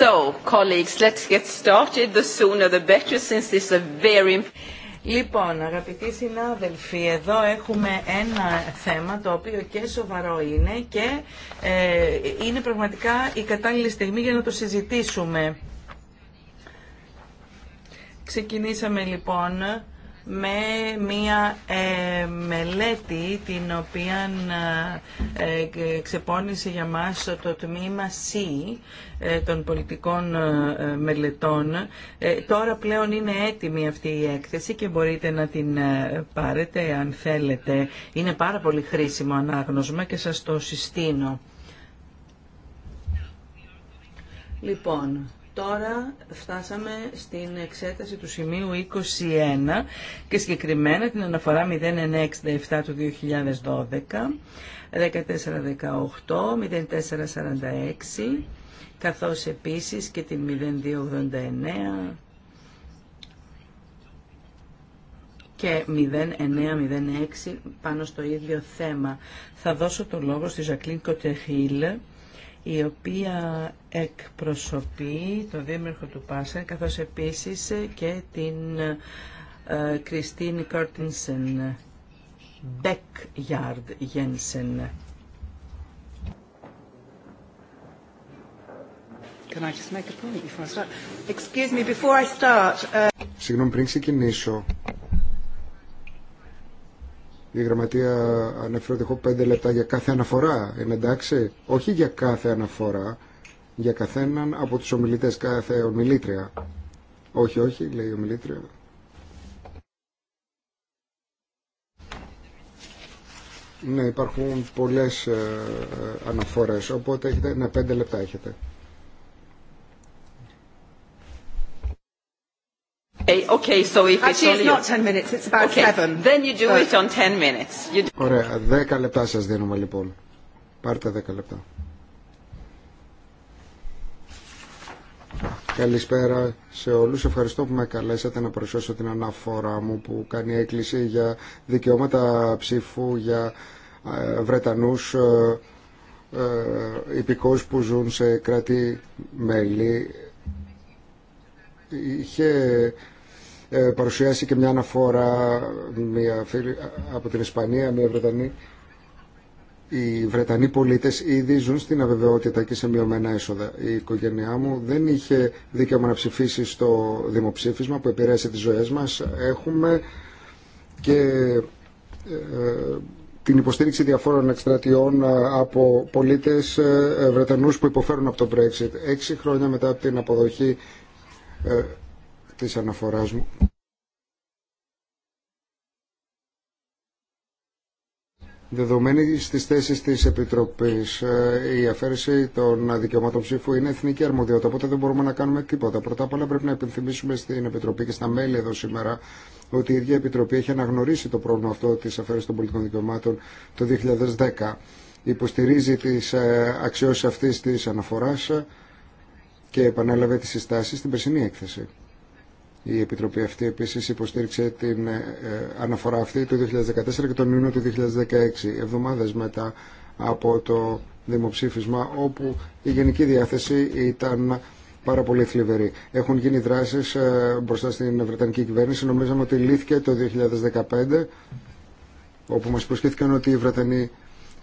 So, colleagues, let's get Λοιπόν, αγαπητοί συνάδελφοι, εδώ έχουμε ένα θέμα το οποίο και σοβαρό είναι και ε, είναι πραγματικά η κατάλληλη στιγμή για να το συζητήσουμε. Ξεκινήσαμε λοιπόν με μία ε, μελέτη την οποία ε, ε, ξεπώνησε για μας το τμήμα C ε, των πολιτικών μελετών. Τώρα πλέον είναι έτοιμη αυτή η έκθεση και μπορείτε να την πάρετε αν θέλετε. Είναι πάρα πολύ χρήσιμο ανάγνωσμα και σας το συστήνω. Λοιπόν, Τώρα φτάσαμε στην εξέταση του σημείου 21 και συγκεκριμένα την αναφορά 0967 του 2012, 1418, 0446, καθώς επίσης και την 0289 και 0906 πάνω στο ίδιο θέμα. Θα δώσω το λόγο στη Ζακλίν Κοτεχίλ, η οποία εκπροσωπεί τον Δήμαρχο του Πάσχα, καθώς επίσης και την ε, Κριστίν Κόρτινσεν Μπεκιάρντ Γένσεν. Συγγνώμη, πριν ξεκινήσω, η γραμματεία ανέφερε ότι έχω 5 λεπτά για κάθε αναφορά. Είναι εντάξει. Όχι για κάθε αναφορά. Για καθέναν από τους ομιλητές, κάθε ομιλήτρια. Όχι, όχι, λέει η ομιλήτρια. Ναι, υπάρχουν πολλές ε, αναφορές, οπότε έχετε, ναι, πέντε λεπτά έχετε. 10 uh, Ωραία, 10 λεπτά σας δίνουμε λοιπόν. Πάρτε 10 λεπτά. Καλησπέρα σε όλους. Ευχαριστώ που με καλέσατε να προσώσω την αναφορά μου που κάνει έκκληση για δικαιώματα ψήφου για ε, Βρετανούς ε, ε, υπηκόους που ζουν σε κράτη-μέλη. Είχε ε, παρουσιάσει και μια αναφορά μια από την Ισπανία, μια Βρετανή. Οι Βρετανοί πολίτες ήδη ζουν στην αβεβαιότητα και σε μειωμένα έσοδα. Η οικογένειά μου δεν είχε δίκαιο να ψηφίσει στο δημοψήφισμα που επηρέασε τι ζωέ μας. Έχουμε και ε, την υποστήριξη διαφόρων εκστρατιών ε, από πολίτες Βρετανούς που υποφέρουν από το Brexit. Έξι χρόνια μετά την αποδοχή της αναφοράς μου. Δεδομένη στις θέσεις της Επιτροπής, ε, η αφαίρεση των δικαιωμάτων ψήφου είναι εθνική αρμοδιότητα, οπότε δεν μπορούμε να κάνουμε τίποτα. Πρώτα απ' όλα πρέπει να επιθυμήσουμε στην Επιτροπή και στα μέλη εδώ σήμερα ότι η ίδια Επιτροπή έχει αναγνωρίσει το πρόβλημα αυτό της αφαίρεσης των πολιτικών δικαιωμάτων το 2010. Υποστηρίζει τις ε, αξιώσεις αυτής της αναφοράς και επανέλαβε τις συστάσεις στην περσινή έκθεση. Η Επιτροπή αυτή επίσης υποστήριξε την ε, αναφορά αυτή το 2014 και τον Ιούνιο του 2016, εβδομάδες μετά από το δημοψήφισμα, όπου η γενική διάθεση ήταν πάρα πολύ θλιβερή. Έχουν γίνει δράσεις ε, μπροστά στην Βρετανική κυβέρνηση. Νομίζαμε ότι λύθηκε το 2015, όπου μας προσχέθηκαν ότι οι Βρετανοί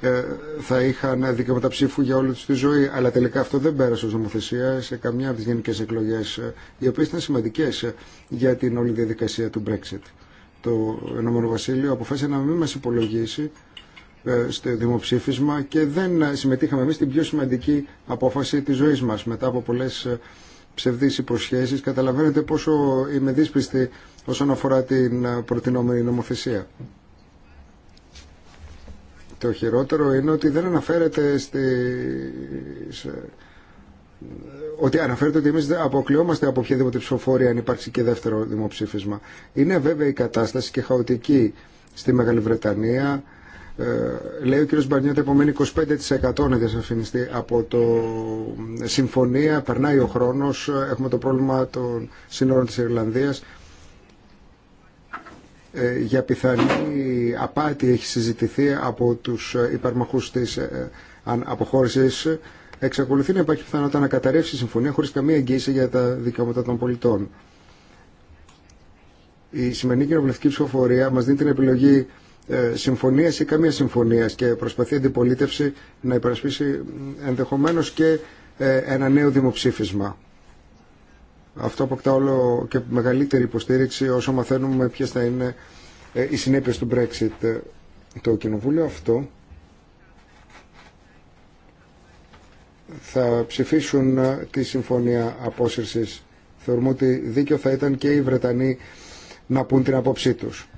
ε, θα είχαν δικαιώματα ψήφου για όλη του τη ζωή. Αλλά τελικά αυτό δεν πέρασε ω νομοθεσία σε καμιά από τι εκλογέ, εκλογές, ε, οι οποίε ήταν σημαντικέ ε, για την όλη διαδικασία του Brexit. Το Ηνωμένο Βασίλειο αποφάσισε να μην μα υπολογίσει στο δημοψήφισμα και δεν συμμετείχαμε εμεί στην πιο σημαντική απόφαση τη ζωή μα μετά από πολλέ ψευδεί υποσχέσει. Καταλαβαίνετε πόσο είμαι δύσπιστη όσον αφορά την προτινόμενη νομοθεσία. Το χειρότερο είναι ότι δεν αναφέρεται στη... Ότι αναφέρεται ότι εμεί αποκλειόμαστε από οποιαδήποτε ψηφοφόρια αν υπάρξει και δεύτερο δημοψήφισμα. Είναι βέβαια η κατάσταση και χαοτική στη Μεγάλη Βρετανία. Ε, λέει ο κ. Μπαρνιώτα, επομένει 25% να διασαφινιστεί από το συμφωνία. Περνάει ο χρόνος, έχουμε το πρόβλημα των σύνορων της Ιρλανδίας. Ε, για πιθανή απάτη έχει συζητηθεί από τους ε, υπαρμαχούς της ε, αποχώρησης. Εξακολουθεί να υπάρχει πιθανότητα να καταρρεύσει η συμφωνία χωρίς καμία εγγύηση για τα δικαιώματα των πολιτών. Η σημερινή κοινοβουλευτική ψηφοφορία μας δίνει την επιλογή συμφωνίας ή καμία συμφωνίας και προσπαθεί αντιπολίτευση να υπερασπίσει ενδεχομένως και ένα νέο δημοψήφισμα. Αυτό αποκτά όλο και μεγαλύτερη υποστήριξη όσο μαθαίνουμε ποιες θα είναι ε, οι συνέπειες του Brexit. Το κοινοβούλιο αυτό θα ψηφίσουν ε, τη συμφωνία απόσυρσης. Θεωρούμε ότι δίκιο θα ήταν και οι Βρετανοί να πούν την απόψή τους.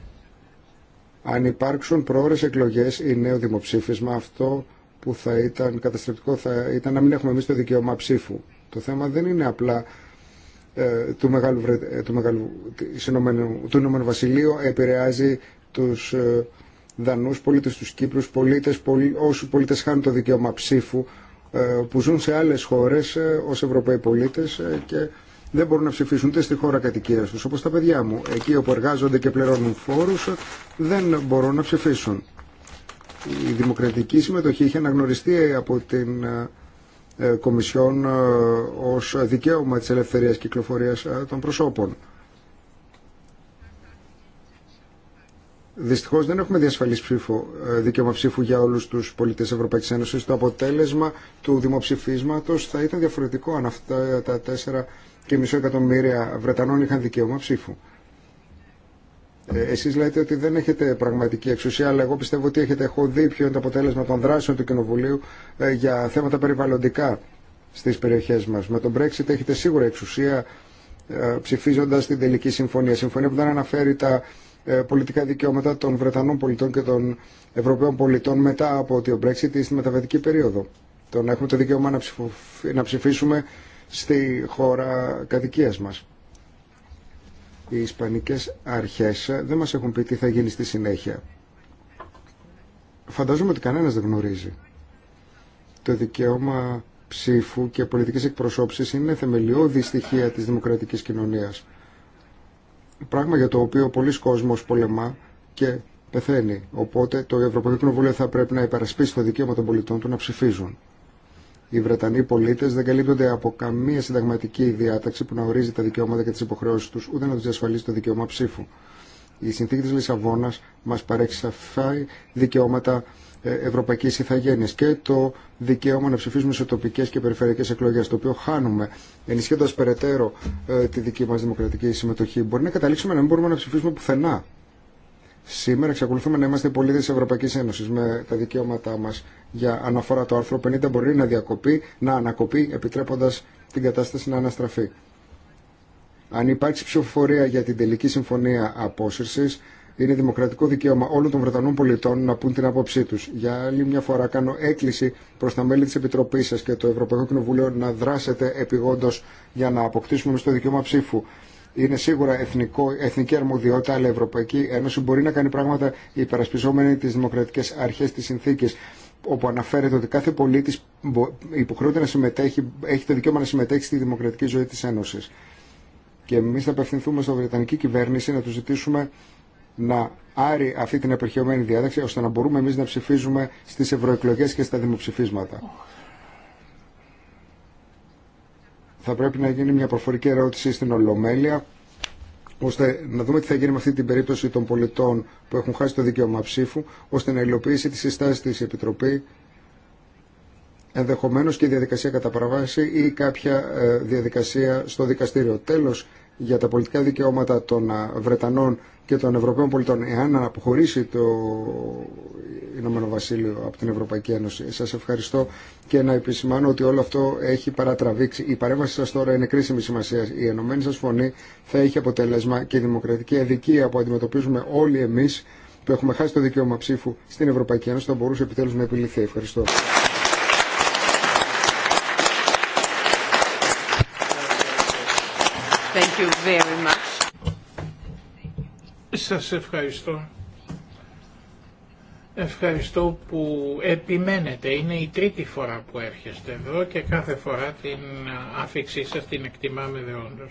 Αν υπάρξουν προώρες εκλογές ή νέο δημοψήφισμα, αυτό που θα ήταν καταστρεπτικό θα ήταν να μην έχουμε εμείς το δικαίωμα ψήφου. Το θέμα δεν είναι απλά ε, του, Μεγάλου, ε, του, Μεγάλου, του Ηνωμένου Βασιλείου επηρεάζει τους ε, Δανούς πολίτες, τους Κύπρους πολίτες, πολι, όσοι πολίτες χάνουν το δικαίωμα ψήφου που ζουν σε άλλες χώρες ως Ευρωπαίοι πολίτες και δεν μπορούν να ψηφίσουν ούτε στη χώρα κατοικία τους όπως τα παιδιά μου, εκεί όπου εργάζονται και πληρώνουν φόρους δεν μπορούν να ψηφίσουν. Η δημοκρατική συμμετοχή είχε αναγνωριστεί από την ε, Κομισιόν ε, ως δικαίωμα της ελευθερίας κυκλοφορίας ε, των προσώπων. Δυστυχώ δεν έχουμε διασφαλή ψήφο, δικαίωμα ψήφου για όλου του πολίτε Ευρωπαϊκή Ένωση. Το αποτέλεσμα του δημοψηφίσματο θα ήταν διαφορετικό αν αυτά τα 4,5 εκατομμύρια Βρετανών είχαν δικαίωμα ψήφου. Ε, Εσεί λέτε ότι δεν έχετε πραγματική εξουσία, αλλά εγώ πιστεύω ότι έχετε. Έχω δει ποιο είναι το αποτέλεσμα των δράσεων του Κοινοβουλίου ε, για θέματα περιβαλλοντικά στι περιοχέ μα. Με τον Brexit έχετε σίγουρα εξουσία ε, ψηφίζοντα την τελική συμφωνία. Συμφωνία που δεν αναφέρει τα πολιτικά δικαιώματα των Βρετανών πολιτών και των Ευρωπαίων πολιτών μετά από ότι ο Brexit στη μεταβατική περίοδο. Το να έχουμε το δικαίωμα να, ψηφίσουμε στη χώρα κατοικία μα οι ισπανικές αρχές δεν μας έχουν πει τι θα γίνει στη συνέχεια. Φαντάζομαι ότι κανένας δεν γνωρίζει. Το δικαίωμα ψήφου και πολιτικής εκπροσώψης είναι θεμελιώδη στοιχεία της δημοκρατικής κοινωνίας. Πράγμα για το οποίο πολλοί κόσμος πολεμά και πεθαίνει. Οπότε το Ευρωπαϊκό Κοινοβούλιο θα πρέπει να υπερασπίσει το δικαίωμα των πολιτών του να ψηφίζουν οι Βρετανοί πολίτε δεν καλύπτονται από καμία συνταγματική διάταξη που να ορίζει τα δικαιώματα και τι υποχρεώσει του ούτε να του διασφαλίζει το δικαίωμα ψήφου. Η συνθήκη τη Λισαβόνα μα παρέχει σαφά δικαιώματα ε, ευρωπαϊκή ηθαγένεια και το δικαίωμα να ψηφίσουμε σε τοπικέ και περιφερειακέ εκλογέ, το οποίο χάνουμε, ενισχύοντα περαιτέρω ε, τη δική μα δημοκρατική συμμετοχή. Μπορεί να καταλήξουμε να μην μπορούμε να ψηφίσουμε πουθενά. Σήμερα εξακολουθούμε να είμαστε πολίτε τη Ευρωπαϊκή Ένωση με τα δικαιώματά μα. Για αναφορά το άρθρο 50 μπορεί να διακοπεί, να ανακοπεί, επιτρέποντα την κατάσταση να αναστραφεί. Αν υπάρξει ψηφοφορία για την τελική συμφωνία απόσυρση, είναι δημοκρατικό δικαίωμα όλων των Βρετανών πολιτών να πούν την άποψή του. Για άλλη μια φορά, κάνω έκκληση προ τα μέλη τη Επιτροπή σα και το Ευρωπαϊκό Κοινοβούλιο να δράσετε επιγόντω για να αποκτήσουμε εμεί το δικαίωμα ψήφου είναι σίγουρα εθνικό, εθνική αρμοδιότητα, αλλά η Ευρωπαϊκή Ένωση μπορεί να κάνει πράγματα υπερασπιζόμενη τι δημοκρατικέ αρχέ τη συνθήκη όπου αναφέρεται ότι κάθε πολίτη υποχρεούται να συμμετέχει, έχει το δικαίωμα να συμμετέχει στη δημοκρατική ζωή τη Ένωση. Και εμεί θα απευθυνθούμε στο Βρετανική κυβέρνηση να του ζητήσουμε να άρει αυτή την απερχαιωμένη διάταξη ώστε να μπορούμε εμεί να ψηφίζουμε στι ευρωεκλογέ και στα δημοψηφίσματα θα πρέπει να γίνει μια προφορική ερώτηση στην Ολομέλεια ώστε να δούμε τι θα γίνει με αυτή την περίπτωση των πολιτών που έχουν χάσει το δικαίωμα ψήφου, ώστε να υλοποιήσει τη συστάση της Επιτροπή, ενδεχομένως και διαδικασία κατά ή κάποια ε, διαδικασία στο δικαστήριο. Τέλος, για τα πολιτικά δικαιώματα των ε, Βρετανών και των Ευρωπαίων πολιτών εάν αποχωρήσει το Ηνωμένο Βασίλειο από την Ευρωπαϊκή Ένωση. Σα ευχαριστώ και να επισημάνω ότι όλο αυτό έχει παρατραβήξει. Η παρέμβαση σα τώρα είναι κρίσιμη σημασία. Η ενωμένη σα φωνή θα έχει αποτέλεσμα και η δημοκρατική αδικία που αντιμετωπίζουμε όλοι εμεί που έχουμε χάσει το δικαίωμα ψήφου στην Ευρωπαϊκή Ένωση θα μπορούσε επιτέλου να επιληθεί. Ευχαριστώ. Thank you very much. Σας ευχαριστώ. Ευχαριστώ που επιμένετε. Είναι η τρίτη φορά που έρχεστε εδώ και κάθε φορά την άφηξή σας την εκτιμάμε δεόντως.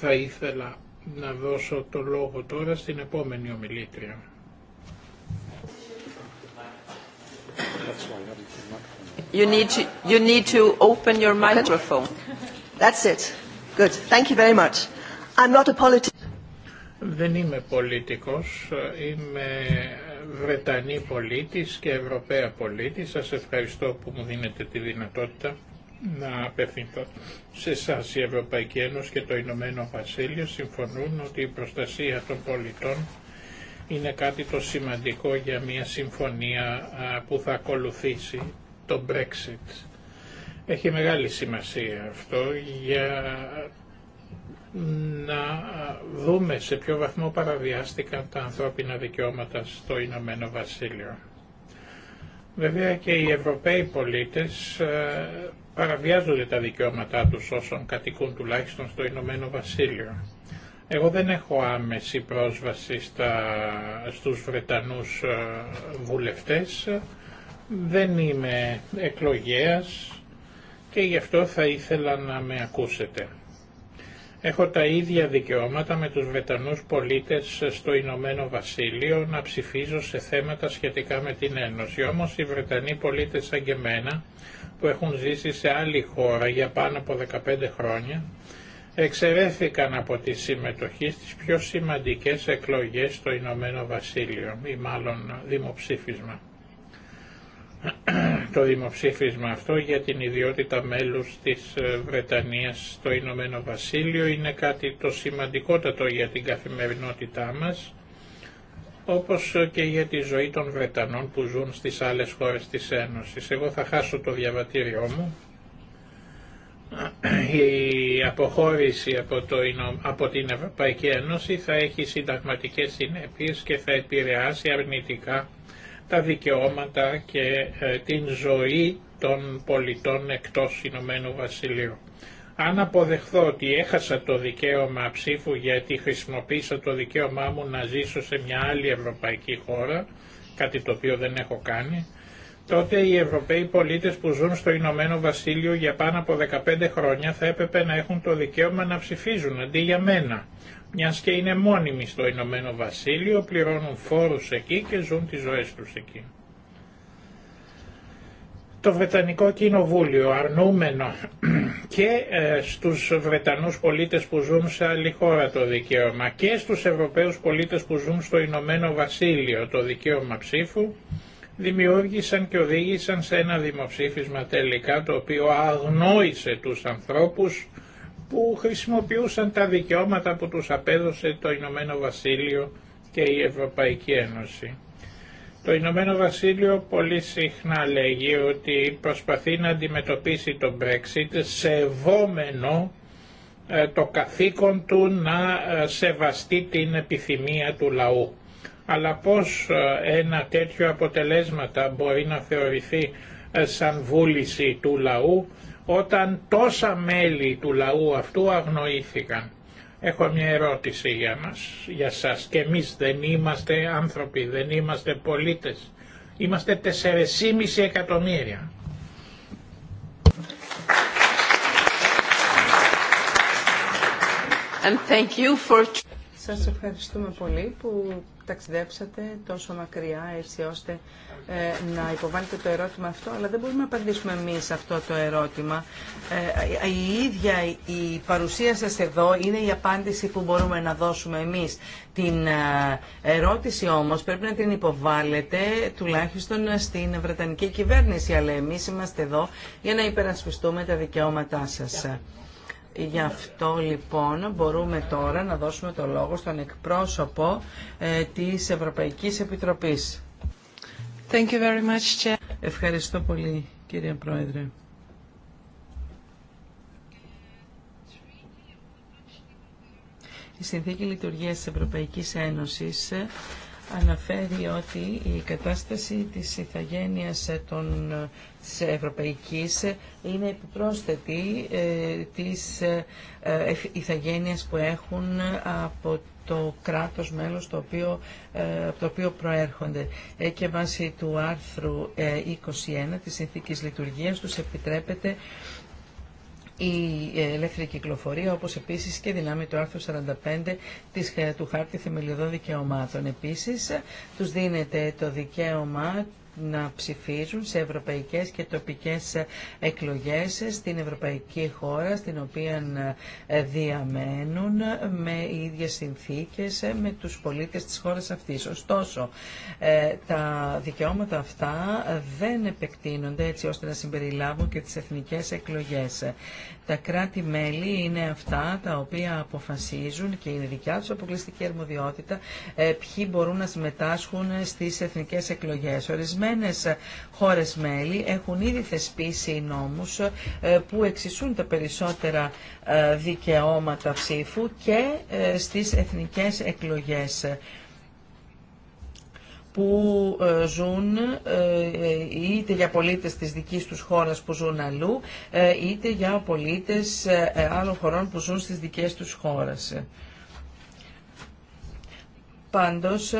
Θα ήθελα να δώσω το λόγο τώρα στην επόμενη ομιλήτρια. You need to, you need to open your microphone. That's it. Good. Thank you very much. I'm not a politician. Δεν είμαι πολιτικός, είμαι Βρετανή πολίτης και Ευρωπαία πολίτης. Σας ευχαριστώ που μου δίνετε τη δυνατότητα να απευθυνθώ σε εσά η Ευρωπαϊκή Ένωση και το Ηνωμένο Βασίλειο συμφωνούν ότι η προστασία των πολιτών είναι κάτι το σημαντικό για μια συμφωνία που θα ακολουθήσει το Brexit. Έχει μεγάλη σημασία αυτό για να δούμε σε ποιο βαθμό παραβιάστηκαν τα ανθρώπινα δικαιώματα στο Ηνωμένο Βασίλειο. Βέβαια και οι Ευρωπαίοι πολίτες παραβιάζονται τα δικαιώματά τους όσων κατοικούν τουλάχιστον στο Ηνωμένο Βασίλειο. Εγώ δεν έχω άμεση πρόσβαση στα, στους Βρετανούς βουλευτές, δεν είμαι εκλογέας και γι' αυτό θα ήθελα να με ακούσετε. Έχω τα ίδια δικαιώματα με τους Βρετανούς πολίτες στο Ηνωμένο Βασίλειο να ψηφίζω σε θέματα σχετικά με την Ένωση. Όμως οι Βρετανοί πολίτες σαν και εμένα που έχουν ζήσει σε άλλη χώρα για πάνω από 15 χρόνια εξαιρέθηκαν από τη συμμετοχή στις πιο σημαντικές εκλογές στο Ηνωμένο Βασίλειο ή μάλλον δημοψήφισμα το δημοψήφισμα αυτό για την ιδιότητα μέλους της ε, Βρετανίας στο Ηνωμένο Βασίλειο είναι κάτι το σημαντικότατο για την καθημερινότητά μας όπως ε, και για τη ζωή των Βρετανών που ζουν στις άλλες χώρες της Ένωσης. Εγώ θα χάσω το διαβατήριό μου. Η αποχώρηση από, το, από την Ευρωπαϊκή Ένωση θα έχει συνταγματικές συνέπειες και θα επηρεάσει αρνητικά τα δικαιώματα και ε, την ζωή των πολιτών εκτός Ηνωμένου Βασιλείου. Αν αποδεχθώ ότι έχασα το δικαίωμα ψήφου γιατί χρησιμοποίησα το δικαίωμά μου να ζήσω σε μια άλλη ευρωπαϊκή χώρα, κάτι το οποίο δεν έχω κάνει, τότε οι Ευρωπαίοι πολίτες που ζουν στο Ηνωμένο Βασίλειο για πάνω από 15 χρόνια θα έπρεπε να έχουν το δικαίωμα να ψηφίζουν αντί για μένα μιας και είναι μόνιμοι στο Ηνωμένο Βασίλειο, πληρώνουν φόρους εκεί και ζουν τις ζωές τους εκεί. Το Βρετανικό Κοινοβούλιο αρνούμενο και ε, στους Βρετανούς πολίτες που ζουν σε άλλη χώρα το δικαίωμα και στους Ευρωπαίους πολίτες που ζουν στο Ηνωμένο Βασίλειο το δικαίωμα ψήφου δημιούργησαν και οδήγησαν σε ένα δημοψήφισμα τελικά το οποίο αγνόησε τους ανθρώπους που χρησιμοποιούσαν τα δικαιώματα που τους απέδωσε το Ηνωμένο Βασίλειο και η Ευρωπαϊκή Ένωση. Το Ηνωμένο Βασίλειο πολύ συχνά λέγει ότι προσπαθεί να αντιμετωπίσει το Brexit σεβόμενο ε, το καθήκον του να ε, σεβαστεί την επιθυμία του λαού. Αλλά πώς ε, ένα τέτοιο αποτελέσματα μπορεί να θεωρηθεί σαν βούληση του λαού όταν τόσα μέλη του λαού αυτού αγνοήθηκαν. Έχω μια ερώτηση για μας, για σας και εμείς δεν είμαστε άνθρωποι, δεν είμαστε πολίτες. Είμαστε 4,5 εκατομμύρια. And thank you for... Σας ευχαριστούμε πολύ που ταξιδέψατε τόσο μακριά έτσι ώστε ε, να υποβάλλετε το ερώτημα αυτό, αλλά δεν μπορούμε να απαντήσουμε εμείς αυτό το ερώτημα. Ε, η ίδια η παρουσία σας εδώ είναι η απάντηση που μπορούμε να δώσουμε εμείς. Την ε, ερώτηση όμως πρέπει να την υποβάλλετε τουλάχιστον στην Βρετανική κυβέρνηση, αλλά εμείς είμαστε εδώ για να υπερασπιστούμε τα δικαιώματά σας. Γι' αυτό λοιπόν μπορούμε τώρα να δώσουμε το λόγο στον εκπρόσωπο ε, της Ευρωπαϊκής Επιτροπής. Thank you very much, Chair. Ευχαριστώ πολύ κύριε Πρόεδρε. Η Συνθήκη Λειτουργίας της Ευρωπαϊκής Ένωσης ε, αναφέρει ότι η κατάσταση της ηθαγένειας των, της Ευρωπαϊκής είναι επιπρόσθετη ε, της ε, ε, που έχουν από το κράτος μέλος το οποίο, ε, από το οποίο προέρχονται. Και βάσει του άρθρου 21 της Συνθήκης Λειτουργίας τους επιτρέπεται η ε, ελεύθερη κυκλοφορία, όπως επίσης και δυνάμει το άρθρο 45 της, ε, του Χάρτη Θεμελιωδών Δικαιωμάτων. Επίσης, ε, τους δίνεται το δικαίωμα να ψηφίζουν σε ευρωπαϊκές και τοπικές εκλογές στην ευρωπαϊκή χώρα στην οποία διαμένουν με ίδιες συνθήκες με τους πολίτες της χώρας αυτής. Ωστόσο, ε, τα δικαιώματα αυτά δεν επεκτείνονται έτσι ώστε να συμπεριλάβουν και τις εθνικές εκλογές. Τα κράτη-μέλη είναι αυτά τα οποία αποφασίζουν και είναι δικιά τους αποκλειστική αρμοδιότητα ε, ποιοι μπορούν να συμμετάσχουν στις εθνικές εκλογές. Ορισμένες χώρες-μέλη έχουν ήδη θεσπίσει νόμους ε, που εξισούν τα περισσότερα ε, δικαιώματα ψήφου και στις εθνικές εκλογές που ε, ζουν ε, ε, είτε για πολίτες της δικής τους χώρας που ζουν αλλού, είτε για πολίτες άλλων χωρών που ζουν στις δικές τους χώρες. Πάντως,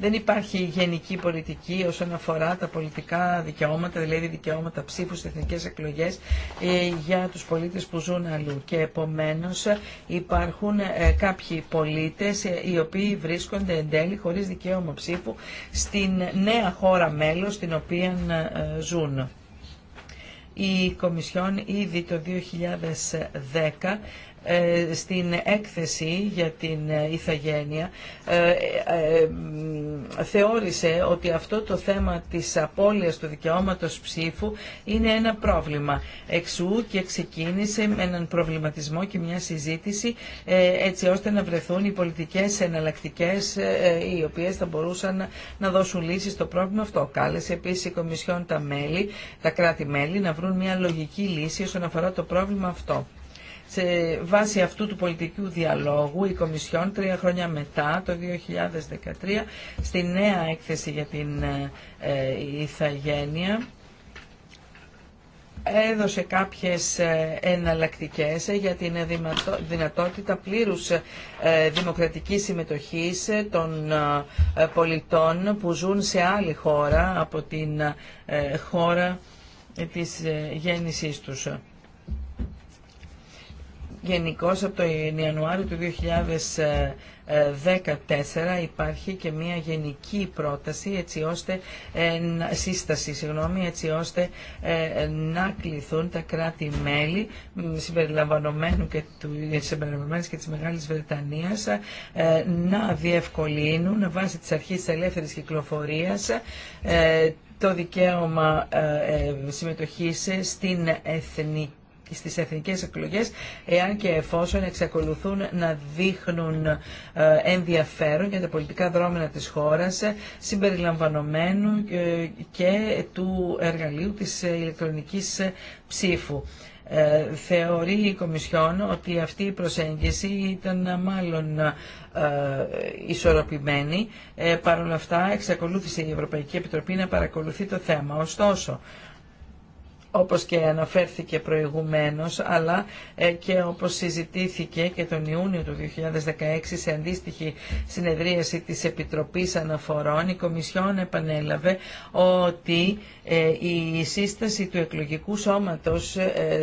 δεν υπάρχει γενική πολιτική όσον αφορά τα πολιτικά δικαιώματα, δηλαδή δικαιώματα ψήφου στι εθνικέ εκλογέ ε, για τους πολίτε που ζουν αλλού. Και επομένω, υπάρχουν ε, κάποιοι πολίτε ε, οι οποίοι βρίσκονται εν τέλει χωρίς δικαίωμα ψήφου στην νέα χώρα μέλο στην οποία ζουν. Η Κομισιόν ήδη το 2010 ε, στην έκθεση για την ε, ηθαγένεια ε, θεώρησε ότι αυτό το θέμα της απώλειας του δικαιώματος ψήφου είναι ένα πρόβλημα. Εξού και ξεκίνησε με έναν προβληματισμό και μια συζήτηση έτσι ώστε να βρεθούν οι πολιτικές εναλλακτικέ οι οποίες θα μπορούσαν να δώσουν λύσεις στο πρόβλημα αυτό. Κάλεσε επίσης η Κομισιόν τα μέλη, τα κράτη-μέλη να βρουν μια λογική λύση όσον αφορά το πρόβλημα αυτό. Σε βάση αυτού του πολιτικού διαλόγου, η Κομισιόν τρία χρόνια μετά, το 2013, στη νέα έκθεση για την ε, ε, ηθαγένεια, έδωσε κάποιες ε, εναλλακτικές για την δυνατότητα πλήρους δημοκρατικής συμμετοχής των πολιτών που ζουν σε άλλη χώρα από την χώρα της γέννησής τους. Γενικώ από τον Ιανουάριο του 2014 υπάρχει και μια γενική πρόταση έτσι ώστε ε, σύσταση, συγγνώμη, έτσι ώστε ε, να κληθούν τα κράτη-μέλη συμπεριλαμβανομένου και του, Συμπεριλαμβανομένου και της Μεγάλης Βρετανίας ε, να διευκολύνουν βάσει της αρχής της ελεύθερης κυκλοφορίας το δικαίωμα συμμετοχής στην εθνική στις εθνικές εκλογές εάν και εφόσον εξακολουθούν να δείχνουν ε, ενδιαφέρον για τα πολιτικά δρόμενα της χώρας ε, συμπεριλαμβανομένου ε, και του εργαλείου της ηλεκτρονικής ψήφου. Θεωρεί η Κομισιόν ότι αυτή η προσέγγιση ήταν μάλλον ισορροπημένη. Παρ' όλα αυτά εξακολούθησε η Ευρωπαϊκή Επιτροπή να παρακολουθεί το θέμα. Ωστόσο, όπως και αναφέρθηκε προηγουμένως, αλλά ε, και όπως συζητήθηκε και τον Ιούνιο του 2016 σε αντίστοιχη συνεδρίαση της Επιτροπής Αναφορών, η Κομισιόν επανέλαβε ότι ε, η σύσταση του εκλογικού σώματος ε,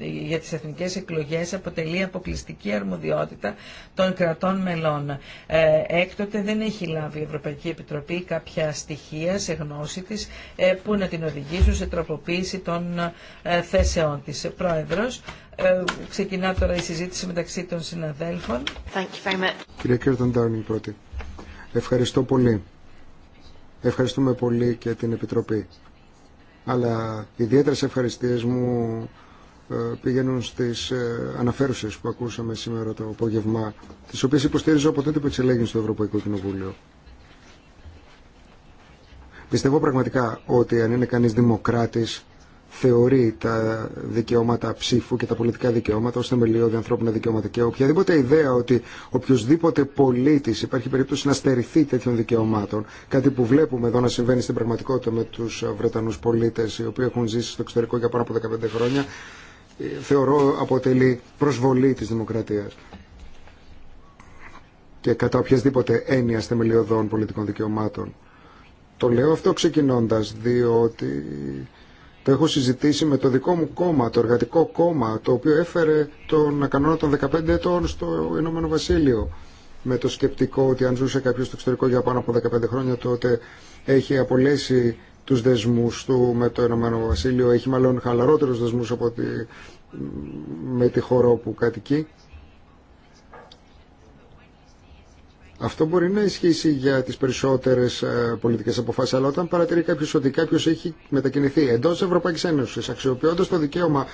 για τις εθνικές εκλογές αποτελεί αποκλειστική αρμοδιότητα των κρατών μελών. Έκτοτε δεν έχει λάβει η Ευρωπαϊκή Επιτροπή κάποια στοιχεία σε γνώση της που να την οδηγήσουν σε τροποποίηση των ε, θέσεών της. Πρόεδρος, ε, ξεκινά τώρα η συζήτηση μεταξύ των συναδέλφων. Κύριε πρώτη. Ευχαριστώ πολύ. Ευχαριστούμε πολύ και την Επιτροπή. Αλλά ιδιαίτερε ευχαριστίε μου ε, πηγαίνουν στι αναφέρουσε που ακούσαμε σήμερα το απόγευμα, τις οποίες υποστήριζα από τότε που εξελέγει στο Ευρωπαϊκό Κοινοβούλιο. Πιστεύω πραγματικά ότι αν είναι κανεί δημοκράτη θεωρεί τα δικαιώματα ψήφου και τα πολιτικά δικαιώματα ως θεμελιώδη ανθρώπινα δικαιώματα και οποιαδήποτε ιδέα ότι οποιοδήποτε πολίτης υπάρχει περίπτωση να στερηθεί τέτοιων δικαιωμάτων, κάτι που βλέπουμε εδώ να συμβαίνει στην πραγματικότητα με τους Βρετανούς πολίτες οι οποίοι έχουν ζήσει στο εξωτερικό για πάνω από 15 χρόνια, ε, θεωρώ αποτελεί προσβολή της δημοκρατίας και κατά οποιασδήποτε έννοια θεμελιωδών πολιτικών δικαιωμάτων. Το λέω αυτό ξεκινώντας διότι το έχω συζητήσει με το δικό μου κόμμα, το εργατικό κόμμα, το οποίο έφερε τον κανόνα των 15 ετών στο Ηνωμένο Βασίλειο. Με το σκεπτικό ότι αν ζούσε κάποιο στο εξωτερικό για πάνω από 15 χρόνια, τότε έχει απολέσει τους δεσμούς του με το Ηνωμένο Βασίλειο, έχει μάλλον χαλαρότερου δεσμούς από τη... με τη χώρα όπου κατοικεί. Αυτό μπορεί να ισχύσει για τι περισσότερε ε, πολιτικέ αποφάσεις, αλλά όταν παρατηρεί κάποιο ότι κάποιο έχει μετακινηθεί εντό της Ευρωπαϊκής Ένωσης, αξιοποιώντας το δικαίωμα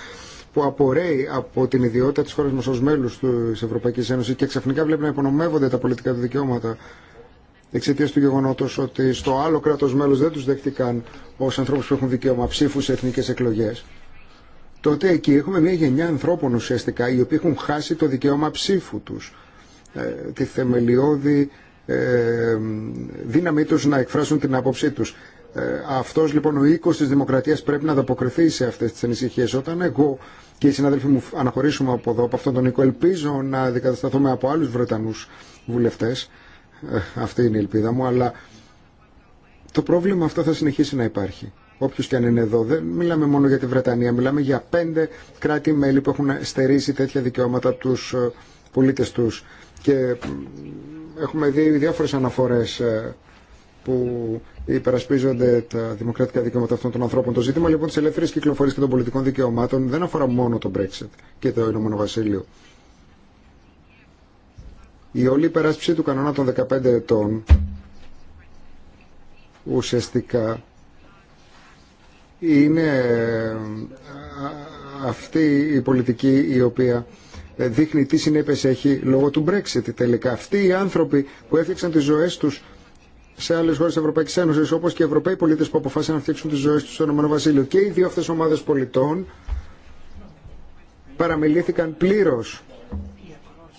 που απορρέει από την ιδιότητα τη χώρα μα ω μέλους της Ευρωπαϊκής Ένωσης και ξαφνικά βλέπει να υπονομεύονται τα πολιτικά του δικαιώματα εξαιτία του γεγονότο ότι στο άλλο κράτο μέλο δεν του δέχτηκαν ω ανθρώπου που έχουν δικαίωμα ψήφου σε εθνικέ εκλογέ, τότε εκεί έχουμε μια γενιά ανθρώπων ουσιαστικά οι οποίοι έχουν χάσει το δικαίωμα ψήφου του. Ε, τη θεμελιώδη ε, δύναμή τους να εκφράσουν την άποψή τους. Ε, αυτός λοιπόν ο οίκος της δημοκρατίας πρέπει να ανταποκριθεί σε αυτές τις ανησυχίες. Όταν εγώ και οι συναδέλφοι μου αναχωρήσουμε από εδώ, από αυτόν τον οίκο, ελπίζω να αντικατασταθούμε από άλλους Βρετανούς βουλευτές. Αυτή είναι η ελπίδα μου, αλλά το πρόβλημα αυτό θα συνεχίσει να υπάρχει. Όποιο και αν είναι εδώ, δεν μιλάμε μόνο για τη Βρετανία, μιλάμε για πέντε κράτη-μέλη που έχουν στερήσει τέτοια δικαιώματα από του πολίτε του. Και έχουμε δει διάφορες αναφορές ε, που υπερασπίζονται τα δημοκρατικά δικαιώματα αυτών των ανθρώπων. Το ζήτημα λοιπόν τη ελεύθερη κυκλοφορία και των πολιτικών δικαιωμάτων δεν αφορά μόνο το Brexit και το Ηνωμένο Βασίλειο. Η όλη υπεράσπιση του κανόνα των 15 ετών ουσιαστικά είναι ε, αυτή η πολιτική η οποία ε, δείχνει τι συνέπειε έχει λόγω του Brexit. Τελικά αυτοί οι άνθρωποι που έφτιαξαν τι ζωέ του σε άλλε χώρε τη Ευρωπαϊκή Ένωση, όπω και οι Ευρωπαίοι πολίτε που αποφάσισαν να φτιάξουν τι ζωέ του στο Ηνωμένο Βασίλειο. Και οι δύο αυτέ ομάδε πολιτών παραμελήθηκαν πλήρω.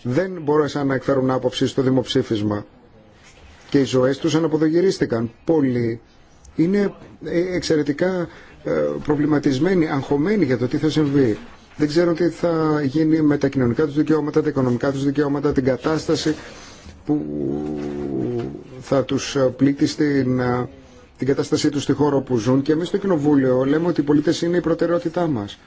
Δεν μπόρεσαν να εκφέρουν άποψη στο δημοψήφισμα. Και οι ζωέ του αναποδογυρίστηκαν. Πολλοί είναι ε, εξαιρετικά ε, προβληματισμένοι, αγχωμένοι για το τι θα συμβεί δεν ξέρουν τι θα γίνει με τα κοινωνικά τους δικαιώματα, τα οικονομικά τους δικαιώματα, την κατάσταση που θα τους πλήττει στην, ε, την κατάστασή τους στη χώρα που ζουν και εμείς στο Κοινοβούλιο λέμε ότι οι πολίτες είναι η προτεραιότητά μας.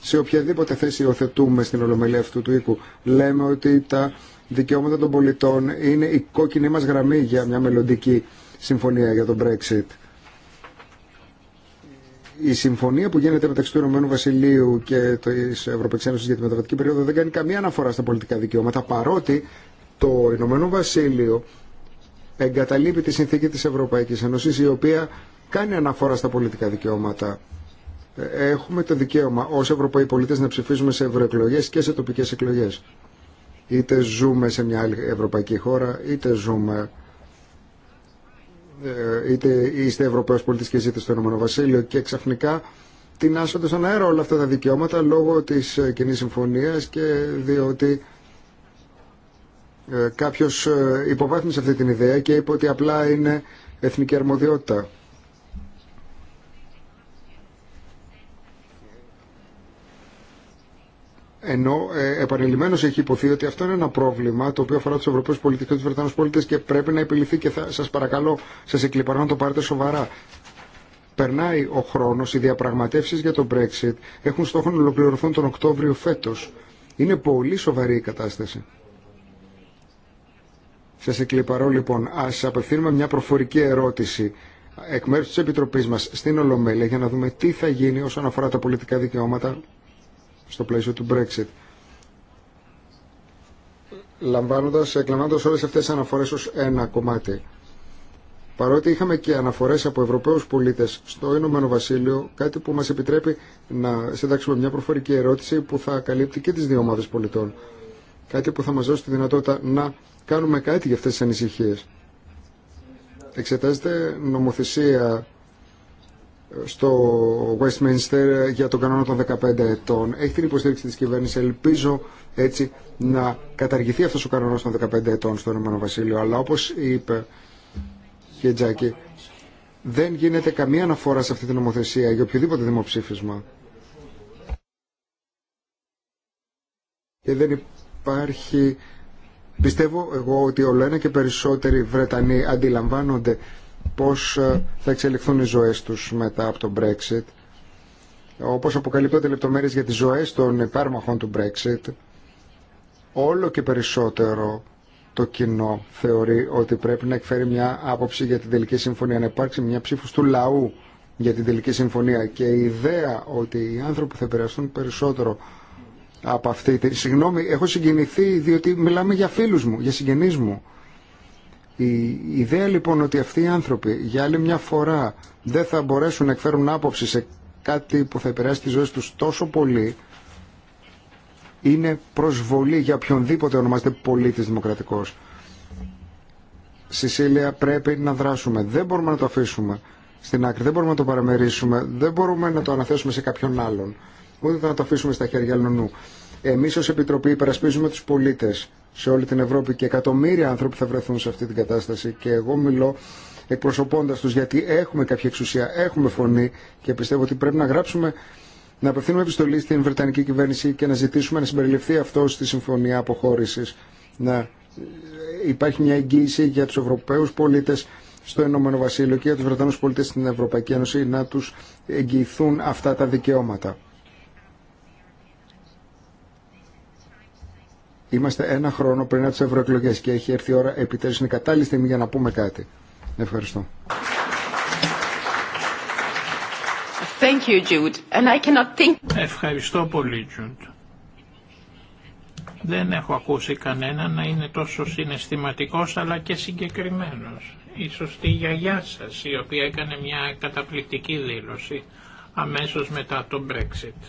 Σε οποιαδήποτε θέση υιοθετούμε στην Ολομελία αυτού του οίκου λέμε ότι τα δικαιώματα των πολιτών είναι η κόκκινη μας γραμμή για μια μελλοντική συμφωνία για τον Brexit η συμφωνία που γίνεται μεταξύ του Ηνωμένου Βασιλείου και τη Ευρωπαϊκή Ένωση για τη μεταβατική περίοδο δεν κάνει καμία αναφορά στα πολιτικά δικαιώματα, παρότι το Ηνωμένο Βασίλειο εγκαταλείπει τη συνθήκη τη Ευρωπαϊκή Ένωση, η οποία κάνει αναφορά στα πολιτικά δικαιώματα. Έχουμε το δικαίωμα ω Ευρωπαίοι πολίτε να ψηφίζουμε σε ευρωεκλογέ και σε τοπικέ εκλογέ. Είτε ζούμε σε μια άλλη ευρωπαϊκή χώρα, είτε ζούμε ε, είτε είστε Ευρωπαίος πολίτης και ζείτε στο Ηνωμένο Βασίλειο και ξαφνικά τεινάσσονται στον αέρα όλα αυτά τα δικαιώματα λόγω της ε, κοινή συμφωνίας και διότι ε, κάποιος υποβάθμισε αυτή την ιδέα και είπε ότι απλά είναι εθνική αρμοδιότητα. ενώ ε, επανειλημμένω έχει υποθεί ότι αυτό είναι ένα πρόβλημα το οποίο αφορά του Ευρωπαίου πολίτε και του Βρετανού πολίτε και πρέπει να επιληθεί και σα παρακαλώ, σα εκλυπαρώ να το πάρετε σοβαρά. Περνάει ο χρόνο, οι διαπραγματεύσει για το Brexit έχουν στόχο να ολοκληρωθούν τον Οκτώβριο φέτο. Είναι πολύ σοβαρή η κατάσταση. Σα εκλυπαρώ λοιπόν, α απευθύνουμε μια προφορική ερώτηση εκ μέρου τη Επιτροπή μα στην Ολομέλεια για να δούμε τι θα γίνει όσον αφορά τα πολιτικά δικαιώματα στο πλαίσιο του Brexit. Λαμβάνοντας, εκλαμβάνοντας όλες αυτές τις αναφορές ως ένα κομμάτι. Παρότι είχαμε και αναφορές από Ευρωπαίους πολίτες στο Ηνωμένο Βασίλειο, κάτι που μας επιτρέπει να συντάξουμε μια προφορική ερώτηση που θα καλύπτει και τις δύο ομάδες πολιτών. Κάτι που θα μας δώσει τη δυνατότητα να κάνουμε κάτι για αυτές τις ανησυχίες. Εξετάζεται νομοθεσία στο Westminster για τον κανόνα των 15 ετών. Έχει την υποστήριξη της κυβέρνηση. Ελπίζω έτσι να καταργηθεί αυτός ο κανόνας των 15 ετών στο Ηνωμένο Βασίλειο. Αλλά όπως είπε και Τζάκη, δεν γίνεται καμία αναφορά σε αυτή την νομοθεσία για οποιοδήποτε δημοψήφισμα. Και δεν υπάρχει... Πιστεύω εγώ ότι όλο ένα και περισσότεροι Βρετανοί αντιλαμβάνονται πώς ε, θα εξελιχθούν οι ζωές τους μετά από το Brexit. Όπως αποκαλύπτονται λεπτομέρειες για τις ζωές των υπέρμαχων του Brexit, όλο και περισσότερο το κοινό θεωρεί ότι πρέπει να εκφέρει μια άποψη για την τελική συμφωνία, να υπάρξει μια ψήφος του λαού για την τελική συμφωνία και η ιδέα ότι οι άνθρωποι θα επηρεαστούν περισσότερο από αυτή τη... Συγγνώμη, έχω συγκινηθεί διότι μιλάμε για φίλους μου, για συγγενείς μου. Η ιδέα λοιπόν ότι αυτοί οι άνθρωποι για άλλη μια φορά δεν θα μπορέσουν να εκφέρουν άποψη σε κάτι που θα επηρεάσει τις ζωές τους τόσο πολύ είναι προσβολή για οποιονδήποτε ονομάζεται πολίτης δημοκρατικός. Σισίλια πρέπει να δράσουμε. Δεν μπορούμε να το αφήσουμε στην άκρη. Δεν μπορούμε να το παραμερίσουμε. Δεν μπορούμε να το αναθέσουμε σε κάποιον άλλον. Ούτε θα το αφήσουμε στα χέρια Εμείς Επιτροπή υπερασπίζουμε τους πολίτες σε όλη την Ευρώπη και εκατομμύρια άνθρωποι θα βρεθούν σε αυτή την κατάσταση και εγώ μιλώ εκπροσωπώντας τους γιατί έχουμε κάποια εξουσία, έχουμε φωνή και πιστεύω ότι πρέπει να γράψουμε να απευθύνουμε επιστολή στην Βρετανική κυβέρνηση και να ζητήσουμε να συμπεριληφθεί αυτό στη Συμφωνία Αποχώρησης. Να ε, υπάρχει μια εγγύηση για του Ευρωπαίου πολίτε στο Ηνωμένο Βασίλειο και για του Βρετανού πολίτε στην Ευρωπαϊκή Ένωση να του εγγυηθούν αυτά τα δικαιώματα. Είμαστε ένα χρόνο πριν από τι ευρωεκλογέ και έχει έρθει η ώρα επιτέλου. Είναι κατάλληλη στιγμή για να πούμε κάτι. Ευχαριστώ. Thank you, Jude. And I cannot think... Ευχαριστώ πολύ, Τζουντ. Δεν έχω ακούσει κανένα να είναι τόσο συναισθηματικός αλλά και συγκεκριμένος. Ίσως τη γιαγιά σας, η οποία έκανε μια καταπληκτική δήλωση αμέσως μετά το Brexit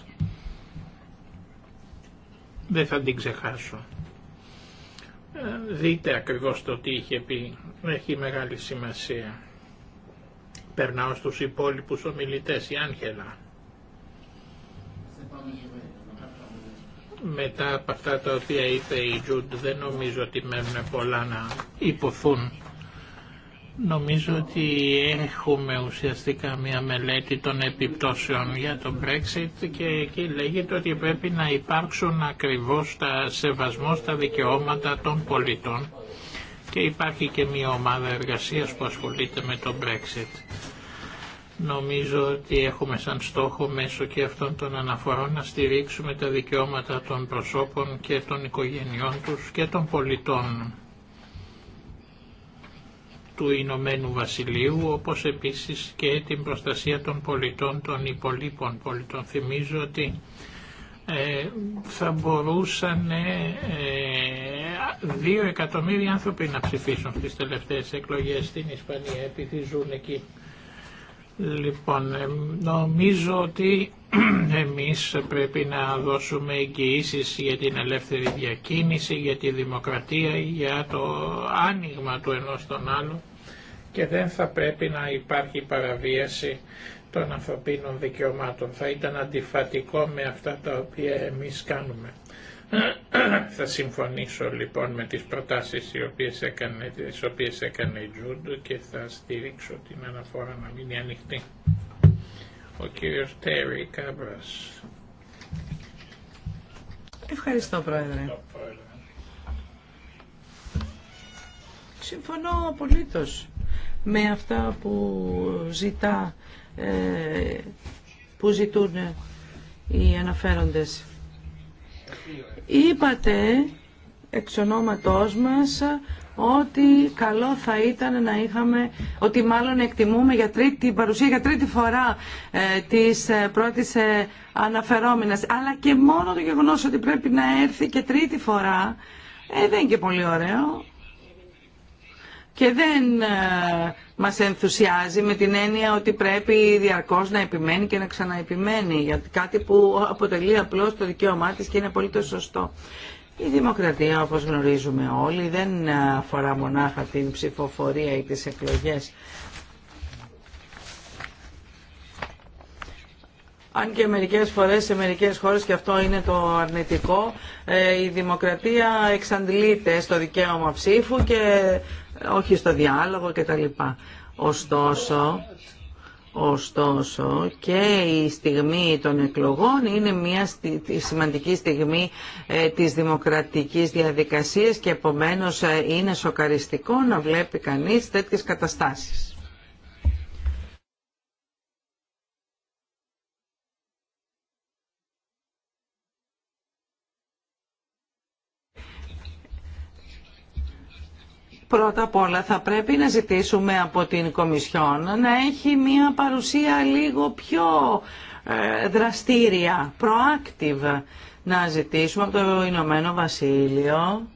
δεν θα την ξεχάσω. Ε, δείτε ακριβώς το τι είχε πει. Έχει μεγάλη σημασία. Περνάω στους υπόλοιπους ομιλητές, η Άγγελα. Μετά από αυτά τα οποία είπε η Τζουντ δεν νομίζω ότι μένουν πολλά να υποθούν. Νομίζω ότι έχουμε ουσιαστικά μια μελέτη των επιπτώσεων για το Brexit και εκεί λέγεται ότι πρέπει να υπάρξουν ακριβώς τα σεβασμό στα δικαιώματα των πολιτών και υπάρχει και μια ομάδα εργασίας που ασχολείται με το Brexit. Νομίζω ότι έχουμε σαν στόχο μέσω και αυτών των αναφορών να στηρίξουμε τα δικαιώματα των προσώπων και των οικογενειών τους και των πολιτών του Ηνωμένου Βασιλείου, όπως επίσης και την προστασία των πολιτών των υπολείπων πολιτών. Θυμίζω ότι ε, θα μπορούσαν ε, δύο εκατομμύρια άνθρωποι να ψηφίσουν στις τελευταίες εκλογές στην Ισπανία, επειδή ζουν εκεί. Λοιπόν, ε, νομίζω ότι εμείς πρέπει να δώσουμε εγγυήσει για την ελεύθερη διακίνηση, για τη δημοκρατία, για το άνοιγμα του ενός τον και δεν θα πρέπει να υπάρχει παραβίαση των ανθρωπίνων δικαιωμάτων. Θα ήταν αντιφατικό με αυτά τα οποία εμείς κάνουμε. θα συμφωνήσω λοιπόν με τις προτάσεις οι οποίες έκανε, τις οποίες έκανε η Τζούντ και θα στηρίξω την αναφορά να μείνει ανοιχτή. Ο κύριος Τέρι Κάμπρας. Ευχαριστώ Πρόεδρε. Συμφωνώ απολύτως με αυτά που ζητά ε, που ζητούν οι αναφέροντες. Είπατε εξ ονόματός μας ότι καλό θα ήταν να είχαμε, ότι μάλλον εκτιμούμε για τρίτη, παρουσία για τρίτη φορά ε, της ε, πρώτης ε, αναφερόμενας. Αλλά και μόνο το γεγονός ότι πρέπει να έρθει και τρίτη φορά, ε, δεν είναι και πολύ ωραίο και δεν ε, μας ενθουσιάζει με την έννοια ότι πρέπει διαρκώς να επιμένει και να ξαναεπιμένει για κάτι που αποτελεί απλώς το δικαίωμά της και είναι πολύ το σωστό. Η δημοκρατία όπως γνωρίζουμε όλοι δεν αφορά μονάχα την ψηφοφορία ή τις εκλογές. Αν και μερικές φορές σε μερικές χώρες και αυτό είναι το αρνητικό, ε, η δημοκρατία εξαντλείται στο δικαίωμα ψήφου και όχι στο διάλογο κτλ. Ωστόσο, Ωστόσο και η στιγμή των εκλογών είναι μια σημαντική στιγμή ε, της δημοκρατικής διαδικασίας και επομένως ε, είναι σοκαριστικό να βλέπει κανείς τέτοιες καταστάσεις. Πρώτα απ' όλα θα πρέπει να ζητήσουμε από την Κομισιόν να έχει μία παρουσία λίγο πιο ε, δραστήρια, proactive. Να ζητήσουμε από το Ηνωμένο Βασίλειο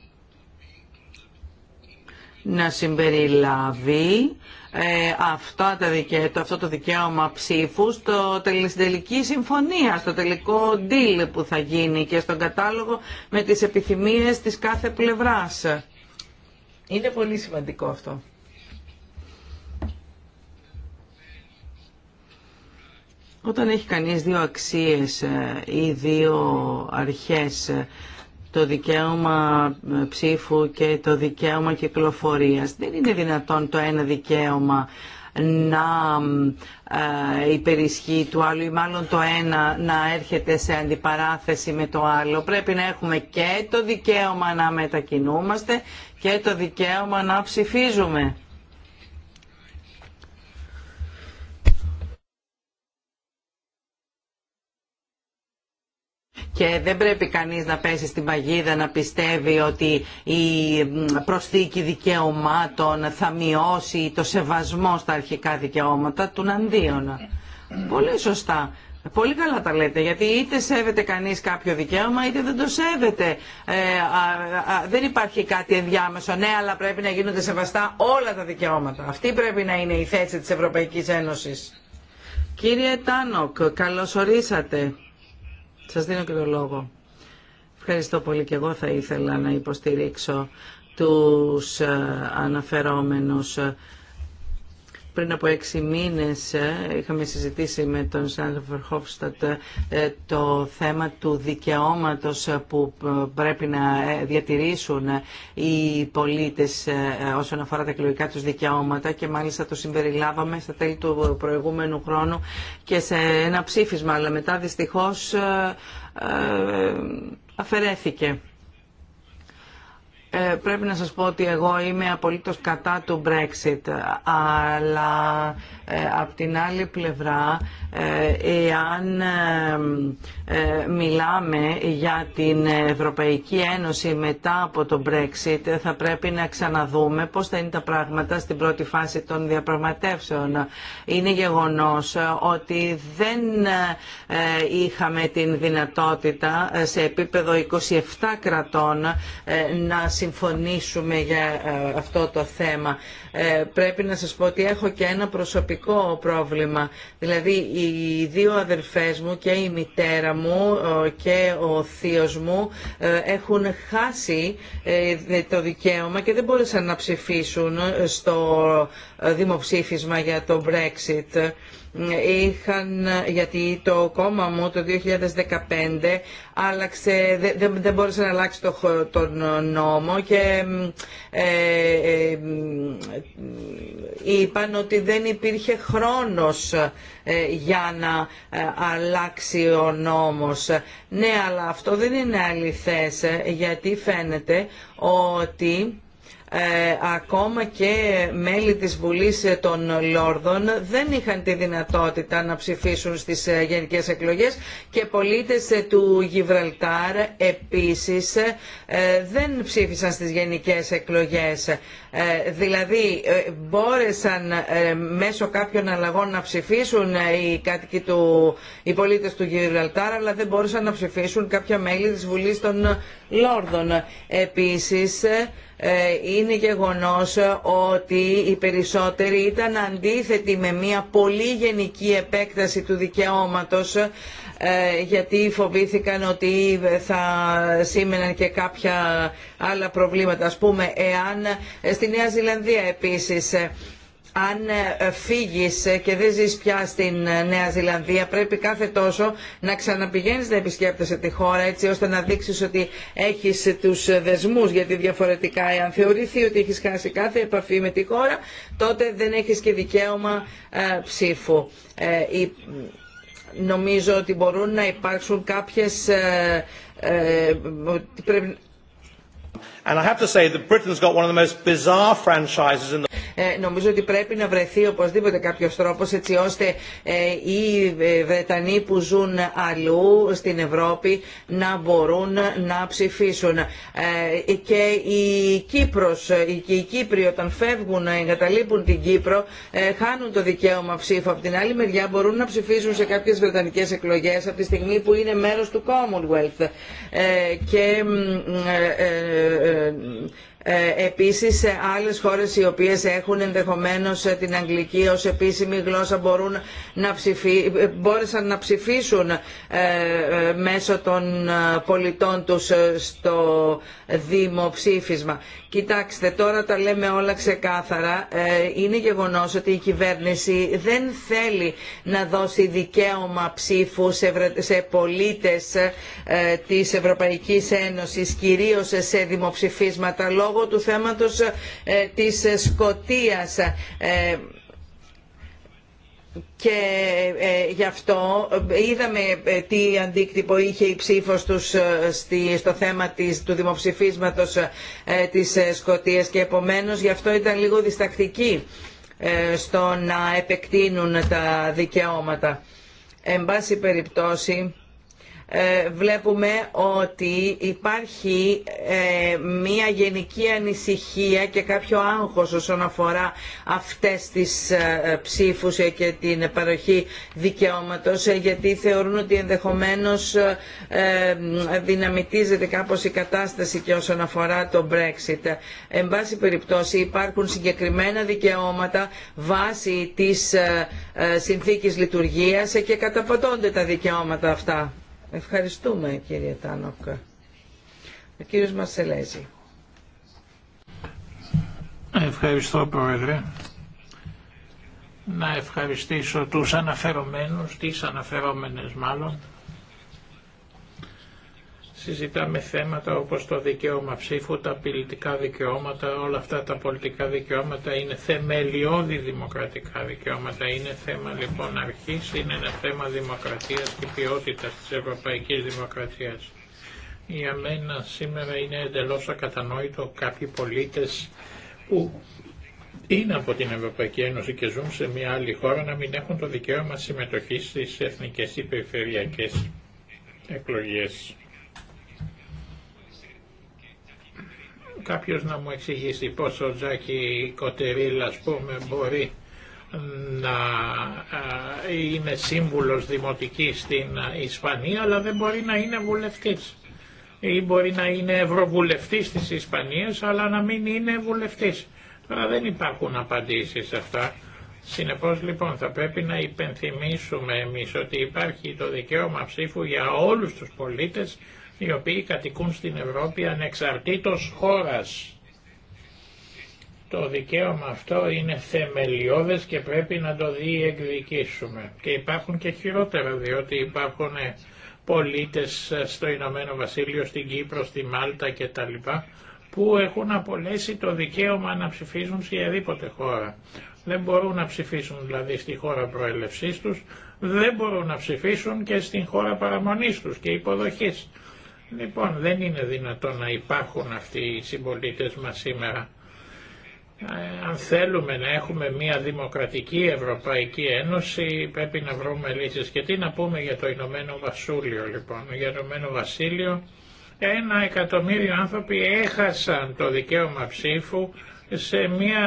να συμπεριλάβει ε, αυτά τα αυτό το δικαίωμα ψήφου στο τελική συμφωνία, στο τελικό deal που θα γίνει και στον κατάλογο με τις επιθυμίες της κάθε πλευράς. Είναι πολύ σημαντικό αυτό. Όταν έχει κανείς δύο αξίες ε, ή δύο αρχές, ε, το δικαίωμα ε, ψήφου και το δικαίωμα κυκλοφορίας, δεν είναι δυνατόν το ένα δικαίωμα να υπερισχύει του άλλου ή μάλλον το ένα να έρχεται σε αντιπαράθεση με το άλλο. Πρέπει να έχουμε και το δικαίωμα να μετακινούμαστε και το δικαίωμα να ψηφίζουμε. Και δεν πρέπει κανείς να πέσει στην παγίδα να πιστεύει ότι η προσθήκη δικαιωμάτων θα μειώσει το σεβασμό στα αρχικά δικαιώματα του ναντίωνα. Πολύ σωστά Πολύ καλά τα λέτε, γιατί είτε σέβεται κανείς κάποιο δικαίωμα, είτε δεν το σέβεται. Ε, δεν υπάρχει κάτι ενδιάμεσο. Ναι, αλλά πρέπει να γίνονται σεβαστά όλα τα δικαιώματα. Αυτή πρέπει να είναι η θέση της Ευρωπαϊκής Ένωσης. Κύριε Τάνοκ, ορίσατε. Σας δίνω και το λόγο. Ευχαριστώ πολύ και εγώ θα ήθελα να υποστηρίξω τους ε, αναφερόμενους πριν από έξι μήνες ε, είχαμε συζητήσει με τον Σάντρο Φερχόφστατ ε, το θέμα του δικαιώματος που ε, πρέπει να διατηρήσουν οι πολίτες όσον αφορά τα εκλογικά τους δικαιώματα και μάλιστα το συμπεριλάβαμε στα τέλη του προηγούμενου χρόνου και σε ένα ψήφισμα, αλλά μετά δυστυχώς αφαιρέθηκε. Ε, πρέπει να σας πω ότι εγώ είμαι απολύτως κατά του Brexit, αλλά ε, από την άλλη πλευρά ε, εάν ε, ε, μιλάμε για την Ευρωπαϊκή Ένωση μετά από το Brexit θα πρέπει να ξαναδούμε πώς θα είναι τα πράγματα στην πρώτη φάση των διαπραγματεύσεων. Είναι γεγονός ότι δεν είχαμε την δυνατότητα σε επίπεδο 27 κρατών να συμφωνήσουμε για αυτό το θέμα. Πρέπει να σας πω ότι έχω και ένα προσωπικό πρόβλημα. Δηλαδή οι δύο αδερφές μου και η μητέρα μου ε, και ο θείος μου ε, έχουν χάσει ε, το δικαίωμα και δεν μπόρεσαν να ψηφίσουν στο δημοψήφισμα για το Brexit είχαν, γιατί το κόμμα μου το 2015 άλλαξε, δεν, δεν μπόρεσε να αλλάξει το, τον νόμο και ε, ε είπαν ότι δεν υπήρχε χρόνος ε, για να ε, αλλάξει ο νόμος. Ναι, αλλά αυτό δεν είναι αληθές, γιατί φαίνεται ότι ε, ακόμα και μέλη της Βουλής των Λόρδων δεν είχαν τη δυνατότητα να ψηφίσουν στις ε, γενικές εκλογές και πολίτες ε, του Γιβραλτάρ επίσης δεν ψήφισαν στις γενικές εκλογές. Δηλαδή μπόρεσαν μέσω κάποιων αλλαγών να ψηφίσουν οι κάτοικοι του, οι πολίτες του Γιβραλτάρ αλλά δεν μπόρεσαν να ψηφίσουν κάποια μέλη της Βουλής των Λόρδων. Επίσης ε, είναι γεγονός ότι οι περισσότεροι ήταν αντίθετοι με μια πολύ γενική επέκταση του δικαιώματος ε, γιατί φοβήθηκαν ότι θα σήμαιναν και κάποια άλλα προβλήματα. Ας πούμε, εάν ε, στη Νέα Ζηλανδία επίσης αν ε, φύγεις και δεν ζεις πια στην ε, Νέα Ζηλανδία πρέπει κάθε τόσο να ξαναπηγαίνεις να επισκέπτεσαι τη χώρα έτσι ώστε να δείξεις ότι έχεις τους ε, δεσμούς γιατί διαφορετικά εάν θεωρηθεί ότι έχεις χάσει κάθε επαφή με τη χώρα τότε δεν έχεις και δικαίωμα ψήφου. η, νομίζω ότι μπορούν να υπάρξουν κάποιες νομίζω ότι πρέπει να βρεθεί οπωσδήποτε κάποιο τρόπο έτσι ώστε ε, οι ε, Βρετανοί που ζουν αλλού στην Ευρώπη να μπορούν να ψηφίσουν. Ε, και η και οι Κύπροι όταν φεύγουν να εγκαταλείπουν την Κύπρο χάνουν το δικαίωμα ψήφου. Από την άλλη μεριά μπορούν να ψηφίσουν σε κάποιες Βρετανικές εκλογές από τη στιγμή που είναι μέρος του Commonwealth. Και mm ε, επίσης, άλλες χώρες οι οποίες έχουν ενδεχομένως ε, την Αγγλική ως επίσημη γλώσσα μπορούν να ε, μπόρεσαν να ψηφίσουν μέσω των πολιτών τους στο δημοψήφισμα. Κοιτάξτε, τώρα τα λέμε όλα ξεκάθαρα. Είναι γεγονός ότι η κυβέρνηση δεν θέλει να δώσει δικαίωμα ψήφου σε πολίτες της Ευρωπαϊκής Ένωσης, κυρίως σε δημοψηφίσματα λόγω λόγω του θέματος ε, της Σκοτίας ε, και ε, γι' αυτό είδαμε τι αντίκτυπο είχε η ψήφος τους στο θέμα του δημοψηφίσματος της Σκοτίας και επομένως γι' αυτό ήταν λίγο διστακτική στο να επεκτείνουν τα δικαιώματα. Εν πάση περιπτώσει ε, βλέπουμε ότι υπάρχει ε, μία γενική ανησυχία και κάποιο άγχος όσον αφορά αυτές τις ε, ψήφους και την παροχή δικαιώματος γιατί θεωρούν ότι ενδεχομένως δυναμητίζεται κάπως η κατάσταση και όσον αφορά το Brexit. Εν πάση περιπτώσει υπάρχουν συγκεκριμένα δικαιώματα βάσει της συνθήκης λειτουργίας και καταπατώνται τα δικαιώματα αυτά. Ευχαριστούμε κύριε Τάνοκα. Ο κύριος Μασελέζη. Ευχαριστώ Πρόεδρε. Να ευχαριστήσω τους αναφερομένους, τις αναφερόμενες μάλλον, συζητάμε θέματα όπως το δικαίωμα ψήφου, τα πολιτικά δικαιώματα, όλα αυτά τα πολιτικά δικαιώματα είναι θεμελιώδη δημοκρατικά δικαιώματα, είναι θέμα λοιπόν αρχής, είναι ένα θέμα δημοκρατίας και ποιότητας της ευρωπαϊκής δημοκρατίας. Για μένα σήμερα είναι εντελώς ακατανόητο κάποιοι πολίτες που είναι από την Ευρωπαϊκή Ένωση και ζουν σε μια άλλη χώρα να μην έχουν το δικαίωμα συμμετοχής στις εθνικές ή περιφερειακές εκλογές. κάποιος να μου εξηγήσει πώς ο Τζάκι Κοτερίλ ας πούμε μπορεί να είναι σύμβουλος δημοτικής στην Ισπανία αλλά δεν μπορεί να είναι βουλευτής ή μπορεί να είναι ευρωβουλευτής της Ισπανίας αλλά να μην είναι βουλευτής. Τώρα δεν υπάρχουν απαντήσεις σε αυτά. Συνεπώς λοιπόν θα πρέπει να υπενθυμίσουμε εμείς ότι υπάρχει το δικαίωμα ψήφου για όλους τους πολίτες οι οποίοι κατοικούν στην Ευρώπη ανεξαρτήτως χώρας. Το δικαίωμα αυτό είναι θεμελιώδες και πρέπει να το διεκδικήσουμε. Και υπάρχουν και χειρότερα, διότι υπάρχουν ε, πολίτες ε, στο Ηνωμένο Βασίλειο, στην Κύπρο, στη Μάλτα κτλ που έχουν απολέσει το δικαίωμα να ψηφίζουν σε οποιαδήποτε χώρα. Δεν μπορούν να ψηφίσουν δηλαδή στη χώρα προέλευσής τους, δεν μπορούν να ψηφίσουν και στην χώρα παραμονής τους και υποδοχής. Λοιπόν, δεν είναι δυνατόν να υπάρχουν αυτοί οι συμπολίτε μας σήμερα. Ε, αν θέλουμε να έχουμε μια δημοκρατική Ευρωπαϊκή Ένωση πρέπει να βρούμε λύσεις. Και τι να πούμε για το Ηνωμένο Βασούλιο λοιπόν. Για το Ηνωμένο Βασίλειο ένα εκατομμύριο άνθρωποι έχασαν το δικαίωμα ψήφου σε μια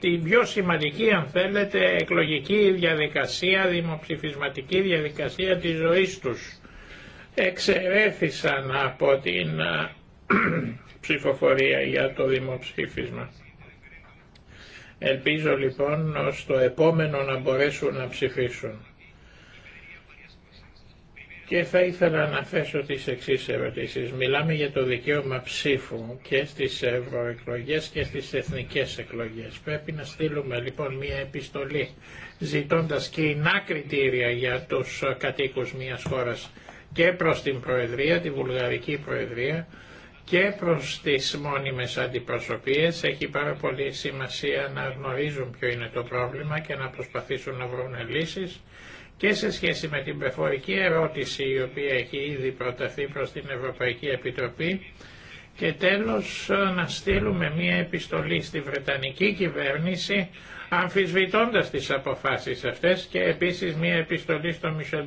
την πιο σημαντική αν θέλετε εκλογική διαδικασία, δημοψηφισματική διαδικασία της ζωής τους εξαιρέθησαν από την ψηφοφορία για το δημοψήφισμα. Ελπίζω λοιπόν στο επόμενο να μπορέσουν να ψηφίσουν. Και θα ήθελα να θέσω τις εξής ερωτήσεις. Μιλάμε για το δικαίωμα ψήφου και στις ευρωεκλογέ και στις εθνικές εκλογές. Πρέπει να στείλουμε λοιπόν μια επιστολή ζητώντας κοινά κριτήρια για τους κατοίκους μιας χώρας και προς την Προεδρία, τη Βουλγαρική Προεδρία και προς τις μόνιμες αντιπροσωπείες έχει πάρα πολύ σημασία να γνωρίζουν ποιο είναι το πρόβλημα και να προσπαθήσουν να βρουν λύσεις και σε σχέση με την πεφορική ερώτηση η οποία έχει ήδη προταθεί προς την Ευρωπαϊκή Επιτροπή και τέλος να στείλουμε μία επιστολή στη Βρετανική κυβέρνηση αμφισβητώντας τις αποφάσεις αυτές και επίσης μία επιστολή στο Μισελ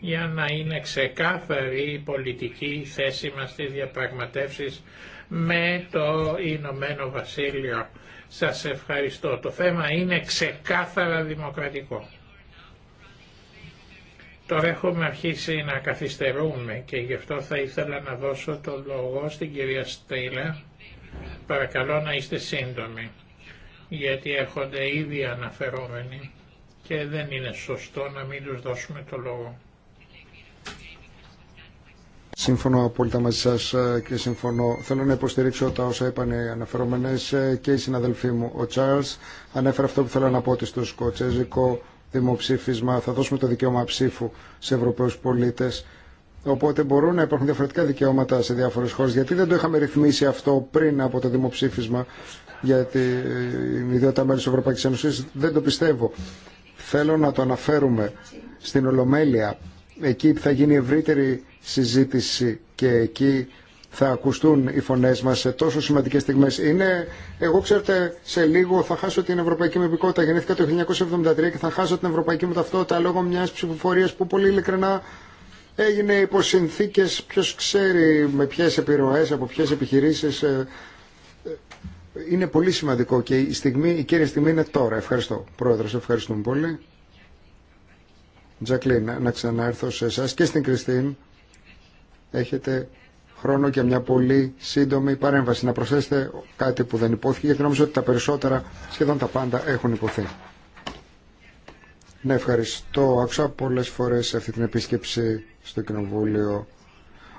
για να είναι ξεκάθαρη η πολιτική θέση μας στις διαπραγματεύσεις με το Ηνωμένο Βασίλειο. Σας ευχαριστώ. Το θέμα είναι ξεκάθαρα δημοκρατικό. Τώρα έχουμε αρχίσει να καθυστερούμε και γι' αυτό θα ήθελα να δώσω το λόγο στην κυρία Στέιλα. Παρακαλώ να είστε σύντομοι, γιατί έρχονται ήδη αναφερόμενοι και δεν είναι σωστό να μην τους δώσουμε το λόγο. Σύμφωνο απόλυτα μαζί σα ε, και συμφωνώ. Θέλω να υποστηρίξω τα όσα είπαν οι αναφερομένε ε, και οι συναδελφοί μου. Ο Τσάρλ ανέφερε αυτό που θέλω να πω ότι στο σκοτσέζικο δημοψήφισμα θα δώσουμε το δικαίωμα ψήφου σε Ευρωπαίου πολίτε, Οπότε μπορούν να υπάρχουν διαφορετικά δικαιώματα σε διάφορε χώρε, Γιατί δεν το είχαμε ρυθμίσει αυτό πριν από το δημοψήφισμα για την ιδιότητα μέλη τη Ευρωπαϊκή Ένωση, Δεν το πιστεύω. Θέλω να το αναφέρουμε στην Ολομέλεια Εκεί θα γίνει ευρύτερη συζήτηση και εκεί θα ακουστούν οι φωνές μας σε τόσο σημαντικές στιγμές. Είναι, εγώ ξέρετε, σε λίγο θα χάσω την ευρωπαϊκή μου Γεννήθηκα το 1973 και θα χάσω την ευρωπαϊκή μου ταυτότητα λόγω μιας ψηφοφορίας που πολύ ειλικρινά έγινε υπό συνθήκε ποιος ξέρει με ποιες επιρροές, από ποιες επιχειρήσεις. Ε, ε, είναι πολύ σημαντικό και η, στιγμή, η κύρια στιγμή είναι τώρα. Ευχαριστώ. Πρόεδρος, ευχαριστούμε πολύ. Τζακλίν, να ξαναέρθω σε εσά και στην Κριστίν. Έχετε χρόνο και μια πολύ σύντομη παρέμβαση. Να προσθέσετε κάτι που δεν υπόθηκε, γιατί νομίζω ότι τα περισσότερα, σχεδόν τα πάντα, έχουν υποθεί. Ναι, ευχαριστώ. Άκουσα πολλέ φορέ αυτή την επίσκεψη στο Κοινοβούλιο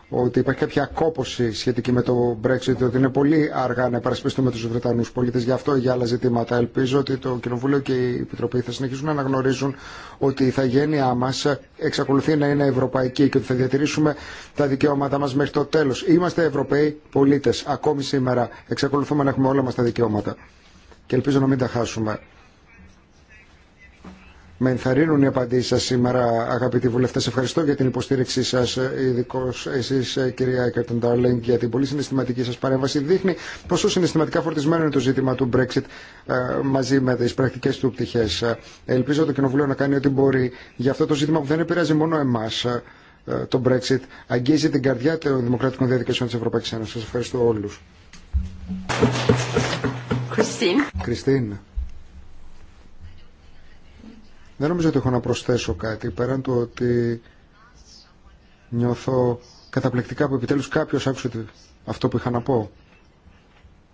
ότι υπάρχει κάποια κόποση σχετική με το Brexit, ότι είναι πολύ αργά να υπερασπιστούμε του Βρετανού πολίτε Γι' αυτό ή για άλλα ζητήματα. Ελπίζω ότι το Κοινοβούλιο και η Επιτροπή θα συνεχίσουν να αναγνωρίζουν ότι η ηθαγένειά μα εξακολουθεί να είναι ευρωπαϊκή και ότι θα διατηρήσουμε τα δικαιώματά μα μέχρι το τέλο. Είμαστε Ευρωπαίοι πολίτε. Ακόμη σήμερα εξακολουθούμε να έχουμε όλα μα τα δικαιώματα. Και ελπίζω να μην τα χάσουμε με ενθαρρύνουν οι απαντήσει σα σήμερα αγαπητοί βουλευτέ. Ευχαριστώ για την υποστήριξή σα, ειδικώ εσεί, κυρία Κέρτον Ντάρλινγκ για την πολύ συναισθηματική σα παρέμβαση. Δείχνει πόσο συναισθηματικά φορτισμένο είναι το ζήτημα του Brexit ε, μαζί με τι πρακτικέ του πτυχέ. Ελπίζω το Κοινοβουλίο να κάνει ό,τι μπορεί για αυτό το ζήτημα που δεν επηρεάζει μόνο εμά ε, το Brexit αγγίζει την καρδιά των δημοκρατικών διαδικασιών της Ευρωπαϊκή Ένωσης. Σα ευχαριστώ όλους. Δεν νομίζω ότι έχω να προσθέσω κάτι πέραν του ότι νιώθω καταπληκτικά που επιτέλους κάποιος άκουσε αυτό που είχα να πω.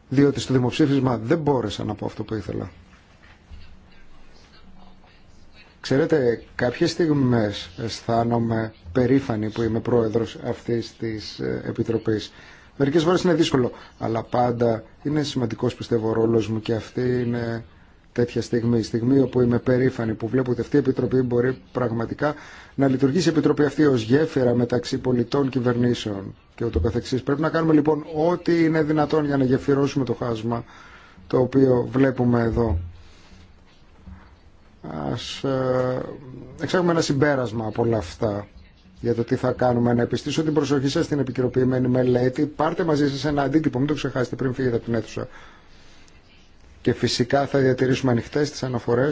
Διότι στο δημοψήφισμα δεν μπόρεσα να πω αυτό που ήθελα. Ξέρετε, κάποιες στιγμές αισθάνομαι περήφανη που είμαι πρόεδρος αυτής της ε, Επιτροπής. Μερικές φορές είναι δύσκολο, αλλά πάντα είναι σημαντικός πιστεύω ο ρόλος μου και αυτή είναι τέτοια στιγμή, στιγμή όπου είμαι περήφανη που βλέπω ότι αυτή η Επιτροπή μπορεί πραγματικά να λειτουργήσει η Επιτροπή αυτή ως γέφυρα μεταξύ πολιτών κυβερνήσεων και ούτω καθεξής. Πρέπει να κάνουμε λοιπόν ό,τι είναι δυνατόν για να γεφυρώσουμε το χάσμα το οποίο βλέπουμε εδώ. Ας ε, εξάγουμε ένα συμπέρασμα από όλα αυτά για το τι θα κάνουμε. Να επιστήσω την προσοχή σας στην επικαιροποιημένη μελέτη. Πάρτε μαζί σας ένα αντίτυπο, μην το ξεχάσετε πριν φύγετε από την αίθουσα. Και φυσικά θα διατηρήσουμε ανοιχτέ τι αναφορέ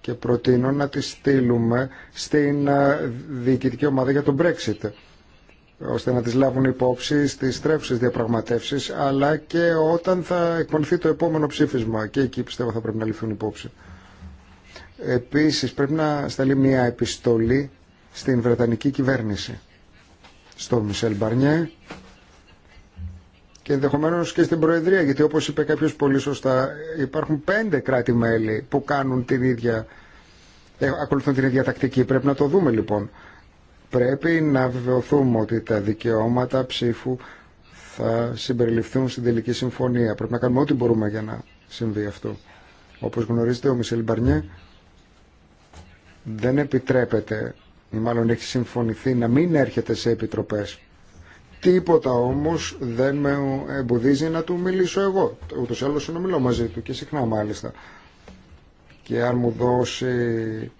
και προτείνω να τις στείλουμε στην ε, διοικητική ομάδα για τον Brexit ώστε να τις λάβουν υπόψη στις τρέψεις διαπραγματεύσεις αλλά και όταν θα εκπονηθεί το επόμενο ψήφισμα και εκεί πιστεύω θα πρέπει να ληφθούν υπόψη. Επίσης πρέπει να σταλεί μια επιστολή στην Βρετανική κυβέρνηση στο Μισελ Μπαρνιέ και ενδεχομένω και στην Προεδρία, όπω όπως κάποιο κάποιος πολύ σωστά, υπάρχουν πέντε κράτη-μέλη που κάνουν την ίδια, ε, ακολουθούν την ίδια τακτική. Πρέπει να το δούμε λοιπόν. Πρέπει να βεβαιωθούμε ότι τα δικαιώματα ψήφου θα συμπεριληφθούν στην τελική συμφωνία. Πρέπει να κάνουμε ό,τι μπορούμε για να συμβεί αυτό. Όπω γνωρίζετε, ο Μισελ Μπαρνιέ δεν επιτρέπεται ή μάλλον έχει συμφωνηθεί να μην έρχεται σε επιτροπές Τίποτα όμως δεν με εμποδίζει να του μιλήσω εγώ. Ούτως ή άλλως συνομιλώ μαζί του και συχνά μάλιστα. Και αν μου δώσει ε,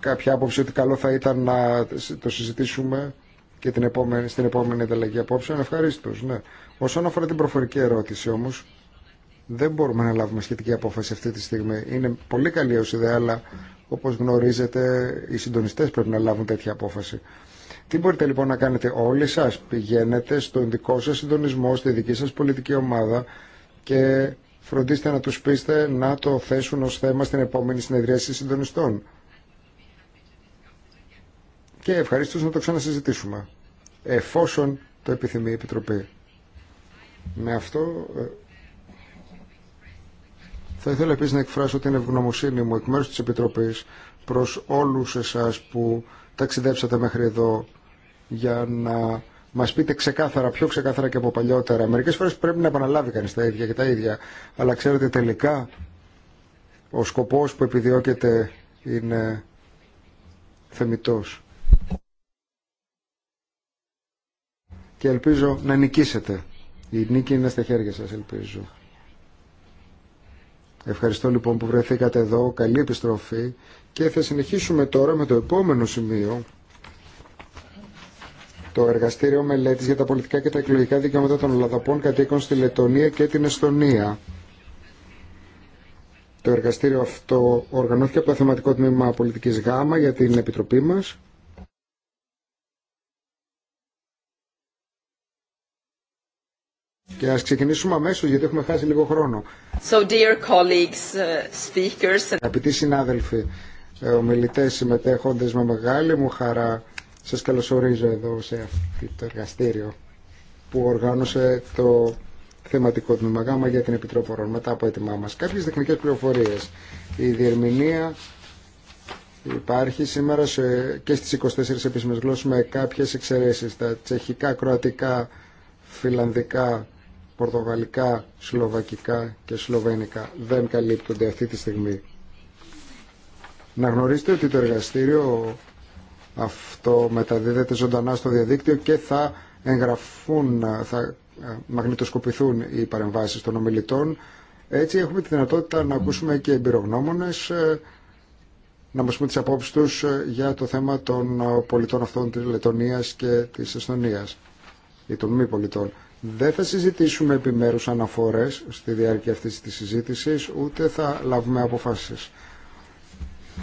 κάποια άποψη ότι καλό θα ήταν να το συζητήσουμε και την επόμενη, στην επόμενη ανταλλαγή απόψεων, ευχαρίστω. Ναι. Όσον αφορά την προφορική ερώτηση όμως, δεν μπορούμε να λάβουμε σχετική απόφαση αυτή τη στιγμή. Είναι πολύ καλή ως ιδέα, αλλά όπως γνωρίζετε οι συντονιστές πρέπει να λάβουν τέτοια απόφαση. Τι μπορείτε λοιπόν να κάνετε όλοι σας, πηγαίνετε στον δικό σας συντονισμό, στη δική σας πολιτική ομάδα και φροντίστε να τους πείστε να το θέσουν ως θέμα στην επόμενη συνεδρίαση συντονιστών. Και ευχαριστώ να το ξανασυζητήσουμε, εφόσον το επιθυμεί η Επιτροπή. Με αυτό ε, θα ήθελα επίσης να εκφράσω την ευγνωμοσύνη μου εκ μέρους της Επιτροπής προς όλους εσάς που ταξιδέψατε μέχρι εδώ για να μα πείτε ξεκάθαρα, πιο ξεκάθαρα και από παλιότερα. Μερικέ φορέ πρέπει να επαναλάβει κανεί τα ίδια και τα ίδια. Αλλά ξέρετε τελικά ο σκοπό που επιδιώκεται είναι θεμητό. Και ελπίζω να νικήσετε. Η νίκη είναι στα χέρια σας, ελπίζω. Ευχαριστώ λοιπόν που βρεθήκατε εδώ. Καλή επιστροφή. Και θα συνεχίσουμε τώρα με το επόμενο σημείο. Το Εργαστήριο Μελέτης για τα Πολιτικά και τα Εκλογικά Δικαιώματα των Λαδαπών Κατοίκων στη Λετωνία και την Εστονία. Το εργαστήριο αυτό οργανώθηκε από το Θεματικό Τμήμα Πολιτικής ΓΑΜΑ για την Επιτροπή μας. Και ας ξεκινήσουμε αμέσως γιατί έχουμε χάσει λίγο χρόνο. So, dear colleagues, uh, speakers... Αγαπητοί συνάδελφοι, ε, ομιλητές συμμετέχοντες με μεγάλη μου χαρά σας καλωσορίζω εδώ σε αυτό το εργαστήριο που οργάνωσε το θεματικό τμήμα ΓΑΜΑ για την Επιτροπορών μετά από έτοιμά μας. Κάποιες τεχνικές πληροφορίες. Η διερμηνία υπάρχει σήμερα σε, και στις 24 επίσημες γλώσσες με κάποιες εξαιρέσεις. Τα τσεχικά, κροατικά, φιλανδικά, πορτογαλικά, σλοβακικά και σλοβένικα δεν καλύπτονται αυτή τη στιγμή. Να γνωρίζετε ότι το εργαστήριο αυτό μεταδίδεται ζωντανά στο διαδίκτυο και θα εγγραφούν, θα ε, μαγνητοσκοπηθούν οι παρεμβάσεις των ομιλητών. Έτσι έχουμε τη δυνατότητα να ακούσουμε και εμπειρογνώμονες ε, να μας πούν τις απόψεις τους ε, για το θέμα των πολιτών αυτών της Λετωνίας και της Εστονίας ή των μη πολιτών. Δεν θα συζητήσουμε επιμέρους αναφορές στη διάρκεια αυτής της συζήτησης, ούτε θα λάβουμε αποφάσεις.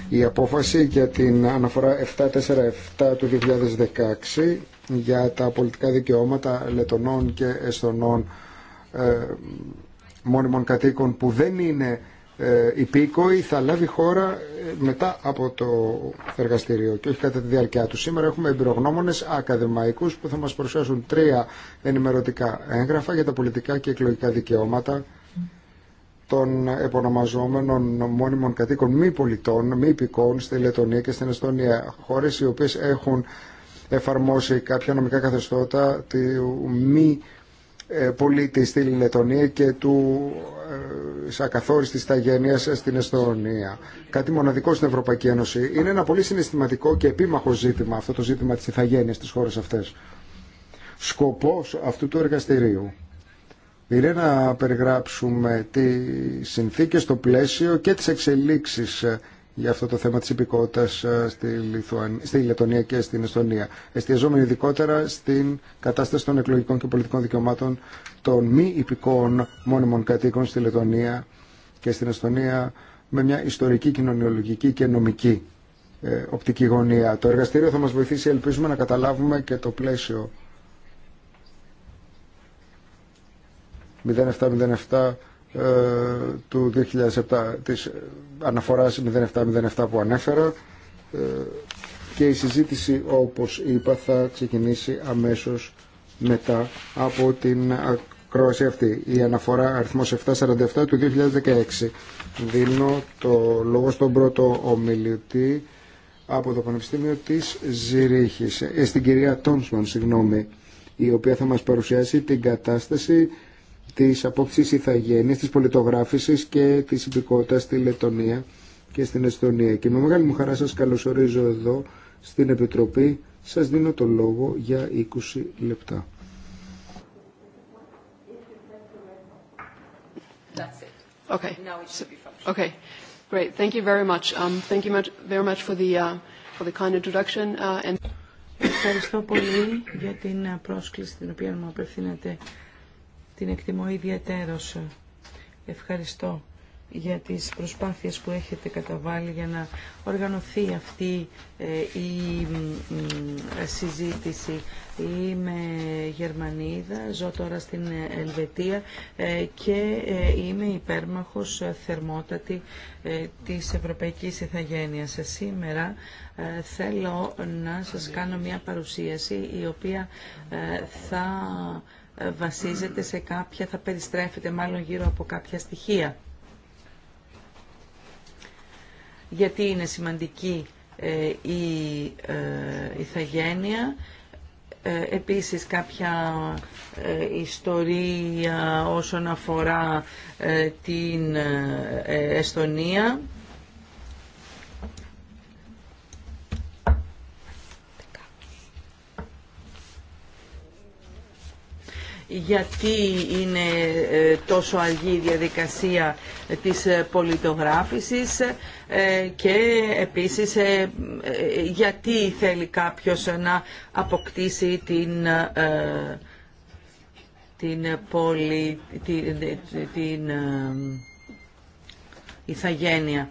Η απόφαση για την αναφορά 747 του 2016 για τα πολιτικά δικαιώματα Λετωνών και Εστονών ε, μόνιμων κατοίκων που δεν είναι ε, υπήκοοι θα λάβει χώρα ε, μετά από το εργαστήριο και όχι κατά τη διάρκειά του. Σήμερα έχουμε εμπειρογνώμονες ακαδημαϊκούς που θα μας προσφέρουν τρία ενημερωτικά έγγραφα για τα πολιτικά και εκλογικά δικαιώματα των επωνομαζόμενων μόνιμων κατοίκων μη πολιτών, μη υπηκών στη Λετωνία και στην Εστονία. Χώρες οι οποίες έχουν εφαρμόσει κάποια νομικά καθεστώτα του μη ε, πολίτη στη Λετωνία και του ε, ακαθόριστης ταγένειας στην Εστονία. Κάτι μοναδικό στην Ευρωπαϊκή Ένωση. Είναι ένα πολύ συναισθηματικό και επίμαχο ζήτημα αυτό το ζήτημα της ηθαγένειας στις χώρες αυτές. Σκοπός αυτού του εργαστηρίου είναι να περιγράψουμε τις συνθήκες, το πλαίσιο και τις εξελίξεις ε, για αυτό το θέμα της υπηκότητας ε, στη, Λιθουαν... Λετωνία και στην Εστονία. Εστιαζόμενοι ειδικότερα στην κατάσταση των εκλογικών και πολιτικών δικαιωμάτων των μη υπηκών μόνιμων κατοίκων στη Λετωνία και στην Εστονία με μια ιστορική, κοινωνιολογική και νομική ε, οπτική γωνία. Το εργαστήριο θα μας βοηθήσει, ελπίζουμε, να καταλάβουμε και το πλαίσιο 0707 ε, του 2007 της ε, αναφοράς 0707 που ανέφερα ε, και η συζήτηση όπως είπα θα ξεκινήσει αμέσως μετά από την ακρόαση αυτή η αναφορά αριθμός 747 του 2016 δίνω το λόγο στον πρώτο ομιλητή από το Πανεπιστήμιο της Ζηρίχης ε, στην κυρία Τόμσμαν συγγνώμη η οποία θα μας παρουσιάσει την κατάσταση της απόψη ηθαγένεια, τη πολιτογράφηση και τη υπηκότητα στη Λετωνία και στην Εσθονία. Και με μεγάλη μου χαρά σας καλωσορίζω εδώ στην Επιτροπή. Σας δίνω το λόγο για 20 λεπτά. Okay. Okay. Great. Thank you very much. Um, thank you very much for the uh, for the kind introduction uh, and. Ευχαριστώ πολύ για την uh, πρόσκληση την οποία μου απευθύνετε την εκτιμώ ιδιαίτερο. Ευχαριστώ για τις προσπάθειες που έχετε καταβάλει για να οργανωθεί αυτή ε, η ε, συζήτηση. Είμαι Γερμανίδα, ζω τώρα στην Ελβετία ε, και είμαι υπέρμαχος θερμότατη της Ευρωπαϊκής Ιθαγένειας. Σήμερα θέλω να σας κάνω μια παρουσίαση η οποία θα βασίζεται σε κάποια, θα περιστρέφεται μάλλον γύρω από κάποια στοιχεία. Γιατί είναι σημαντική ε, η ε, ηθαγένεια, ε, επίσης κάποια ιστορία όσον αφορά την Εστονία γιατί είναι ε, τόσο αργή η διαδικασία της ε, πολιτογράφησης ε, και επίσης γιατί θέλει κάποιος να αποκτήσει την την πόλη, την, την ηθαγένεια.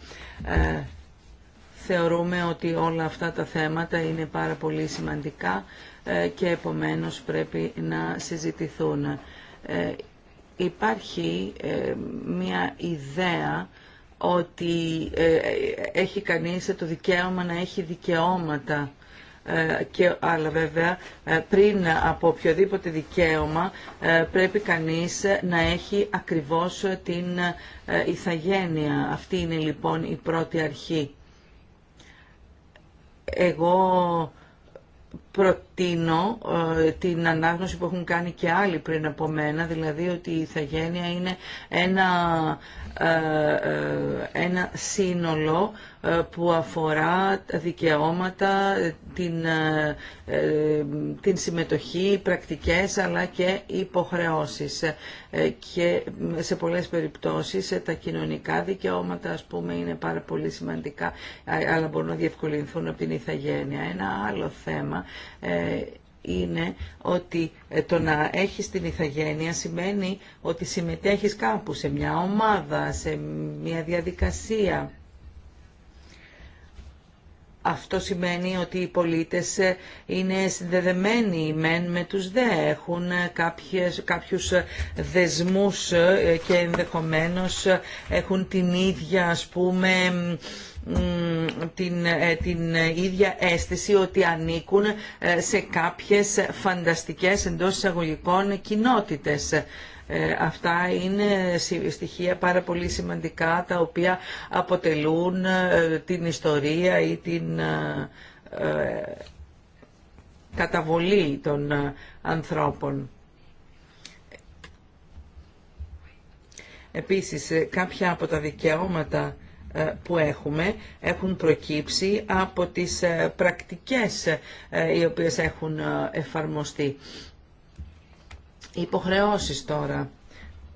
Θεωρούμε ότι όλα αυτά τα θέματα είναι πάρα πολύ σημαντικά ε, και επομένως πρέπει να συζητηθούν. Ε, υπάρχει ε, μια ιδέα ότι έχει κανείς το δικαίωμα να έχει δικαιώματα και άλλα βέβαια πριν από οποιοδήποτε δικαίωμα πρέπει κανείς να έχει ακριβώς την ηθαγένεια. Αυτή είναι λοιπόν η πρώτη αρχή. Εγώ προτείνω ε, την ανάγνωση που έχουν κάνει και άλλοι πριν από μένα, δηλαδή ότι η ηθαγένεια είναι ένα, ε, ε, ένα σύνολο που αφορά τα δικαιώματα, την, την συμμετοχή, πρακτικές αλλά και υποχρεώσεις. Και σε πολλές περιπτώσεις τα κοινωνικά δικαιώματα ας πούμε είναι πάρα πολύ σημαντικά αλλά μπορούν να διευκολυνθούν από την ηθαγένεια. Ένα άλλο θέμα ε, είναι ότι ε, το να έχεις την ηθαγένεια σημαίνει ότι συμμετέχεις κάπου, σε μια ομάδα, σε μια διαδικασία. Αυτό σημαίνει ότι οι πολίτες ε, είναι συνδεδεμένοι με τους δε, έχουν ε, κάποιες, κάποιους ε, δεσμούς και ενδεχομένως έχουν την ίδια ας πούμε την, την ίδια αίσθηση ότι ανήκουν σε κάποιες φανταστικές εντός εισαγωγικών κοινότητες. Ε, αυτά είναι στοιχεία πάρα πολύ σημαντικά τα οποία αποτελούν ε, την ιστορία ή την ε, καταβολή των ανθρώπων. Επίσης, κάποια από τα δικαιώματα που έχουμε έχουν προκύψει από τις πρακτικές οι οποίες έχουν εφαρμοστεί. Οι υποχρεώσεις τώρα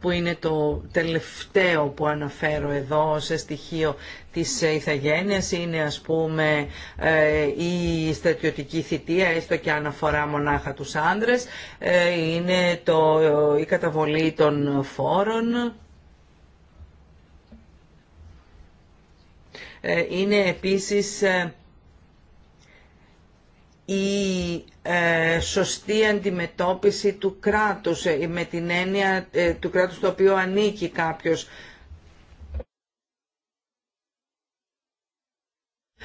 που είναι το τελευταίο που αναφέρω εδώ σε στοιχείο της ηθαγένειας είναι ας πούμε ε, η στρατιωτική θητεία έστω και αναφορά μονάχα τους άντρες ε, είναι το, η καταβολή των φόρων ε, είναι επίσης η ε, σωστή αντιμετώπιση του κράτους ε, με την έννοια ε, του κράτους το οποίο ανήκει κάποιος.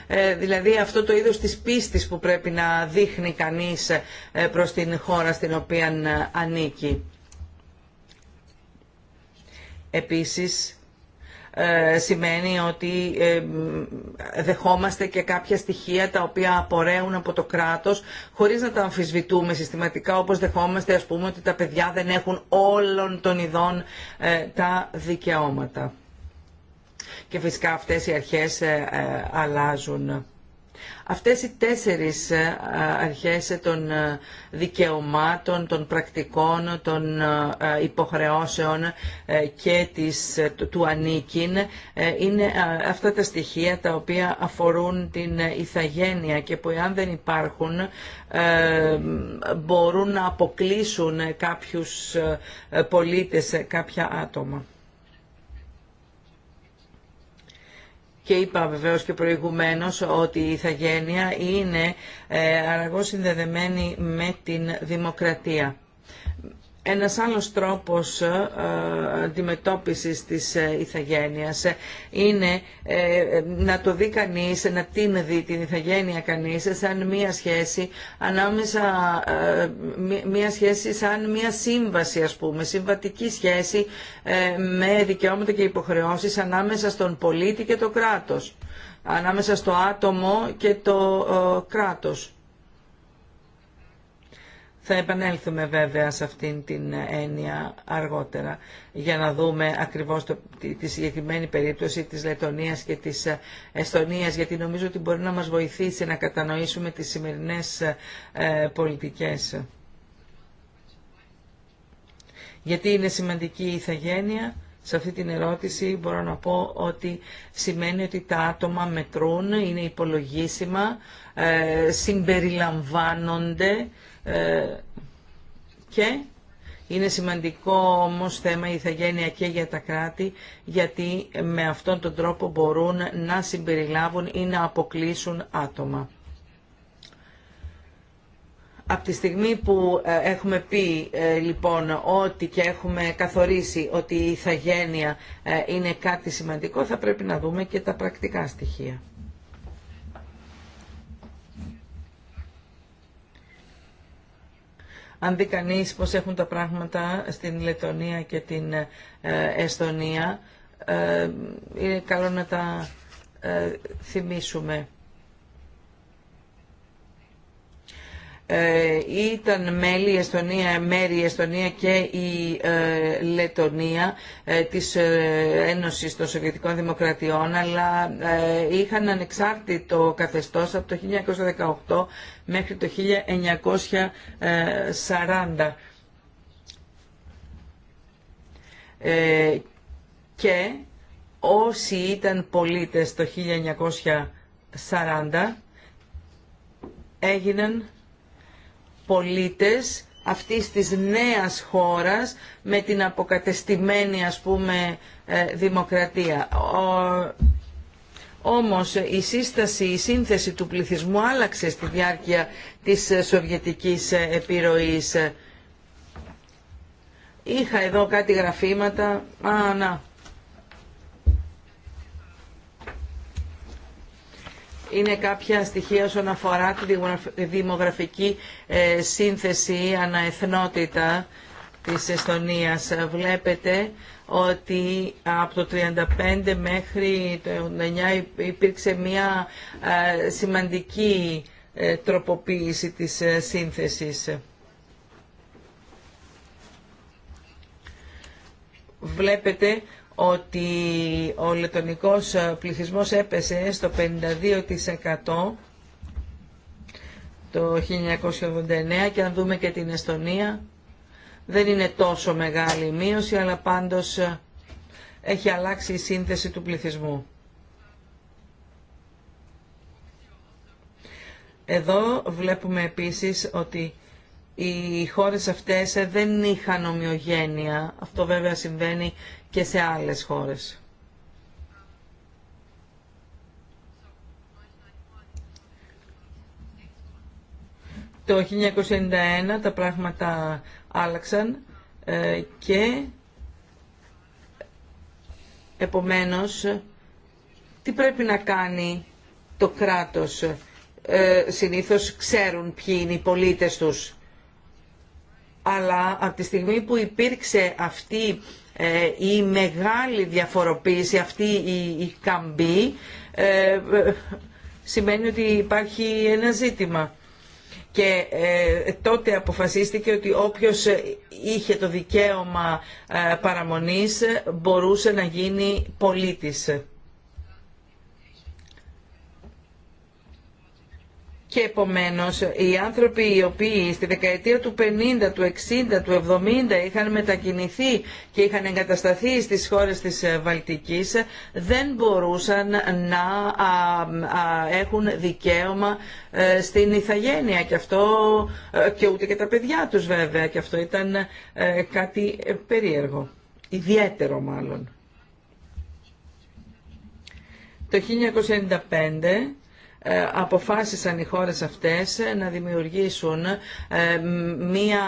Ε, δηλαδή αυτό το είδος της πίστης που πρέπει να δείχνει κανείς προς την χώρα στην οποία ανήκει. Επίσης, ε, σημαίνει ότι ε, δεχόμαστε και κάποια στοιχεία τα οποία απορρέουν από το κράτος χωρίς να τα αμφισβητούμε συστηματικά όπως δεχόμαστε ας πούμε ότι τα παιδιά δεν έχουν όλων των ειδών ε, τα δικαιώματα. Και φυσικά αυτές οι αρχές αλλάζουν. Αυτές οι τέσσερις ε, αρχές ε, των ε, δικαιωμάτων, των πρακτικών, των υποχρεώσεων και της, του ανήκειν είναι αυτά τα στοιχεία τα οποία αφορούν την ηθαγένεια και που εάν δεν υπάρχουν μπορούν να αποκλείσουν κάποιους πολίτες, κάποια άτομα. και είπα βεβαίως και προηγουμένως ότι η ηθαγένεια είναι ε, αραγώς συνδεδεμένη με την δημοκρατία. Ένας άλλος τρόπος ε, ε, αντιμετώπισης της ε, ηθαγένειας είναι να το δει κανείς, να την δει την ηθαγένεια κανείς σαν μία σχέση ανάμεσα, μία σχέση σαν μία σύμβαση ας πούμε, συμβατική σχέση με δικαιώματα και υποχρεώσεις ανάμεσα στον πολίτη και το κράτος, ανάμεσα στο άτομο και το κράτος. Θα επανέλθουμε βέβαια σε αυτήν την έννοια αργότερα για να δούμε ακριβώς το, τη, συγκεκριμένη περίπτωση της Λετωνίας και της Εστονίας γιατί νομίζω ότι μπορεί να μας βοηθήσει να κατανοήσουμε τις σημερινές ε, πολιτικές. Γιατί είναι σημαντική η ηθαγένεια σε αυτή την ερώτηση μπορώ να πω ότι σημαίνει ότι τα άτομα μετρούν, είναι υπολογίσιμα, ε, συμπεριλαμβάνονται ε, και είναι σημαντικό όμως θέμα η ηθαγένεια και για τα κράτη, γιατί με αυτόν τον τρόπο μπορούν να συμπεριλάβουν ή να αποκλείσουν άτομα. Από τη στιγμή που ε, έχουμε πει ε, λοιπόν ότι και έχουμε καθορίσει ότι η ηθαγένεια είναι κάτι σημαντικό, θα πρέπει να δούμε και τα πρακτικά στοιχεία. Αν δει κανεί πώς έχουν τα πράγματα στην Λετωνία και την ε, Εστονία, είναι ε, καλό να τα ε, θυμίσουμε. Ε, ήταν μέλη η Εστονία, μέρη Εστονία και η ε, Λετονία ε, της ε, Ένωσης των Σοβιετικών Δημοκρατιών αλλά είχαν ανεξάρτητο καθεστώς από το 1918 μέχρι το 1940 και όσοι ήταν πολίτες το 1940 έγιναν πολίτες αυτής της νέας χώρας με την αποκατεστημένη ας πούμε ε, δημοκρατία. Ο... Όμως η σύσταση, η σύνθεση του πληθυσμού άλλαξε στη διάρκεια της σοβιετικής επιρροής. Είχα εδώ κάτι γραφήματα. Α, να, είναι κάποια στοιχεία όσον αφορά τη δημογραφική ε, σύνθεση αναεθνότητα της Εστονίας. Βλέπετε ότι από το 35 μέχρι το 1989 υπήρξε μια ε, σημαντική ε, τροποποίηση της σύνθεσης. Βλέπετε ότι ο λετονικός ε, πληθυσμός έπεσε στο 52% το 1989 και αν δούμε και την Εστονία δεν είναι τόσο μεγάλη η μείωση αλλά πάντως ε, έχει αλλάξει η σύνθεση του πληθυσμού. Εδώ βλέπουμε επίσης ότι οι χώρες αυτές ε, δεν είχαν ομοιογένεια. Αυτό βέβαια συμβαίνει και σε άλλες χώρες. Το 1991 τα πράγματα άλλαξαν ε, και επομένως τι πρέπει να κάνει το κράτος. Ε, συνήθως ξέρουν ποιοι είναι οι πολίτες τους αλλά από τη στιγμή που υπήρξε αυτή ε, η μεγάλη διαφοροποίηση, αυτή η καμπή, ε, ε, σημαίνει ότι υπάρχει ένα ζήτημα. Και τότε αποφασίστηκε ότι όποιος είχε το δικαίωμα παραμονής μπορούσε να γίνει πολίτης. Και επομένως οι άνθρωποι οι οποίοι στη δεκαετία του 50, του 60, του 70 είχαν μετακινηθεί και είχαν εγκατασταθεί στις χώρες της ε, Βαλτικής δεν μπορούσαν να έχουν δικαίωμα ε, στην ηθαγένεια και αυτό ε, και ούτε και τα παιδιά τους βέβαια και αυτό ήταν κάτι περίεργο, ιδιαίτερο μάλλον. Το 1995 ε, αποφάσισαν οι χώρες αυτές να δημιουργήσουν ε, μία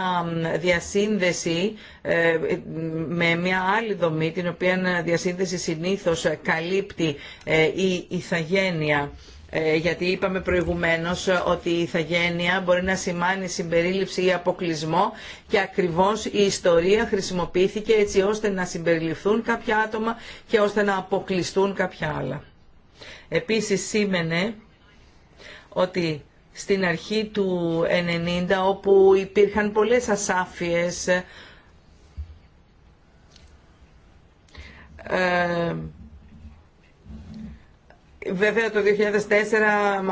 διασύνδεση ε, με μία άλλη δομή, την οποία διασύνδεση συνήθως καλύπτει η ηθαγένεια. Γιατί είπαμε προηγουμένως ότι η ηθαγένεια μπορεί να σημάνει συμπερίληψη ή αποκλεισμό και ακριβώς η ιστορία χρησιμοποιήθηκε έτσι ώστε να συμπεριληφθούν κάποια άτομα και ώστε να αποκλειστούν κάποια άλλα. Επίσης σήμαινε ότι στην αρχή του 90 όπου υπήρχαν πολλές ασάφειες ε, Βέβαια το 2004,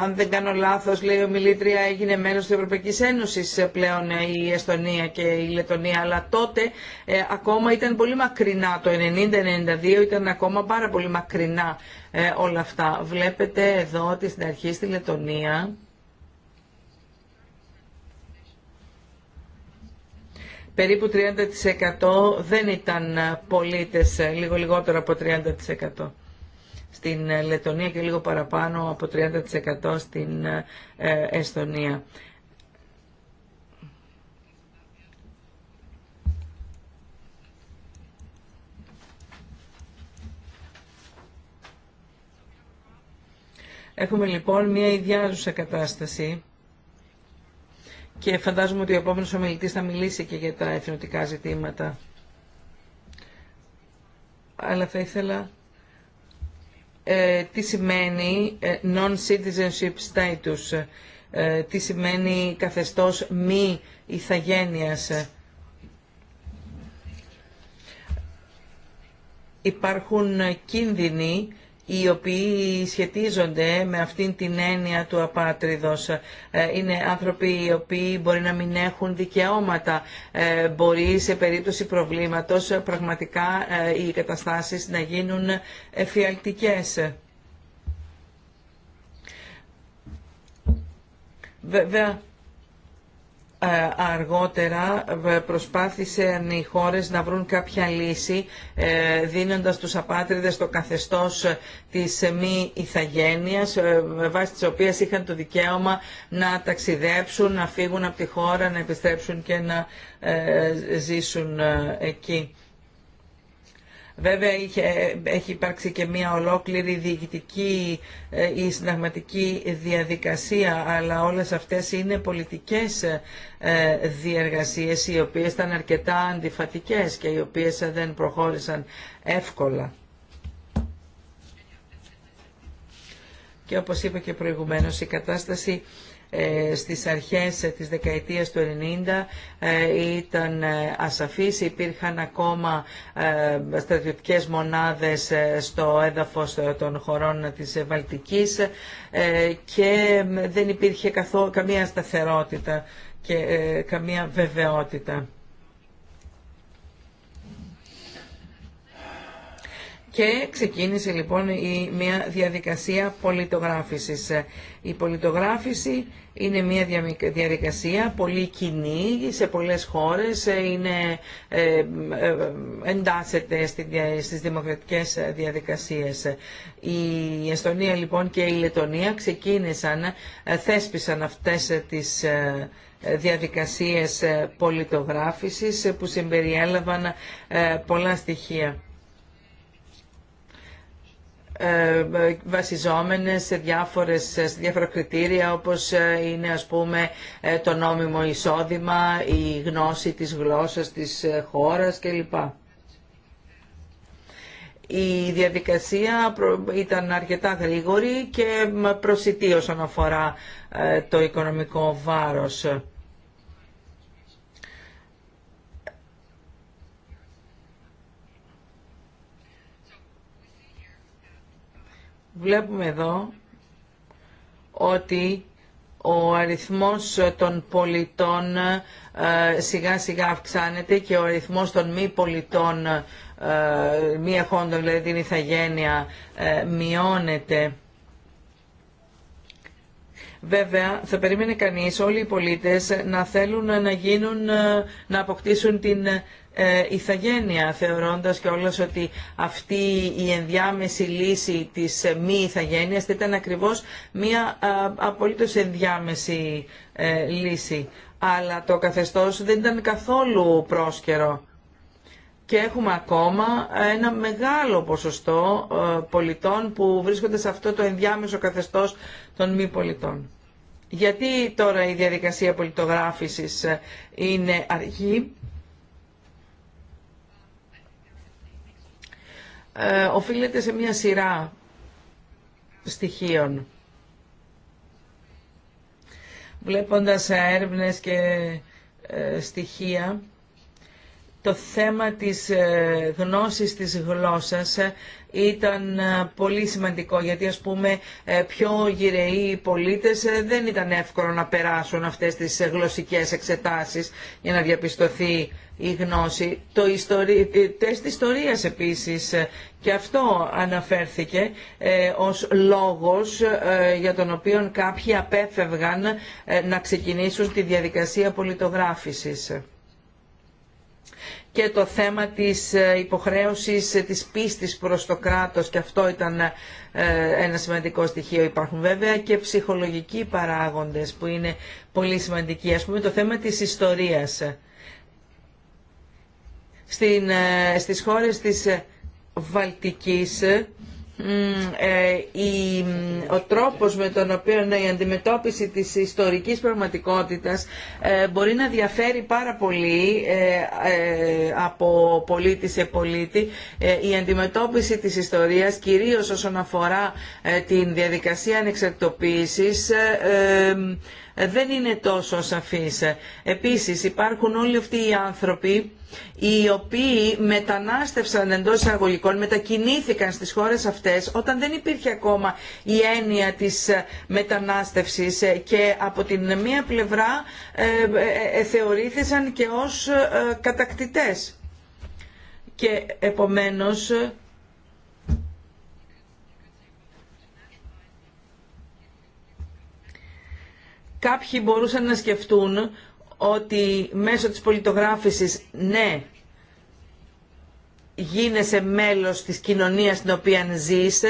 αν δεν κάνω λάθος, λέει ο Μιλήτρια, έγινε μέλος της Ευρωπαϊκής Ένωσης πλέον ε, η Εστονία και η Λετωνία, αλλά τότε ε, ακόμα ήταν πολύ μακρινά, το 90-92 ήταν ακόμα πάρα πολύ μακρινά ε, όλα αυτά. Βλέπετε εδώ ότι στην αρχή στη Λετωνία περίπου 30% δεν ήταν πολίτες, λίγο λιγότερο από 30% στην ε, Λετωνία και λίγο παραπάνω από 30% στην ε, ε, Εστονία. Έχουμε λοιπόν μια ιδιάζουσα κατάσταση και φαντάζομαι ότι ο επόμενος ομιλητής θα μιλήσει και για τα εθνοτικά ζητήματα. Αλλά θα ήθελα ε, τι σημαίνει ε, non-citizenship status, ε, τι σημαίνει καθεστώς μη ηθαγένειας. Υπάρχουν κίνδυνοι οι οποίοι σχετίζονται με αυτήν την έννοια του απάτριδος. Ε, είναι άνθρωποι οι οποίοι μπορεί να μην έχουν δικαιώματα, ε, μπορεί σε περίπτωση προβλήματος πραγματικά ε, οι καταστάσεις να γίνουν εφιαλτικές. Ε, αργότερα ε, προσπάθησαν οι χώρες να βρουν κάποια λύση ε, δίνοντας τους απάτριδες το καθεστώς της μη ηθαγένειας με βάση τις οποίες είχαν το δικαίωμα να ταξιδέψουν, να φύγουν από τη χώρα, να επιστρέψουν και να ζήσουν εκεί. Βέβαια είχε, έχει υπάρξει και μια ολόκληρη διοικητική ή ε, συνταγματική διαδικασία, αλλά όλες αυτές είναι πολιτικές ε, διεργασίες οι οποίες ήταν αρκετά αντιφατικές και οι οποίες δεν προχώρησαν εύκολα. Και όπως είπα και προηγουμένως, η κατάσταση ε, στις αρχές της δεκαετίας του 90 ε, ήταν ε, ασαφής, υπήρχαν ακόμα στρατιωτικές μονάδες στο έδαφος των χωρών της Βαλτικής και δεν υπήρχε καθό καμία σταθερότητα και καμία βεβαιότητα. Και ξεκίνησε λοιπόν η, μια διαδικασία πολιτογράφησης. Ε, η πολιτογράφηση είναι μια διαδικασία πολύ κοινή σε πολλές χώρες, ε, είναι, ε, ε εντάσσεται στις δημοκρατικές διαδικασίες. Η Εστονία λοιπόν και η Λετωνία ξεκίνησαν, θέσπισαν αυτές τις διαδικασίες πολιτογράφησης που συμπεριέλαβαν πολλά στοιχεία. Ε, βασιζόμενες σε, διάφορες, διάφορα κριτήρια όπως ε, είναι ας πούμε ε, το νόμιμο εισόδημα, η γνώση της γλώσσας της χώρας κλπ. Η διαδικασία ήταν αρκετά γρήγορη και προσιτή όσον αφορά το οικονομικό βάρος. βλέπουμε εδώ ότι ο αριθμός των πολιτών ε, σιγά σιγά αυξάνεται και ο αριθμός των μη πολιτών, ε, μη εχόντων δηλαδή την ηθαγένεια, ε, μειώνεται. Βέβαια, θα περίμενε κανείς όλοι οι πολίτες να θέλουν να γίνουν, να αποκτήσουν την ε, ηθαγένεια, θεωρώντας και όλος ότι αυτή η ενδιάμεση λύση της ε, μη ηθαγένειας ήταν ακριβώς μία απολύτως ενδιάμεση ε, λύση. Αλλά το καθεστώς δεν ήταν καθόλου πρόσκαιρο. Και έχουμε ακόμα ένα μεγάλο ποσοστό πολιτών που βρίσκονται σε αυτό το ενδιάμεσο καθεστώς των μη πολιτών. Γιατί τώρα η διαδικασία πολιτογράφησης είναι αργή ε, οφείλεται σε μια σειρά στοιχείων. Βλέποντας έρευνες και ε, στοιχεία, το θέμα της ε, γνώσης της γλώσσας ε, ήταν ε, πολύ σημαντικό γιατί ας πούμε ε, πιο γυρεοί πολίτες ε, δεν ήταν εύκολο να περάσουν αυτές τις γλωσσικές εξετάσεις για να διαπιστωθεί η γνώση. Το ιστορι... τεστ ιστορίας επίσης και αυτό αναφέρθηκε ως λόγος για τον οποίο κάποιοι απέφευγαν να ξεκινήσουν τη διαδικασία πολιτογράφησης και το θέμα της ε, υποχρέωσης ε, της πίστης προς το κράτος και αυτό ήταν ε, ένα σημαντικό στοιχείο. Υπάρχουν βέβαια και ψυχολογικοί παράγοντες που είναι πολύ σημαντικοί. Ας πούμε το θέμα της ιστορίας. Στην, στις χώρες της Βαλτικής ε, ο τρόπος με τον οποίο ναι, η αντιμετώπιση της ιστορικής πραγματικότητας ε, μπορεί να διαφέρει πάρα πολύ ε, από πολίτη σε πολίτη. Η αντιμετώπιση της ιστορίας, κυρίως όσον αφορά την διαδικασία ανεξαρτητοποίησης, δεν είναι τόσο σαφής. Επίσης υπάρχουν όλοι αυτοί οι άνθρωποι οι οποίοι μετανάστευσαν εντό εισαγωγικών, μετακινήθηκαν στις χώρες αυτές όταν δεν υπήρχε ακόμα η έννοια της μετανάστευσης και από την μία πλευρά ε, ε θεωρήθησαν και ως ε, κατακτητές. Και επομένως κάποιοι μπορούσαν να σκεφτούν ότι μέσω της πολιτογράφησης, ναι, γίνεσαι μέλος της κοινωνίας στην οποία ζεις,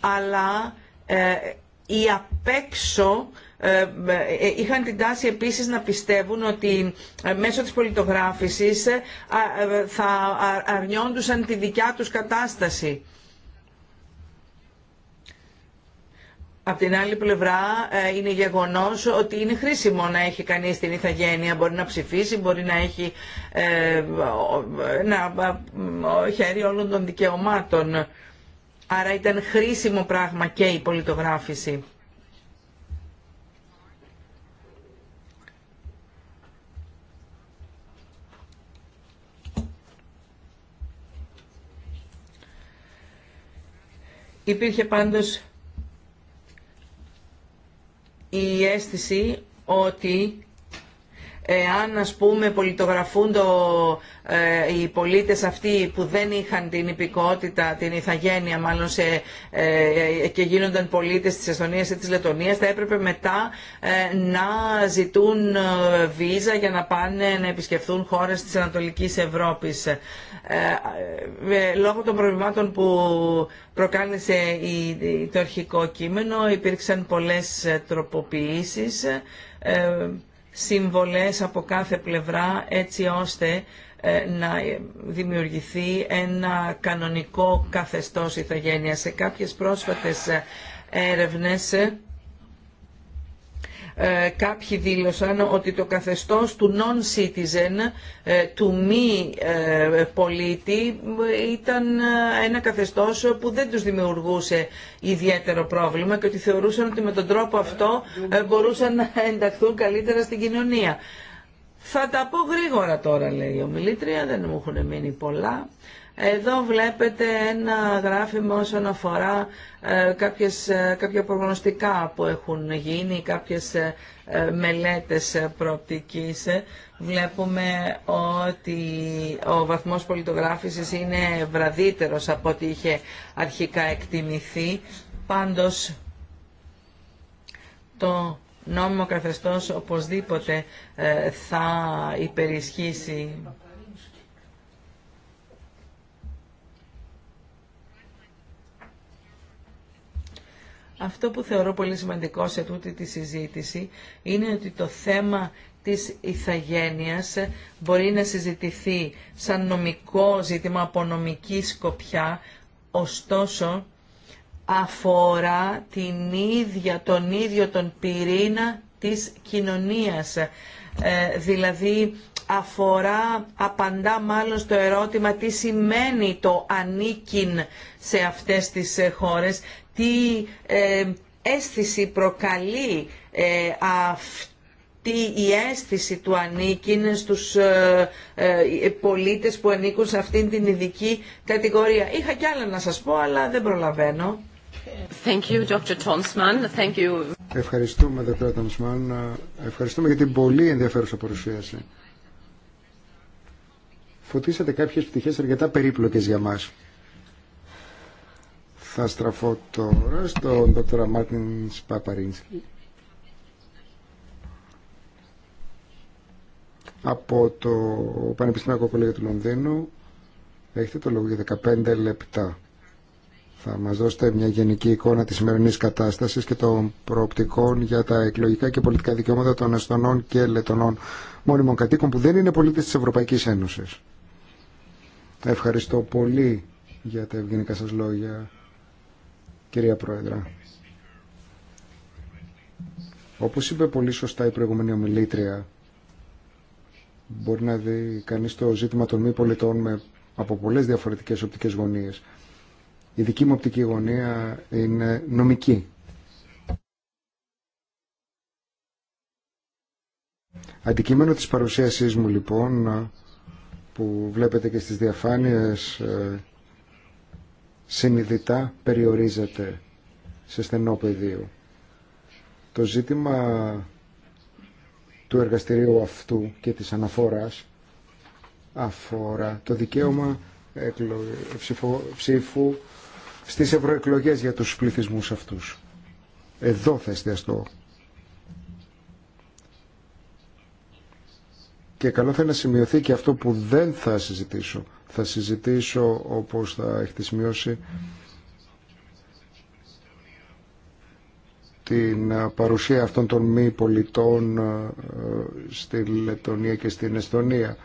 αλλά ε, οι απέξω ε, ε, είχαν την τάση επίσης να πιστεύουν ότι μέσω της πολιτογράφησης θα αρνιόντουσαν τη δικιά τους κατάσταση. Απ' την άλλη πλευρά ε, είναι γεγονός ότι είναι χρήσιμο να έχει κανείς την ηθαγένεια. Μπορεί να ψηφίσει, μπορεί να έχει ε, ε χέρι όλων των δικαιωμάτων. Άρα ήταν χρήσιμο πράγμα και η πολιτογράφηση. Υπήρχε πάντως η αίσθηση ότι αν ας πούμε πολιτογραφούν το, ε, οι πολίτες αυτοί που δεν είχαν την υπηκότητα, την ηθαγένεια μάλλον ε, ε, και γίνονταν πολίτες της Εστονίας ή της Λετωνίας θα έπρεπε μετά ε, να ζητούν βίζα για να πάνε να επισκεφθούν χώρες της Ανατολικής Ευρώπης. Λόγω των προβλημάτων που προκάλεσε η, το αρχικό κείμενο υπήρξαν πολλές τροποποιήσεις συμβολές από κάθε πλευρά έτσι ώστε ε, να δημιουργηθεί ένα κανονικό καθεστώς ηθαγένεια. Σε κάποιες πρόσφατες ε, έρευνες ε, κάποιοι δήλωσαν ότι το καθεστώς του non-citizen, ε, του μη ε, πολίτη, ήταν ένα καθεστώς που δεν τους δημιουργούσε ιδιαίτερο πρόβλημα και ότι θεωρούσαν ότι με τον τρόπο αυτό μπορούσαν να ενταχθούν καλύτερα στην κοινωνία. Θα τα πω γρήγορα τώρα, λέει η ομιλήτρια, δεν μου έχουν μείνει πολλά. Εδώ βλέπετε ένα γράφημα όσον αφορά ε, κάποιες, ε, κάποια προγνωστικά που έχουν γίνει, κάποιες ε, μελέτες προοπτικής. Βλέπουμε ότι ο βαθμός πολιτογράφησης είναι βραδύτερος από ό,τι είχε αρχικά εκτιμηθεί. Πάντως, το νόμιμο καθεστώς οπωσδήποτε θα υπερισχύσει Αυτό που θεωρώ πολύ σημαντικό σε τούτη τη συζήτηση είναι ότι το θέμα της ηθαγένειας μπορεί να συζητηθεί σαν νομικό ζήτημα από νομική σκοπιά, ωστόσο αφορά την ίδια, τον ίδιο τον πυρήνα της κοινωνίας. Ε, δηλαδή αφορά, απαντά μάλλον στο ερώτημα τι σημαίνει το ανήκειν σε αυτές τις χώρες τι ε, αίσθηση προκαλεί ε, αυτή η αίσθηση του είναι στους ε, ε, πολίτες που ανήκουν σε αυτήν την ειδική κατηγορία. Είχα κι άλλα να σας πω, αλλά δεν προλαβαίνω. Thank you, Dr. Thank you. Ευχαριστούμε, Dr. Τονσμάν. Ευχαριστούμε για την πολύ ενδιαφέρουσα παρουσίαση. Φωτίσατε κάποιες πτυχές αρκετά περίπλοκες για μας. Θα στραφώ τώρα στον Δ. Μάρτιν Παπαρίνσκι από το Πανεπιστημιακό Κολέγιο του Λονδίνου. Έχετε το λόγο για 15 λεπτά. Θα μας δώσετε μια γενική εικόνα της σημερινής κατάστασης και των προοπτικών για τα εκλογικά και πολιτικά δικαιώματα των Εστονών και Λετωνών μόνιμων κατοίκων που δεν είναι πολίτες της Ευρωπαϊκής Ένωσης. Ευχαριστώ πολύ για τα ευγενικά σας λόγια κυρία Πρόεδρα. Όπως είπε πολύ σωστά η προηγούμενη ομιλήτρια, μπορεί να δει κανείς το ζήτημα των μη πολιτών με, από πολλές διαφορετικές οπτικές γωνίες. Η δική μου οπτική γωνία είναι νομική. Αντικείμενο της παρουσίασής μου λοιπόν, που βλέπετε και στις διαφάνειες ε, συνειδητά περιορίζεται σε στενό πεδίο. Το ζήτημα του εργαστηρίου αυτού και της αναφοράς αφορά το δικαίωμα ψήφου στις ευρωεκλογέ για τους πληθυσμούς αυτούς. Εδώ θα εστιαστώ. Και καλό θα είναι να σημειωθεί και αυτό που δεν θα συζητήσω θα συζητήσω, όπως θα έχετε σημειώσει, την ε, παρουσία αυτών των μη πολιτών ε, στη Λετωνία και στην Εστονία.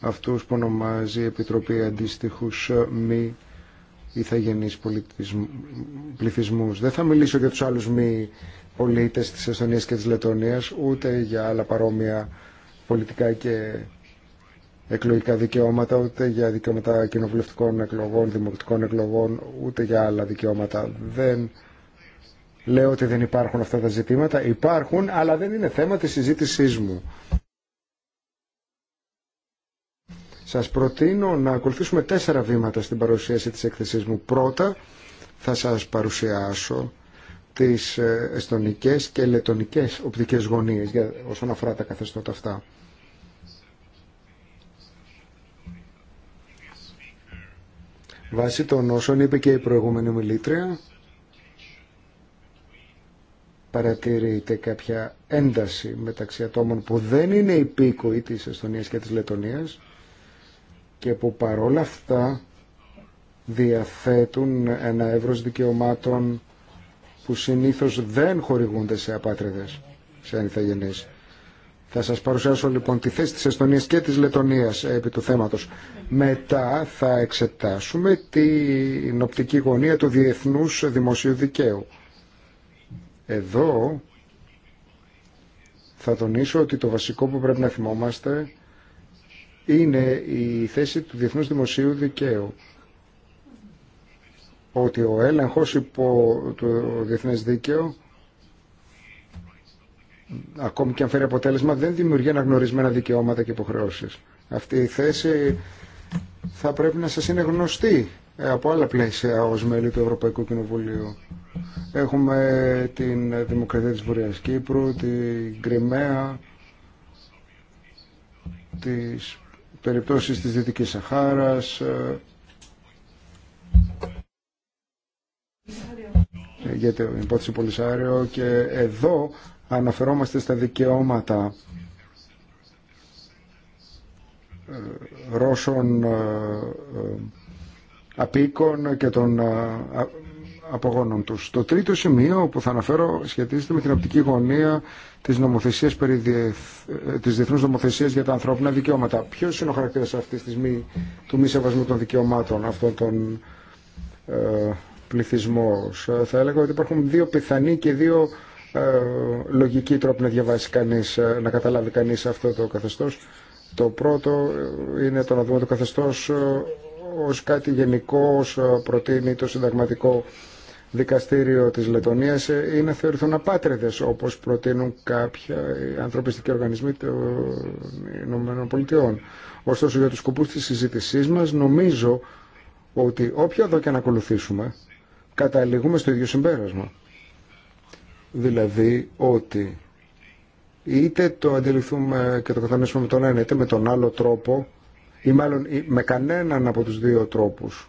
Αυτούς που ονομάζει η Επιτροπή Αντίστοιχους ε, Μη Ιθαγενείς Πληθυσμούς. Δεν θα μιλήσω για τους άλλους μη πολίτες της Εστονίας και της Λετωνίας, ούτε για άλλα παρόμοια πολιτικά και εκλογικά δικαιώματα, ούτε για δικαιώματα κοινοβουλευτικών εκλογών, δημοκρατικών εκλογών, ούτε για άλλα δικαιώματα. Δεν λέω ότι δεν υπάρχουν αυτά τα ζητήματα. Υπάρχουν, αλλά δεν είναι θέμα της συζήτησής μου. Σας προτείνω να ακολουθήσουμε τέσσερα βήματα στην παρουσίαση της έκθεσής μου. Πρώτα θα σας παρουσιάσω τις ε, εστονικές και λετονικές οπτικές γωνίες όσον αφορά τα καθεστώτα αυτά. Βάσει των όσων είπε και η προηγούμενη μιλήτρια, παρατηρείται κάποια ένταση μεταξύ ατόμων που δεν είναι υπήκοοι της Εστονίας και της Λετωνίας και που παρόλα αυτά διαθέτουν ένα εύρος δικαιωμάτων που συνήθως δεν χορηγούνται σε απάτριδες, σε ανηθαγενείς. Θα σας παρουσιάσω λοιπόν τη θέση της Εστονίας και της Λετωνίας επί του θέματος. Μετά θα εξετάσουμε την οπτική γωνία του Διεθνούς Δημοσίου Δικαίου. Εδώ θα τονίσω ότι το βασικό που πρέπει να θυμόμαστε είναι η θέση του Διεθνούς Δημοσίου Δικαίου ότι ο έλεγχος υπό το Διεθνές Δίκαιο ακόμη και αν φέρει αποτέλεσμα, δεν δημιουργεί αναγνωρισμένα δικαιώματα και υποχρεώσεις. Αυτή η θέση θα πρέπει να σας είναι γνωστή ε, από άλλα πλαίσια ω μέλη του Ευρωπαϊκού Κοινοβουλίου. Έχουμε την Δημοκρατία της Βορειάς Κύπρου, την Κρυμαία, τι περιπτώσεις της Δυτικής Σαχάρας, ε, για την υπόθεση Πολυσάριο και εδώ αναφερόμαστε στα δικαιώματα ε, Ρώσων ε, ε, απίκων και των απογόνων τους. Το τρίτο σημείο που θα αναφέρω σχετίζεται με την οπτική γωνία της, νομοθεσίας περί της Διεθνούς Νομοθεσίας για τα ανθρώπινα δικαιώματα. Ποιο είναι ο χαρακτήρας αυτής της μη... του μη σεβασμού των δικαιωμάτων αυτών των ε, πληθυσμών. Θα έλεγα ότι υπάρχουν δύο πιθανοί και δύο ε, λογική τρόπο να διαβάσει κανείς, ε, να καταλάβει κανείς αυτό το καθεστώς. Το πρώτο ε, είναι το να δούμε το καθεστώς ως κάτι γενικό, ως προτείνει το συνταγματικό δικαστήριο της Λετωνίας είναι θεωρηθούν απάτριδες όπως προτείνουν κάποια ανθρωπιστικοί οργανισμοί των Ηνωμένων Πολιτειών. Ωστόσο για τους σκοπούς της συζήτησής μας νομίζω ότι όποιο εδώ και να ακολουθήσουμε καταλήγουμε στο ίδιο συμπέρασμα. Δηλαδή ότι είτε το αντιληφθούμε και το καθαρίσουμε με τον ένα είτε με τον άλλο τρόπο ή μάλλον με κανέναν από τους δύο τρόπους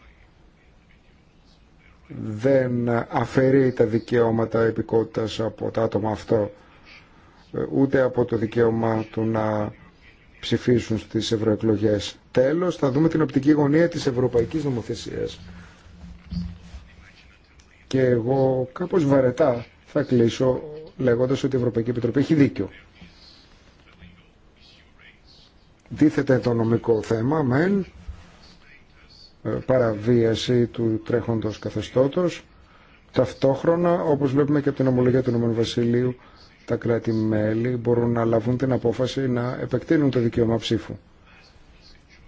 δεν αφαιρεί τα δικαιώματα επικότητας από τα άτομα αυτό ε, ούτε από το δικαίωμα του να ψηφίσουν στις ευρωεκλογέ. Τέλος, θα δούμε την οπτική γωνία της ευρωπαϊκής νομοθεσίας. Και εγώ κάπως βαρετά θα κλείσω λέγοντας ότι η Ευρωπαϊκή Επιτροπή έχει δίκιο. Δίθεται το νομικό θέμα, μεν, ε, παραβίαση του τρέχοντος καθεστώτος. Ταυτόχρονα, όπως βλέπουμε και από την ομολογία του Ηνωμένου Βασιλείου, τα κράτη-μέλη μπορούν να λαβούν την απόφαση να επεκτείνουν το δικαίωμα ψήφου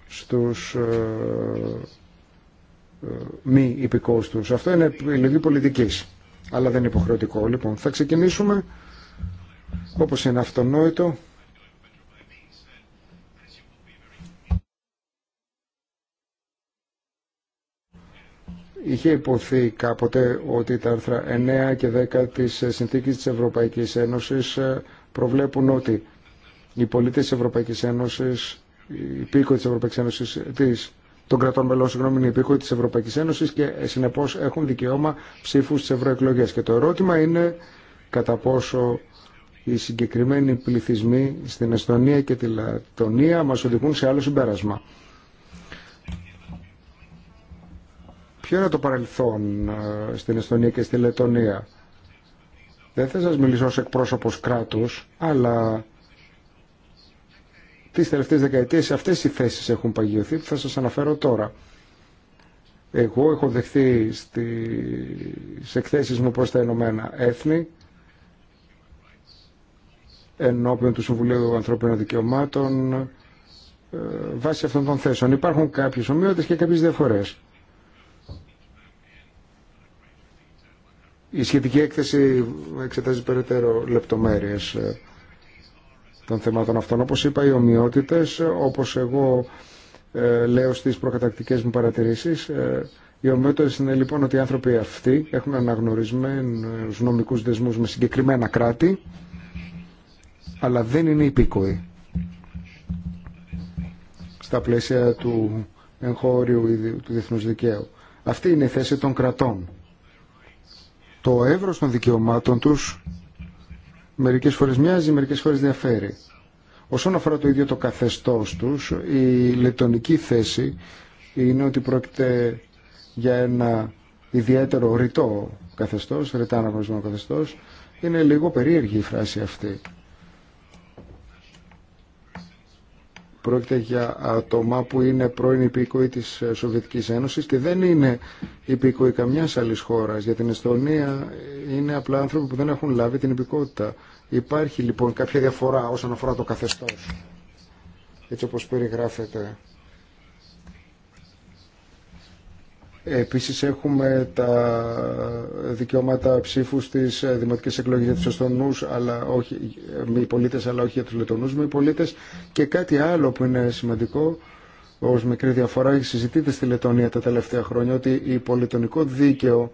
στους ε, ε, μη Αυτό είναι επιλογή πολιτικής αλλά δεν είναι υποχρεωτικό. Λοιπόν, θα ξεκινήσουμε όπως είναι αυτονόητο. Είχε υποθεί κάποτε ότι τα άρθρα 9 και 10 της Συνθήκης της Ευρωπαϊκής Ένωσης ε, προβλέπουν ότι οι πολίτες της Ευρωπαϊκής Ένωσης, οι πήκο της Ευρωπαϊκής Ένωσης της των κρατών μελών, συγγνώμη, είναι υπήκοοι τη Ευρωπαϊκή Ένωση και ε, συνεπώ έχουν δικαίωμα ψήφου στι ευρωεκλογέ. Και το ερώτημα είναι κατά πόσο οι συγκεκριμένοι πληθυσμοί στην Εστονία και τη Λατωνία μας οδηγούν σε άλλο συμπέρασμα. Ποιο είναι το παρελθόν ε, στην Εστονία και στη Λετωνία. Δεν θα σας μιλήσω ως εκπρόσωπος κράτους, αλλά τι τελευταίε δεκαετίες αυτές οι θέσει έχουν παγιωθεί που θα σα αναφέρω τώρα. Εγώ έχω δεχθεί στι εκθέσει μου προ τα Ηνωμένα Έθνη ενώπιον του Συμβουλίου Ανθρωπίνων Δικαιωμάτων ε, βάσει αυτών των θέσεων. Υπάρχουν κάποιε ομοιότητε και κάποιες διαφορές. Η σχετική έκθεση εξετάζει περαιτέρω λεπτομέρειες των θεμάτων αυτών. Όπως είπα, οι ομοιότητες, όπως εγώ ε, λέω στις προκατακτικές μου παρατηρήσεις, ε, οι ομοιότητες είναι λοιπόν ότι οι άνθρωποι αυτοί έχουν αναγνωρισμένους νομικούς δεσμούς με συγκεκριμένα κράτη, αλλά δεν είναι υπήκοοι. Στα πλαίσια του εγχώριου του διεθνούς δικαίου. Αυτή είναι η θέση των κρατών. Το εύρος των δικαιωμάτων τους Μερικές φορές μοιάζει, μερικές φορές διαφέρει. Όσον αφορά το ίδιο το καθεστώς τους, η λεπτονική θέση είναι ότι πρόκειται για ένα ιδιαίτερο ρητό καθεστώς, ρητά αναγνωρισμένο καθεστώς. Είναι λίγο περίεργη η φράση αυτή. Πρόκειται για άτομα που είναι πρώην υπήκοοι της Σοβιετικής Ένωσης και δεν είναι υπήκοοι καμιάς άλλης χώρας. Για την Εστονία είναι απλά άνθρωποι που δεν έχουν λάβει την υπηκότητα. Υπάρχει λοιπόν κάποια διαφορά όσον αφορά το καθεστώς, έτσι όπως περιγράφεται. Επίσης έχουμε τα δικαιώματα ψήφου στις δημοτικές εκλογές για τους αλλά όχι μη πολίτες, αλλά όχι για τους Λετωνούς μη πολίτες. Και κάτι άλλο που είναι σημαντικό, ως μικρή διαφορά, συζητείται στη Λετωνία τα τελευταία χρόνια, ότι η πολιτονικό δίκαιο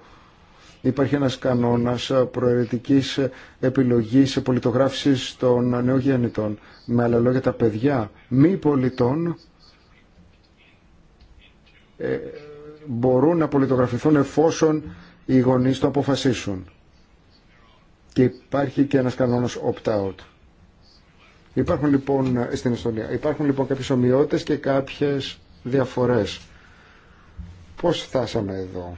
υπάρχει ένας κανόνας προαιρετικής επιλογής πολιτογράφησης των νεογέννητων. Με άλλα λόγια τα παιδιά μη πολιτών ε, μπορούν να πολιτογραφηθούν εφόσον οι γονείς το αποφασίσουν. Και υπάρχει και ένας κανόνας opt-out. Υπάρχουν λοιπόν ε, στην Εστονία, υπάρχουν λοιπόν κάποιες ομοιότητες και κάποιες διαφορές. Πώς φτάσαμε εδώ.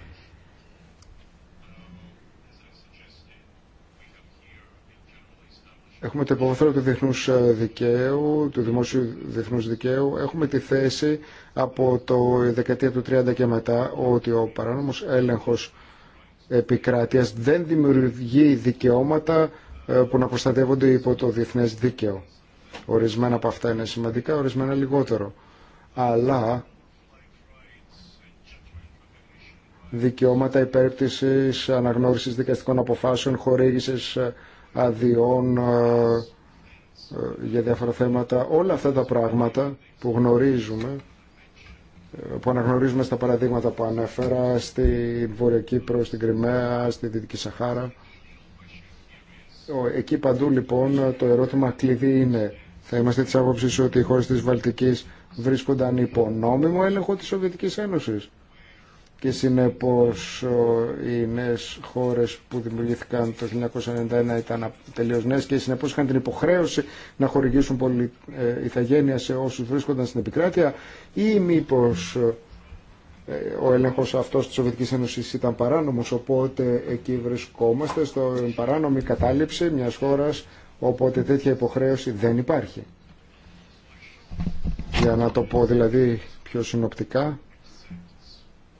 Έχουμε το υποβαθρό του διεθνούς ε, δικαίου, του δημόσιου διεθνούς δικαίου. Έχουμε τη θέση από το δεκαετία του 30 και μετά ότι ο παράνομος έλεγχος επικράτειας δεν δημιουργεί δικαιώματα ε, που να προστατεύονται υπό το διεθνές δίκαιο. Ορισμένα από αυτά είναι σημαντικά, ορισμένα λιγότερο. Αλλά δικαιώματα υπέρπτυσης, αναγνώρισης δικαστικών αποφάσεων, χορήγησης ε, αδειών ε, ε, για διάφορα θέματα. Όλα αυτά τα πράγματα που γνωρίζουμε, ε, που αναγνωρίζουμε στα παραδείγματα που ανέφερα στη Βόρεια Κύπρο, στην Κρυμαία, στη Δυτική Σαχάρα. Εκεί παντού λοιπόν το ερώτημα κλειδί είναι θα είμαστε της άποψης ότι οι χώρες της Βαλτικής βρίσκονταν υπό νόμιμο έλεγχο της Σοβιετικής Ένωσης και συνεπώς οι νέες χώρες που δημιουργήθηκαν το 1991 ήταν τελείως νέες και συνεπώς είχαν την υποχρέωση να χορηγήσουν πολυ... Ε, ηθαγένεια σε όσους βρίσκονταν στην επικράτεια ή μήπως ε, ο έλεγχος αυτός της Σοβιετικής Ένωσης ήταν παράνομος οπότε εκεί βρισκόμαστε στο παράνομη κατάληψη μιας χώρας οπότε τέτοια υποχρέωση δεν υπάρχει. Για να το πω δηλαδή πιο συνοπτικά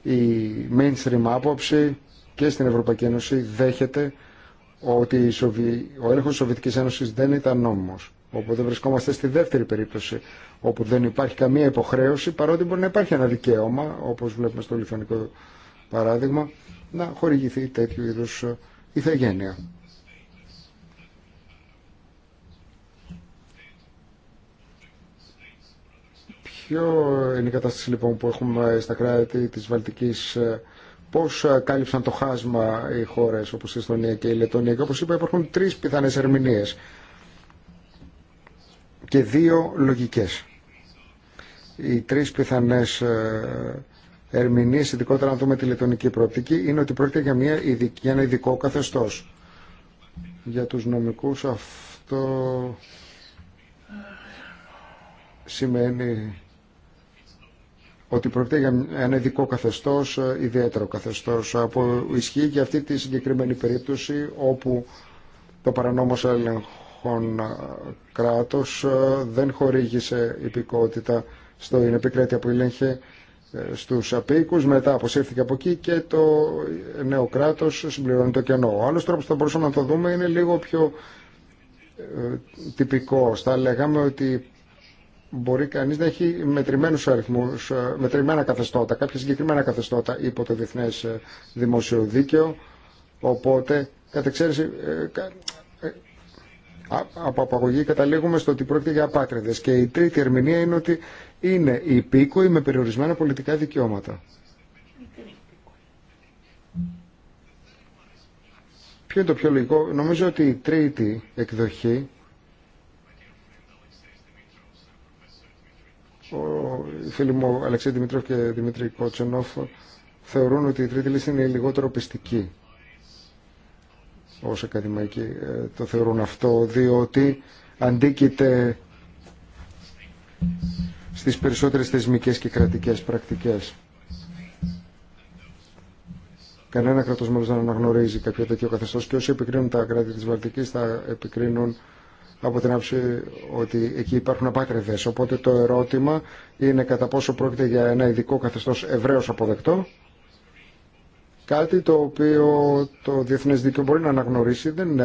η mainstream άποψη και στην Ευρωπαϊκή Ένωση δέχεται ότι ο έλεγχος της Σοβιετικής Ένωσης δεν ήταν νόμιμος. Οπότε βρισκόμαστε στη δεύτερη περίπτωση, όπου δεν υπάρχει καμία υποχρέωση, παρότι μπορεί να υπάρχει ένα δικαίωμα, όπως βλέπουμε στο λιθανικό παράδειγμα, να χορηγηθεί τέτοιου είδους ε, ηθαγένεια. Ποιο είναι η κατάσταση λοιπόν που έχουμε στα κράτη της Βαλτικής ε, πώς ε, κάλυψαν το χάσμα οι χώρες όπως η Εσθονία και η Λετωνία και όπως είπα υπάρχουν τρεις πιθανές ερμηνείες και δύο λογικές. Οι τρεις πιθανές ε, ερμηνείες, ειδικότερα να δούμε τη λετωνική προοπτική, είναι ότι πρόκειται για, μια ειδική, για ένα ειδικό καθεστώς. Για τους νομικούς αυτό σημαίνει ότι πρόκειται για ένα ειδικό καθεστώς, ε, ιδιαίτερο καθεστώς, ε, που ισχύει για αυτή τη συγκεκριμένη περίπτωση όπου το παρανόμος έλεγχων ε, κράτος δεν χορήγησε υπηκότητα στο επικράτεια που ελέγχε στους απίκους, μετά αποσύρθηκε από εκεί και το νέο κράτος συμπληρώνει το κενό. Ο άλλος τρόπος που θα μπορούσαμε να το δούμε είναι λίγο πιο τυπικό. Θα λέγαμε ότι μπορεί κανείς να έχει μετρημένους αριθμούς, ε, μετρημένα καθεστώτα, κάποια συγκεκριμένα καθεστώτα υπό το διεθνές ε, δημοσιοδίκαιο. οπότε κατ' εξαίρεση, ε, από απαγωγή καταλήγουμε στο ότι πρόκειται για απάτριδες και η τρίτη ερμηνεία είναι ότι είναι υπήκοοι με περιορισμένα πολιτικά δικαιώματα. Ποιο είναι το πιο λογικό. Νομίζω ότι η τρίτη εκδοχή Ο φίλοι μου Αλεξέ Δημητρόφ και Δημήτρη Κότσενοφ θεωρούν ότι η τρίτη λύση είναι η λιγότερο πιστική ως ακαδημαϊκοί ε, το θεωρούν αυτό διότι αντίκειται στις περισσότερες θεσμικές και κρατικές πρακτικές. Κανένα κρατός μόλις δεν αναγνωρίζει κάποιο τέτοιο καθεστώς και όσοι επικρίνουν τα κράτη της Βαλτικής θα επικρίνουν από την άποψη ότι εκεί υπάρχουν απάκριβες. Οπότε το ερώτημα είναι κατά πόσο πρόκειται για ένα ειδικό καθεστώς ευρέως αποδεκτό, κάτι το οποίο το διεθνές δίκαιο μπορεί να αναγνωρίσει, δεν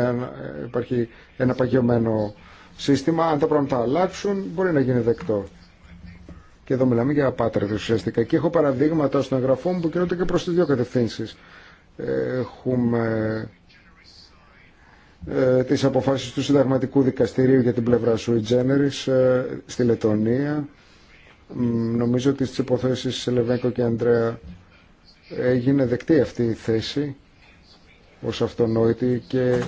υπάρχει ένα παγιωμένο σύστημα, αν τα πράγματα αλλάξουν μπορεί να γίνει δεκτό. Και εδώ μιλάμε για απάτριδες ουσιαστικά. Και έχω παραδείγματα στον εγγραφό μου που κινούνται και προς τις δύο κατευθύνσεις. Έχουμε ε, τις του Συνταγματικού Δικαστηρίου για την πλευρά σου Generis ε, στη Λετωνία. Νομίζω ότι στις υποθέσεις Λεβέκο και Ανδρέα έγινε δεκτή αυτή η θέση ως αυτονόητη και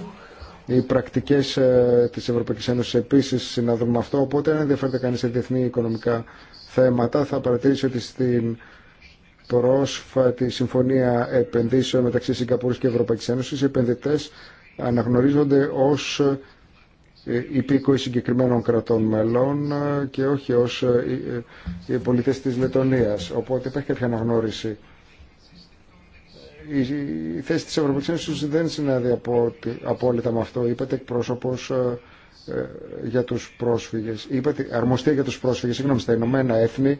οι πρακτικές ε, της Ευρωπαϊκής Ένωσης επίσης συνάδουν με αυτό, οπότε αν ενδιαφέρεται κανείς σε διεθνή οικονομικά θέματα θα παρατηρήσει ότι στην πρόσφατη συμφωνία επενδύσεων μεταξύ Σιγκαπούρης και Ευρωπαϊκής Ένωσης οι επενδυτές αναγνωρίζονται ως ε, υπήκοοι συγκεκριμένων κρατών μελών ε, και όχι ως οι ε, πολιτές της Λετωνίας. Οπότε υπάρχει κάποια αναγνώριση. Η θέση της Ευρωπαϊκής Ένωσης δεν συνάδει απόλυτα με αυτό. Είπατε εκπρόσωπος για τους πρόσφυγες. Είπατε αρμοστία για τους πρόσφυγες. Συγγνώμη, στα Ηνωμένα Έθνη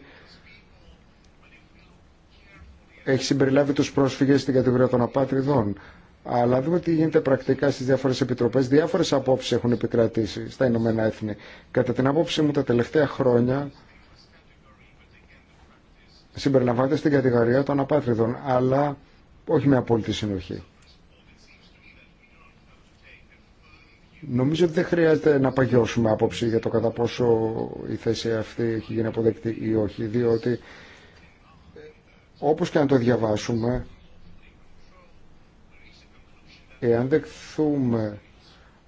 έχει συμπεριλάβει τους πρόσφυγες στην κατηγορία των απάτριδων. Αλλά δούμε τι γίνεται πρακτικά στι διάφορε επιτροπέ. Διάφορε απόψει έχουν επικρατήσει στα Ηνωμένα Έθνη. Κατά την άποψή μου, τα τελευταία χρόνια συμπεριλαμβάνεται στην κατηγορία των απάτριδων, αλλά όχι με απόλυτη συνοχή. Νομίζω ότι δεν χρειάζεται να παγιώσουμε άποψη για το κατά πόσο η θέση αυτή έχει γίνει αποδεκτή ή όχι, διότι όπως και να το διαβάσουμε, Εάν δεχθούμε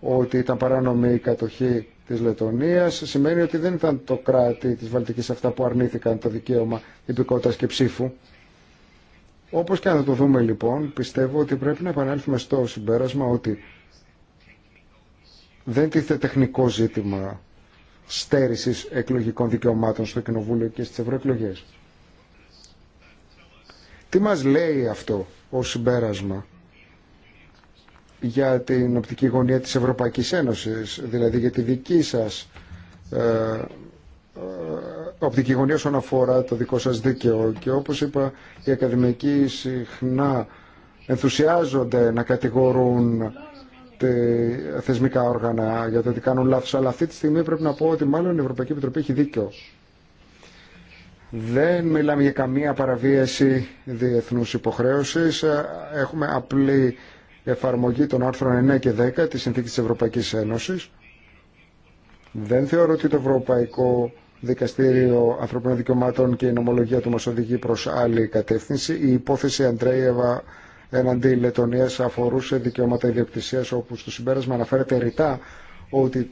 ότι ήταν παράνομη η κατοχή της Λετωνίας, σημαίνει ότι δεν ήταν το κράτη της Βαλτικής αυτά που αρνήθηκαν το δικαίωμα υπηκότητας και ψήφου. Όπως και αν το δούμε λοιπόν, πιστεύω ότι πρέπει να επανέλθουμε στο συμπέρασμα ότι δεν τίθεται τεχνικό ζήτημα στέρησης εκλογικών δικαιωμάτων στο Κοινοβούλιο και στις ευρωεκλογέ. Τι μας λέει αυτό ως συμπέρασμα για την οπτική γωνία της Ευρωπαϊκής Ένωσης, δηλαδή για τη δική σας ε, ε οπτική γωνία όσον αφορά το δικό σας δίκαιο. Και όπως είπα, οι ακαδημικοί συχνά ενθουσιάζονται να κατηγορούν τα θεσμικά όργανα για το ότι κάνουν λάθος. Αλλά αυτή τη στιγμή πρέπει να πω ότι μάλλον η Ευρωπαϊκή Επιτροπή έχει δίκιο. Δεν μιλάμε για καμία παραβίαση διεθνούς υποχρέωσης. Έχουμε απλή εφαρμογή των άρθρων 9 και 10 της Συνθήκης της Ευρωπαϊκής Ένωσης. Δεν θεωρώ ότι το Ευρωπαϊκό Δικαστήριο Ανθρωπίνων Δικαιωμάτων και η νομολογία του μας οδηγεί προς άλλη κατεύθυνση. Η υπόθεση Αντρέιεβα εναντί Λετωνίας αφορούσε δικαιώματα ιδιοκτησίας όπου στο συμπέρασμα αναφέρεται ρητά ότι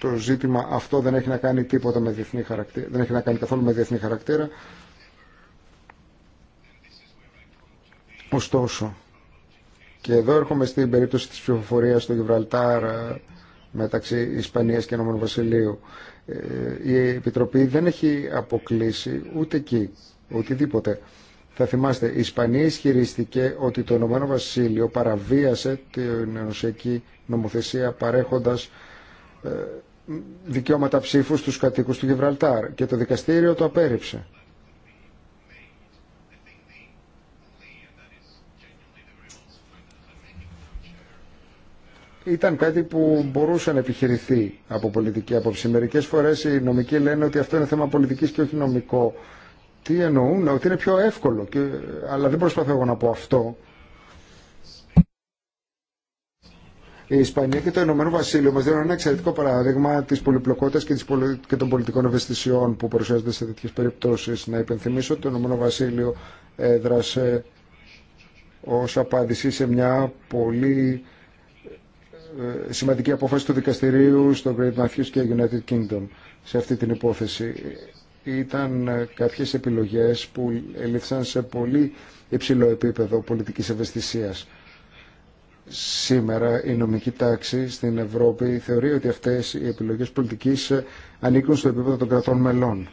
το ζήτημα αυτό δεν έχει να κάνει τίποτα με διεθνή χαρακτήρα, δεν έχει να κάνει καθόλου με διεθνή χαρακτήρα. Ωστόσο, και εδώ έρχομαι στην περίπτωση της ψηφοφορίας στο Γιβραλτάρ ε, μεταξύ Ισπανίας και Ενωμένου Βασιλείου. Ε, η Επιτροπή δεν έχει αποκλείσει ούτε εκεί, οτιδήποτε. Θα θυμάστε, η Ισπανία ισχυριστήκε ότι το Ηνωμένο Βασίλειο παραβίασε την ενωσιακή νομοθεσία παρέχοντας ε, δικαιώματα ψήφου στους κατοίκους του Γιβραλτάρ και το δικαστήριο το απέρριψε. ήταν κάτι που μπορούσε να επιχειρηθεί από πολιτική άποψη. Μερικέ φορέ οι νομικοί λένε ότι αυτό είναι θέμα πολιτική και όχι νομικό. Τι εννοούν, ότι είναι πιο εύκολο, και, αλλά δεν προσπαθώ εγώ να πω αυτό. Η Ισπανία και το Ηνωμένο Βασίλειο μα δίνουν ένα εξαιρετικό παράδειγμα τη πολυπλοκότητα και, και των πολιτικών ευαισθησιών που παρουσιάζονται σε τέτοιε περιπτώσει. Να υπενθυμίσω ότι το Ηνωμένο Βασίλειο έδρασε ω απάντηση σε μια πολύ ε, σημαντική απόφαση του δικαστηρίου στο Great Matthews και United Kingdom σε αυτή την υπόθεση. Ήταν ε, κάποιες επιλογές που ελήφθησαν σε πολύ υψηλό επίπεδο πολιτικής ευαισθησίας. Σήμερα η νομική τάξη στην Ευρώπη θεωρεί ότι αυτές οι επιλογές πολιτικής ε, ανήκουν στο επίπεδο των κρατών μελών.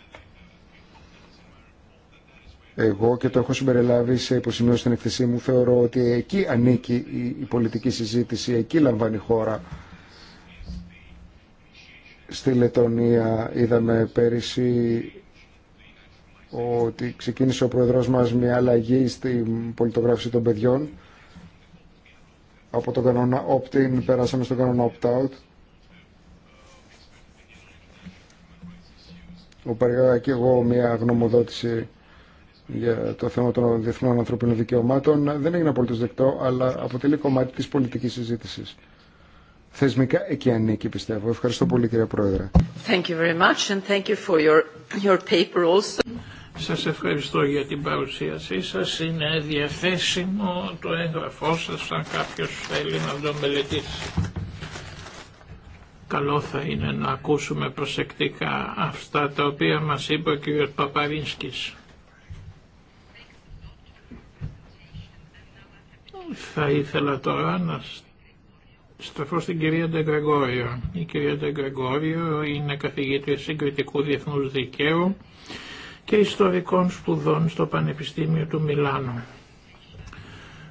Εγώ και το έχω συμπεριλάβει σε υποσημείωση στην εκθεσή μου. Θεωρώ ότι εκεί ανήκει η πολιτική συζήτηση, εκεί λαμβάνει χώρα. Στη Λετωνία είδαμε πέρυσι ότι ξεκίνησε ο πρόεδρος μας μια αλλαγή στην πολιτογράφηση των παιδιών. Από τον κανόνα opt-in περάσαμε στον κανόνα opt-out. Ο Παργά και εγώ μια γνωμοδότηση για το θέμα των διεθνών ανθρωπίνων δικαιωμάτων δεν έγινε απολύτως δεκτό, αλλά αποτελεί κομμάτι της πολιτικής συζήτησης. Θεσμικά εκεί ανήκει, πιστεύω. Ευχαριστώ πολύ, κύριε Πρόεδρε. Thank Σας ευχαριστώ για την παρουσίασή σας. Είναι διαθέσιμο το έγγραφό σας, αν κάποιος θέλει να το μελετήσει. Καλό θα είναι να ακούσουμε προσεκτικά αυτά τα οποία μας είπε ο κ. Παπαρίνσκης. Θα ήθελα τώρα να σταθώ στην κυρία Ντεγκρεγόριο. Η κυρία Ντεγκρεγόριο είναι καθηγήτρια συγκριτικού διεθνού δικαίου και ιστορικών σπουδών στο Πανεπιστήμιο του Μιλάνου.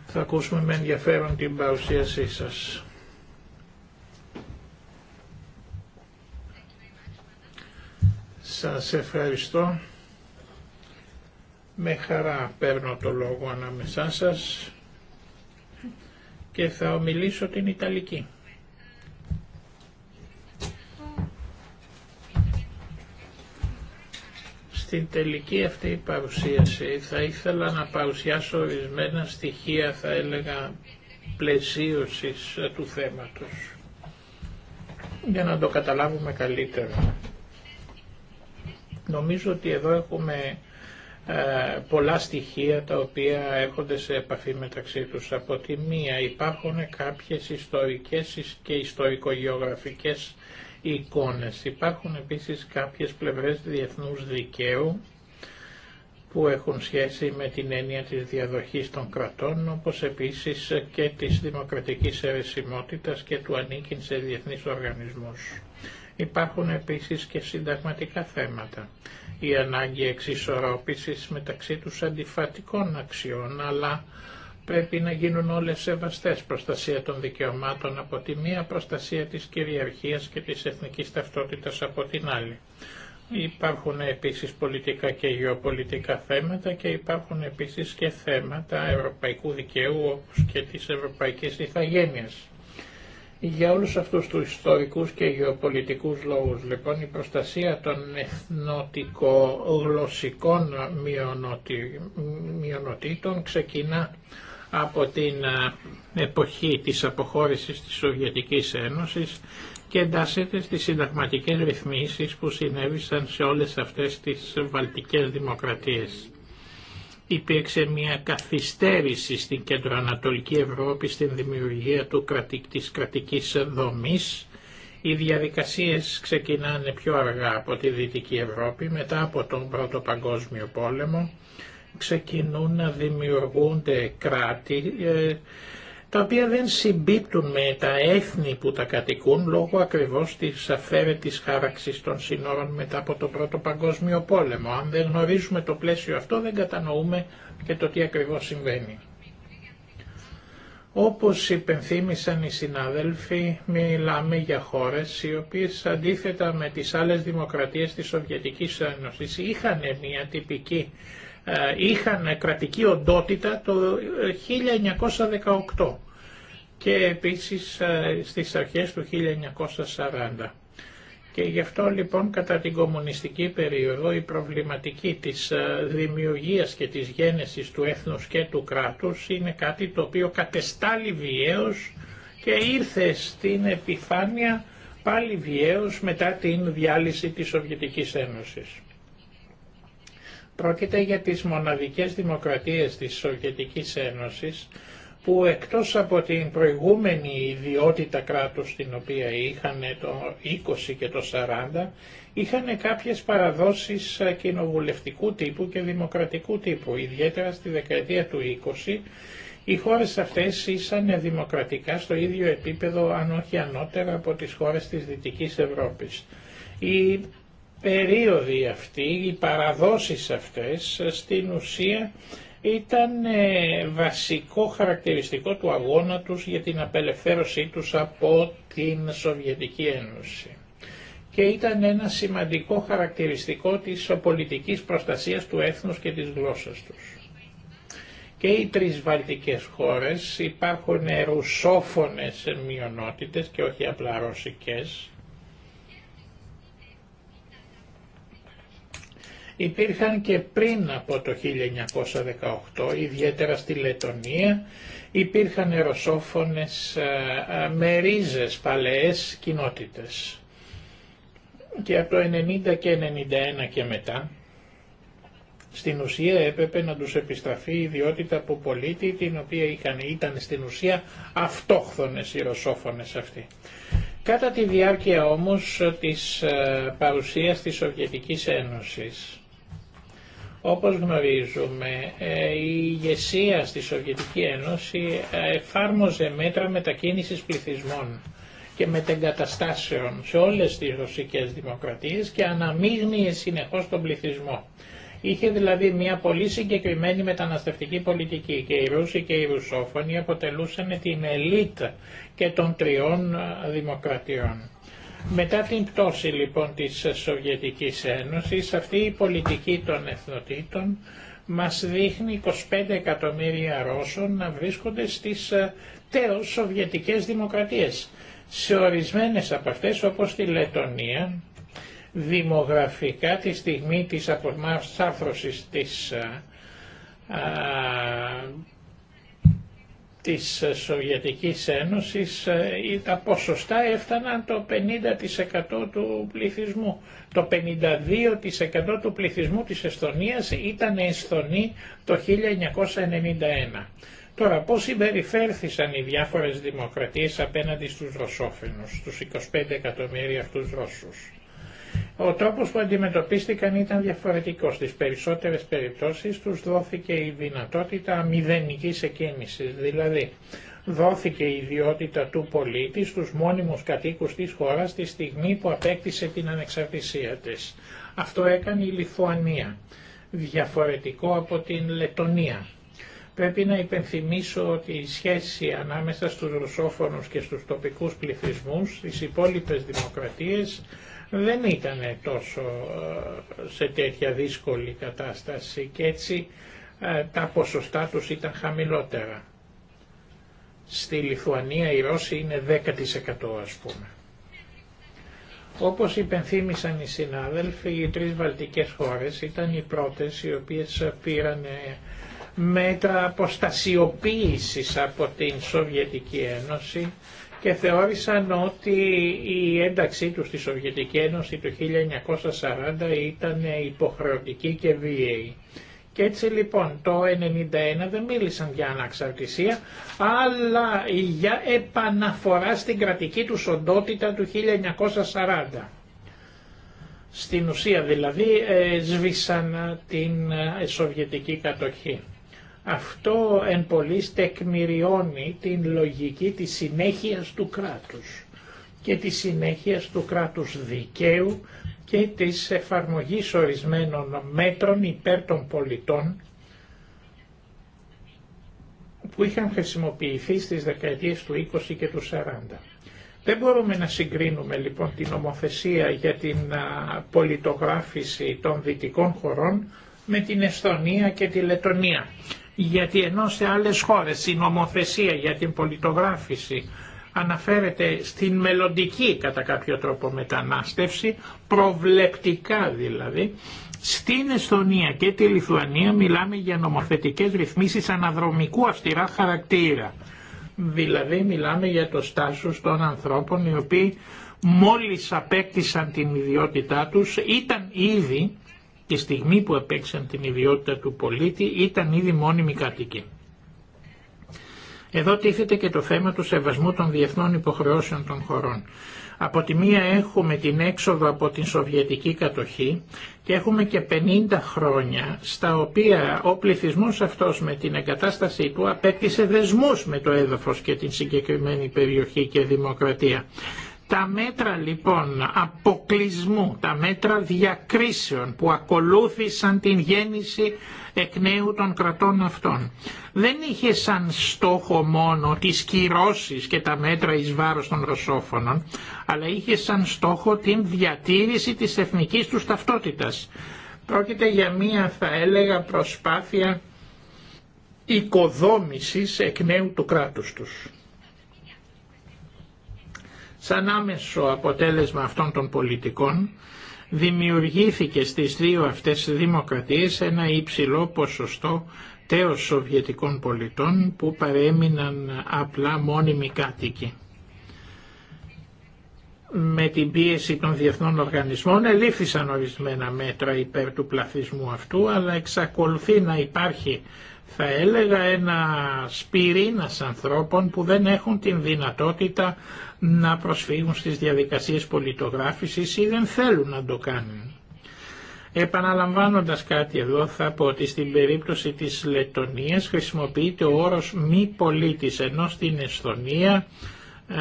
Θα ακούσουμε με ενδιαφέρον την παρουσίασή σας. Σας ευχαριστώ. Με χαρά παίρνω το λόγο ανάμεσά σας και θα ομιλήσω την Ιταλική. Στην τελική αυτή παρουσίαση θα ήθελα να παρουσιάσω ορισμένα στοιχεία, θα έλεγα, πλαισίωσης ε, του θέματος, για να το καταλάβουμε καλύτερα. Νομίζω ότι εδώ έχουμε ε, πολλά στοιχεία τα οποία έρχονται σε επαφή μεταξύ τους. Από τη μία υπάρχουν κάποιες ιστορικές και ιστορικογεωγραφικές εικόνες. Υπάρχουν επίσης κάποιες πλευρές διεθνούς δικαίου που έχουν σχέση με την έννοια της διαδοχής των κρατών, όπως επίσης και της δημοκρατικής αιρεσιμότητας και του ανήκειν σε διεθνείς οργανισμούς. Υπάρχουν επίσης και συνταγματικά θέματα η ανάγκη εξισορρόπησης μεταξύ τους αντιφατικών αξιών, αλλά πρέπει να γίνουν όλες σεβαστές προστασία των δικαιωμάτων από τη μία προστασία της κυριαρχίας και της εθνικής ταυτότητας από την άλλη. Υπάρχουν επίσης πολιτικά και γεωπολιτικά θέματα και υπάρχουν επίσης και θέματα ευρωπαϊκού δικαίου όπως και της ευρωπαϊκής ηθαγένειας. Για όλους αυτούς τους ιστορικούς και γεωπολιτικούς λόγους λοιπόν η προστασία των εθνοτικογλωσσικών μειονοτήτων ξεκινά από την εποχή της αποχώρησης της Σοβιετικής Ένωσης και εντάσσεται στις συνταγματικές ρυθμίσεις που συνέβησαν σε όλες αυτές τις βαλτικές δημοκρατίες υπήρξε μια καθυστέρηση στην κεντροανατολική Ευρώπη στην δημιουργία του κρατική της κρατικής δομής. Οι διαδικασίες ξεκινάνε πιο αργά από τη Δυτική Ευρώπη μετά από τον Πρώτο Παγκόσμιο Πόλεμο ξεκινούν να δημιουργούνται κράτη ε, τα οποία δεν συμπίπτουν με τα έθνη που τα κατοικούν λόγω ακριβώς της αφαίρετης χάραξης των σύνορων μετά από το Πρώτο Παγκόσμιο Πόλεμο. Αν δεν γνωρίζουμε το πλαίσιο αυτό δεν κατανοούμε και το τι ακριβώς συμβαίνει. Όπως υπενθύμησαν οι συνάδελφοι, μιλάμε για χώρες οι οποίες αντίθετα με τις άλλες δημοκρατίες της Σοβιετικής Ένωσης είχαν μια τυπική ε, είχαν κρατική οντότητα το 1918 και επίσης ε, στις αρχές του 1940. Και γι' αυτό λοιπόν κατά την κομμουνιστική περίοδο η προβληματική της ε, δημιουργίας και της γένεσης του έθνους και του κράτους είναι κάτι το οποίο κατεστάλλει βιαίως και ήρθε στην επιφάνεια πάλι βιαίως μετά την διάλυση της Σοβιετικής Ένωσης. Πρόκειται για τις μοναδικές δημοκρατίες της Σοβιετικής Ένωσης που εκτός από την προηγούμενη ιδιότητα κράτους την οποία είχαν το 20 και το 40 είχαν κάποιες παραδόσεις κοινοβουλευτικού τύπου και δημοκρατικού τύπου. Ιδιαίτερα στη δεκαετία του 20 οι χώρες αυτές ήσαν δημοκρατικά στο ίδιο επίπεδο αν όχι ανώτερα από τις χώρες της Δυτικής Ευρώπης. Η περίοδοι αυτοί, οι παραδόσεις αυτές στην ουσία ήταν ε, βασικό χαρακτηριστικό του αγώνα τους για την απελευθέρωσή τους από την Σοβιετική Ένωση και ήταν ένα σημαντικό χαρακτηριστικό της πολιτικής προστασίας του έθνους και της γλώσσας τους. Και οι τρεις βαλτικές χώρες υπάρχουν ρουσόφωνες μειονότητες και όχι απλά ρωσικές, υπήρχαν και πριν από το 1918, ιδιαίτερα στη Λετωνία, υπήρχαν ρωσόφωνες ε, ε, με ρίζες παλαιές κοινότητες. Και από το 1990 και 1991 και μετά, στην ουσία έπρεπε να τους επιστραφεί η ιδιότητα από πολίτη την οποία είχαν, ήταν στην ουσία αυτόχθονες οι ρωσόφωνες αυτοί. Κατά τη διάρκεια όμως της ε, παρουσίας της Σοβιετικής Ένωσης όπως γνωρίζουμε, ε, η ηγεσία στη Σοβιετική Ένωση ε, εφάρμοζε μέτρα μετακίνησης πληθυσμών και μετεγκαταστάσεων σε όλες τις ρωσικές δημοκρατίες και αναμείγνυε συνεχώς τον πληθυσμό. Είχε δηλαδή μια πολύ συγκεκριμένη μεταναστευτική πολιτική και οι Ρούσοι και οι Ρουσόφωνοι αποτελούσαν την ελίτ και των τριών ε, δημοκρατιών. Μετά την πτώση λοιπόν της Σοβιετικής Ένωσης, αυτή η πολιτική των εθνοτήτων μας δείχνει 25 εκατομμύρια Ρώσων να βρίσκονται στις ε, τέως Σοβιετικές Δημοκρατίες. Σε ορισμένες από αυτές όπως τη Λετωνία, δημογραφικά τη στιγμή της απομάρσαφρωσης της ε, της Σοβιετικής Ένωσης ε, τα ποσοστά έφταναν το 50% του πληθυσμού. Το 52% του πληθυσμού της Εσθονίας ήταν Εσθονή το 1991. Τώρα πώς συμπεριφέρθησαν οι διάφορες δημοκρατίες απέναντι στους Ρωσόφινους, τους 25 εκατομμύρια αυτούς Ρώσους. Ο τρόπος που αντιμετωπίστηκαν ήταν διαφορετικός. Στις περισσότερες περιπτώσεις τους δόθηκε η δυνατότητα μηδενικής εκκίνησης, δηλαδή δόθηκε η ιδιότητα του πολίτη στους μόνιμους κατοίκους της χώρας τη στιγμή που απέκτησε την ανεξαρτησία της. Αυτό έκανε η Λιθουανία, διαφορετικό από την Λετωνία. Πρέπει να υπενθυμίσω ότι η σχέση ανάμεσα στους ρωσόφωνους και στους τοπικούς πληθυσμούς στις υπόλοιπες δημοκρατίες δεν ήταν τόσο ε, σε τέτοια δύσκολη κατάσταση και έτσι ε, τα ποσοστά τους ήταν χαμηλότερα. Στη Λιθουανία η Ρώσοι είναι 10% ας πούμε. Όπως υπενθύμησαν οι συνάδελφοι, οι τρεις βαλτικές χώρες ήταν οι πρώτες οι οποίες πήραν μέτρα αποστασιοποίησης από την Σοβιετική Ένωση και θεώρησαν ότι η ένταξή τους στη Σοβιετική Ένωση του 1940 ήταν υποχρεωτική και βίαιη. Και έτσι λοιπόν το 1991 δεν μίλησαν για αναξαρτησία, αλλά για επαναφορά στην κρατική του οντότητα του 1940. Στην ουσία δηλαδή ε, σβήσαν την ε, σοβιετική κατοχή. Αυτό εν πολλής τεκμηριώνει την λογική της συνέχειας του κράτους και της συνέχειας του κράτους δικαίου και της εφαρμογής ορισμένων μέτρων υπέρ των πολιτών που είχαν χρησιμοποιηθεί στις δεκαετίες του 20 και του 40. Δεν μπορούμε να συγκρίνουμε λοιπόν την ομοθεσία για την πολιτογράφηση των δυτικών χωρών με την Εσθονία και τη Λετωνία γιατί ενώ σε άλλες χώρες η νομοθεσία για την πολιτογράφηση αναφέρεται στην μελλοντική κατά κάποιο τρόπο μετανάστευση, προβλεπτικά δηλαδή, στην Εστονία και τη Λιθουανία μιλάμε για νομοθετικές ρυθμίσεις αναδρομικού αυστηρά χαρακτήρα. Δηλαδή μιλάμε για το στάσος των ανθρώπων οι οποίοι μόλις απέκτησαν την ιδιότητά τους ήταν ήδη τη στιγμή που επέξαν την ιδιότητα του πολίτη ήταν ήδη μόνιμη κάτοικοι. Εδώ τίθεται και το θέμα του σεβασμού των διεθνών υποχρεώσεων των χωρών. Από τη μία έχουμε την έξοδο από την Σοβιετική κατοχή και έχουμε και 50 χρόνια στα οποία ο πληθυσμός αυτός με την εγκατάστασή του απέκτησε δεσμούς με το έδαφος και την συγκεκριμένη περιοχή και δημοκρατία. Τα μέτρα λοιπόν αποκλεισμού, τα μέτρα διακρίσεων που ακολούθησαν την γέννηση εκ νέου των κρατών αυτών δεν είχε σαν στόχο μόνο τις κυρώσεις και τα μέτρα εις βάρος των ρωσόφωνων αλλά είχε σαν στόχο την διατήρηση της εθνικής τους ταυτότητας. Πρόκειται για μία θα έλεγα προσπάθεια οικοδόμησης εκ νέου του κράτους τους. Σαν άμεσο αποτέλεσμα αυτών των πολιτικών δημιουργήθηκε στις δύο αυτές δημοκρατίες ένα υψηλό ποσοστό τέως Σοβιετικών πολιτών που παρέμειναν απλά μόνιμοι κάτοικοι. Με την πίεση των διεθνών οργανισμών ελήφθησαν ορισμένα μέτρα υπέρ του πλαθισμού αυτού, αλλά εξακολουθεί να υπάρχει θα έλεγα ένα πυρήνας ανθρώπων που δεν έχουν την δυνατότητα να προσφύγουν στις διαδικασίες πολιτογράφησης ή δεν θέλουν να το κάνουν. Επαναλαμβάνοντας κάτι εδώ θα πω ότι στην περίπτωση της Λετωνίας χρησιμοποιείται ο όρος μη πολίτης ενώ στην Εσθονία ε,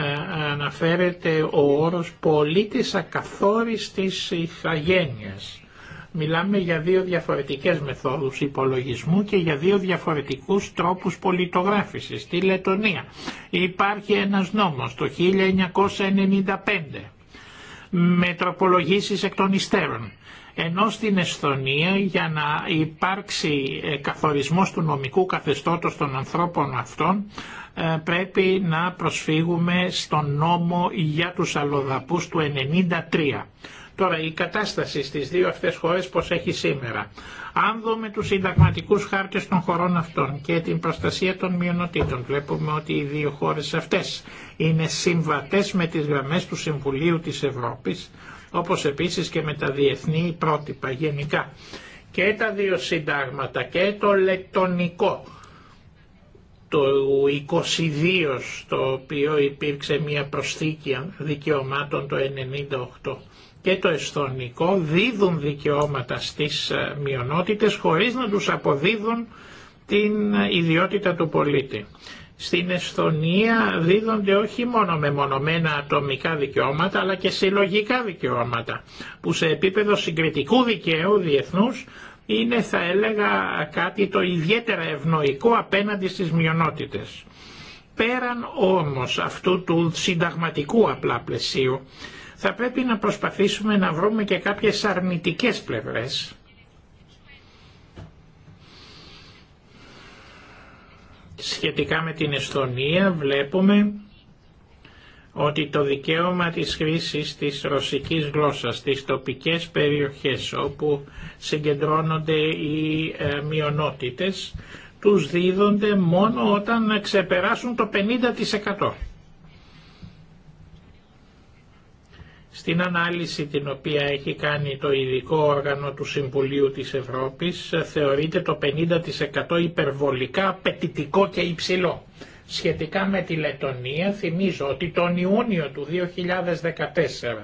αναφέρεται ο όρος πολίτης ακαθόριστης ηθαγένειας. Μιλάμε για δύο διαφορετικές μεθόδους υπολογισμού και για δύο διαφορετικούς τρόπους πολιτογράφησης. Στη Λετωνία υπάρχει ένας νόμος το 1995 με τροπολογήσεις εκ των υστέρων. Ενώ στην Εσθονία για να υπάρξει ε, καθορισμός του νομικού καθεστώτος των ανθρώπων αυτών ε, πρέπει να προσφύγουμε στον νόμο για τους αλλοδαπούς του 1993. Τώρα η κατάσταση στις δύο αυτές χώρες πως έχει σήμερα. Αν δούμε τους συνταγματικού χάρτες των χωρών αυτών και την προστασία των μειονοτήτων, βλέπουμε ότι οι δύο χώρες αυτές είναι συμβατές με τις γραμμές του Συμβουλίου της Ευρώπης, όπως επίσης και με τα διεθνή πρότυπα γενικά. Και τα δύο συντάγματα και το λεκτονικό του 22 στο οποίο υπήρξε μια προσθήκη δικαιωμάτων το 98 και το εσθονικό δίδουν δικαιώματα στις ε, μειονότητες χωρίς να τους αποδίδουν την ε, ιδιότητα του πολίτη. Στην Εσθονία δίδονται όχι μόνο με μονομένα ατομικά δικαιώματα αλλά και συλλογικά δικαιώματα που σε επίπεδο συγκριτικού δικαίου διεθνούς είναι θα έλεγα κάτι το ιδιαίτερα ευνοϊκό απέναντι στις μειονότητες. Πέραν όμως αυτού του συνταγματικού απλά πλαισίου θα πρέπει να προσπαθήσουμε να βρούμε και κάποιες αρνητικές πλευρές. Σχετικά με την Εστονία βλέπουμε ότι το δικαίωμα της χρήσης της ρωσικής γλώσσας στις τοπικές περιοχές όπου συγκεντρώνονται οι ε, μειονότητες τους δίδονται μόνο όταν ξεπεράσουν το 50%. Στην ανάλυση την οποία έχει κάνει το ειδικό όργανο του Συμβουλίου της Ευρώπης θεωρείται το 50% υπερβολικά απαιτητικό και υψηλό. Σχετικά με τη Λετωνία θυμίζω ότι τον Ιούνιο του 2014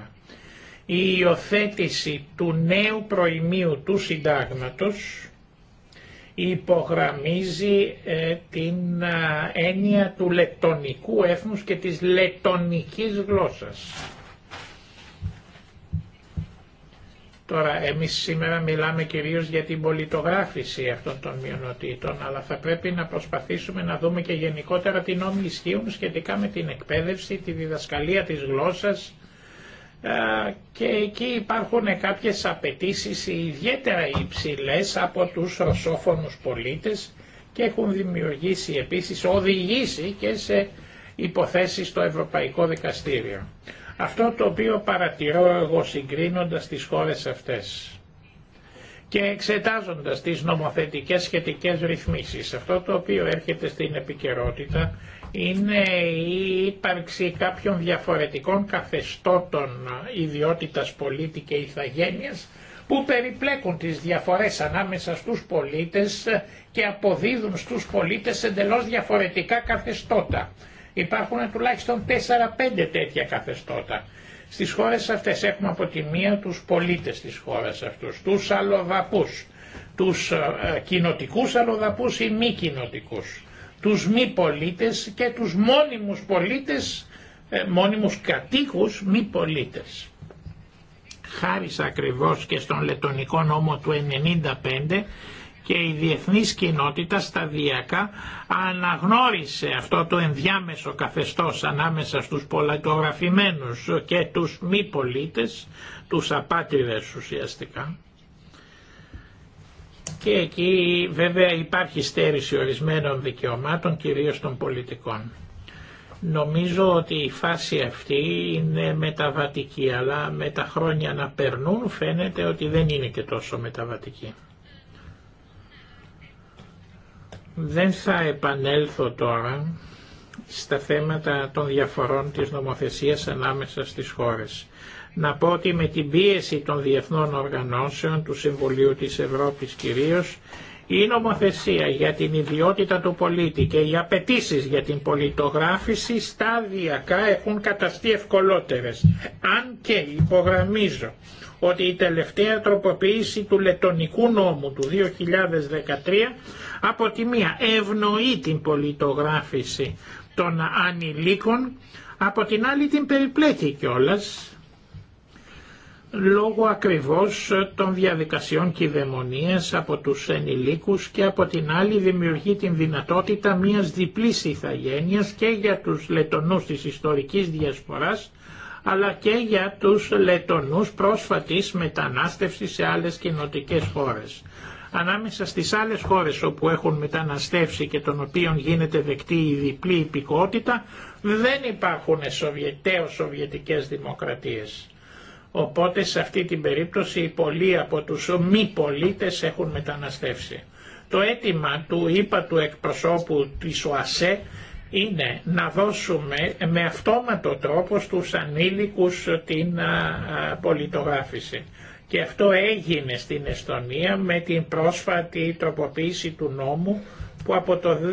η υιοθέτηση του νέου προημίου του συντάγματος υπογραμμίζει ε, την ε, έννοια του λετονικού έθνους και της λετονικής γλώσσας. Τώρα, εμείς σήμερα μιλάμε κυρίως για την πολιτογράφηση αυτών των μειονοτήτων, αλλά θα πρέπει να προσπαθήσουμε να δούμε και γενικότερα την νόμοι ισχύουν σχετικά με την εκπαίδευση, τη διδασκαλία της γλώσσας και εκεί υπάρχουν κάποιες απαιτήσει ιδιαίτερα υψηλέ από τους ρωσόφωνους πολίτες και έχουν δημιουργήσει επίσης, οδηγήσει και σε υποθέσεις στο Ευρωπαϊκό Δικαστήριο. Αυτό το οποίο παρατηρώ εγώ συγκρίνοντας τις χώρες αυτές και εξετάζοντας τις νομοθετικές σχετικές ρυθμίσεις, αυτό το οποίο έρχεται στην επικαιρότητα είναι η ύπαρξη κάποιων διαφορετικών καθεστώτων ιδιότητας πολίτη και ηθαγένειας που περιπλέκουν τις διαφορές ανάμεσα στους πολίτες και αποδίδουν στους πολίτες εντελώς διαφορετικά καθεστώτα. Υπάρχουν τουλάχιστον 4-5 τέτοια καθεστώτα. Στις χώρες αυτές έχουμε από τη μία τους πολίτες της χώρας αυτούς, τους αλλοδαπούς, τους ε, κοινοτικούς αλλοδαπούς ή μη κοινοτικούς, τους μη πολίτες και τους μόνιμους πολίτες, ε, μόνιμους κατοίκους μη πολίτες. Χάρη ακριβώς και στον λετονικό νόμο του 95 και η διεθνής κοινότητα σταδιακά αναγνώρισε αυτό το ενδιάμεσο καθεστώς ανάμεσα στους πολλατογραφημένους και τους μη πολίτες, τους απάτηρες ουσιαστικά. Και εκεί βέβαια υπάρχει στέρηση ορισμένων δικαιωμάτων, κυρίως των πολιτικών. Νομίζω ότι η φάση αυτή είναι μεταβατική, αλλά με τα χρόνια να περνούν φαίνεται ότι δεν είναι και τόσο μεταβατική. Δεν θα επανέλθω τώρα στα θέματα των διαφορών της νομοθεσίας ανάμεσα στις χώρες. Να πω ότι με την πίεση των διεθνών οργανώσεων, του Συμβουλίου της Ευρώπης κυρίως, η νομοθεσία για την ιδιότητα του πολίτη και οι απαιτήσει για την πολιτογράφηση σταδιακά έχουν καταστεί ευκολότερες. Αν και υπογραμμίζω ότι η τελευταία τροποποίηση του λετονικού νόμου του 2013 από τη μία ευνοεί την πολιτογράφηση των ανηλίκων, από την άλλη την περιπλέκει κιολα λόγω ακριβώς των διαδικασιών κυδαιμονίας από τους ενηλίκους και από την άλλη δημιουργεί την δυνατότητα μιας διπλής ηθαγένειας και για τους λετονούς της ιστορικής διασποράς αλλά και για τους λετονούς πρόσφατης μετανάστευσης σε άλλες κοινοτικές χώρες ανάμεσα στις άλλες χώρες όπου έχουν μεταναστεύσει και των οποίων γίνεται δεκτή η διπλή υπηκότητα δεν υπάρχουν σοβιετές σοβιετικές δημοκρατίες. Οπότε σε αυτή την περίπτωση οι πολλοί από τους μη πολίτες έχουν μεταναστεύσει. Το αίτημα του είπα του εκπροσώπου της ΟΑΣΕ είναι να δώσουμε με αυτόματο τρόπο στους ανήλικους την πολιτογράφηση. Και αυτό έγινε στην Εστονία με την πρόσφατη τροποποίηση του νόμου που από το 2016,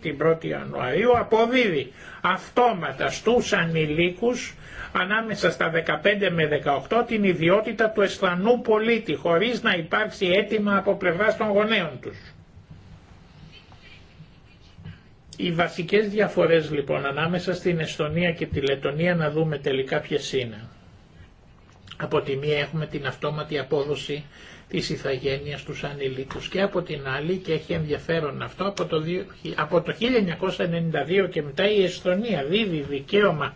την 1η Ιανουαρίου, αποδίδει αυτόματα στους ανηλίκους ανάμεσα στα 15 με 18 την ιδιότητα του αισθανού πολίτη χωρίς να υπάρξει αίτημα από πλευράς των γονέων τους. Οι βασικές διαφορές λοιπόν ανάμεσα στην Εστονία και τη Λετωνία να δούμε τελικά ποιες είναι. Από τη μία έχουμε την αυτόματη απόδοση της ηθαγένειας στους ανηλίκους και από την άλλη και έχει ενδιαφέρον αυτό από το, από το 1992 και μετά η Εσθονία δίδει δικαίωμα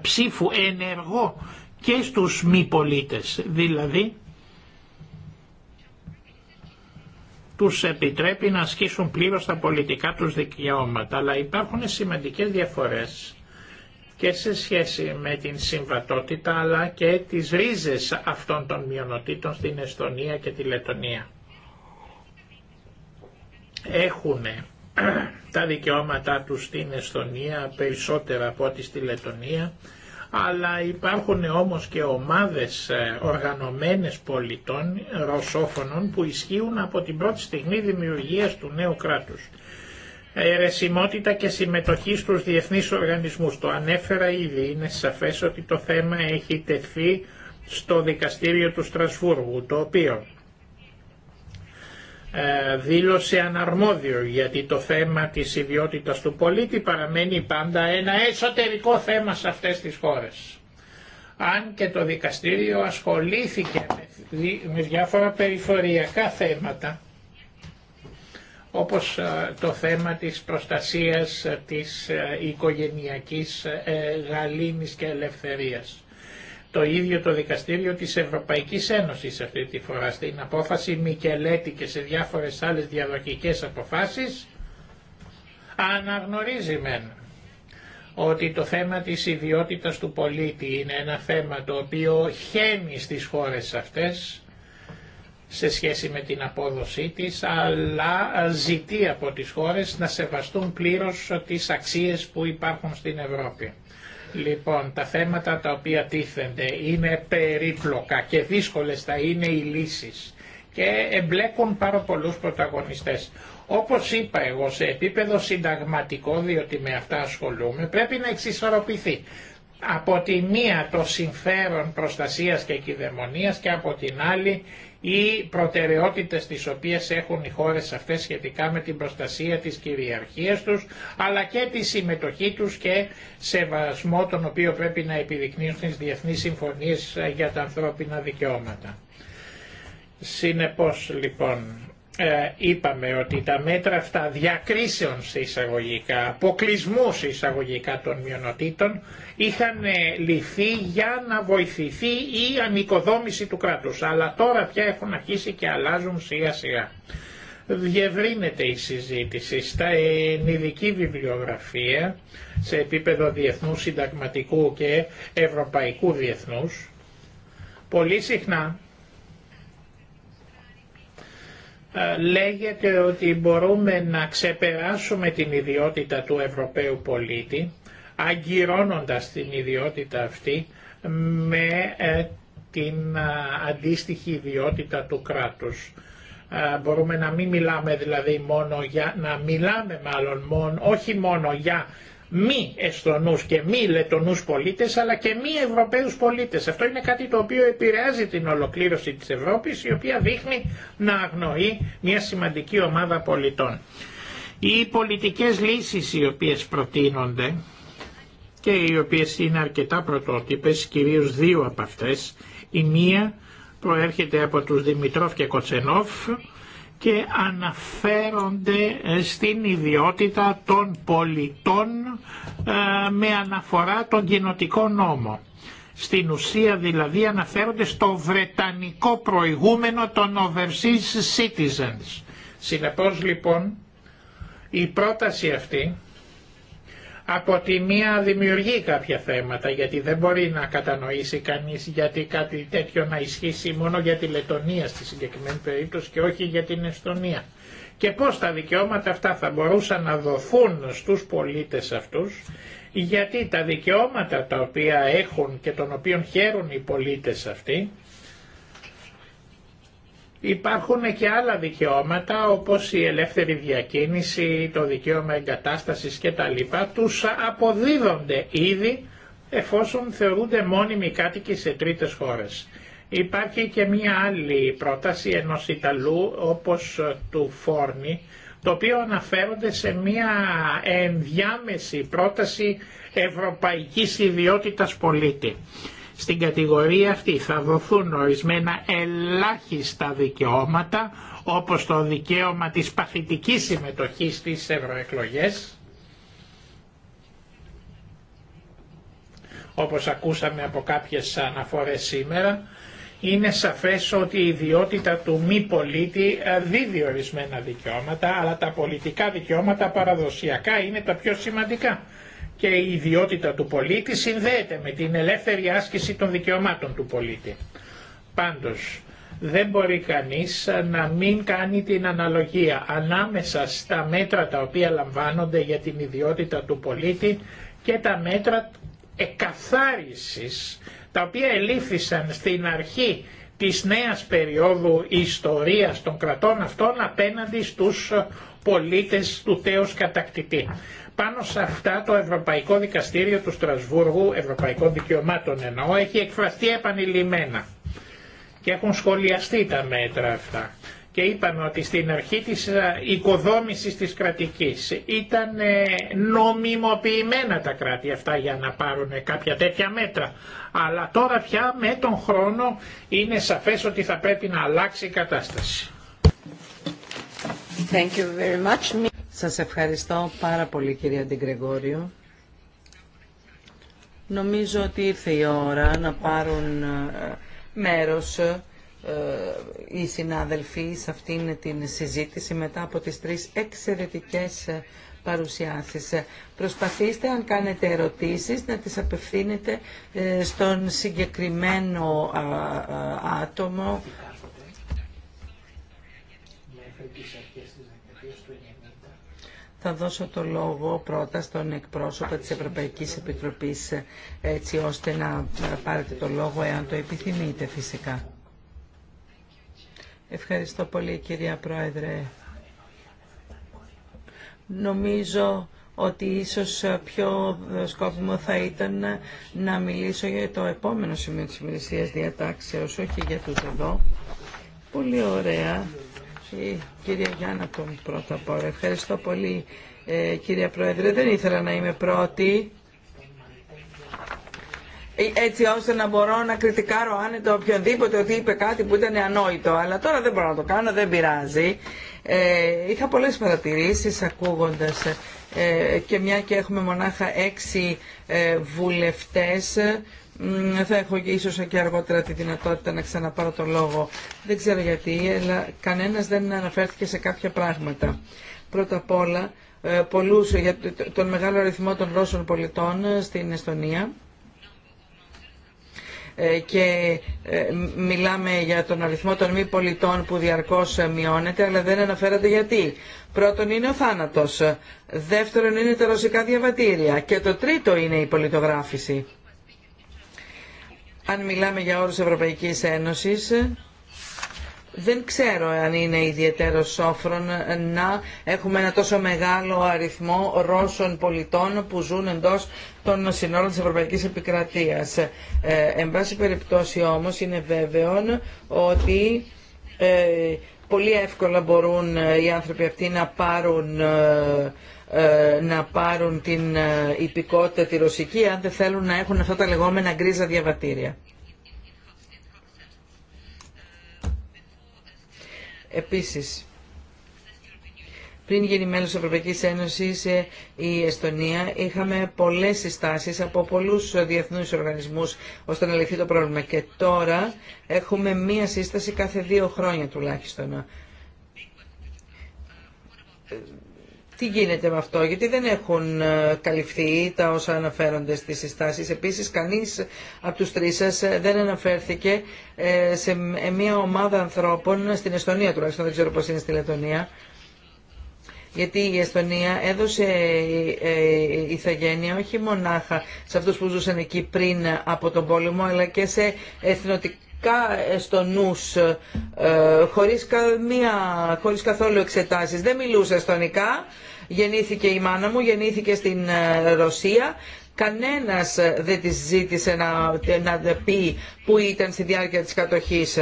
ψήφου ενεργό και στους μη πολίτες δηλαδή τους επιτρέπει να ασκήσουν πλήρως τα πολιτικά τους δικαιώματα αλλά υπάρχουν σημαντικές διαφορές και σε σχέση με την συμβατότητα αλλά και τις ρίζες αυτών των μειονοτήτων στην Εστονία και τη Λετωνία. Έχουν τα δικαιώματά τους στην Εστονία περισσότερα από ό,τι στη Λετωνία αλλά υπάρχουν όμως και ομάδες ε, οργανωμένες πολιτών ρωσόφωνων που ισχύουν από την πρώτη στιγμή δημιουργίας του νέου κράτους ερεσιμότητα και συμμετοχή στους διεθνείς οργανισμούς. Το ανέφερα ήδη, είναι σαφές ότι το θέμα έχει τεθεί στο δικαστήριο του Στρασβούργου, το οποίο ε, δήλωσε αναρμόδιο γιατί το θέμα της ιδιότητας του πολίτη παραμένει πάντα ένα εσωτερικό θέμα σε αυτές τις χώρες. Αν και το δικαστήριο ασχολήθηκε με διάφορα περιφοριακά θέματα όπως ε, το θέμα της προστασίας της ε, οικογενειακής ε, γαλήνης και ελευθερίας. Το ίδιο το Δικαστήριο της Ευρωπαϊκής Ένωσης αυτή τη φορά στην απόφαση Μικελέτη και σε διάφορες άλλες διαδοχικές αποφάσεις αναγνωρίζει μεν ότι το θέμα της ιδιότητας του πολίτη είναι ένα θέμα το οποίο χαίνει στις χώρες αυτές σε σχέση με την απόδοσή της, αλλά ζητεί από τις χώρες να σεβαστούν πλήρως τις αξίες που υπάρχουν στην Ευρώπη. Λοιπόν, τα θέματα τα οποία τίθενται είναι περίπλοκα και δύσκολες θα είναι οι λύσεις και εμπλέκουν πάρα πολλούς πρωταγωνιστές. Όπως είπα εγώ σε επίπεδο συνταγματικό, διότι με αυτά ασχολούμαι, πρέπει να εξισορροπηθεί. Από τη μία το συμφέρον προστασίας και κυδαιμονίας και από την άλλη οι προτεραιότητες τις οποίες έχουν οι χώρες αυτές σχετικά με την προστασία της κυριαρχίας τους αλλά και τη συμμετοχή τους και σεβασμό τον οποίο πρέπει να επιδεικνύουν στις διεθνείς συμφωνίες ε, για τα ανθρώπινα δικαιώματα. Συνεπώς λοιπόν ε, είπαμε ότι τα μέτρα αυτά διακρίσεων σε εισαγωγικά, αποκλεισμού σε εισαγωγικά των μειονοτήτων είχαν ε, λυθεί για να βοηθηθεί η ανοικοδόμηση του κράτους. Αλλά τώρα πια έχουν αρχίσει και αλλάζουν σιγά σιγά. Διευρύνεται η συζήτηση στα ειδική βιβλιογραφία σε επίπεδο διεθνού συνταγματικού και ευρωπαϊκού διεθνούς. Πολύ συχνά ε, λέγεται ότι μπορούμε να ξεπεράσουμε την ιδιότητα του Ευρωπαίου πολίτη, αγκυρώνοντας την ιδιότητα αυτή με ε, την ε, αντίστοιχη ιδιότητα του κράτους. Μπορούμε να μην μιλάμε δηλαδή μόνο για, να μιλάμε μάλλον μόνο, όχι μόνο για μη Εστονούς και μη Λετονούς πολίτες αλλά και μη Ευρωπαίους πολίτες. Αυτό είναι κάτι το οποίο επηρεάζει την ολοκλήρωση της Ευρώπης η οποία δείχνει να αγνοεί μια σημαντική ομάδα πολιτών. Οι πολιτικές λύσεις οι οποίες προτείνονται και οι οποίες είναι αρκετά πρωτότυπες, κυρίως δύο από αυτές, η μία προέρχεται από τους Δημητρόφ και Κοτσενόφ, και αναφέρονται ε, στην ιδιότητα των πολιτών ε, με αναφορά τον κοινοτικό νόμο. Στην ουσία δηλαδή αναφέρονται στο βρετανικό προηγούμενο των overseas citizens. Συνεπώς λοιπόν η πρόταση αυτή από τη μία δημιουργεί κάποια θέματα γιατί δεν μπορεί να κατανοήσει κανείς γιατί κάτι τέτοιο να ισχύσει μόνο για τη Λετωνία στη συγκεκριμένη περίπτωση και όχι για την Εστονία. Και πώς τα δικαιώματα αυτά θα μπορούσαν να δοθούν στους πολίτες αυτούς γιατί τα δικαιώματα τα οποία έχουν και των οποίων χαίρουν οι πολίτες αυτοί Υπάρχουν και άλλα δικαιώματα όπως η ελεύθερη διακίνηση, το δικαίωμα εγκατάστασης και λοιπά Τους αποδίδονται ήδη εφόσον θεωρούνται μόνιμοι κάτοικοι σε τρίτες χώρες. Υπάρχει και μία άλλη πρόταση ενός Ιταλού όπως του Φόρνη, το οποίο αναφέρονται σε μία ενδιάμεση πρόταση ευρωπαϊκής ιδιότητας πολίτη. Στην κατηγορία αυτή θα δοθούν ορισμένα ελάχιστα δικαιώματα όπως το δικαίωμα της παθητικής συμμετοχής στις ευρωεκλογές όπως ακούσαμε από κάποιες αναφορές σήμερα, είναι σαφές ότι η ιδιότητα του μη πολίτη ε, δίδει ορισμένα δικαιώματα, αλλά τα πολιτικά δικαιώματα παραδοσιακά είναι τα πιο σημαντικά και η ιδιότητα του πολίτη συνδέεται με την ελεύθερη άσκηση των δικαιωμάτων του πολίτη. Πάντως, δεν μπορεί κανείς να μην κάνει την αναλογία ανάμεσα στα μέτρα τα οποία λαμβάνονται για την ιδιότητα του πολίτη και τα μέτρα εκαθάρισης τα οποία ελήφθησαν στην αρχή της νέας περίοδου ιστορίας των κρατών αυτών απέναντι στους πολίτες του τέος κατακτητή. Πάνω σε αυτά το Ευρωπαϊκό Δικαστήριο του Στρασβούργου, Ευρωπαϊκών Δικαιωμάτων εννοώ, έχει εκφραστεί επανειλημμένα και έχουν σχολιαστεί τα μέτρα αυτά. Και είπαμε ότι στην αρχή της ε, οικοδόμησης της κρατικής ήταν ε, νομιμοποιημένα τα κράτη αυτά για να πάρουν κάποια τέτοια μέτρα. Αλλά τώρα πια με τον χρόνο είναι σαφές ότι θα πρέπει να αλλάξει η κατάσταση. Σας ευχαριστώ πάρα πολύ κυρία Ντιγκρεγόριου. Νομίζω ότι ήρθε η ώρα να πάρουν ε, μέρος ε, οι συνάδελφοι σε αυτήν την συζήτηση μετά από τις τρεις εξαιρετικές ε, παρουσιάσεις. Προσπαθήστε αν κάνετε ερωτήσεις να τις απευθύνετε στον συγκεκριμένο άτομο θα δώσω το λόγο πρώτα στον εκπρόσωπο της Ευρωπαϊκής Επιτροπής έτσι ώστε να πάρετε το λόγο εάν το επιθυμείτε φυσικά. Ευχαριστώ πολύ κυρία Πρόεδρε. Νομίζω ότι ίσως πιο σκόπιμο θα ήταν να μιλήσω για το επόμενο σημείο της ημερησίας διατάξεως, όχι για τους εδώ. Πολύ ωραία. Ε, κυρία Γιάννα τον πρώτα απ' όλα. Ευχαριστώ πολύ ε, κυρία Πρόεδρε. Δεν ήθελα να είμαι πρώτη ε, έτσι ώστε να μπορώ να κριτικάρω άνετα οποιονδήποτε ότι είπε κάτι που ήταν ανόητο. Αλλά τώρα δεν μπορώ να το κάνω, δεν πειράζει. Ε, είχα πολλές παρατηρήσεις ακούγοντας ε, και μια και έχουμε μονάχα έξι ε, βουλευτές θα έχω ίσως και αργότερα τη δυνατότητα να ξαναπάρω το λόγο. Δεν ξέρω γιατί, αλλά κανένας δεν αναφέρθηκε σε κάποια πράγματα. Πρώτα απ' όλα, ε, πολλούς, ε, για τον μεγάλο αριθμό των Ρώσων πολιτών ε, στην Εστονία και μιλάμε για τον αριθμό των μη πολιτών που διαρκώς μειώνεται, αλλά δεν αναφέρατε γιατί. Πρώτον είναι ο θάνατος, δεύτερον είναι τα ρωσικά διαβατήρια και το τρίτο είναι η πολιτογράφηση αν μιλάμε για όρους Ευρωπαϊκής Ένωσης, δεν ξέρω αν είναι ιδιαίτερο σόφρον να έχουμε ένα τόσο μεγάλο αριθμό Ρώσων πολιτών που ζουν εντός των συνόρων της Ευρωπαϊκής Επικρατείας. Ε, εν πάση περιπτώσει όμως είναι βέβαιο ότι ε, πολύ εύκολα μπορούν ε, οι άνθρωποι αυτοί να πάρουν ε, ε, να πάρουν την ε, υπηκότητα τη ρωσική αν δεν θέλουν να έχουν αυτά τα λεγόμενα γκρίζα διαβατήρια. Επίσης, πριν γίνει μέλος της Ευρωπαϊκής Ένωσης ε, η Εστονία, είχαμε πολλές συστάσεις από πολλούς διεθνούς οργανισμούς ώστε να λυθεί το πρόβλημα. Και τώρα έχουμε μία σύσταση κάθε δύο χρόνια τουλάχιστον. Τι γίνεται με αυτό, γιατί δεν έχουν ε, καλυφθεί τα όσα αναφέρονται στις συστάσεις. Επίσης, κανείς από τους τρεις σας ε, δεν αναφέρθηκε ε, σε μια ομάδα ανθρώπων στην Εστονία, τουλάχιστον δεν ξέρω πώς είναι στη Λετωνία, γιατί η Εστονία έδωσε ηθαγένεια όχι μονάχα σε αυτούς που ζούσαν εκεί πριν από τον πόλεμο, αλλά και σε εθνοτικά στο νους, ε, χωρίς, καμία, χωρίς καθόλου εξετάσεις. Δεν μιλούσε στονικά γεννήθηκε η μάνα μου, γεννήθηκε στην ε, Ρωσία. Κανένας ε, δεν της ζήτησε να, να πει που ήταν στη διάρκεια της κατοχής.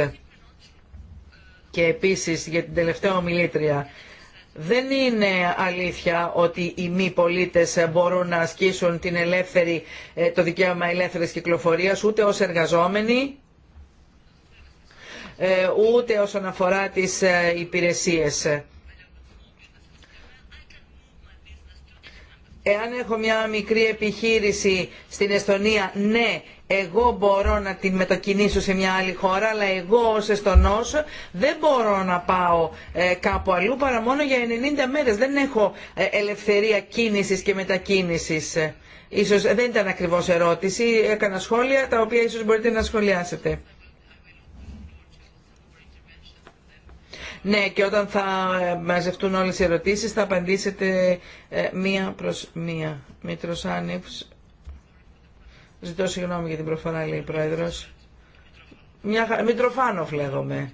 Και επίσης για την τελευταία ομιλήτρια, δεν είναι αλήθεια ότι οι μη πολίτες μπορούν να ασκήσουν την ελεύθερη, το δικαίωμα ελεύθερης κυκλοφορίας ούτε ως εργαζόμενοι ε, ούτε όσον αφορά τις ε, υπηρεσίες. Εάν έχω μια μικρή επιχείρηση στην Εστονία, ναι, εγώ μπορώ να την μετακινήσω σε μια άλλη χώρα, αλλά εγώ ως εστονός δεν μπορώ να πάω ε, κάπου αλλού παρά μόνο για 90 μέρες. Δεν έχω ελευθερία κίνησης και μετακίνησης. Ίσως δεν ήταν ακριβώς ερώτηση, έκανα σχόλια τα οποία ίσως μπορείτε να σχολιάσετε. Ναι, και όταν θα ε, μαζευτούν όλες οι ερωτήσεις θα απαντήσετε ε, μία προς μία. Μήτρος Άνιψ, ζητώ συγγνώμη για την προφορά, λέει η προεδρο Μια... Μητροφάνοφ λέγομαι.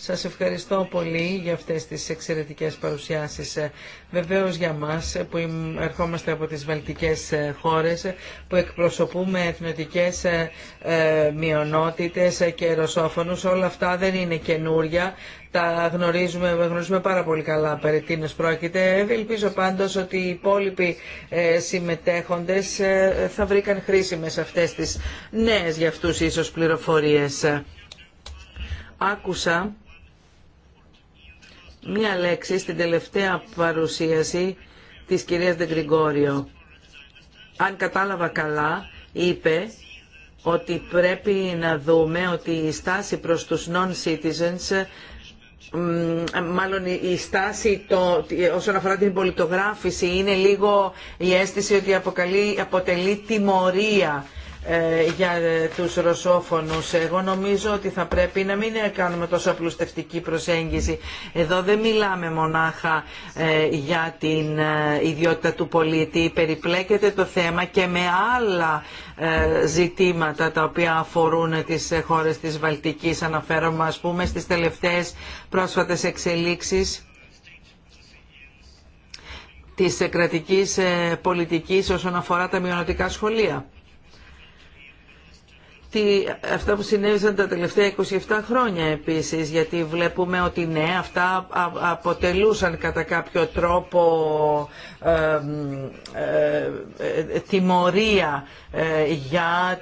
Σας ευχαριστώ πολύ για αυτές τις εξαιρετικές παρουσιάσεις. Βεβαίως για μας που ερχόμαστε από τις βαλτικές ε, χώρες που εκπροσωπούμε εθνοτικές ε, ε, μειονότητες και ρωσόφωνους όλα αυτά δεν είναι καινούρια. Τα γνωρίζουμε, γνωρίζουμε πάρα πολύ καλά περί τίνος πρόκειται. Ελπίζω πάντως ότι οι υπόλοιποι συμμετέχοντες θα βρήκαν χρήσιμες αυτές τις νέες για αυτούς ίσως πληροφορίες. Άκουσα μία λέξη στην τελευταία παρουσίαση της κυρίας Δεγκριγόριο. Αν κατάλαβα καλά, είπε ότι πρέπει να δούμε ότι η στάση προς τους non-citizens μάλλον η στάση το, όσον αφορά την πολιτογράφηση είναι λίγο η αίσθηση ότι αποτελεί τιμωρία ε, για ε, τους ρωσόφωνους. Εγώ νομίζω ότι θα πρέπει να μην κάνουμε τόσο απλουστευτική προσέγγιση. Εδώ δεν μιλάμε μονάχα ε, για την ιδιότητα του πολίτη. Περιπλέκεται το θέμα και με άλλα ζητήματα τα οποία αφορούν τις χώρες της Βαλτικής. Αναφέρομαι ας πούμε στις τελευταίες πρόσφατες εξελίξεις της κρατικής πολιτικής όσον αφορά τα μειονοτικά σχολεία τι, αυτά που συνέβησαν τα τελευταία 27 χρόνια επίσης, γιατί βλέπουμε ότι ναι, αυτά αποτελούσαν κατά κάποιο τρόπο ε, ε, ε, τιμωρία ε, για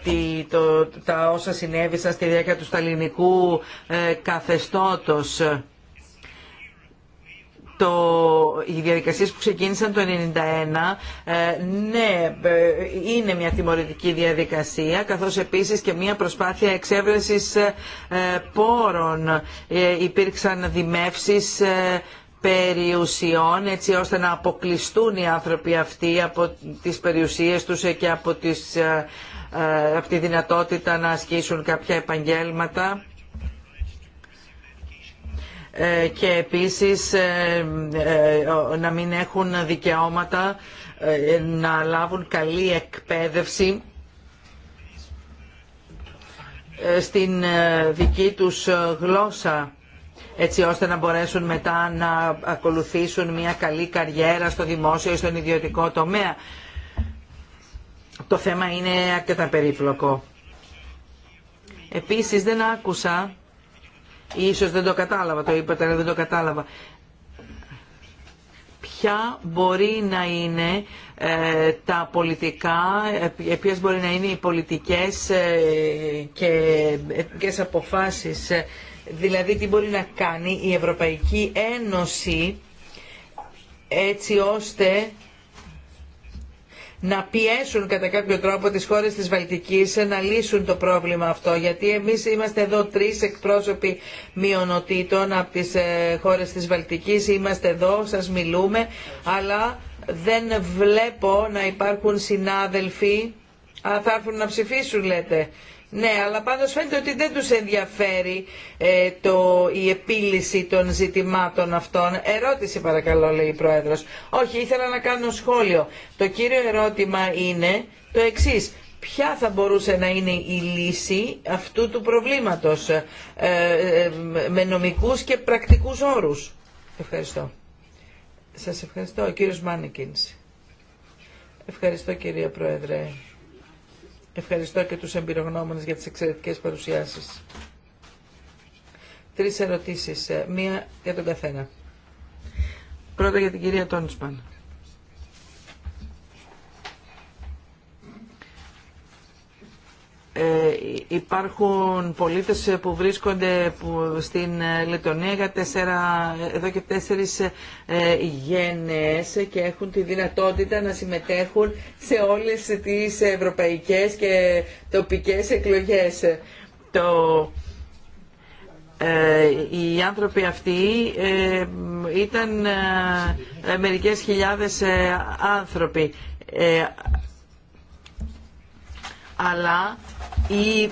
το, τα όσα συνέβησαν στη διάρκεια του σταλινικού ε, καθεστώτος το, οι διαδικασίες που ξεκίνησαν το 1991, ε, ναι, ε, είναι μια τιμωρητική διαδικασία, καθώς επίσης και μια προσπάθεια εξέβρεσης ε, πόρων. Υπήρξαν δημεύσεις περιουσιών έτσι ώστε να αποκλειστούν οι άνθρωποι αυτοί από τις περιουσίες τους και από, τις, από τη δυνατότητα να ασκήσουν κάποια επαγγέλματα. Ε, και επίσης ε, ε, να μην έχουν δικαιώματα να λάβουν καλή εκπαίδευση στην δική τους γλώσσα έτσι ώστε να μπορέσουν μετά να ακολουθήσουν μια καλή καριέρα στο δημόσιο ή στον ιδιωτικό τομέα. Το θέμα είναι αρκετά περίπλοκο. Επίσης δεν άκουσα Ίσως δεν το κατάλαβα, το είπατε, αλλά δεν το κατάλαβα. Ποια μπορεί να είναι ε, τα πολιτικά, ε, ε, ποιες μπορεί να είναι οι πολιτικές ε, και εθνικές αποφάσεις. Δηλαδή τι μπορεί να κάνει η Ευρωπαϊκή Ένωση έτσι ώστε να πιέσουν κατά κάποιο τρόπο τις χώρες της Βαλτικής να λύσουν το πρόβλημα αυτό. Γιατί εμείς είμαστε εδώ τρεις εκπρόσωποι μειονοτήτων από τις ε, χώρες της Βαλτικής. Είμαστε εδώ, σας μιλούμε, αλλά δεν βλέπω να υπάρχουν συνάδελφοι. Α, θα έρθουν να ψηφίσουν λέτε. Ναι, αλλά πάντως φαίνεται ότι δεν τους ενδιαφέρει ε, το, η επίλυση των ζητημάτων αυτών. Ερώτηση παρακαλώ, λέει η Πρόεδρος. Όχι, ήθελα να κάνω σχόλιο. Το κύριο ερώτημα είναι το εξής. Ποια θα μπορούσε να είναι η λύση αυτού του προβλήματος ε, ε, με νομικούς και πρακτικούς όρους. Ευχαριστώ. Σας ευχαριστώ. Ο κύριος Μάνικινς. Ευχαριστώ κύριε Πρόεδρε. Ευχαριστώ και τους εμπειρογνώμονες για τις εξαιρετικές παρουσιάσεις. Τρεις ερωτήσεις, ε, μία για τον καθένα. Πρώτα για την κυρία Τόνισπαν. Ε, υπάρχουν πολίτες που βρίσκονται στην ε, Λετωνία τέσσερα, εδώ και τέσσερις ε, γένες και έχουν τη δυνατότητα να συμμετέχουν σε όλες τις ευρωπαϊκές και τοπικές εκλογές. Το, οι άνθρωποι αυτοί ήταν ε, μερικές χιλιάδες άνθρωποι αλλά οι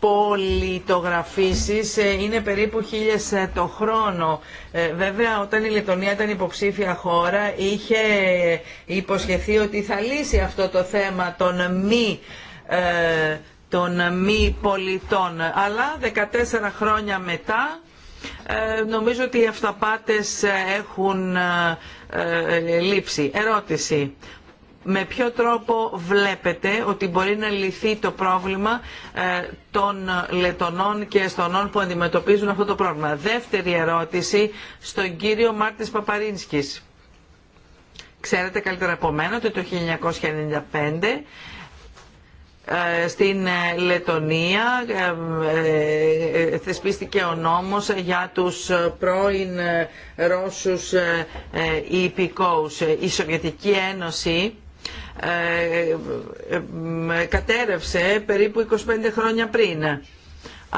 πολιτογραφήσεις ε, είναι περίπου χίλιες ε, το χρόνο. Ε, βέβαια όταν η Λετωνία ήταν υποψήφια χώρα είχε υποσχεθεί ότι θα λύσει αυτό το θέμα των μη των μη πολιτών. Αλλά 14 χρόνια μετά νομίζω ότι οι αυταπάτες έχουν λήψει. Ερώτηση με ποιο τρόπο βλέπετε ότι μπορεί να λυθεί το πρόβλημα ε, των Λετωνών και Εστονών που αντιμετωπίζουν αυτό το πρόβλημα. Δεύτερη ερώτηση στον κύριο Μάρτης Παπαρίνσκης. Ξέρετε καλύτερα από μένα ότι το 1995 ε, στην ε, Λετωνία θεσπίστηκε ο νόμος για τους πρώην Ρώσους υπηκόους. Η Σοβιετική Ένωση ε, ε, ε, κατέρευσε περίπου 25 χρόνια πριν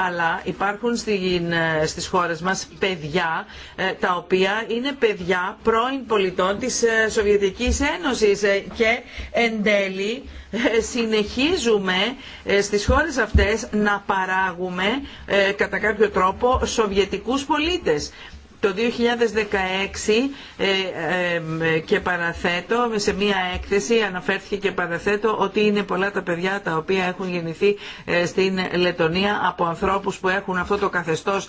αλλά υπάρχουν στις χώρες μας παιδιά τα οποία είναι παιδιά πρώην πολιτών της Σοβιετικής Ένωσης και εν τέλει συνεχίζουμε στις χώρες αυτές να παράγουμε κατά κάποιο τρόπο σοβιετικούς πολίτες το 2016 ε, ε, ε, και παραθέτω σε μία έκθεση αναφέρθηκε και παραθέτω ότι είναι πολλά τα παιδιά τα οποία έχουν γεννηθεί στην Λετωνία από ανθρώπους που έχουν αυτό το καθεστώς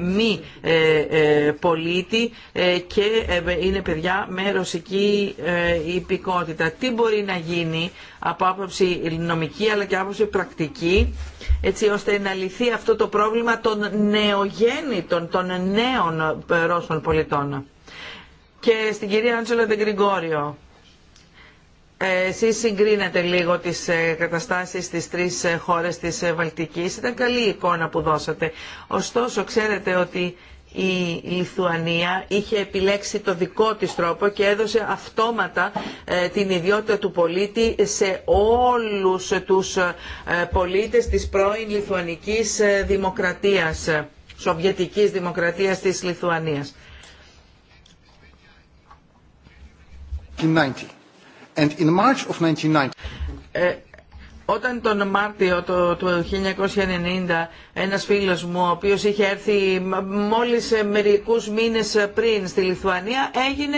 μη πολίτη και είναι παιδιά με ρωσική υπηκότητα. Τι μπορεί να γίνει από άποψη νομική αλλά και άποψη πρακτική έτσι ώστε να λυθεί αυτό το πρόβλημα των νεογέννητων, των νέων ε, Ρώσων πολιτών. Και στην κυρία Άντζελα Δεγκριγκόριο, ε, Εσείς συγκρίνατε λίγο τις ε, καταστάσεις στις τρεις χώρες της Βαλτικής. Ήταν καλή η εικόνα που δώσατε. Ωστόσο, ξέρετε ότι η Λιθουανία είχε επιλέξει το δικό της τρόπο και έδωσε αυτόματα ε, την ιδιότητα του πολίτη σε όλους τους ε, πολίτες της πρώην Λιθουανικής ε, Δημοκρατίας, Σοβιετικής Δημοκρατίας της Λιθουανίας. In And in March of 1990... Όταν τον Μάρτιο του το 1990 ένας φίλος μου, ο οποίος είχε έρθει μόλις μερικούς μήνες πριν στη Λιθουανία, έγινε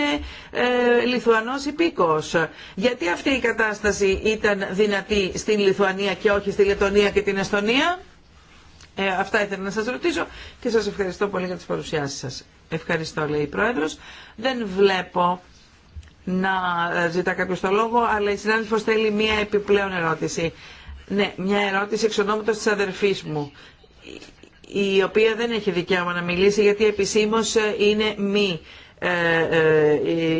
ε, Λιθουανός υπήκος. Γιατί αυτή η κατάσταση ήταν δυνατή στην Λιθουανία και όχι στη Λετωνία και την Εστονία. Ε, αυτά ήθελα να σας ρωτήσω και σας ευχαριστώ πολύ για τις παρουσιάσεις σας. Ευχαριστώ λέει η Πρόεδρος. Δεν βλέπω να ζητά κάποιο το λόγο, αλλά η συνάδελφο θέλει μία επιπλέον ερώτηση. Ναι, μια ερώτηση εξ ονόματο τη αδερφή μου, η οποία δεν έχει δικαίωμα να μιλήσει γιατί επισήμω είναι μη ε, ε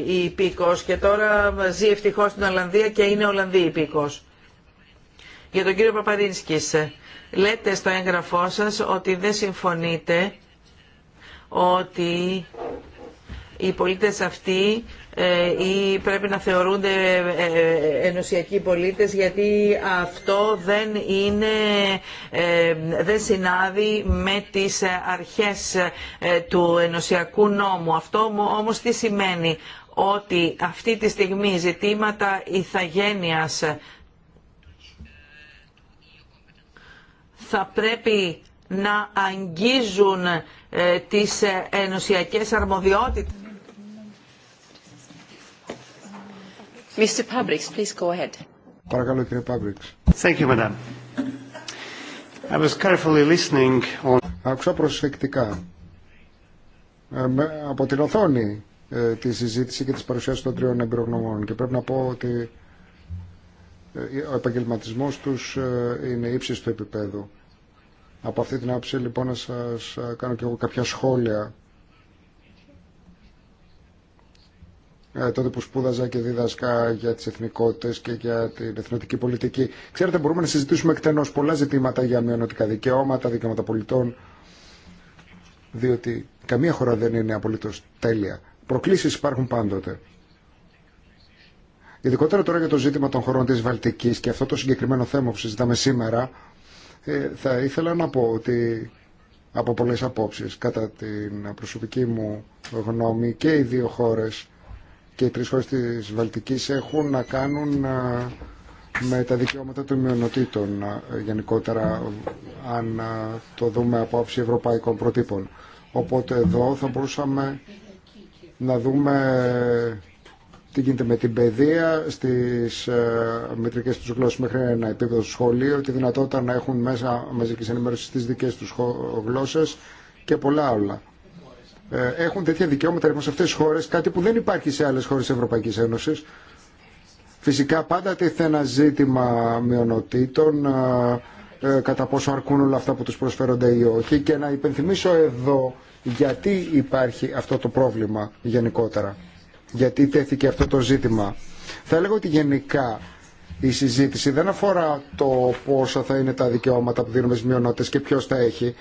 η υπήκο και τώρα ζει ευτυχώς στην Ολλανδία και είναι Ολλανδή Υπήκο. Για τον κύριο Παπαδίνσκη, λέτε στο έγγραφό σα ότι δεν συμφωνείτε ότι οι πολίτες αυτοί ε, ή πρέπει να θεωρούνται ε, ε, ενωσιακοί πολίτες γιατί αυτό δεν είναι δεν συνάδει με τις αρχές του ενωσιακού νόμου. Αυτό όμως τι σημαίνει ότι αυτή τη στιγμή ζητήματα ηθαγένειας θα πρέπει να αγγίζουν τις ενωσιακές αρμοδιότητες. Παρακαλώ κύριε Πάμπριξ. Thank Άκουσα προσεκτικά ε, από την οθόνη ε, τη συζήτηση και τις παρουσιάσεις των τριών εμπειρογνωμών και πρέπει να πω ότι ε, ο επαγγελματισμό τους είναι ύψιστο του επίπεδου. Από αυτή την άποψη λοιπόν να σα κάνω και εγώ κάποια σχόλια Ε, τότε που σπούδαζα και δίδασκα για τις εθνικότητες και για την εθνική πολιτική. Ξέρετε, μπορούμε να συζητήσουμε εκτενώς πολλά ζητήματα για μειωνοτικά δικαιώματα, δικαιώματα πολιτών, διότι καμία χώρα δεν είναι απολύτως τέλεια. Προκλήσεις υπάρχουν πάντοτε. Ειδικότερα τώρα για το ζήτημα των χωρών της Βαλτικής και αυτό το συγκεκριμένο θέμα που συζητάμε σήμερα, ε, θα ήθελα να πω ότι από πολλές απόψεις, κατά την προσωπική μου γνώμη και οι δύο χώρες και οι τρεις χώρες της Βαλτικής έχουν να κάνουν με τα δικαιώματα των μειονοτήτων γενικότερα αν το δούμε από άψη ευρωπαϊκών προτύπων. Οπότε εδώ θα μπορούσαμε να δούμε τι γίνεται με την παιδεία στις μετρικές τους γλώσσες μέχρι ένα επίπεδο στο σχολείο, τη δυνατότητα να έχουν μέσα μαζικής ενημέρωσης στις δικές τους γλώσσες και πολλά άλλα. Ε, έχουν τέτοια δικαιώματα λοιπόν σε αυτέ τι χώρε, κάτι που δεν υπάρχει σε άλλε χώρε τη Ευρωπαϊκή Ένωση. Φυσικά πάντα τίθεται ένα ζήτημα μειονοτήτων, ε, ε, κατά πόσο αρκούν όλα αυτά που του προσφέρονται ή όχι και να υπενθυμίσω εδώ γιατί υπάρχει αυτό το πρόβλημα γενικότερα. Γιατί τέθηκε αυτό το ζήτημα. Θα έλεγα ότι γενικά η συζήτηση δεν αφορά το πόσα θα είναι τα δικαιώματα που δίνουμε στις μειονότητες και ποιος τα έχει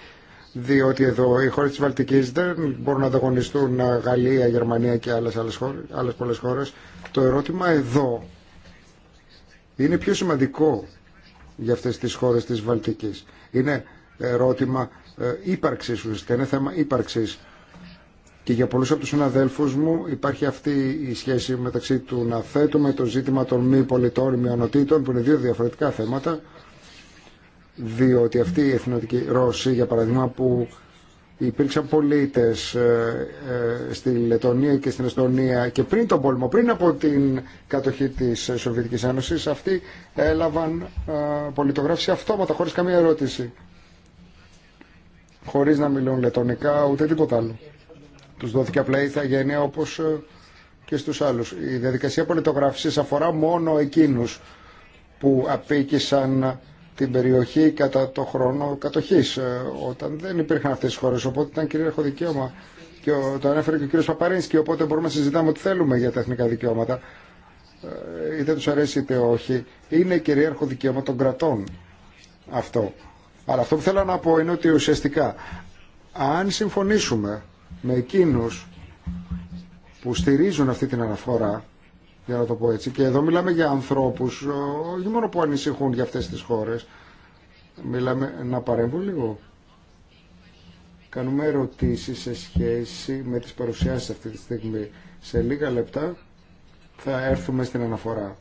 διότι εδώ οι χώρες της Βαλτικής δεν μπορούν να ανταγωνιστούν Γαλλία, Γερμανία και άλλες, άλλες, χώρες, πολλές χώρες. Το ερώτημα εδώ είναι πιο σημαντικό για αυτές τις χώρες της Βαλτικής. Είναι ερώτημα ε, ύπαρξης ουσιαστικά, είναι θέμα ύπαρξης. Και για πολλούς από τους συναδέλφους μου υπάρχει αυτή η σχέση μεταξύ του να θέτουμε το ζήτημα των μη πολιτών, μειονοτήτων, που είναι δύο διαφορετικά θέματα, διότι αυτοί οι εθνοτικοί Ρώσοι, για παράδειγμα, που υπήρξαν πολίτες ε, ε, στη Λετωνία και στην Εστονία και πριν τον πόλεμο, πριν από την κατοχή της Σοβιετικής Ένωσης, αυτοί έλαβαν ε, πολιτογράφηση αυτόματα, χωρίς καμία ερώτηση. Χωρίς να μιλούν λετωνικά, ούτε τίποτα άλλο. Τους δόθηκε απλά η θαγένεια όπως και στους άλλους. Η διαδικασία πολιτογράφησης αφορά μόνο εκείνους που απήκησαν την περιοχή κατά το χρόνο κατοχής ε, όταν δεν υπήρχαν αυτές οι χώρες οπότε ήταν κυρίαρχο δικαίωμα και το ανέφερε και ο κύριος Παπαρίνσκι οπότε μπορούμε να συζητάμε ό,τι θέλουμε για τα εθνικά δικαιώματα είτε τους αρέσει είτε όχι είναι κυρίαρχο δικαίωμα των κρατών αυτό αλλά αυτό που θέλω να πω είναι ότι ουσιαστικά αν συμφωνήσουμε με εκείνους που στηρίζουν αυτή την αναφορά για να το πω έτσι. Και εδώ μιλάμε για ανθρώπους, όχι μόνο που ανησυχούν για αυτές τις χώρες. Μιλάμε, να παρέμβουν λίγο. Κάνουμε ερωτήσεις σε σχέση με τις παρουσιάσεις αυτή τη στιγμή. Σε λίγα λεπτά θα έρθουμε στην αναφορά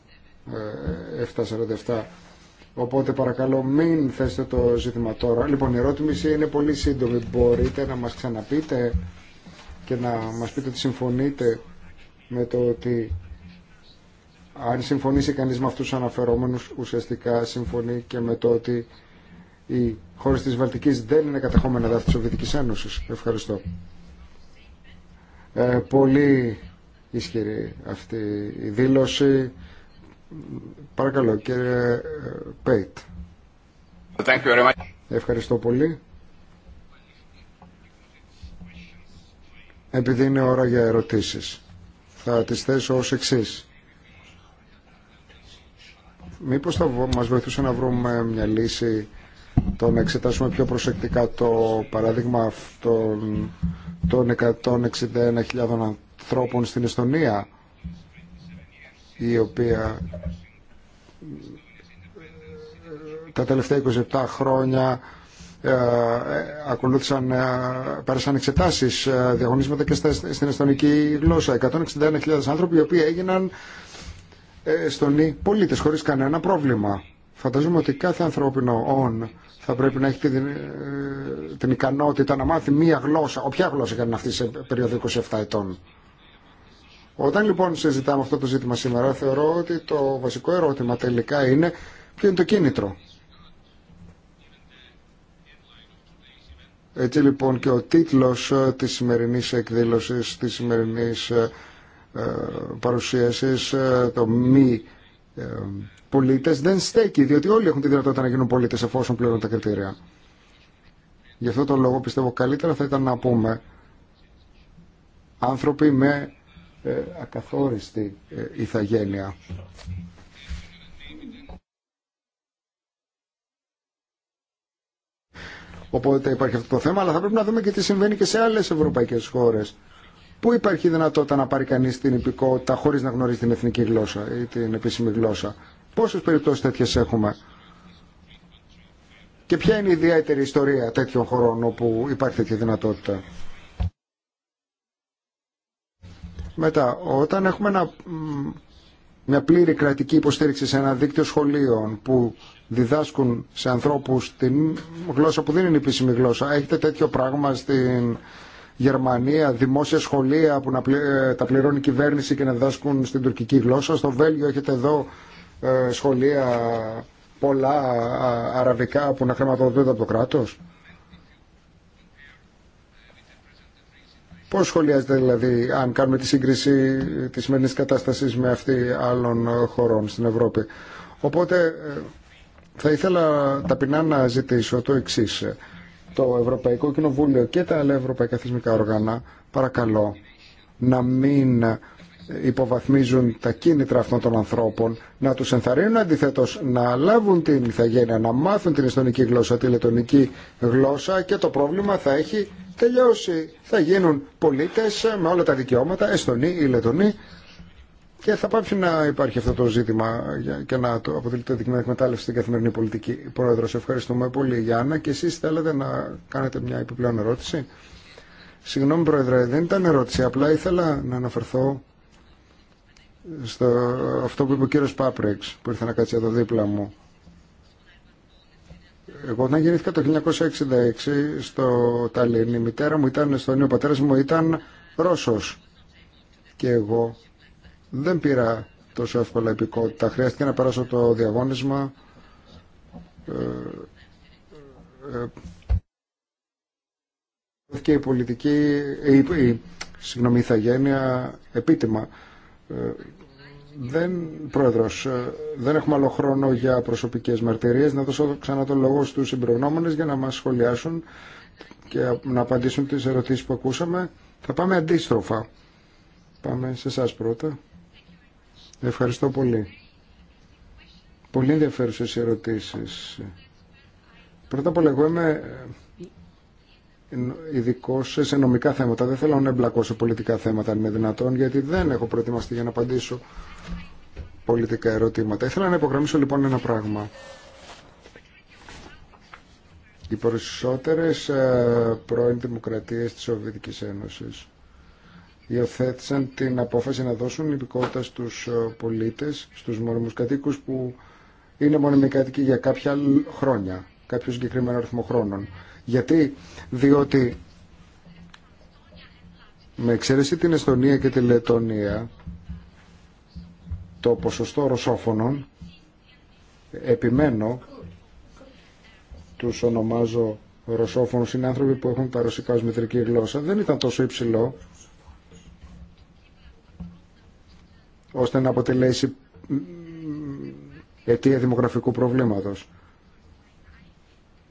747. Ε, Οπότε παρακαλώ μην θέσετε το ζήτημα τώρα. Λοιπόν, η ερώτηση είναι πολύ σύντομη. Μπορείτε να μας ξαναπείτε και να μας πείτε ότι συμφωνείτε με το ότι αν συμφωνήσει κανείς με αυτούς τους αναφερόμενους ουσιαστικά συμφωνεί και με το ότι οι χώρες της Βαλτικής δεν είναι κατεχόμενα δάφη τη Σοβιετικής Ένωσης. Ευχαριστώ. Ε, πολύ ισχυρή αυτή η δήλωση. Παρακαλώ κύριε ε, Πέιτ. Ευχαριστώ πολύ. Επειδή είναι ώρα για ερωτήσεις, θα τις θέσω ως εξής. Μήπως θα μας βοηθούσε να βρούμε μια λύση το να εξετάσουμε πιο προσεκτικά το παράδειγμα αυτών των 161.000 ανθρώπων στην Εστονία η οποία ε, τα τελευταία 27 χρόνια ε, ε, ακολούθησαν, ε, πέρασαν εξετάσεις, ε, διαγωνίσματα και στα, στην εστονική γλώσσα. 161.000 άνθρωποι οι οποίοι έγιναν ε, στον ή, πολίτε χωρίς κανένα πρόβλημα. Φανταζούμε ότι κάθε ανθρώπινο όν θα πρέπει να έχει την, ε, την ικανότητα να μάθει μία γλώσσα, όποια γλώσσα έκανε αυτή σε περίοδο 27 ετών. Όταν λοιπόν συζητάμε αυτό το ζήτημα σήμερα, θεωρώ ότι το βασικό ερώτημα τελικά είναι ποιο είναι το κίνητρο. Έτσι λοιπόν και ο τίτλος ε, της σημερινής εκδήλωσης, της σημερινής ε, παρουσίασης, ε, το μη ε, πολίτες δεν στέκει, διότι όλοι έχουν τη δυνατότητα να γίνουν πολίτες εφόσον πληρώνουν τα κριτήρια. Γι' αυτό τον λόγο πιστεύω καλύτερα θα ήταν να πούμε άνθρωποι με ακαθόριστη ηθαγένεια. Οπότε υπάρχει αυτό το θέμα, αλλά θα πρέπει να δούμε και τι συμβαίνει και σε άλλες ευρωπαϊκές χώρες. Πού υπάρχει δυνατότητα να πάρει κανεί την υπηκότητα χωρί να γνωρίζει την εθνική γλώσσα ή την επίσημη γλώσσα. Πόσε περιπτώσει τέτοιε έχουμε. Και ποια είναι η ιδιαίτερη ιστορία τέτοιων χωρών όπου υπάρχει τέτοια δυνατότητα. Μετά, όταν έχουμε μια πλήρη κρατική υποστήριξη σε ένα δίκτυο σχολείων που διδάσκουν σε ανθρώπους την γλώσσα που δεν είναι η επίσημη γλώσσα, έχετε τέτοιο πράγμα στην Γερμανία δημόσια σχολεία που να τα πληρώνει η κυβέρνηση και να διδάσκουν στην τουρκική γλώσσα. Στο Βέλγιο έχετε εδώ ε, σχολεία πολλά αραβικά που να χρηματοδοτούνται από το κράτος. Πώς σχολιάζετε δηλαδή αν κάνουμε τη σύγκριση της σημερινής κατάστασης με αυτή άλλων χωρών στην Ευρώπη. Οπότε ε, θα ήθελα ταπεινά να ζητήσω το εξής το Ευρωπαϊκό Κοινοβούλιο και τα άλλα ευρωπαϊκά θεσμικά όργανα, παρακαλώ, να μην υποβαθμίζουν τα κίνητρα αυτών των ανθρώπων, να τους ενθαρρύνουν αντιθέτως, να λάβουν την ηθαγένεια, να μάθουν την εστονική γλώσσα, τη λετωνική γλώσσα και το πρόβλημα θα έχει τελειώσει. Θα γίνουν πολίτες με όλα τα δικαιώματα, Εστονοί ή Λετωνοί, και θα πάψει να υπάρχει αυτό το ζήτημα και να το αποτελείται αντικείμενο εκμετάλλευση στην καθημερινή πολιτική. Πρόεδρο, ευχαριστούμε πολύ, Γιάννα. Και εσεί θέλετε να κάνετε μια επιπλέον ερώτηση. Συγγνώμη, Πρόεδρε, δεν ήταν ερώτηση. Απλά ήθελα να αναφερθώ στο αυτό που είπε ο κύριο Πάπρεξ, που ήρθε να κάτσει εδώ δίπλα μου. Εγώ όταν γεννήθηκα το 1966 στο Ταλίνι, η μητέρα μου ήταν στον ο πατέρα μου ήταν Ρώσος. Και εγώ δεν πήρα τόσο εύκολα υπηκότητα. Χρειάστηκε να περάσω το διαγώνισμα. Ε, ε, και η πολιτική, η, η συγγνώμη, ε, δεν, πρόεδρος, δεν έχουμε άλλο χρόνο για προσωπικές μαρτυρίες. Να δώσω ξανά τον λόγο στους συμπρογνώμονες για να μας σχολιάσουν και να απαντήσουν τις ερωτήσεις που ακούσαμε. Θα πάμε αντίστροφα. Πάμε σε εσά πρώτα. Ευχαριστώ πολύ. Πολύ ενδιαφέρουσες ερωτήσεις. Πρώτα απ' όλα, εγώ είμαι ε, ειδικό σε νομικά θέματα. Δεν θέλω να εμπλακώ σε πολιτικά θέματα, αν είναι δυνατόν, γιατί δεν έχω προετοιμαστεί για να απαντήσω πολιτικά ερωτήματα. Ήθελα να υπογραμμίσω λοιπόν ένα πράγμα. Οι περισσότερε ε, πρώην δημοκρατίε της Σοβιετική Ένωση υιοθέτησαν την απόφαση να δώσουν υπηκότητα στους ε, πολίτες, στους μόνιμους κατοίκους που είναι μόνιμοι κάτοικοι για κάποια χρόνια, κάποιο συγκεκριμένο αριθμό χρόνων. Γιατί, διότι με εξαίρεση την Εστονία και τη Λετωνία, το ποσοστό ρωσόφωνων, επιμένω, τους ονομάζω ρωσόφωνους, είναι άνθρωποι που έχουν τα ρωσικά ως γλώσσα, δεν ήταν τόσο υψηλό ώστε να αποτελέσει αιτία δημογραφικού προβλήματος.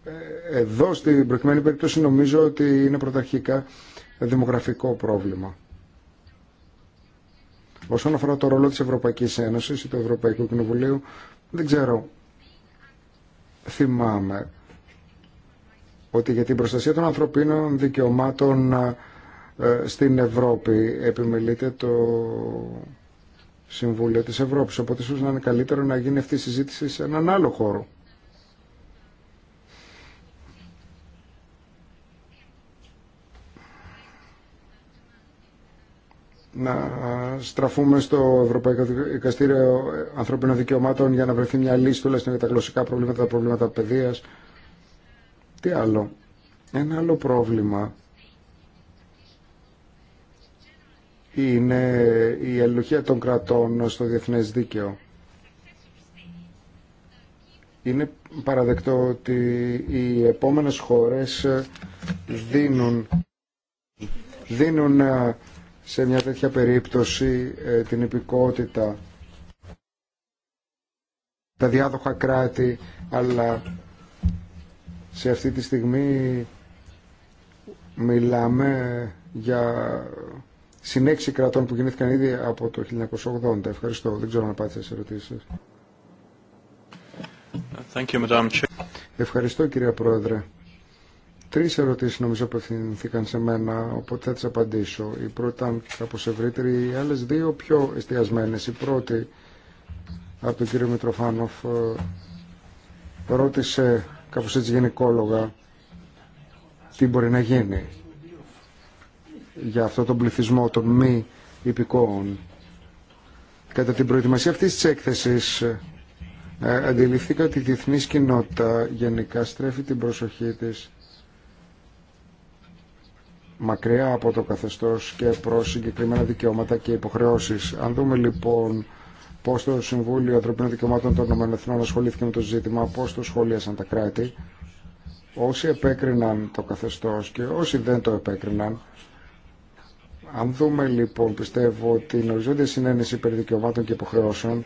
Ε, εδώ στην προκειμένη περίπτωση νομίζω ότι είναι πρωταρχικά δημογραφικό πρόβλημα. Όσον αφορά το ρόλο της Ευρωπαϊκής Ένωσης ή του Ευρωπαϊκού Κοινοβουλίου, δεν ξέρω, θυμάμαι ότι για την προστασία των ανθρωπίνων δικαιωμάτων ε, στην Ευρώπη επιμελείται το Συμβούλιο της Ευρώπης. Οπότε ίσως να είναι καλύτερο να γίνει αυτή η συζήτηση σε έναν άλλο χώρο. να στραφούμε στο Ευρωπαϊκό Δικαστήριο Ανθρωπίνων Δικαιωμάτων για να βρεθεί μια λύση τουλάχιστον για τα γλωσσικά προβλήματα, τα προβλήματα παιδείας. Τι άλλο. Ένα άλλο πρόβλημα είναι η αλληλογία των κρατών στο διεθνές δίκαιο. Είναι παραδεκτό ότι οι επόμενες χώρες δίνουν, δίνουν ε, σε μια τέτοια περίπτωση ε, την υπηκότητα τα διάδοχα κράτη, αλλά σε αυτή τη στιγμή μιλάμε για συνέξι κρατών που γεννήθηκαν ήδη από το 1980. Ευχαριστώ. Δεν ξέρω αν απάντησα σε ερωτήσεις. Thank Ευχαριστώ κυρία Πρόεδρε. Τρεις ερωτήσεις νομίζω απευθυνθήκαν σε μένα, οπότε θα τις απαντήσω. Η πρώτη ήταν κάπως ευρύτερη, οι άλλες δύο πιο εστιασμένες. Η πρώτη από τον κύριο Μητροφάνοφ ε, ρώτησε κάπως έτσι γενικόλογα τι μπορεί να γίνει για αυτόν τον πληθυσμό των μη υπηκόων. Κατά την προετοιμασία αυτής της έκθεσης ε, αντιληφθήκα ότι η διεθνής κοινότητα γενικά στρέφει την προσοχή της μακριά από το καθεστώς και προς συγκεκριμένα δικαιώματα και υποχρεώσεις. Αν δούμε λοιπόν πώς το Συμβούλιο Ανθρωπίνων Δικαιωμάτων των ΗΠΑ ασχολήθηκε με το ζήτημα, πώς το σχολίασαν τα κράτη, όσοι επέκριναν το καθεστώς και όσοι δεν το επέκριναν, αν δούμε λοιπόν, πιστεύω, ότι την οριζόντια συνένεση περί δικαιωμάτων και υποχρεώσεων,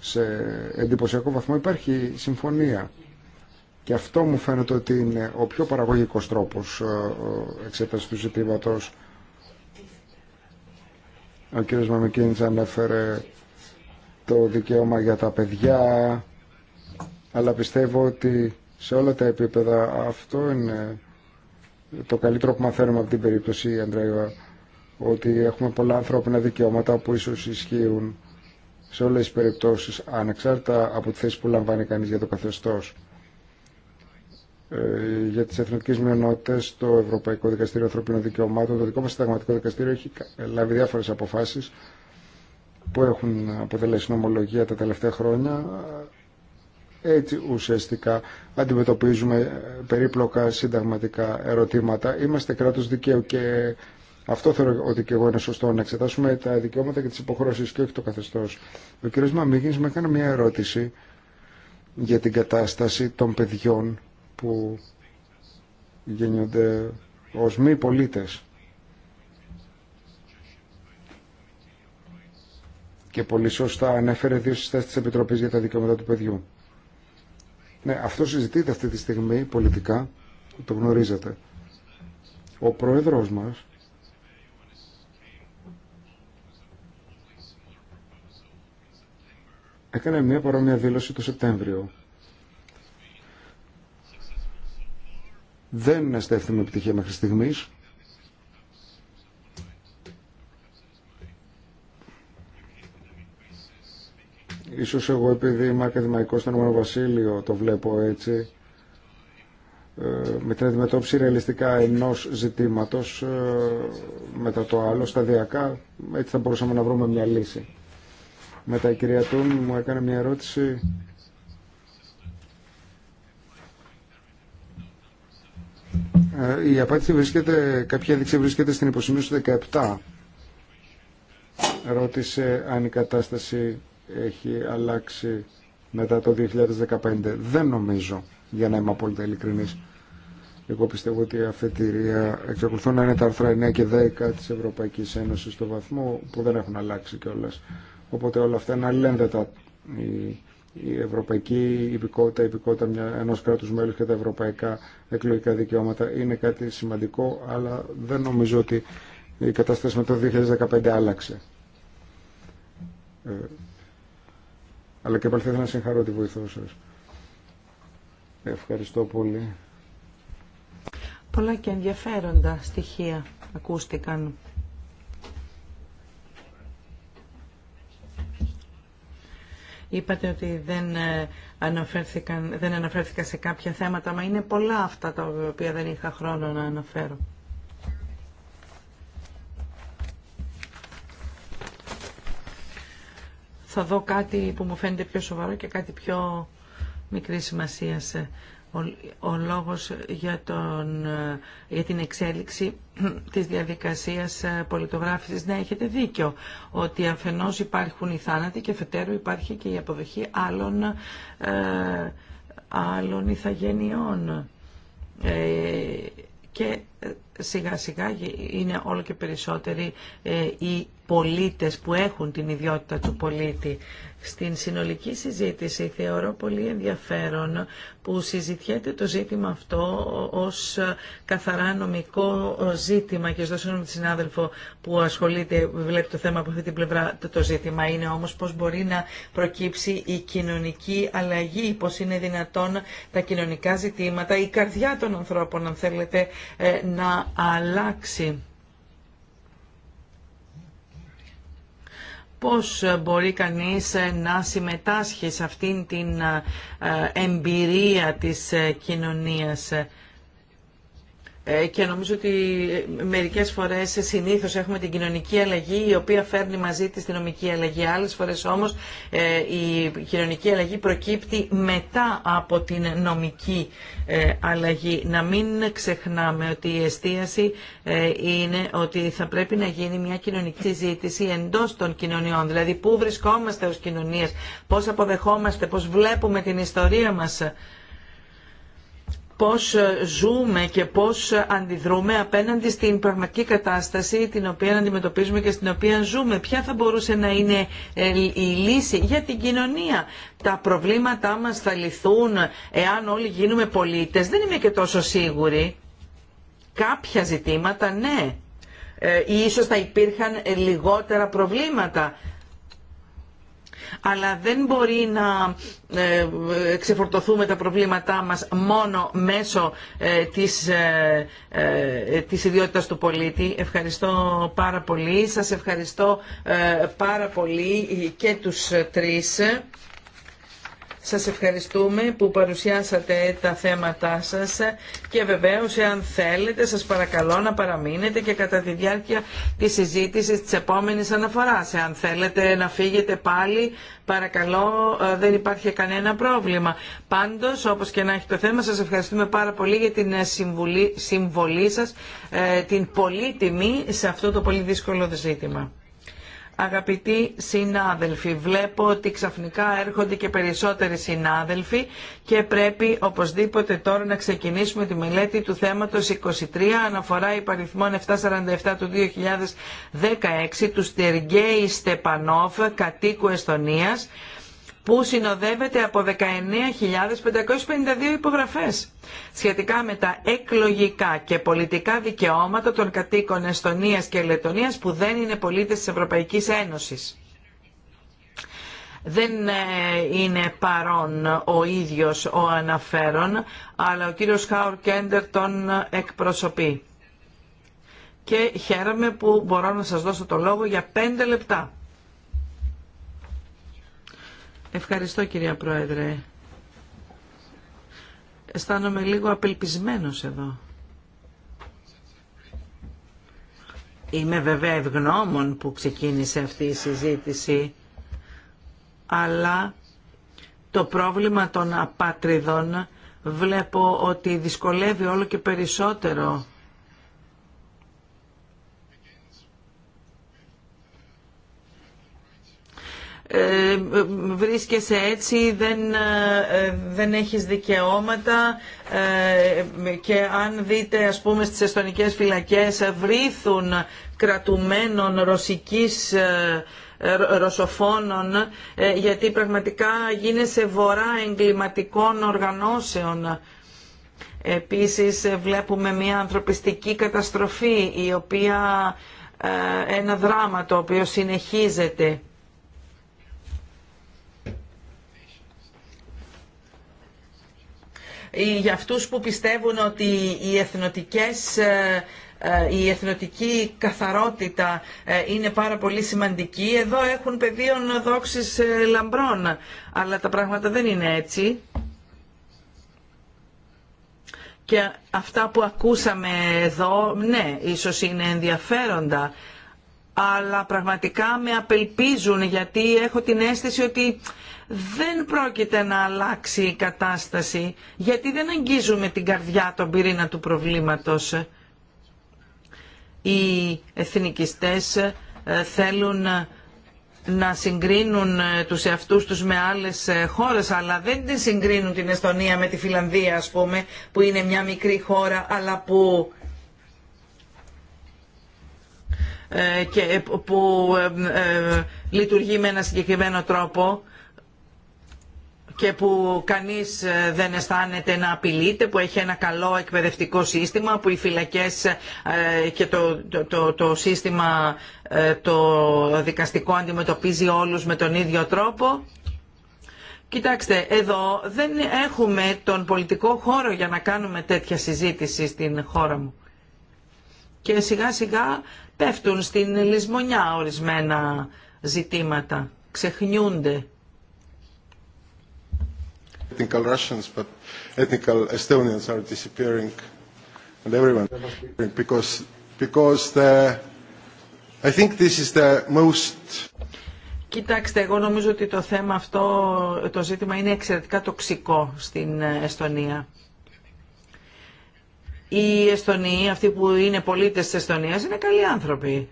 σε εντυπωσιακό βαθμό υπάρχει συμφωνία. Και αυτό μου φαίνεται ότι είναι ο πιο παραγωγικός τρόπος ε, ε, εξέταση του ζητήματο. Ο κ. Μαμικίνης ανέφερε το δικαίωμα για τα παιδιά, αλλά πιστεύω ότι σε όλα τα επίπεδα αυτό είναι το καλύτερο που μαθαίνουμε από την περίπτωση Ανδρέα ότι έχουμε πολλά ανθρώπινα δικαιώματα που ίσως ισχύουν σε όλες τις περιπτώσεις ανεξάρτητα από τη θέση που λαμβάνει κανείς για το καθεστώς. Ε, για τις εθνικές μειονότητες, το Ευρωπαϊκό Δικαστήριο Ανθρωπίνων Δικαιωμάτων, το δικό μας συνταγματικό δικαστήριο έχει λάβει διάφορες αποφάσεις που έχουν αποτελέσει νομολογία τα τελευταία χρόνια. Έτσι ουσιαστικά αντιμετωπίζουμε περίπλοκα συνταγματικά ερωτήματα. Είμαστε κράτος δικαίου και αυτό θεωρώ ότι και εγώ είναι σωστό, να εξετάσουμε τα δικαιώματα και τι υποχρεώσει και όχι το καθεστώ. Ο κ. Μαμίγκη με έκανε μια ερώτηση για την κατάσταση των παιδιών που γεννιούνται ως μη πολίτες. Και πολύ σωστά ανέφερε δύο συστάσει τη επιτροπή για τα δικαιώματα του παιδιού. Ναι, αυτό συζητείται αυτή τη στιγμή πολιτικά, το γνωρίζετε. Ο πρόεδρος μας έκανε μια παρόμοια δήλωση το Σεπτέμβριο. Δεν εστέφθη με επιτυχία μέχρι στιγμής. Ίσως εγώ επειδή είμαι ακαδημαϊκός στον Ρωμανό Βασίλειο το βλέπω έτσι ε, με την αντιμετώπιση ρεαλιστικά ενός ζητήματος ε, μετά το άλλο σταδιακά έτσι θα μπορούσαμε να βρούμε μια λύση. Μετά η κυρία μου έκανε μια ερώτηση ε, Η απάντηση βρίσκεται, κάποια έδειξη βρίσκεται στην υποσημείωση 17. Ρώτησε αν η κατάσταση έχει αλλάξει μετά το 2015. Δεν νομίζω, για να είμαι απόλυτα ειλικρινής. Εγώ πιστεύω ότι η αφετηρία εξακολουθούν να είναι τα άρθρα 9 και 10 της Ευρωπαϊκής Ένωσης στο βαθμό που δεν έχουν αλλάξει κιόλας. Οπότε όλα αυτά είναι αλληλένδετα. Η, η ευρωπαϊκή υπηκότητα, η υπηκότητα ενός κράτους μέλους και τα ευρωπαϊκά εκλογικά δικαιώματα είναι κάτι σημαντικό, αλλά δεν νομίζω ότι η κατάσταση μετά το 2015 άλλαξε. Ε, αλλά και πάλι να συγχαρώ τη βοηθό σα. Ευχαριστώ πολύ. Πολλά και ενδιαφέροντα στοιχεία ακούστηκαν. Είπατε ότι δεν ε, αναφέρθηκαν, δεν αναφέρθηκα σε κάποια θέματα, μα είναι πολλά αυτά τα οποία δεν είχα χρόνο να αναφέρω. Θα δω κάτι που μου φαίνεται πιο σοβαρό και κάτι πιο μικρή σημασία ο λόγος για, τον, ε, για την εξέλιξη της διαδικασίας ε, πολιτογράφησης. Ναι, έχετε δίκιο ότι αφενός υπάρχουν οι θάνατοι και φετέρου υπάρχει και η αποδοχή άλλων, ε, άλλων ηθαγενειών. και σιγά σιγά είναι όλο και περισσότεροι ε, οι πολίτες που έχουν την ιδιότητα του πολίτη. Στην συνολική συζήτηση θεωρώ πολύ ενδιαφέρον που συζητιέται το ζήτημα αυτό ως καθαρά νομικό ζήτημα και στο με τη συνάδελφο που ασχολείται, βλέπει το θέμα από αυτή την πλευρά το ζήτημα είναι όμως πώς μπορεί να προκύψει η κοινωνική αλλαγή, πώς είναι δυνατόν τα κοινωνικά ζητήματα, η καρδιά των ανθρώπων αν θέλετε ε, να αλλάξει. πώς μπορεί κανείς ε, να συμμετάσχει σε αυτήν την ε, ε, εμπειρία της κοινωνίας. Ε, και νομίζω ότι ε, μερικές φορές συνήθω έχουμε την κοινωνική αλλαγή η οποία φέρνει μαζί της την νομική αλλαγή. Άλλες φορές όμως ε, η κοινωνική αλλαγή προκύπτει μετά από την νομική αλλαγή. Να μην ξεχνάμε ότι η εστίαση είναι ότι θα πρέπει να γίνει μια κοινωνική συζήτηση εντός των κοινωνιών. Δηλαδή πού βρισκόμαστε ω κοινωνίε, πώ αποδεχόμαστε, πώ βλέπουμε την ιστορία μας πώς ε, ζούμε και πώς ε, αντιδρούμε απέναντι στην πραγματική κατάσταση την οποία αντιμετωπίζουμε και στην οποία ζούμε. Ποια θα μπορούσε να είναι ε, η λύση για την κοινωνία. Τα προβλήματά μας θα λυθούν εάν όλοι γίνουμε πολίτες. Δεν είμαι και τόσο σίγουρη. Κάποια ζητήματα ναι. Ίσως θα υπήρχαν λιγότερα προβλήματα αλλά δεν μπορεί να ε, ξεφορτωθούμε τα προβλήματά μας μόνο μέσω ε, της, ε, της ιδιότητας του πολίτη. Ευχαριστώ πάρα πολύ. Σας ευχαριστώ πάρα πολύ και τους τρεις. Σας ευχαριστούμε που παρουσιάσατε τα θέματά σας και βεβαίως εάν θέλετε σας παρακαλώ να παραμείνετε και κατά τη διάρκεια της συζήτησης της επόμενης αναφοράς. Εάν θέλετε να φύγετε πάλι παρακαλώ ε, δεν υπάρχει κανένα πρόβλημα. Πάντως όπως και να έχει το θέμα σας ευχαριστούμε πάρα πολύ για την ε, συμβολή σας, ε, την πολύτιμη σε αυτό το πολύ δύσκολο ζήτημα. Αγαπητοί συνάδελφοι, βλέπω ότι ξαφνικά έρχονται και περισσότεροι συνάδελφοι και πρέπει οπωσδήποτε τώρα να ξεκινήσουμε τη μελέτη του θέματος 23 αναφορά υπαριθμών 747 του 2016 του Στεργέη Στεπανόφ, κατοίκου Εστονίας, που συνοδεύεται από 19.552 υπογραφές σχετικά με τα εκλογικά και πολιτικά δικαιώματα των κατοίκων Εστονίας και Λετωνίας που δεν είναι πολίτες της Ευρωπαϊκής Ένωσης. Δεν ε, είναι παρόν ο ίδιος ο αναφέρον, αλλά ο κύριος Χάουρ Κέντερ τον εκπροσωπεί. Και χαίρομαι που μπορώ να σας δώσω το λόγο για πέντε λεπτά. Ευχαριστώ κυρία Πρόεδρε. Αισθάνομαι λίγο απελπισμένος εδώ. Είμαι βέβαια ευγνώμων που ξεκίνησε αυτή η συζήτηση, αλλά το πρόβλημα των απάτριδων βλέπω ότι δυσκολεύει όλο και περισσότερο Ε, βρίσκεσαι έτσι, δεν, ε, δεν έχεις δικαιώματα ε, και αν δείτε ας πούμε στις εστονικές φυλακές βρίθουν κρατουμένων ρωσικής ρωσοφόνων γιατί πραγματικά γίνεσαι βόρα εγκληματικών οργανώσεων. Επίσης βλέπουμε μια ανθρωπιστική καταστροφή η οποία ένα δράμα το οποίο συνεχίζεται. για αυτούς που πιστεύουν ότι οι ε, ε, η εθνοτική καθαρότητα ε, είναι πάρα πολύ σημαντική. Εδώ έχουν πεδίο δόξης λαμπρών, αλλά τα πράγματα δεν είναι έτσι. Και αυτά που ακούσαμε εδώ, ναι, ίσως είναι ενδιαφέροντα αλλά πραγματικά με απελπίζουν γιατί έχω την αίσθηση ότι δεν πρόκειται να αλλάξει η κατάσταση γιατί δεν αγγίζουμε την καρδιά τον πυρήνα του προβλήματος. Οι εθνικιστές ε, θέλουν ε, να συγκρίνουν ε, τους εαυτούς τους με άλλες χώρες αλλά δεν την συγκρίνουν την Εστονία με τη Φιλανδία ας πούμε που είναι μια μικρή χώρα αλλά που Ε, και ε, που ε, λειτουργεί με ένα συγκεκριμένο τρόπο και που κανείς δεν αισθάνεται να απειλείται, που έχει ένα καλό εκπαιδευτικό σύστημα, που οι φυλακές και το, το, το, το σύστημα το δικαστικό αντιμετωπίζει όλους με τον ίδιο τρόπο. Κοιτάξτε, εδώ δεν έχουμε τον πολιτικό χώρο για να κάνουμε τέτοια συζήτηση στην χώρα μου. Και σιγά σιγά πέφτουν στην λησμονιά ορισμένα ζητήματα, ξεχνιούνται. Ethnical Russians, but ethnical Estonians are disappearing, and everyone because because the I think this is the most. Κοιτάξτε, εγώ νομίζω ότι το θέμα αυτό, το ζήτημα είναι εξαιρετικά τοξικό στην ε, Εστονία. Οι Εστονοί, αυτοί που είναι πολίτες της Εστονίας, είναι καλοί άνθρωποι.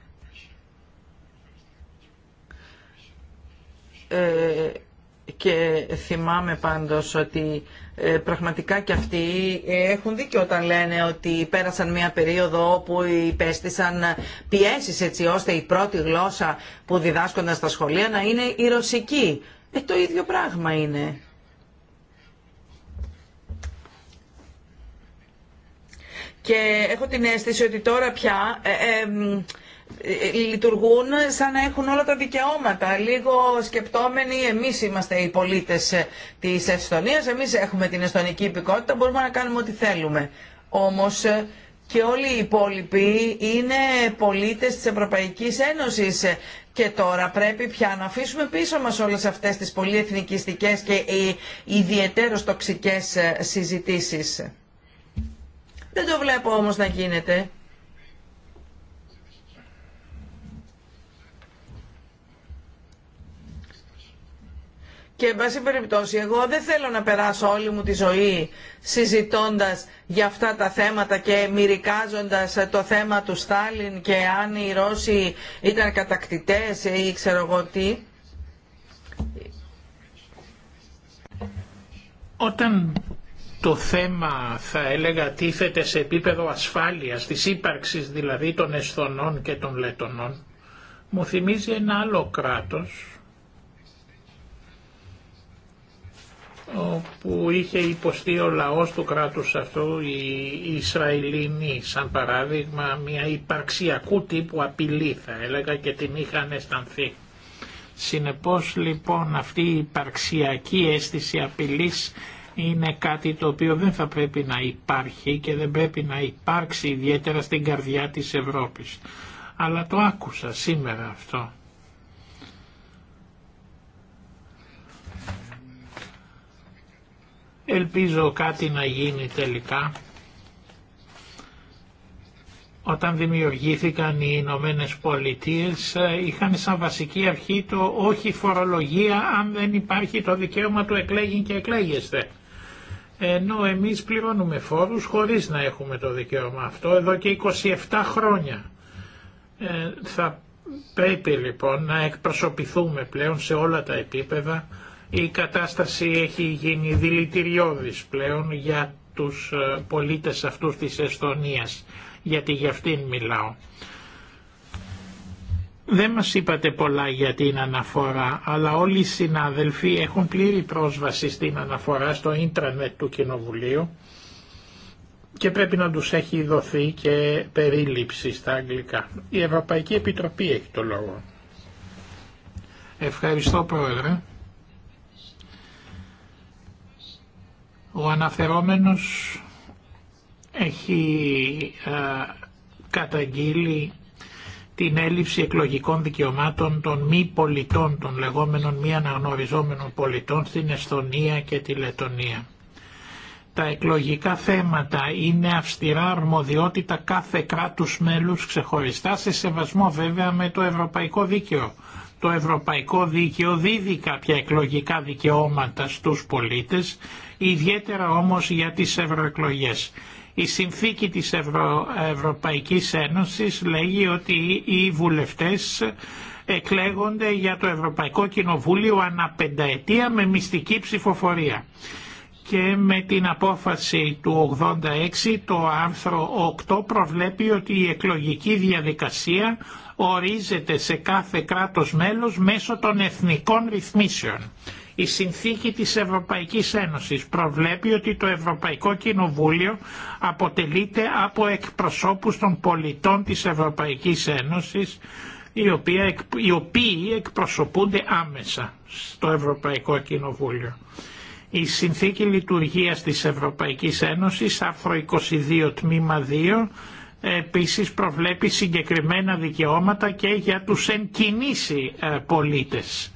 Ε, και θυμάμαι πάντως ότι ε, πραγματικά και αυτοί ε, έχουν δίκιο όταν λένε ότι πέρασαν μια περίοδο όπου υπέστησαν πιέσεις έτσι ώστε η πρώτη γλώσσα που διδάσκονταν στα σχολεία να είναι η ρωσική. Ε, το ίδιο πράγμα είναι. Και έχω την αίσθηση ότι τώρα πια ε, ε, λειτουργούν σαν να έχουν όλα τα δικαιώματα. Λίγο σκεπτόμενοι, εμείς είμαστε οι πολίτες ε, της Εστονίας, εμείς έχουμε την εστονική υπηκότητα, μπορούμε να κάνουμε ό,τι θέλουμε. Όμως και όλοι οι υπόλοιποι είναι πολίτες της Ευρωπαϊκής Ένωσης και τώρα πρέπει πια να αφήσουμε πίσω μας όλες αυτές τις πολυεθνικιστικές και ιδιαίτερως τοξικές συζητήσεις. Δεν το βλέπω όμως να γίνεται. Και εν πάση περιπτώσει, εγώ δεν θέλω να περάσω όλη μου τη ζωή συζητώντας για αυτά τα θέματα και μυρικάζοντας το θέμα του Στάλιν και αν οι Ρώσοι ήταν κατακτητές ή ξέρω εγώ τι. Όταν το θέμα θα έλεγα τίθεται σε επίπεδο ασφάλειας, της ύπαρξης δηλαδή των Εσθονών και των Λετωνών, μου θυμίζει ένα άλλο κράτος όπου είχε υποστεί ο λαός του κράτους αυτού, οι Ισραηλίνοι σαν παράδειγμα, μια υπαρξιακού τύπου απειλή θα έλεγα και την είχαν αισθανθεί. Συνεπώς λοιπόν αυτή η υπαρξιακή αίσθηση απειλής είναι κάτι το οποίο δεν θα πρέπει να υπάρχει και δεν πρέπει να υπάρξει ιδιαίτερα στην καρδιά της Ευρώπης. Αλλά το άκουσα σήμερα αυτό. Ελπίζω κάτι να γίνει τελικά. Όταν δημιουργήθηκαν οι Ηνωμένε Πολιτείε είχαν σαν βασική αρχή το όχι φορολογία αν δεν υπάρχει το δικαίωμα του εκλέγει και εκλέγεστε ενώ εμείς πληρώνουμε φόρους χωρίς να έχουμε το δικαίωμα αυτό εδώ και 27 χρόνια. Ε, θα πρέπει λοιπόν να εκπροσωπηθούμε πλέον σε όλα τα επίπεδα. Η κατάσταση έχει γίνει δηλητηριώδης πλέον για τους ε, πολίτες αυτούς της Εστονίας, γιατί για αυτήν μιλάω. Δεν μας είπατε πολλά για την αναφορά, αλλά όλοι οι συνάδελφοι έχουν πλήρη πρόσβαση στην αναφορά στο ίντρανετ του Κοινοβουλίου και πρέπει να τους έχει δοθεί και περίληψη στα αγγλικά. Η Ευρωπαϊκή Επιτροπή έχει το λόγο. Ευχαριστώ Πρόεδρε. Ο αναφερόμενος έχει α, ε, καταγγείλει την έλλειψη εκλογικών δικαιωμάτων των μη πολιτών, των λεγόμενων μη αναγνωριζόμενων πολιτών στην Εσθονία και τη Λετωνία. Τα εκλογικά θέματα είναι αυστηρά αρμοδιότητα κάθε κράτους μέλους ξεχωριστά σε σεβασμό βέβαια με το ευρωπαϊκό δίκαιο. Το ευρωπαϊκό δίκαιο δίδει κάποια εκλογικά δικαιώματα στους πολίτες, ιδιαίτερα όμως για τις ευρωεκλογές. Η συνθήκη της Ευρω... Ευρωπαϊκής Ένωσης λέγει ότι οι βουλευτές εκλέγονται για το Ευρωπαϊκό Κοινοβούλιο ανά πενταετία με μυστική ψηφοφορία. Και με την απόφαση του 86 το άρθρο 8 προβλέπει ότι η εκλογική διαδικασία ορίζεται σε κάθε κράτος μέλος μέσω των εθνικών ρυθμίσεων. Η συνθήκη της Ευρωπαϊκής Ένωσης προβλέπει ότι το Ευρωπαϊκό Κοινοβούλιο αποτελείται από εκπροσώπους των πολιτών της Ευρωπαϊκής Ένωσης οι οποίοι εκπροσωπούνται άμεσα στο Ευρωπαϊκό Κοινοβούλιο. Η Συνθήκη Λειτουργίας της Ευρωπαϊκής Ένωσης, άρθρο 22 τμήμα 2, επίσης προβλέπει συγκεκριμένα δικαιώματα και για τους εν κινήσει ε, πολίτες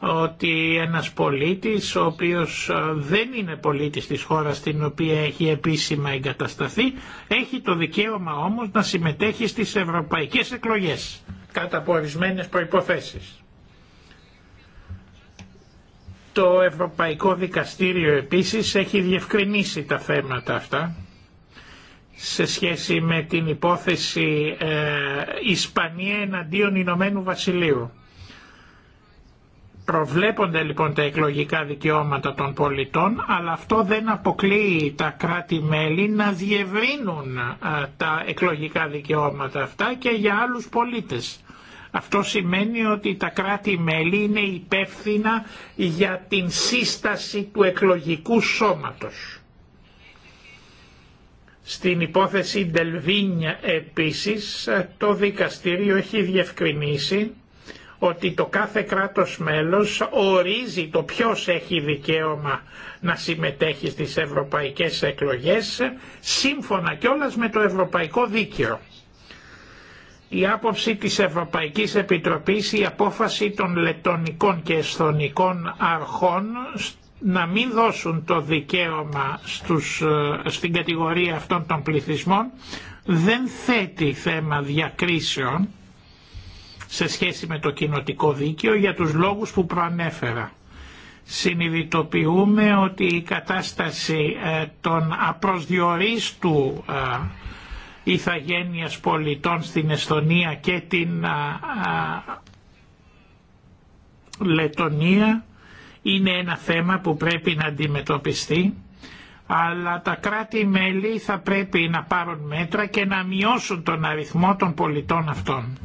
ότι ένας πολίτης ο οποίος ε, δεν είναι πολίτης της χώρας στην οποία έχει επίσημα εγκατασταθεί έχει το δικαίωμα όμως να συμμετέχει στις ευρωπαϊκές εκλογές κατά από προϋποθέσεις. Το Ευρωπαϊκό Δικαστήριο επίσης έχει διευκρινίσει τα θέματα αυτά σε σχέση με την υπόθεση ε, Ισπανία εναντίον Ηνωμένου Βασιλείου. Προβλέπονται λοιπόν τα εκλογικά δικαιώματα των πολιτών, αλλά αυτό δεν αποκλείει τα κράτη-μέλη να διευρύνουν τα εκλογικά δικαιώματα αυτά και για άλλους πολίτες. Αυτό σημαίνει ότι τα κράτη-μέλη είναι υπεύθυνα για την σύσταση του εκλογικού σώματος. Στην υπόθεση Ντελβίνια επίσης το δικαστήριο έχει διευκρινίσει ότι το κάθε κράτος μέλος ορίζει το ποιος έχει δικαίωμα να συμμετέχει στις ευρωπαϊκές εκλογές σύμφωνα κιόλας με το ευρωπαϊκό δίκαιο. Η άποψη της Ευρωπαϊκής Επιτροπής, η απόφαση των λετονικών και εσθονικών αρχών να μην δώσουν το δικαίωμα στους, στην κατηγορία αυτών των πληθυσμών δεν θέτει θέμα διακρίσεων σε σχέση με το κοινοτικό δίκαιο για τους λόγους που προανέφερα. Συνειδητοποιούμε ότι η κατάσταση ε, των απροσδιορίστου ε, ηθαγένειας πολιτών στην Εσθονία και την ε, Λετονία είναι ένα θέμα που πρέπει να αντιμετωπιστεί αλλά τα κράτη-μέλη θα πρέπει να πάρουν μέτρα και να μειώσουν τον αριθμό των πολιτών αυτών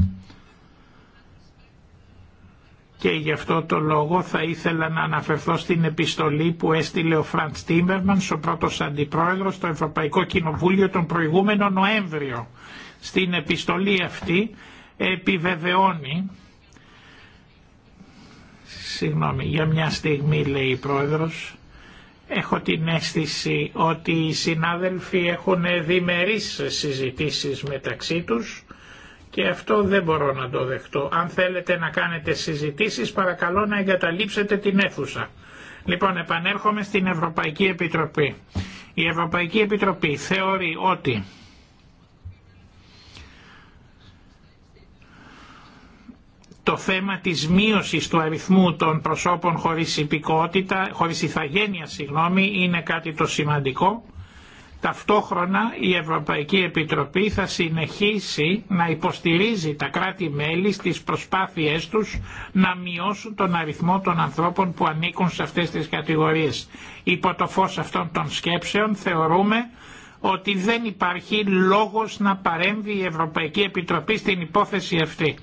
και γι' αυτό το λόγο θα ήθελα να αναφερθώ στην επιστολή που έστειλε ο Φραντ Τίμερμαν, ο πρώτο αντιπρόεδρο στο Ευρωπαϊκό Κοινοβούλιο τον προηγούμενο Νοέμβριο. Στην επιστολή αυτή επιβεβαιώνει Συγγνώμη, για μια στιγμή λέει η πρόεδρος, έχω την αίσθηση ότι οι συνάδελφοι έχουν διμερείς συζητήσεις μεταξύ τους και αυτό δεν μπορώ να το δεχτώ. Αν θέλετε να κάνετε συζητήσεις παρακαλώ να εγκαταλείψετε την αίθουσα. Λοιπόν, επανέρχομαι στην Ευρωπαϊκή Επιτροπή. Η Ευρωπαϊκή Επιτροπή θεωρεί ότι το θέμα της μείωσης του αριθμού των προσώπων χωρίς υπηκότητα, χωρίς ηθαγένεια συγγνώμη, είναι κάτι το σημαντικό Ταυτόχρονα η Ευρωπαϊκή Επιτροπή θα συνεχίσει να υποστηρίζει τα κράτη-μέλη στις προσπάθειές τους να μειώσουν τον αριθμό των ανθρώπων που ανήκουν σε αυτές τις κατηγορίες. Υπό το φως αυτών των σκέψεων θεωρούμε ότι δεν υπάρχει λόγος να παρέμβει η Ευρωπαϊκή Επιτροπή στην υπόθεση αυτή.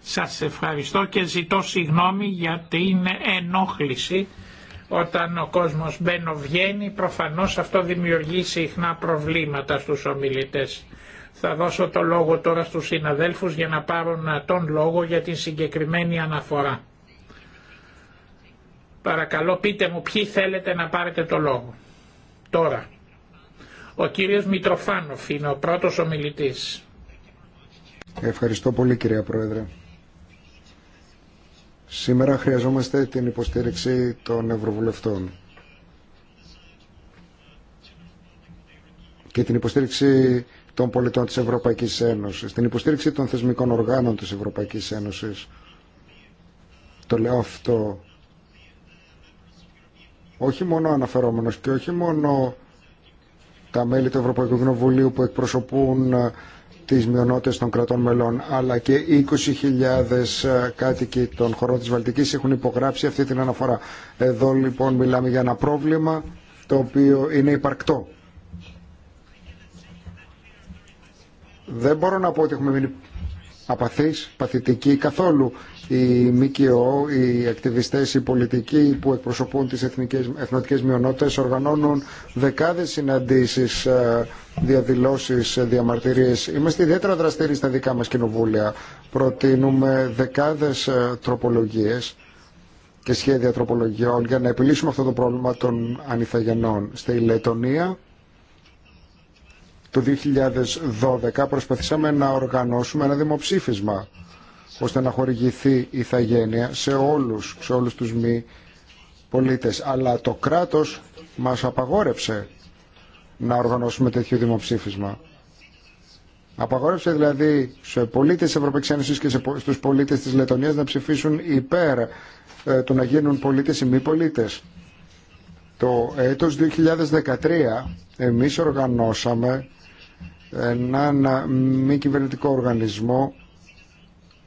Σας ευχαριστώ και ζητώ συγγνώμη για την ενόχληση όταν ο κόσμος μπαίνω βγαίνει προφανώς αυτό δημιουργεί συχνά προβλήματα στους ομιλητές. Θα δώσω το λόγο τώρα στους συναδέλφους για να πάρουν τον λόγο για την συγκεκριμένη αναφορά. Παρακαλώ πείτε μου ποιοι θέλετε να πάρετε το λόγο. Τώρα. Ο κύριος Μητροφάνοφ είναι ο πρώτος ομιλητής. Ευχαριστώ πολύ κυρία Πρόεδρε. Σήμερα χρειαζόμαστε την υποστήριξη των Ευρωβουλευτών και την υποστήριξη των πολιτών της Ευρωπαϊκής Ένωσης, την υποστήριξη των θεσμικών οργάνων της Ευρωπαϊκής Ένωσης. Το λέω αυτό όχι μόνο αναφερόμενος και όχι μόνο τα μέλη του Ευρωπαϊκού Κοινοβουλίου που εκπροσωπούν τις μειονότητες των κρατών μελών αλλά και 20.000 ε, κάτοικοι των χωρών της Βαλτικής έχουν υπογράψει αυτή την αναφορά. Εδώ λοιπόν μιλάμε για ένα πρόβλημα το οποίο είναι υπαρκτό. Δεν μπορώ να πω ότι έχουμε μείνει απαθείς, παθητικοί καθόλου. Οι ΜΚΟ, οι ακτιβιστές, οι πολιτικοί που εκπροσωπούν τις εθνικές, εθνοτικές μειονότητες οργανώνουν δεκάδες συναντήσεις ε, Διαδηλώσει ε, διαμαρτυρίες. Είμαστε ιδιαίτερα δραστήριοι στα δικά μα κοινοβούλια. Προτείνουμε δεκάδες ε, τροπολογίες και σχέδια τροπολογιών για να επιλύσουμε αυτό το πρόβλημα των ανιθαγενών. Στη Λετωνία το 2012 προσπαθήσαμε να οργανώσουμε ένα δημοψήφισμα ώστε να χορηγηθεί η ηθαγένεια σε όλους, σε όλους τους μη πολίτες. Αλλά το κράτος μας απαγόρεψε να οργανώσουμε τέτοιο δημοψήφισμα. Απαγόρευσε δηλαδή σε πολίτε τη Ευρωπαϊκή Ένωση και στου πολίτε τη Λετωνία να ψηφίσουν υπέρ ε, του να γίνουν πολίτε ή μη πολίτε. Το έτος 2013 εμείς οργανώσαμε έναν ε, μη κυβερνητικό οργανισμό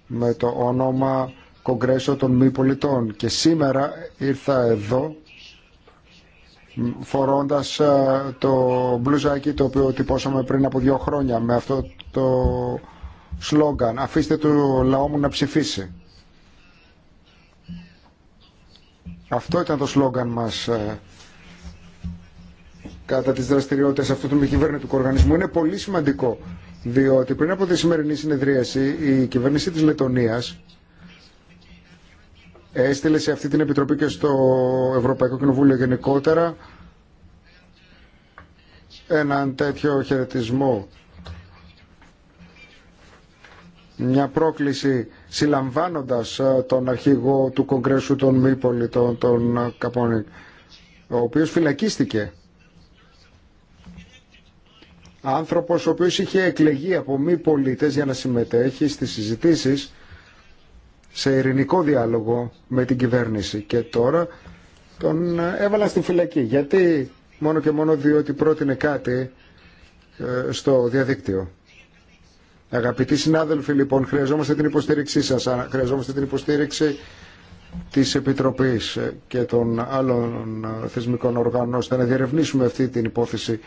με το όνομα Κογκρέσο των Μη Πολιτών και σήμερα ήρθα εδώ φορώντας ε, το μπλουζάκι το οποίο τυπώσαμε πριν από δύο χρόνια με αυτό το σλόγγαν «Αφήστε το λαό μου να ψηφίσει». Αυτό ήταν το σλόγγαν μας ε, κατά τις δραστηριότητες αυτού του μη κυβέρνητου οργανισμού. Είναι πολύ σημαντικό, διότι πριν από τη σημερινή συνεδρίαση η κυβέρνηση της Λετωνίας έστειλε σε αυτή την Επιτροπή και στο Ευρωπαϊκό Κοινοβούλιο γενικότερα έναν τέτοιο χαιρετισμό. Μια πρόκληση συλλαμβάνοντας ε, τον αρχηγό του Κογκρέσου των Μη Πολιτών, τον ε, ο οποίος φυλακίστηκε. Άνθρωπος ο οποίος είχε εκλεγεί από μη πολίτες για να συμμετέχει στις συζητήσεις σε ειρηνικό διάλογο με την κυβέρνηση και τώρα τον έβαλαν στη φυλακή. Γιατί μόνο και μόνο διότι πρότεινε κάτι ε, στο διαδίκτυο. Αγαπητοί συνάδελφοι, λοιπόν, χρειαζόμαστε την υποστήριξή σας, χρειαζόμαστε την υποστήριξη της Επιτροπής ε, και των άλλων ε, θεσμικών οργάνων, ώστε να διερευνήσουμε αυτή την υπόθεση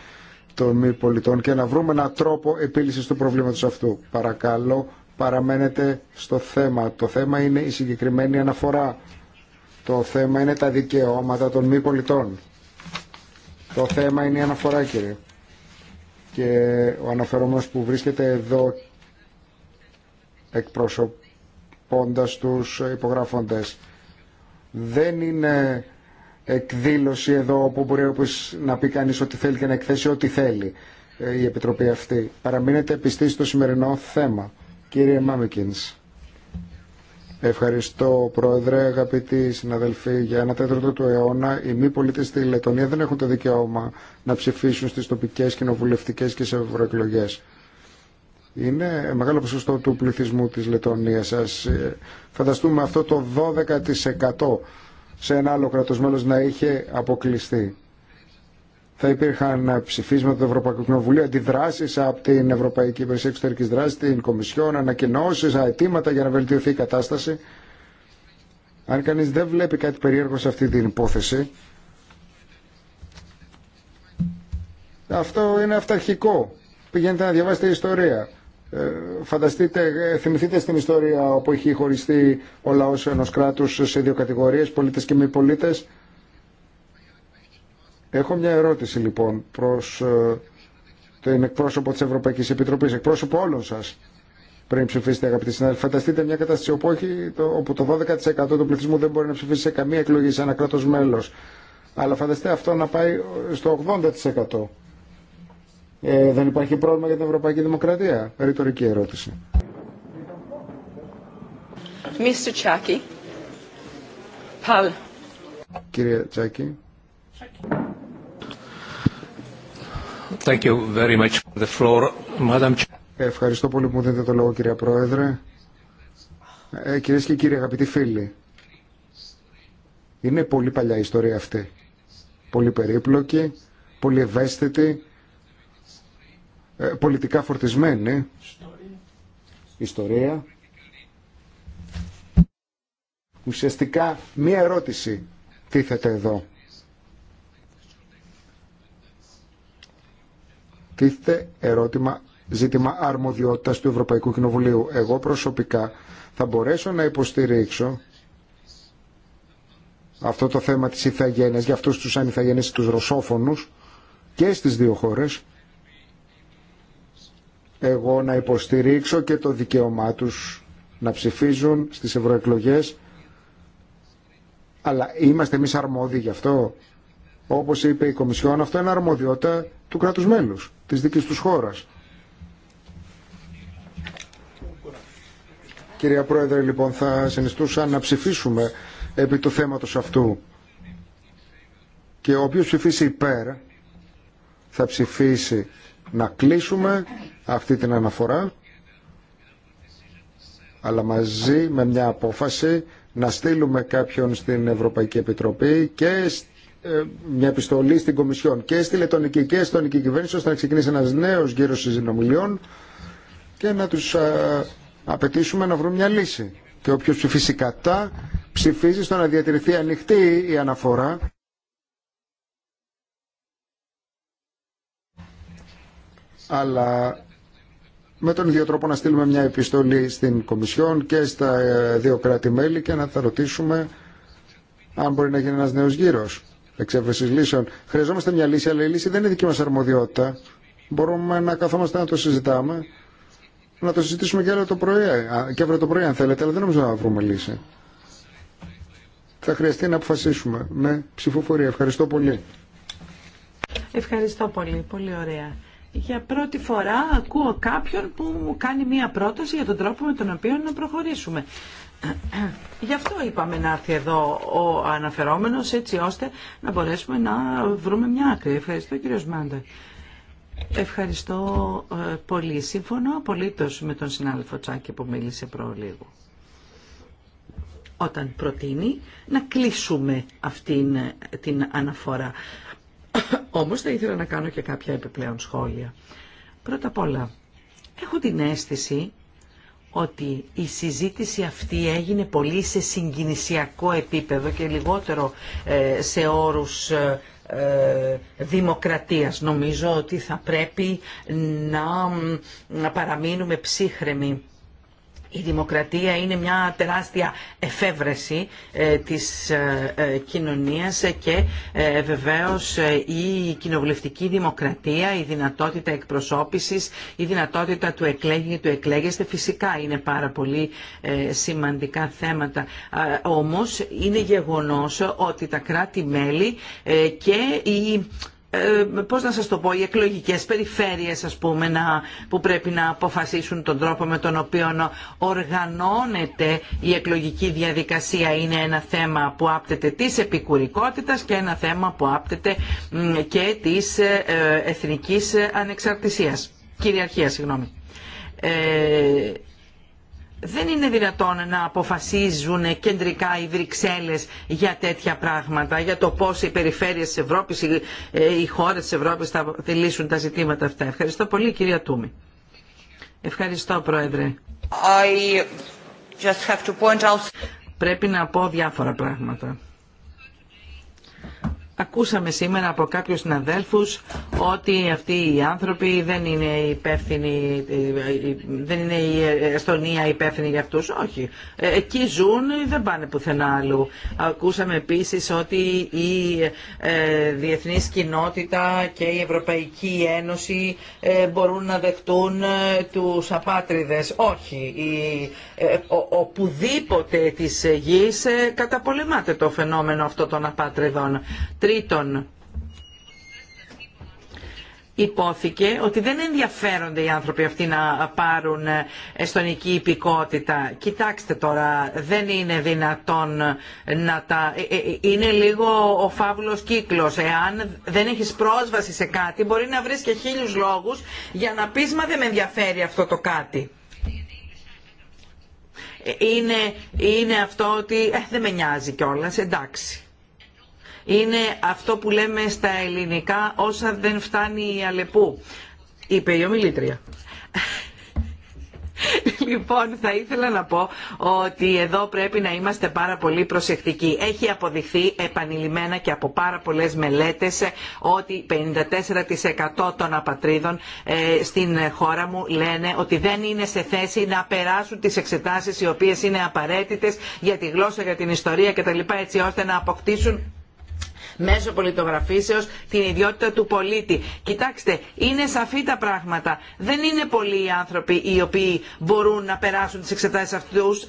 των μη πολιτών και να βρούμε έναν τρόπο επίλυσης του προβλήματος αυτού. Παρακαλώ παραμένετε στο θέμα. Το θέμα είναι η συγκεκριμένη αναφορά. Το θέμα είναι τα δικαιώματα των μη πολιτών. Το θέμα είναι η αναφορά κύριε. Και ο αναφερόμενος που βρίσκεται εδώ εκπροσωπώντας τους υπογράφοντες δεν είναι εκδήλωση εδώ που μπορεί να πει κανείς ότι θέλει και να εκθέσει ό,τι θέλει η Επιτροπή αυτή. Παραμείνετε πιστή στο σημερινό θέμα. Κύριε Μάμικινς, ευχαριστώ Πρόεδρε, αγαπητοί συναδελφοί. Για ένα τέταρτο του αιώνα οι μη πολίτε στη Λετωνία δεν έχουν το δικαίωμα να ψηφίσουν στις τοπικές, κοινοβουλευτικέ και σε ευρωεκλογέ. Είναι μεγάλο ποσοστό του πληθυσμού της Λετωνίας σας. Φανταστούμε αυτό το 12% σε ένα άλλο κρατος μέλος να είχε αποκλειστεί θα υπήρχαν ψηφίσματα του Ευρωπαϊκού Κοινοβουλίου, αντιδράσει από την Ευρωπαϊκή Υπηρεσία Εξωτερική Δράση, την Κομισιόν, ανακοινώσει, αιτήματα για να βελτιωθεί η κατάσταση. Αν κανεί δεν βλέπει κάτι περίεργο σε αυτή την υπόθεση, αυτό είναι αυταρχικό. Πηγαίνετε να διαβάσετε ιστορία. Ε, φανταστείτε, ε, θυμηθείτε στην ιστορία όπου έχει χωριστεί ο λαός ενός κράτους σε δύο κατηγορίες, πολίτες και μη πολίτες. Έχω μια ερώτηση λοιπόν προς ε, τον εκπρόσωπο της Ευρωπαϊκής Επιτροπής, εκπρόσωπο όλων σας πριν ψηφίσετε αγαπητοί συνάδελφοι. Φανταστείτε μια κατάσταση όπου, το, 12% του πληθυσμού δεν μπορεί να ψηφίσει σε καμία εκλογή σε ένα κράτος μέλος. Αλλά φανταστείτε αυτό να πάει στο 80%. Ε, δεν υπάρχει πρόβλημα για την Ευρωπαϊκή Δημοκρατία. Ρητορική ερώτηση. Mr. Κύριε Τσάκη. Ευχαριστώ πολύ που μου δίνετε το λόγο κυρία Πρόεδρε. Ε, κυρίες και κύριοι αγαπητοί φίλοι, είναι πολύ παλιά η ιστορία αυτή. Πολύ περίπλοκη, πολύ ευαίσθητη, ε, πολιτικά φορτισμένη ιστορία. Ουσιαστικά μία ερώτηση τίθεται εδώ. τίθεται ερώτημα ζήτημα αρμοδιότητας του Ευρωπαϊκού Κοινοβουλίου. Εγώ προσωπικά θα μπορέσω να υποστηρίξω αυτό το θέμα της ηθαγένειας για αυτούς τους ανηθαγενείς τους ρωσόφωνους και στις δύο χώρες εγώ να υποστηρίξω και το δικαίωμά τους να ψηφίζουν στις ευρωεκλογές αλλά είμαστε εμεί αρμόδιοι γι' αυτό όπως είπε η Κομισιόν, αυτό είναι αρμοδιότητα του κρατου μέλους, της δικής του χώρας. Κυρία Πρόεδρε, λοιπόν, θα συνιστούσα να ψηφίσουμε επί του θέματος αυτού. Και όποιος ψηφίσει υπέρ, θα ψηφίσει να κλείσουμε αυτή την αναφορά, αλλά μαζί με μια απόφαση να στείλουμε κάποιον στην Ευρωπαϊκή Επιτροπή και ε, μια επιστολή στην Κομισιόν και στη Λετωνική και στην κυβέρνηση ώστε να ξεκινήσει ένας νέος γύρος συζηνομιλιών και να τους απαιτήσουμε να βρουν μια λύση. Και όποιος ψηφίσει κατά ψηφίζει στο να διατηρηθεί ανοιχτή η αναφορά αλλά με τον ίδιο τρόπο να στείλουμε μια επιστολή στην Κομισιόν και στα ε, δύο κράτη-μέλη και να τα ρωτήσουμε αν μπορεί να γίνει ένας νέος γύρος εξέφραση λύσεων. Χρειαζόμαστε μια λύση, αλλά η λύση δεν είναι δική μα αρμοδιότητα. Μπορούμε να καθόμαστε να το συζητάμε, να το συζητήσουμε και, το πρωί, και αύριο το πρωί, αν θέλετε, αλλά δεν νομίζω να βρούμε λύση. Θα χρειαστεί να αποφασίσουμε με ψηφοφορία. Ευχαριστώ πολύ. Ευχαριστώ πολύ. Πολύ ωραία. Για πρώτη φορά ακούω κάποιον που μου κάνει μία πρόταση για τον τρόπο με τον οποίο να προχωρήσουμε. Γι' αυτό είπαμε να έρθει εδώ ο αναφερόμενος έτσι ώστε να μπορέσουμε να βρούμε μια άκρη. Ευχαριστώ κύριο Μάντα. Ευχαριστώ ε, πολύ. Σύμφωνο απολύτως με τον συνάδελφο Τσάκη που μίλησε προλίγο. Όταν προτείνει να κλείσουμε αυτήν ε, την αναφορά. Όμως θα ήθελα να κάνω και κάποια επιπλέον σχόλια. Πρώτα απ' όλα, έχω την αίσθηση ότι η συζήτηση αυτή έγινε πολύ σε συγκινησιακό επίπεδο και λιγότερο ε, σε όρους ε, ε, δημοκρατίας. Νομίζω ότι θα πρέπει να παραμείνουμε ψύχρεμοι η δημοκρατία είναι μια τεράστια εφεύρεση ε, της ε, ε, κοινωνίας και βεβαίως η κοινοβουλευτική δημοκρατία, η δυνατότητα εκπροσώπησης, η δυνατότητα του εκλέγη, του εκλέγεστε φυσικά είναι πάρα πολύ σημαντικά θέματα. Όμως είναι γεγονός ότι τα κράτη-μέλη και οι ε, πώς να σας το πω, οι εκλογικές περιφέρειες ας πούμε να, που πρέπει να αποφασίσουν τον τρόπο με τον οποίο οργανώνεται η εκλογική διαδικασία είναι ένα θέμα που άπτεται της επικουρικότητας και ένα θέμα που άπτεται και της ε, εθνικής ανεξαρτησίας, κυριαρχίας συγγνώμη. Ε, δεν είναι δυνατόν να αποφασίζουν κεντρικά οι Βρυξέλλες για τέτοια πράγματα, για το πώς οι περιφέρειες της Ευρώπης, οι ε, χώρες της Ευρώπης θα λύσουν τα ζητήματα αυτά. Ευχαριστώ πολύ κυρία Τούμη. Ευχαριστώ Πρόεδρε. Πρέπει να πω διάφορα πράγματα. Ακούσαμε σήμερα από κάποιους συναδέλφους ότι αυτοί οι άνθρωποι δεν είναι υπεύθυνοι, δεν είναι η Εστονία υπεύθυνη για αυτούς. Όχι. Εκεί ζουν, δεν πάνε πουθενά άλλου. Ακούσαμε επίσης ότι η ε, διεθνής κοινότητα και η Ευρωπαϊκή Ένωση ε, μπορούν να δεχτούν ε, τους απάτριδες. Όχι. Ο, οπουδήποτε της γης καταπολεμάται το φαινόμενο αυτό των απάτριδων Τρίτον, υπόθηκε ότι δεν ενδιαφέρονται οι άνθρωποι αυτοί να πάρουν ε, εστονική υπηκότητα. Κοιτάξτε τώρα, δεν είναι δυνατόν να τα... Ε, ε, είναι λίγο ο φαύλος κύκλος. Εάν δεν έχεις πρόσβαση σε κάτι, μπορεί να βρεις και χίλιους λόγους για να πεις «Μα δεν με ενδιαφέρει αυτό το κάτι». Είναι, είναι αυτό ότι ε, δεν με νοιάζει κιόλας, εντάξει. Είναι αυτό που λέμε στα ελληνικά όσα δεν φτάνει η Αλεπού. Είπε η ομιλήτρια. Λοιπόν, θα ήθελα να πω ότι εδώ πρέπει να είμαστε πάρα πολύ προσεκτικοί. Έχει αποδειχθεί επανειλημμένα και από πάρα πολλές μελέτες ότι 54% των απατρίδων ε, στην χώρα μου λένε ότι δεν είναι σε θέση να περάσουν τις εξετάσεις οι οποίες είναι απαραίτητες για τη γλώσσα, για την ιστορία κτλ. έτσι ώστε να αποκτήσουν μέσω πολιτογραφήσεως την ιδιότητα του πολίτη. Κοιτάξτε, είναι σαφή τα πράγματα. Δεν είναι πολλοί οι άνθρωποι οι οποίοι μπορούν να περάσουν τις εξετάσεις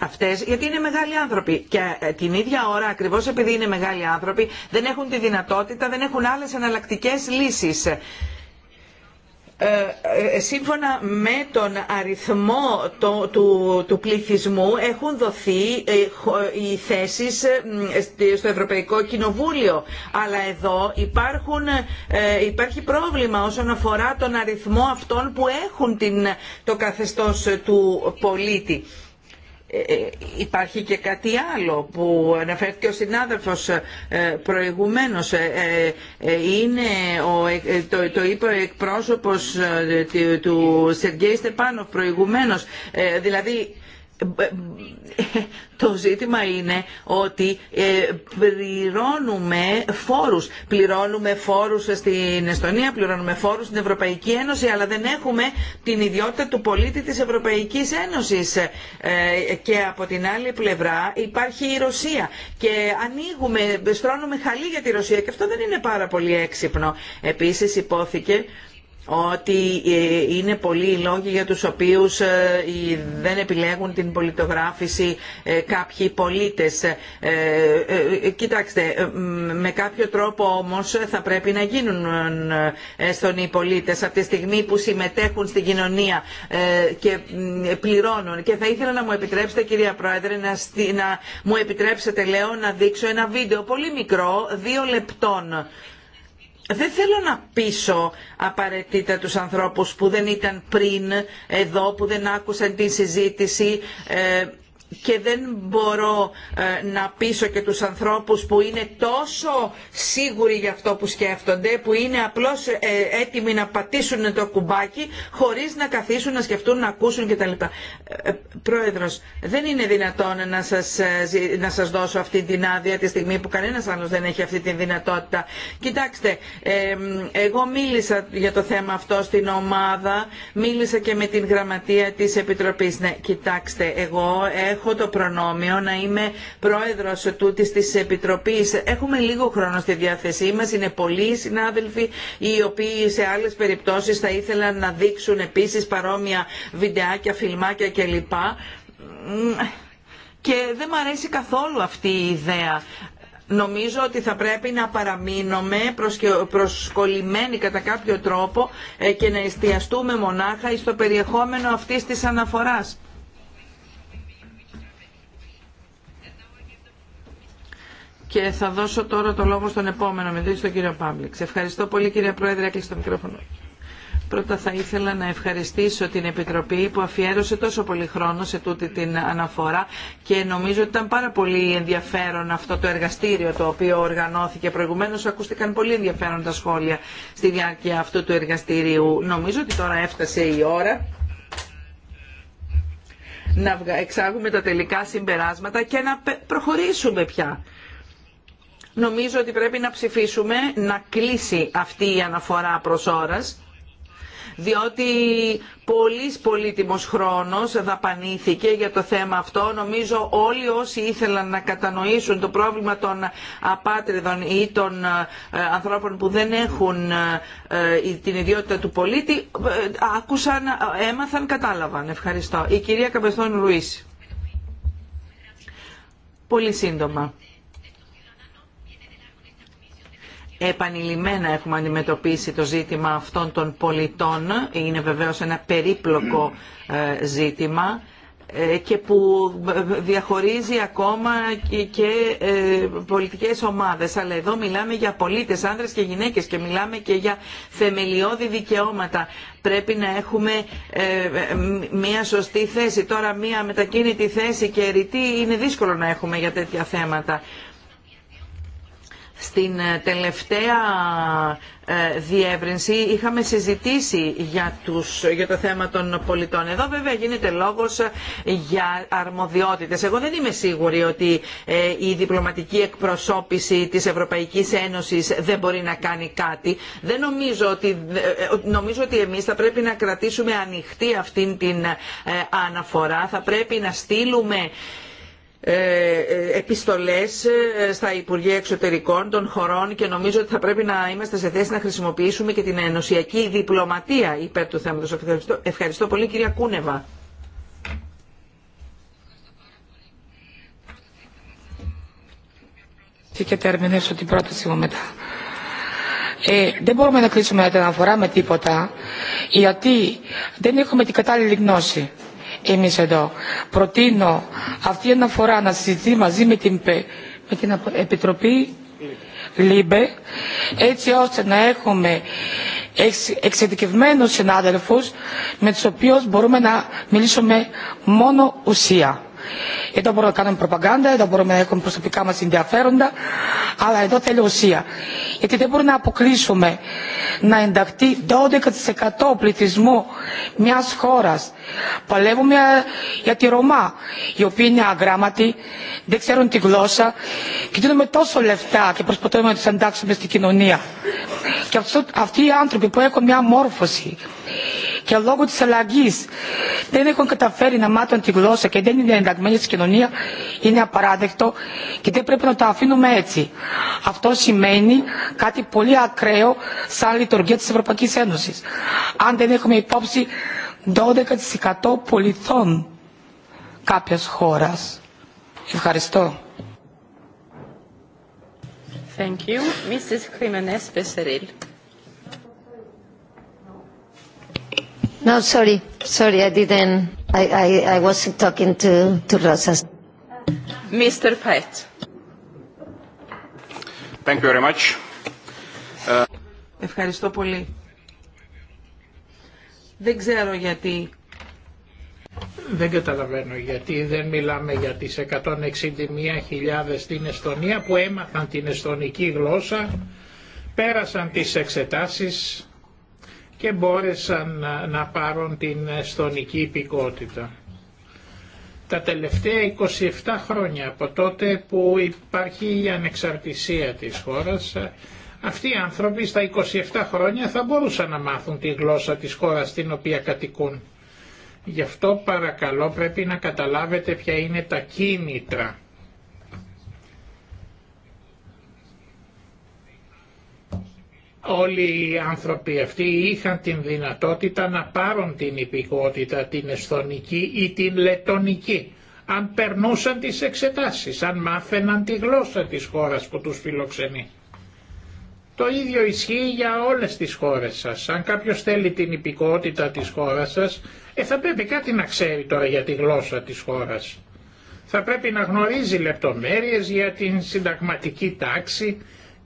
αυτές, γιατί είναι μεγάλοι άνθρωποι. Και ε, την ίδια ώρα, ακριβώς επειδή είναι μεγάλοι άνθρωποι, δεν έχουν τη δυνατότητα, δεν έχουν άλλες εναλλακτικέ λύσεις. Ε, ε, σύμφωνα με τον αριθμό του, του πληθυσμού έχουν δοθεί ε, οι θέσεις στο Ευρωπαϊκό Κοινοβούλιο. Αλλά εδώ υπάρχουν, υπάρχει πρόβλημα όσον αφορά τον αριθμό αυτών που έχουν την, το καθεστώς του πολίτη. Ε, ε, υπάρχει και κάτι άλλο που αναφέρθηκε ο συνάδελφος ε, προηγουμένως. Είναι το, το είπε ο εκπρόσωπος του Σεργέη Στεπάνοφ προηγουμένως. Δηλαδή ε, ε, το ζήτημα είναι ότι ε, πληρώνουμε φόρους. Πληρώνουμε φόρους στην Εστονία, πληρώνουμε φόρους στην Ευρωπαϊκή Ένωση, αλλά δεν έχουμε την ιδιότητα του πολίτη της Ευρωπαϊκής Ένωσης. Και από την άλλη πλευρά υπάρχει η Ρωσία. Και ανοίγουμε, στρώνουμε χαλί για τη Ρωσία και αυτό δεν είναι πάρα πολύ έξυπνο. Επίσης υπόθηκε ότι ε, είναι πολλοί οι λόγοι για τους οποίους ε, δεν επιλέγουν την πολιτογράφηση ε, κάποιοι πολίτες. Κοιτάξτε, με κάποιο τρόπο όμως θα πρέπει να γίνουν στον οι πολίτες από τη στιγμή που συμμετέχουν στην κοινωνία και πληρώνουν. Και θα ήθελα να μου επιτρέψετε κυρία Πρόεδρε, να, να μου επιτρέψετε λέω να δείξω ένα βίντεο πολύ μικρό, δύο λεπτών δεν θέλω να πείσω απαραίτητα τους ανθρώπους που δεν ήταν πριν εδώ, που δεν άκουσαν την συζήτηση. Ε, και δεν μπορώ ε, να πείσω και τους ανθρώπους που είναι τόσο σίγουροι για αυτό που σκέφτονται, που είναι απλώς ε, έτοιμοι να πατήσουν το κουμπάκι χωρίς να καθίσουν, να σκεφτούν, να ακούσουν κτλ. Ε, πρόεδρος, δεν είναι δυνατόν να σας, ε, να σας δώσω αυτή την άδεια τη στιγμή που κανένας άλλος δεν έχει αυτή τη δυνατότητα. Κοιτάξτε, εγώ μίλησα για το θέμα αυτό στην ομάδα, μίλησα και με την γραμματεία της Επιτροπής. Ναι, κοιτάξτε, εγώ έχω το προνόμιο να είμαι πρόεδρος τούτη τη Επιτροπής. Έχουμε λίγο χρόνο στη διάθεσή μα. είναι πολλοί συνάδελφοι οι οποίοι σε άλλες περιπτώσεις θα ήθελαν να δείξουν επίσης παρόμοια βιντεάκια, φιλμάκια κλπ. Και δεν μου αρέσει καθόλου αυτή η ιδέα. Νομίζω ότι θα πρέπει να παραμείνουμε προσκολλημένοι κατά κάποιο τρόπο ε, και να εστιαστούμε μονάχα στο περιεχόμενο αυτής της αναφοράς. Και θα δώσω τώρα το λόγο στον επόμενο μιλητή, στον κύριο Πάμπλεξ. Ευχαριστώ πολύ κύριε Πρόεδρε, έκλεισε το μικρόφωνο. Πρώτα θα ήθελα να ευχαριστήσω την Επιτροπή που αφιέρωσε τόσο πολύ χρόνο σε τούτη την αναφορά και νομίζω ότι ήταν πάρα πολύ ενδιαφέρον αυτό το εργαστήριο το οποίο οργανώθηκε. Προηγουμένως ακούστηκαν πολύ ενδιαφέροντα σχόλια στη διάρκεια αυτού του εργαστηρίου. Νομίζω ότι τώρα έφτασε η ώρα να εξάγουμε τα τελικά συμπεράσματα και να προχωρήσουμε πια νομίζω ότι πρέπει να ψηφίσουμε να κλείσει αυτή η αναφορά προς ώρας διότι πολύ πολύτιμος χρόνος δαπανήθηκε για το θέμα αυτό. Νομίζω όλοι όσοι ήθελαν να κατανοήσουν το πρόβλημα των απάτριδων ή των ε, ανθρώπων που δεν έχουν ε, ε, την ιδιότητα του πολίτη, άκουσαν, έμαθαν, κατάλαβαν. Ευχαριστώ. Η κυρία Καπεθών Ρουίς. Πολύ σύντομα. επανειλημμένα έχουμε αντιμετωπίσει το ζήτημα αυτών των πολιτών. Είναι βεβαίως ένα περίπλοκο ε, ζήτημα ε, και που ε, διαχωρίζει ακόμα και πολιτικές ομάδες. Αλλά εδώ μιλάμε για πολίτες, άνδρες και γυναίκες και μιλάμε και για θεμελιώδη δικαιώματα. Πρέπει να έχουμε μία σωστή θέση. Τώρα μία μετακίνητη θέση και ρητή είναι δύσκολο να έχουμε για τέτοια θέματα. Στην ε, τελευταία ε, διεύρυνση είχαμε συζητήσει για, τους, για το θέμα των πολιτών. Εδώ βέβαια γίνεται λόγος ε, για αρμοδιότητες. Εγώ δεν είμαι σίγουρη ότι η διπλωματική εκπροσώπηση της Ευρωπαϊκής Ένωσης δεν μπορεί να κάνει κάτι. Δεν νομίζω ότι, νομίζω ότι εμείς θα πρέπει να κρατήσουμε ανοιχτή αυτήν την αναφορά. Θα πρέπει να στείλουμε ε, ε, επιστολές ε, στα Υπουργεία Εξωτερικών των χωρών και νομίζω ότι θα πρέπει να είμαστε σε θέση να χρησιμοποιήσουμε και την ενωσιακή διπλωματία υπέρ του θέματος. Ευχαριστώ, Ευχαριστώ πολύ κυρία Κούνεβα. και την πρόταση μου μετά. δεν μπορούμε να κλείσουμε την αναφορά με τίποτα, γιατί δεν έχουμε την κατάλληλη γνώση εμείς εδώ. Προτείνω αυτή η αναφορά να συζητεί μαζί με την, με Επιτροπή ΛΥΜΠΕ έτσι ώστε να έχουμε εξειδικευμένους συνάδελφους με τους οποίους μπορούμε να μιλήσουμε μόνο ουσία. Εδώ μπορούμε να κάνουμε προπαγάνδα, εδώ μπορούμε να έχουμε προσωπικά μα ενδιαφέροντα, αλλά εδώ θέλει ουσία. Γιατί δεν μπορούμε να αποκλείσουμε να ενταχθεί 12% πληθυσμού μια χώρα. Παλεύουμε για τη Ρωμά, οι οποίοι είναι αγράμματοι, δεν ξέρουν τη γλώσσα και δίνουμε τόσο λεφτά και προσπαθούμε να του εντάξουμε στην κοινωνία. Και αυτοί οι άνθρωποι που έχουν μια μόρφωση και λόγω τη αλλαγή δεν έχουν καταφέρει να μάθουν τη γλώσσα και δεν είναι ενταγμένοι στην κοινωνία είναι απαράδεκτο και δεν πρέπει να το αφήνουμε έτσι. Αυτό σημαίνει κάτι πολύ ακραίο σαν λειτουργία τη Ευρωπαϊκή Ένωση. Αν δεν έχουμε υπόψη 12% πολιτών κάποια χώρα. Ευχαριστώ. No, sorry, sorry, I didn't. I, I, I wasn't talking to, to Mr. Pett. Thank you very much. Ευχαριστώ πολύ. Δεν ξέρω γιατί. Δεν καταλαβαίνω γιατί δεν μιλάμε για τις 161.000 στην Εστονία που έμαθαν την εστονική γλώσσα, πέρασαν τις εξετάσεις, και μπόρεσαν να πάρουν την εστονική υπηκότητα. Τα τελευταία 27 χρόνια από τότε που υπάρχει η ανεξαρτησία της χώρας, αυτοί οι άνθρωποι στα 27 χρόνια θα μπορούσαν να μάθουν τη γλώσσα της χώρας στην οποία κατοικούν. Γι' αυτό παρακαλώ πρέπει να καταλάβετε ποια είναι τα κίνητρα όλοι οι άνθρωποι αυτοί είχαν την δυνατότητα να πάρουν την υπηκότητα την εσθονική ή την λετονική αν περνούσαν τις εξετάσεις, αν μάθαιναν τη γλώσσα της χώρας που τους φιλοξενεί. Το ίδιο ισχύει για όλες τις χώρες σας. Αν κάποιος θέλει την υπηκότητα της χώρας σας, ε, θα πρέπει κάτι να ξέρει τώρα για τη γλώσσα της χώρας. Θα πρέπει να γνωρίζει λεπτομέρειες για την συνταγματική τάξη,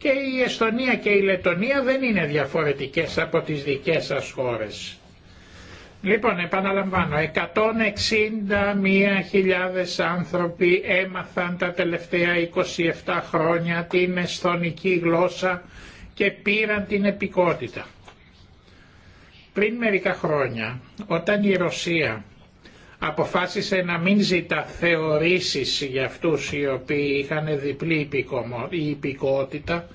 και η Εστονία και η Λετονία δεν είναι διαφορετικές από τις δικές σας χώρες. Λοιπόν, επαναλαμβάνω, 161.000 άνθρωποι έμαθαν τα τελευταία 27 χρόνια την εσθονική γλώσσα και πήραν την επικότητα. Πριν μερικά χρόνια, όταν η Ρωσία αποφάσισε να μην ζητά θεωρήσεις για αυτούς οι οποίοι είχαν διπλή υπηκότητα,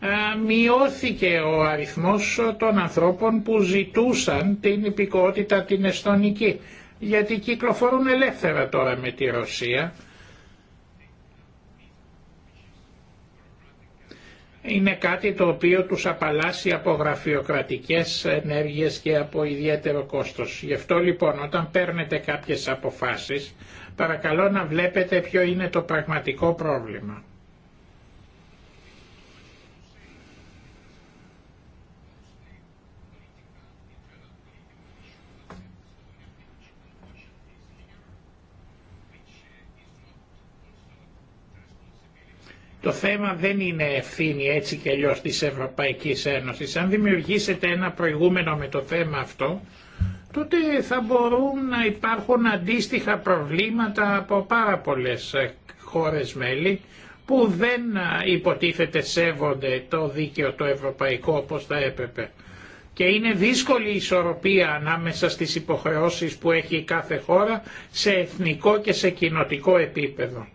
ε, μειώθηκε ο αριθμός των ανθρώπων που ζητούσαν την υπηκότητα την εστονική, γιατί κυκλοφορούν ελεύθερα τώρα με τη Ρωσία είναι κάτι το οποίο τους απαλλάσσει από γραφειοκρατικές ενέργειες και από ιδιαίτερο κόστος. Γι' αυτό λοιπόν όταν παίρνετε κάποιες αποφάσεις παρακαλώ να βλέπετε ποιο είναι το πραγματικό πρόβλημα. Το θέμα δεν είναι ευθύνη έτσι και αλλιώς της Ευρωπαϊκής Ένωσης. Αν δημιουργήσετε ένα προηγούμενο με το θέμα αυτό, τότε θα μπορούν να υπάρχουν αντίστοιχα προβλήματα από πάρα πολλές ε, χώρες μέλη που δεν ε, υποτίθεται σέβονται το δίκαιο το ευρωπαϊκό όπως θα έπρεπε. Και είναι δύσκολη η ισορροπία ανάμεσα στις υποχρεώσεις που έχει κάθε χώρα σε εθνικό και σε κοινοτικό επίπεδο.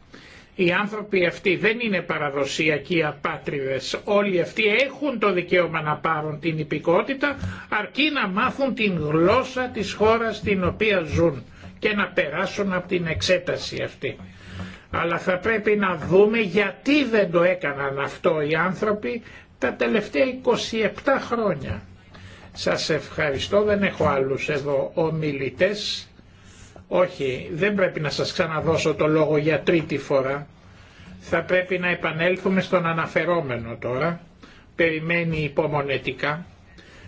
Οι άνθρωποι αυτοί δεν είναι παραδοσιακοί απάτριδες. Όλοι αυτοί έχουν το δικαίωμα να πάρουν την υπηκότητα αρκεί να μάθουν την γλώσσα της χώρας στην οποία ζουν και να περάσουν από την εξέταση αυτή. Αλλά θα πρέπει να δούμε γιατί δεν το έκαναν αυτό οι άνθρωποι τα τελευταία 27 χρόνια. Σας ευχαριστώ, δεν έχω άλλους εδώ ομιλητές όχι, δεν πρέπει να σας ξαναδώσω το λόγο για τρίτη φορά. Θα πρέπει να επανέλθουμε στον αναφερόμενο τώρα. Περιμένει υπομονετικά.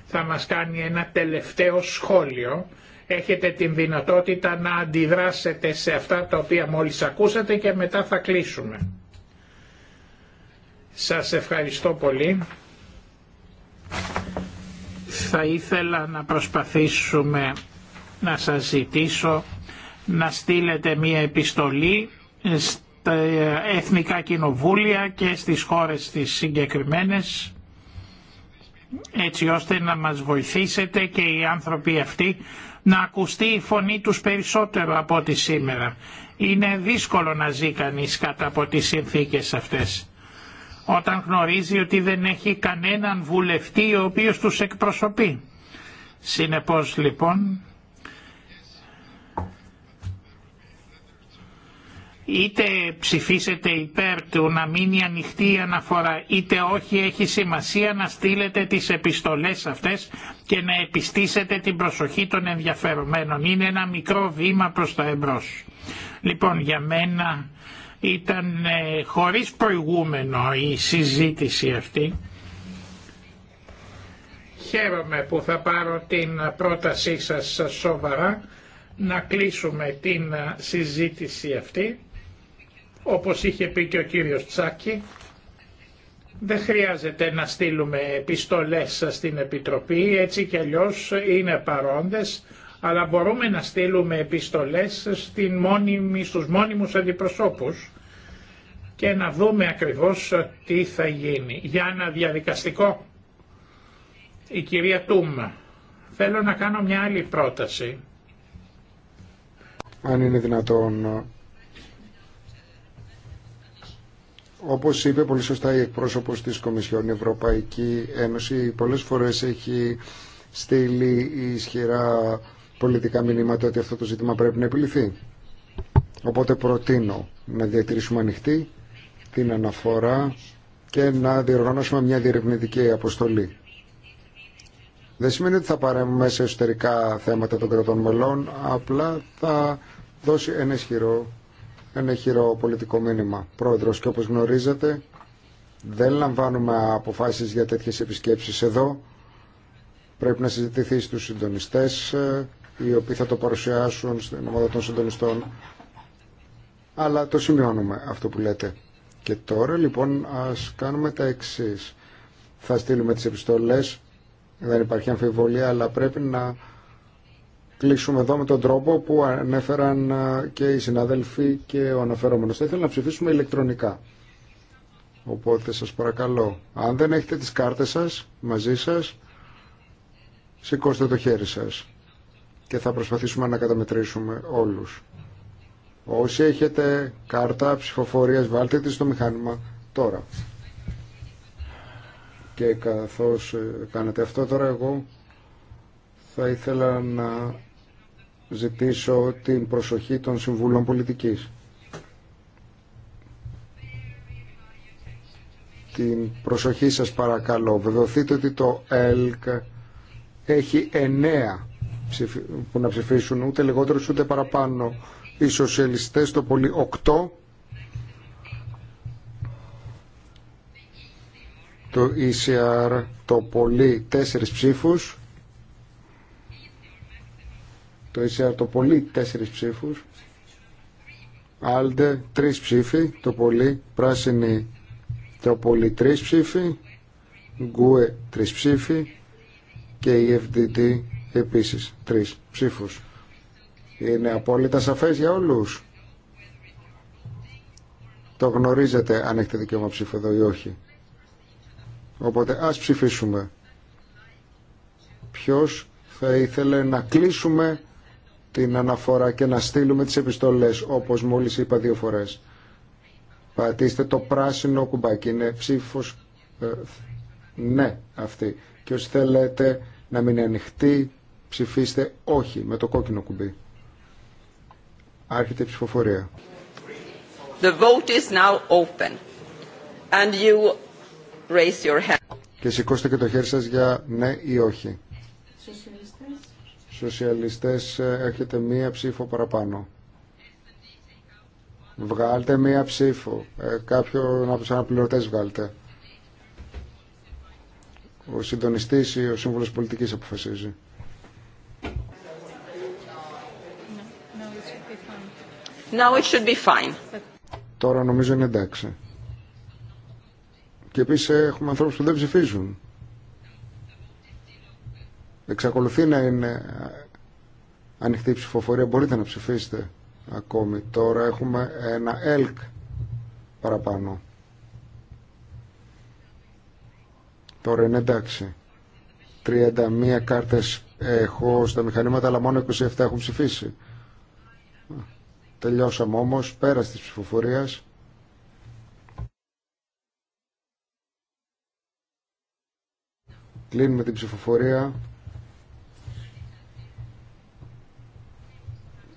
Θα μας κάνει ένα τελευταίο σχόλιο. Έχετε την δυνατότητα να αντιδράσετε σε αυτά τα οποία μόλις ακούσατε και μετά θα κλείσουμε. Σας ευχαριστώ πολύ. Θα ήθελα να προσπαθήσουμε να σας ζητήσω να στείλετε μία επιστολή στα Εθνικά Κοινοβούλια και στις χώρες τις συγκεκριμένες έτσι ώστε να μας βοηθήσετε και οι άνθρωποι αυτοί να ακουστεί η φωνή τους περισσότερο από ό,τι σήμερα. Είναι δύσκολο να ζει κανείς κατά από τις συνθήκες αυτές. Όταν γνωρίζει ότι δεν έχει κανέναν βουλευτή ο οποίος τους εκπροσωπεί. Συνεπώς λοιπόν είτε ψηφίσετε υπέρ του να μείνει ανοιχτή η αναφορά είτε όχι έχει σημασία να στείλετε τις επιστολές αυτές και να επιστήσετε την προσοχή των ενδιαφερομένων. Είναι ένα μικρό βήμα προς τα εμπρός. Λοιπόν για μένα ήταν ε, χωρίς προηγούμενο η συζήτηση αυτή. Χαίρομαι που θα πάρω την πρότασή σας σοβαρά να κλείσουμε την ε, συζήτηση αυτή όπως είχε πει και ο κύριος Τσάκη, δεν χρειάζεται να στείλουμε επιστολές στην Επιτροπή, έτσι κι αλλιώς είναι παρόντες, αλλά μπορούμε να στείλουμε επιστολές στην μόνιμη, στους μόνιμους αντιπροσώπους και να δούμε ακριβώς τι θα γίνει. Για ένα διαδικαστικό, η κυρία Τούμα. θέλω να κάνω μια άλλη πρόταση. Αν είναι δυνατόν Όπως είπε πολύ σωστά η εκπρόσωπος της Κομισιόν, η Ευρωπαϊκή Ένωση πολλές φορές έχει στείλει ισχυρά πολιτικά μηνύματα ότι αυτό το ζήτημα πρέπει να επιληθεί. Οπότε προτείνω να διατηρήσουμε ανοιχτή την αναφορά και να διοργανώσουμε μια διερευνητική αποστολή. Δεν σημαίνει ότι θα παρέμβουμε σε εσωτερικά θέματα των κρατών μελών, απλά θα δώσει ένα ισχυρό ένα χειρό πολιτικό μήνυμα. Πρόεδρος και όπως γνωρίζετε δεν λαμβάνουμε αποφάσεις για τέτοιες επισκέψεις εδώ. Πρέπει να συζητηθεί στους συντονιστές ε, οι οποίοι θα το παρουσιάσουν στην ομάδα των συντονιστών. Αλλά το σημειώνουμε αυτό που λέτε. Και τώρα λοιπόν ας κάνουμε τα εξή. Θα στείλουμε τις επιστολές, δεν υπάρχει αμφιβολία, αλλά πρέπει να κλείσουμε εδώ με τον τρόπο που ανέφεραν ε, και οι συνάδελφοι και ο αναφερόμενος. Θα ήθελα να ψηφίσουμε ηλεκτρονικά. Οπότε σας παρακαλώ, αν δεν έχετε τις κάρτες σας μαζί σας, σηκώστε το χέρι σας και θα προσπαθήσουμε να καταμετρήσουμε όλους. Όσοι έχετε κάρτα ψηφοφορίας, βάλτε τη στο μηχάνημα τώρα. Και καθώς ε, κάνετε αυτό τώρα εγώ θα ήθελα να ζητήσω την προσοχή των Συμβουλών Πολιτικής. Την προσοχή σας παρακαλώ. Βεβαιωθείτε ότι το ΕΛΚ έχει εννέα που να ψηφίσουν ούτε λιγότερους ούτε παραπάνω. Οι σοσιαλιστές το πολύ οκτώ. Το ECR το πολύ τέσσερις ψήφους το ECR το πολύ τέσσερις ψήφους, Άλτε τρεις ψήφοι, το πολύ, Πράσινη το πολύ τρεις ψήφοι, Γκουε τρεις ψήφοι και η FDT επίσης τρεις ψήφους. Είναι απόλυτα σαφές για όλους. Το γνωρίζετε αν έχετε δικαίωμα ψήφου εδώ ή όχι. Οπότε ας ψηφίσουμε. Ποιος θα ήθελε να κλείσουμε την αναφορά και να στείλουμε τις επιστολές όπως μόλις είπα δύο φορές. Πατήστε το πράσινο κουμπάκι, είναι ψήφος ε, ναι αυτή. Και όσοι θέλετε να μην είναι ανοιχτή, ψηφίστε όχι με το κόκκινο κουμπί. Άρχεται η ψηφοφορία. The vote is now open. And you raise your hand. Και σηκώστε και το χέρι σας για ναι ή όχι. Σοσιαλιστές, ε, έχετε μία ψήφο παραπάνω. Βγάλτε μία ψήφο. Ε, κάποιον από τους πληρωτές βγάλτε. Ο συντονιστής ή ο σύμβολος πολιτικής αποφασίζει. it be fine. Τώρα νομίζω είναι εντάξει. Και επίσης έχουμε ανθρώπους που δεν ψηφίζουν εξακολουθεί να είναι ανοιχτή ψηφοφορία. Μπορείτε να ψηφίσετε ακόμη. Τώρα έχουμε ένα ΕΛΚ παραπάνω. Τώρα είναι εντάξει. 31 κάρτες έχω στα μηχανήματα, αλλά μόνο 27 έχουν ψηφίσει. Τελειώσαμε όμως, πέρα της ψηφοφορίας. Κλείνουμε την ψηφοφορία.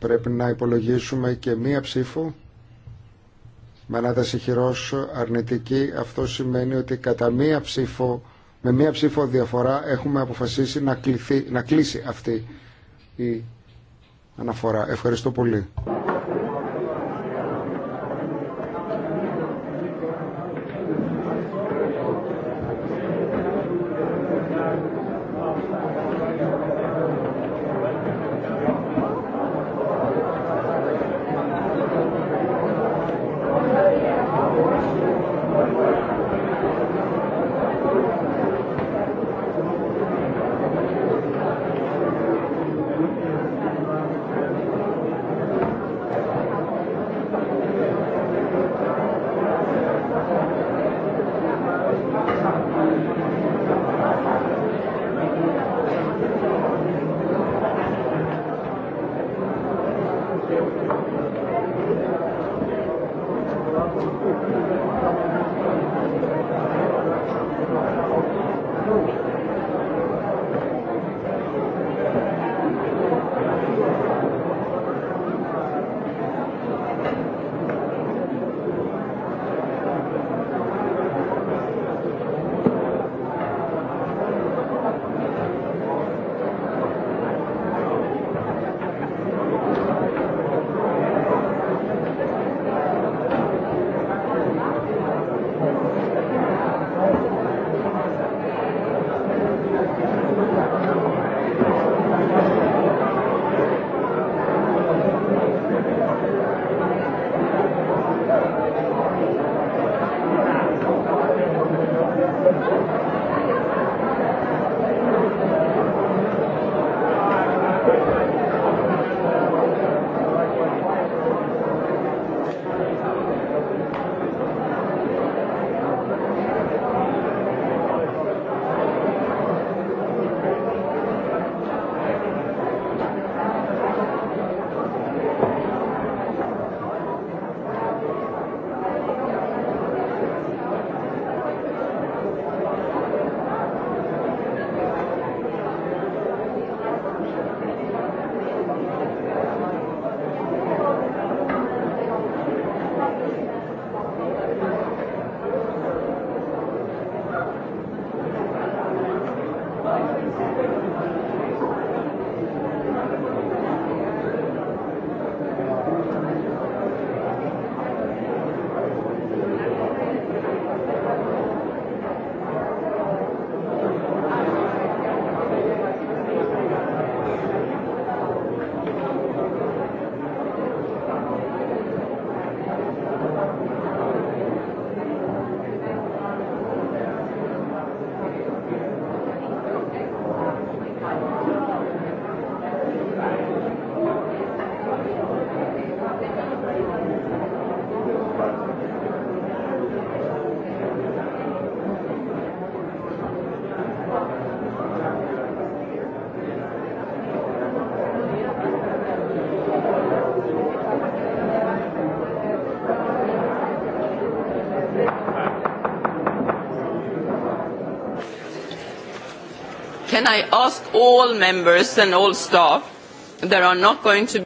πρέπει να υπολογίσουμε και μία ψήφο με ανάταση χειρός αρνητική. Αυτό σημαίνει ότι κατά μία ψήφο, με μία ψήφο διαφορά έχουμε αποφασίσει να, κληθεί, να κλείσει αυτή η αναφορά. Ευχαριστώ πολύ.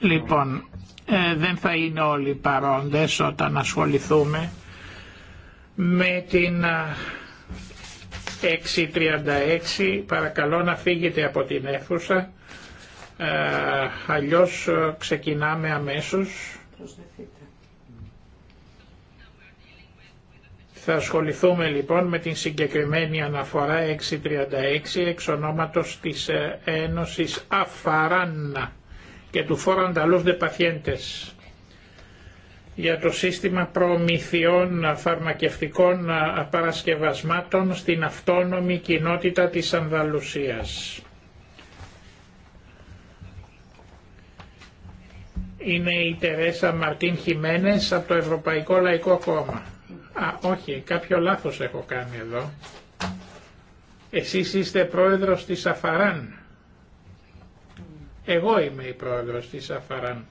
Λοιπόν, ε, δεν θα είναι όλοι παρόντες όταν ασχοληθούμε με την 6.36 παρακαλώ να φύγετε από την αίθουσα ε, αλλιώς ε, ξεκινάμε αμέσως Θα ασχοληθούμε λοιπόν με την συγκεκριμένη αναφορά 636 εξ ονόματος της ε, Ένωσης αφαράννα και του Φόρου Ανταλούς ΠΑΘΙΕΝΤΕΣ για το σύστημα προμηθειών φαρμακευτικών ε, παρασκευασμάτων στην αυτόνομη κοινότητα της Ανδαλουσίας. Είναι η Τερέσα Μαρτίν Χιμένες από το Ευρωπαϊκό Λαϊκό Κόμμα. Α, όχι, κάποιο λάθος έχω κάνει εδώ. Εσείς είστε πρόεδρος της Αφαράν. Εγώ είμαι η πρόεδρος της Αφαράν.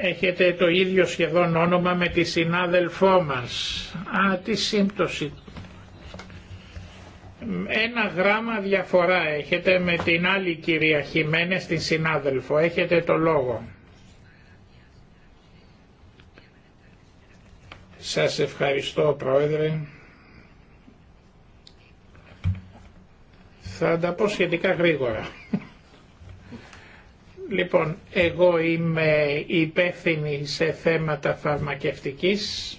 Έχετε το ίδιο σχεδόν όνομα με τη συνάδελφό μας. Α, τι σύμπτωση ένα γράμμα διαφορά έχετε με την άλλη κυρία Χιμένες, την συνάδελφο. Έχετε το λόγο. Σας ευχαριστώ Πρόεδρε. Θα τα πω σχετικά γρήγορα. Λοιπόν, εγώ είμαι υπεύθυνη σε θέματα φαρμακευτικής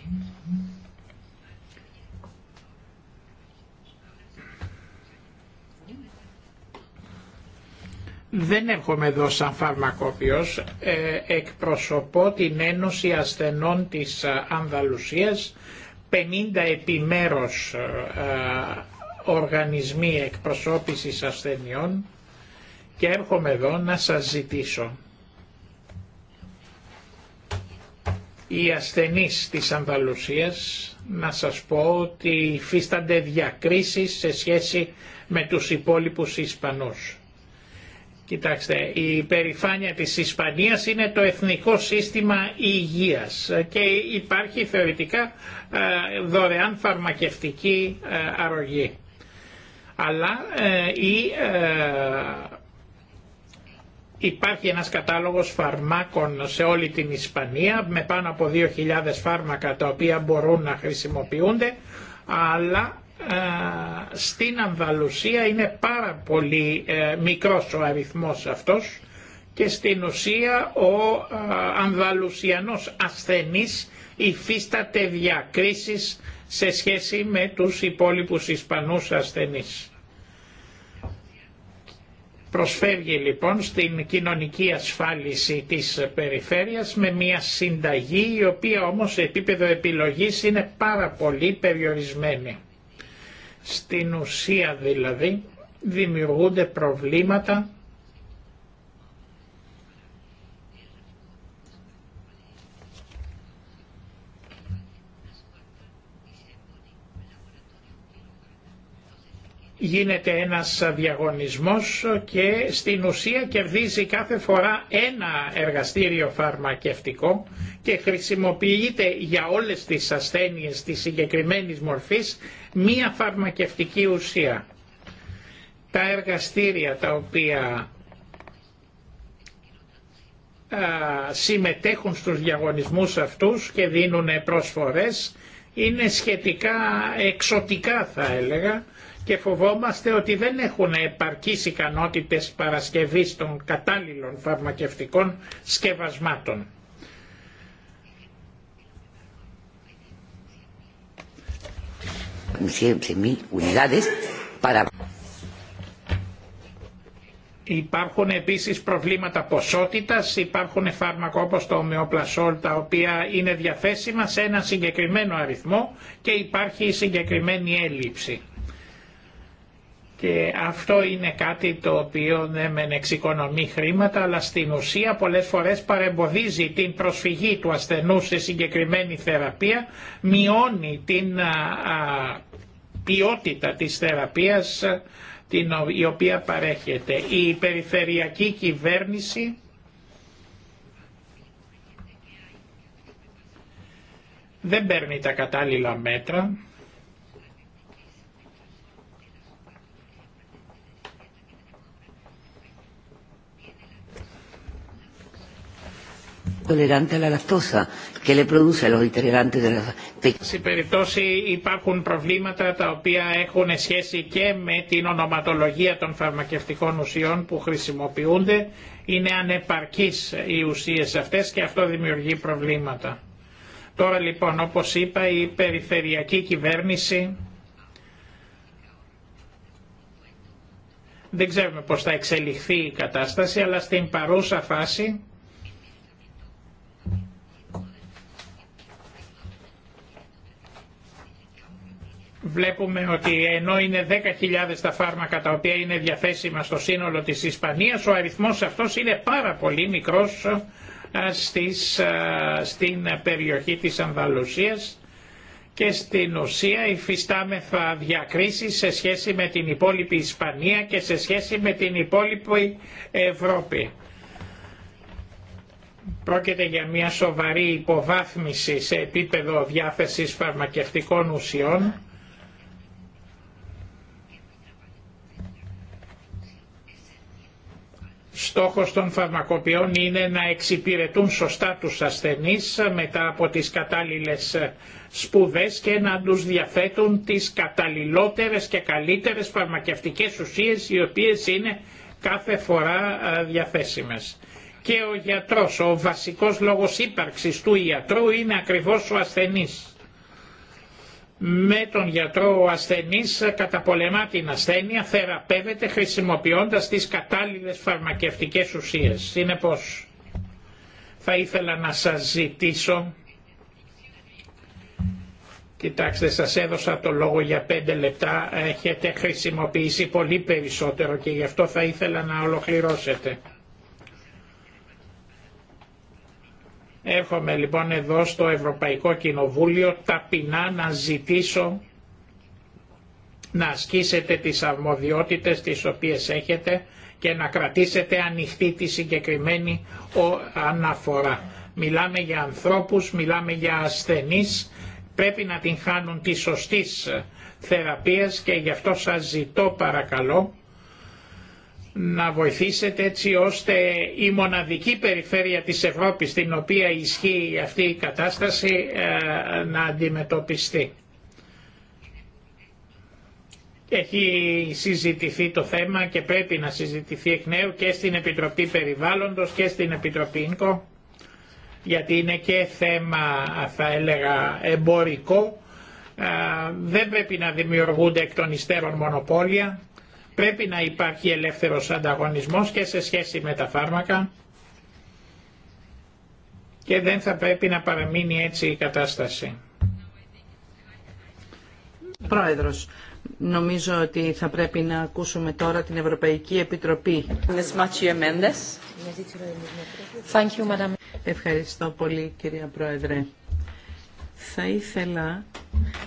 Δεν έρχομαι εδώ σαν φαρμακόπιος, ε, εκπροσωπώ την Ένωση Ασθενών της ε, Ανδαλουσίας, 50 επιμέρους ε, οργανισμοί εκπροσώπησης ασθενειών και έρχομαι εδώ να σας ζητήσω. Οι ασθενείς της Ανδαλουσίας να σας πω ότι υφίστανται διακρίσεις σε σχέση με τους υπόλοιπους Ισπανούς. Κοιτάξτε, η περηφάνεια της Ισπανίας είναι το εθνικό σύστημα υγείας και υπάρχει θεωρητικά ε, δωρεάν φαρμακευτική ε, αρρωγή. Αλλά ε, η Υπάρχει ένας κατάλογος φαρμάκων σε όλη την Ισπανία με πάνω από 2.000 φάρμακα τα οποία μπορούν να χρησιμοποιούνται αλλά ε, στην Ανδαλουσία είναι πάρα πολύ ε, μικρός ο αριθμός αυτός και στην ουσία ο ε, Ανδαλουσιανός ασθενής υφίσταται διακρίσεις σε σχέση με τους υπόλοιπους Ισπανούς ασθενείς. Προσφεύγει λοιπόν στην κοινωνική ασφάλιση της περιφέρειας με μια συνταγή η οποία όμως σε επίπεδο επιλογής είναι πάρα πολύ περιορισμένη. Στην ουσία δηλαδή δημιουργούνται προβλήματα γίνεται ένας διαγωνισμός και στην ουσία κερδίζει κάθε φορά ένα εργαστήριο φαρμακευτικό και χρησιμοποιείται για όλες τις ασθένειες της συγκεκριμένης μορφής μία φαρμακευτική ουσία. Τα εργαστήρια τα οποία συμμετέχουν στους διαγωνισμούς αυτούς και δίνουν πρόσφορες είναι σχετικά εξωτικά θα έλεγα και φοβόμαστε ότι δεν έχουν επαρκείς ικανότητες παρασκευής των κατάλληλων φαρμακευτικών σκευασμάτων. Υπάρχουν επίσης προβλήματα ποσότητας, υπάρχουν φάρμακο όπως το ομοιοπλασόλ τα οποία είναι διαθέσιμα σε ένα συγκεκριμένο αριθμό και υπάρχει συγκεκριμένη έλλειψη. Και αυτό είναι κάτι το οποίο δεν ναι, μεν εξοικονομεί χρήματα αλλά στην ουσία πολλές φορές παρεμποδίζει την προσφυγή του ασθενού σε συγκεκριμένη θεραπεία, μειώνει την ποιότητα της θεραπείας την, η οποία παρέχεται. Η περιφερειακή κυβέρνηση δεν παίρνει τα κατάλληλα μέτρα Στην a Σε περιπτώσει υπάρχουν προβλήματα τα οποία έχουν σχέση και με την ονοματολογία των φαρμακευτικών ουσιών που χρησιμοποιούνται. Είναι ανεπαρκείς οι ουσίες αυτές και αυτό δημιουργεί προβλήματα. Τώρα λοιπόν όπως είπα η περιφερειακή κυβέρνηση δεν ξέρουμε πώς θα εξελιχθεί η κατάσταση αλλά στην παρούσα φάση βλέπουμε ότι ενώ είναι 10.000 τα φάρμακα τα οποία είναι διαθέσιμα στο σύνολο της Ισπανίας, ο αριθμός αυτός είναι πάρα πολύ μικρός ε, στις, ε, στην περιοχή της Ανδαλουσίας και στην ουσία υφιστάμεθα διακρίσεις σε σχέση με την υπόλοιπη Ισπανία και σε σχέση με την υπόλοιπη Ευρώπη. Πρόκειται για μια σοβαρή υποβάθμιση σε επίπεδο διάθεσης φαρμακευτικών ουσιών Στόχος των φαρμακοποιών είναι να εξυπηρετούν σωστά τους ασθενείς μετά από τις κατάλληλες σπουδές και να τους διαθέτουν τις καταλληλότερες και καλύτερες φαρμακευτικές ουσίες οι οποίες είναι κάθε φορά διαθέσιμες. Και ο γιατρός, ο βασικός λόγος ύπαρξης του ιατρού είναι ακριβώς ο ασθενής με τον γιατρό ο ασθενής καταπολεμά την ασθένεια, θεραπεύεται χρησιμοποιώντας τις κατάλληλες φαρμακευτικές ουσίες. Συνεπώς, θα ήθελα να σας ζητήσω, κοιτάξτε σας έδωσα το λόγο για πέντε λεπτά, έχετε χρησιμοποιήσει πολύ περισσότερο και γι' αυτό θα ήθελα να ολοκληρώσετε. Έρχομαι λοιπόν εδώ στο Ευρωπαϊκό Κοινοβούλιο ταπεινά να ζητήσω να ασκήσετε τις αρμοδιότητες τις οποίες έχετε και να κρατήσετε ανοιχτή τη συγκεκριμένη αναφορά. Μιλάμε για ανθρώπους, μιλάμε για ασθενείς, πρέπει να την χάνουν τη σωστής θεραπείας και γι' αυτό σας ζητώ παρακαλώ να βοηθήσετε έτσι ώστε η μοναδική περιφέρεια της Ευρώπης στην οποία ισχύει αυτή η κατάσταση ε, να αντιμετωπιστεί. Έχει συζητηθεί το θέμα και πρέπει να συζητηθεί εκ νέου και στην Επιτροπή Περιβάλλοντος και στην Επιτροπή ΙΝΚΟ γιατί είναι και θέμα θα έλεγα εμπορικό ε, δεν πρέπει να δημιουργούνται εκ των υστέρων μονοπόλια Πρέπει να υπάρχει ελεύθερος ανταγωνισμός και σε σχέση με τα φάρμακα και δεν θα πρέπει να παραμείνει έτσι η κατάσταση. Πρόεδρος, νομίζω ότι θα πρέπει να ακούσουμε τώρα την Ευρωπαϊκή Επιτροπή. Ευχαριστώ πολύ κυρία Πρόεδρε. Θα ήθελα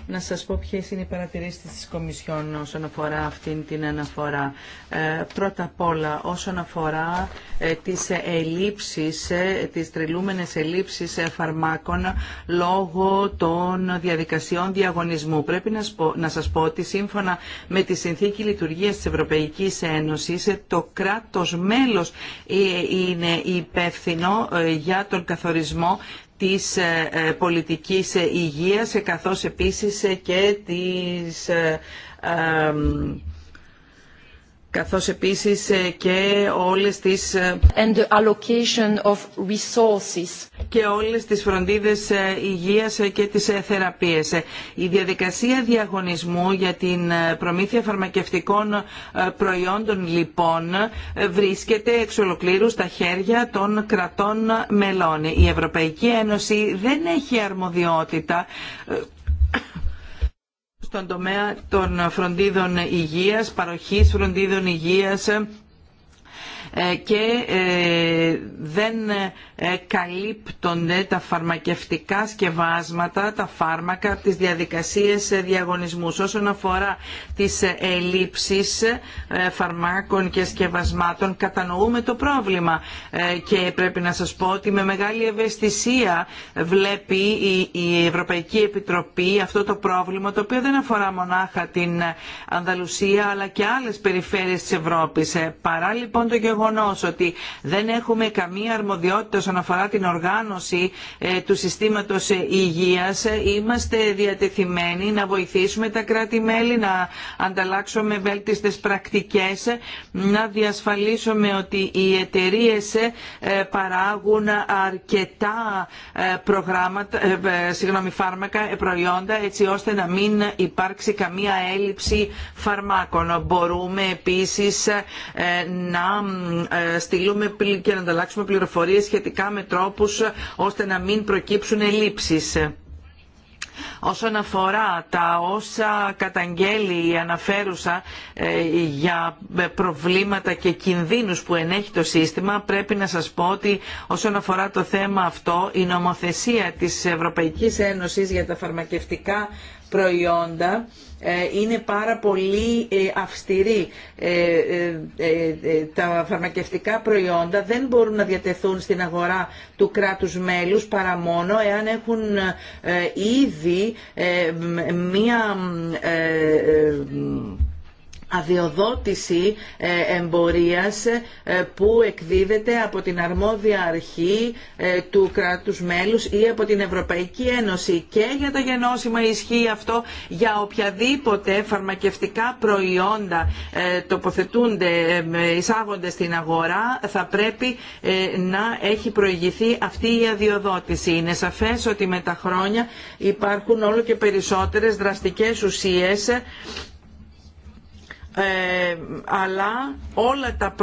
να σας πω ποιες είναι οι παρατηρήσεις της Κομισιόν όσον αφορά αυτήν την αναφορά. Ε, πρώτα απ' όλα όσον αφορά ε, τις ελλείψεις, ε, τις τρελούμενες ελλείψεις φαρμάκων λόγω των διαδικασιών διαγωνισμού. Πρέπει να, σπο, να σας πω ότι σύμφωνα με τη Συνθήκη Λειτουργίας της Ευρωπαϊκής Ένωσης το κράτος μέλος είναι υπεύθυνο για τον καθορισμό της ε, ε, πολιτικής υγείας καθώς επίσης και της ε, καθώς επίσης ε, και όλες τις ε, allocation of και όλες τις φροντίδες ε, υγείας και τις θεραπείες. Η διαδικασία διαγωνισμού για την προμήθεια φαρμακευτικών προϊόντων λοιπόν βρίσκεται εξ ολοκλήρου στα χέρια των κρατών μελών. Η Ευρωπαϊκή Ένωση δεν έχει αρμοδιότητα στον τομέα των φροντίδων υγείας, παροχής φροντίδων υγείας ε, και ε, δεν ε, καλύπτονται τα φαρμακευτικά σκευάσματα, τα φάρμακα από τις διαδικασίες διαγωνισμούς. Όσον αφορά τις ελλείψεις φαρμάκων και σκευασμάτων, κατανοούμε το πρόβλημα και πρέπει να σας πω ότι με μεγάλη ευαισθησία βλέπει η Ευρωπαϊκή Επιτροπή αυτό το πρόβλημα, το οποίο δεν αφορά μονάχα την Ανδαλουσία αλλά και άλλες περιφέρειες της Ευρώπης. Παρά λοιπόν το γεγονός ότι δεν έχουμε καμία αρμοδιότητα όσον αφορά την οργάνωση ε, του συστήματος ε, υγείας ε, είμαστε διατεθειμένοι να βοηθήσουμε τα κράτη-μέλη να ανταλλάξουμε βέλτιστες πρακτικές να διασφαλίσουμε ότι οι εταιρείε παράγουν αρκετά προγράμματα, συγγνώμη, φάρμακα, προϊόντα έτσι ώστε να μην υπάρξει καμία έλλειψη φαρμάκων. Μπορούμε επίσης να ε, στείλουμε και να ανταλλάξουμε πληροφορίες σχετικά με τρόπους ε, ώστε να μην προκύψουν ελλείψεις. Όσον αφορά τα όσα καταγγέλει η αναφέρουσα ε, για προβλήματα και κινδύνους που ενέχει το σύστημα, πρέπει να σας πω ότι όσον αφορά το θέμα αυτό, η νομοθεσία της Ευρωπαϊκής Ένωσης για τα φαρμακευτικά προϊόντα ε, είναι πάρα πολύ ε, αυστηρή. Ε, τα φαρμακευτικά προϊόντα δεν μπορούν να διατεθούν στην αγορά του κράτους μέλους παρά μόνο εάν έχουν ήδη μία αδειοδότηση ε, εμπορίας ε, που εκδίδεται από την αρμόδια αρχή ε, του κράτους μέλους ή από την Ευρωπαϊκή Ένωση και για τα γενώσιμα ισχύει αυτό για οποιαδήποτε φαρμακευτικά προϊόντα τοποθετούνται, εισάγονται στην αγορά θα πρέπει να έχει προηγηθεί αυτή η αδειοδότηση. Είναι σαφές ότι με τα χρόνια υπάρχουν όλο και περισσότερες δραστικές ουσίες ε, αλλά όλα τα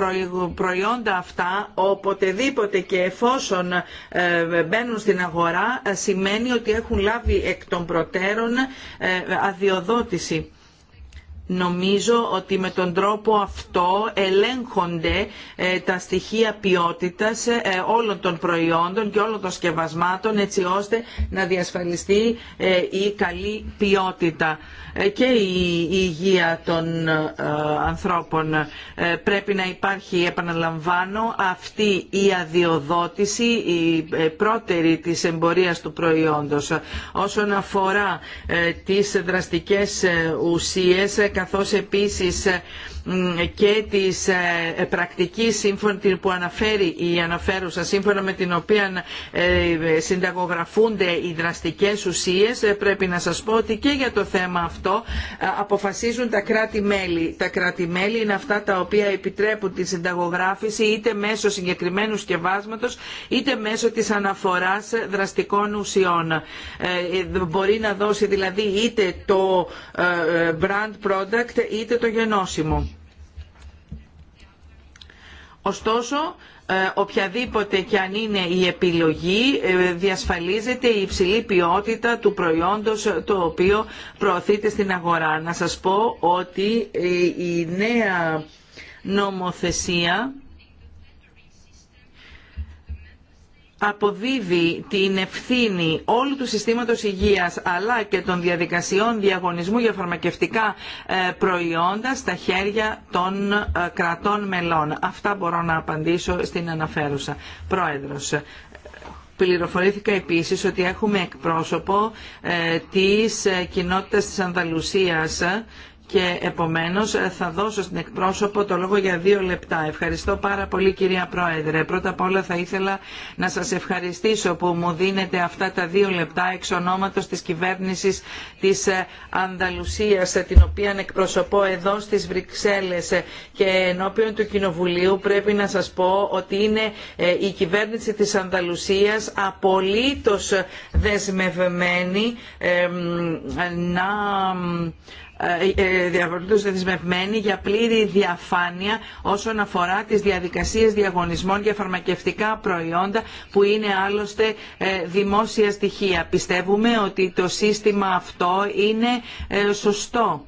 προϊόντα αυτά οποτεδήποτε και εφόσον ε, μπαίνουν στην αγορά σημαίνει ότι έχουν λάβει εκ των προτέρων ε, αδειοδότηση. Νομίζω ότι με τον τρόπο αυτό ελέγχονται ε, τα στοιχεία ποιότητας ε, όλων των προϊόντων και όλων των σκευασμάτων έτσι ώστε να διασφαλιστεί ε, η καλή ποιότητα και η υγεία των ανθρώπων. Πρέπει να υπάρχει, επαναλαμβάνω, αυτή η αδειοδότηση, η πρώτερη της εμπορίας του προϊόντος. Όσον αφορά τις δραστικές ουσίες, καθώς επίσης ε, και της ε, πρακτικής που αναφέρει η αναφέρουσα σύμφωνα με την οποία ε, συνταγογραφούνται οι δραστικές ουσίες ε, πρέπει να σας πω ότι και για το θέμα αυτό αποφασίζουν τα κράτη-μέλη. Τα κράτη-μέλη είναι αυτά τα οποία επιτρέπουν τη συνταγογράφηση είτε μέσω συγκεκριμένου σκευάσματος είτε μέσω της αναφοράς δραστικών ουσιών. Μπορεί να δώσει δηλαδή είτε το brand product είτε το γενώσιμο. Ωστόσο, ε, οποιαδήποτε και αν είναι η επιλογή, ε, διασφαλίζεται η υψηλή ποιότητα του προϊόντος ε, το οποίο προωθείται στην αγορά. Να σας πω ότι η νέα νομοθεσία αποδίδει την ευθύνη όλου του συστήματος υγείας αλλά και των διαδικασιών διαγωνισμού για φαρμακευτικά ε, προϊόντα στα χέρια των ε, κρατών μελών. Αυτά μπορώ να απαντήσω στην αναφέρουσα. Πρόεδρος, ε, Πληροφορήθηκα επίσης ότι έχουμε εκπρόσωπο της κοινότητας της Ανδαλουσίας και επομένως ε, θα δώσω στην εκπρόσωπο το λόγο για δύο λεπτά. Ευχαριστώ πάρα πολύ κυρία Πρόεδρε. Πρώτα απ' όλα θα ήθελα να σας ευχαριστήσω που μου δίνετε αυτά τα δύο λεπτά εξ ονόματος της κυβέρνησης της ε, Ανδαλουσίας ε, την οποία εκπροσωπώ εδώ στις Βρυξέλλες και ενώπιον του Κοινοβουλίου πρέπει να σας πω ότι είναι η κυβέρνηση της Ανταλουσίας απολύτως δεσμευμένη να ε, ε, διαβολούνται δεσμευμένοι για πλήρη διαφάνεια όσον αφορά τις διαδικασίες διαγωνισμών για φαρμακευτικά προϊόντα που είναι άλλωστε ε, δημόσια στοιχεία. Πιστεύουμε ότι το σύστημα αυτό είναι σωστό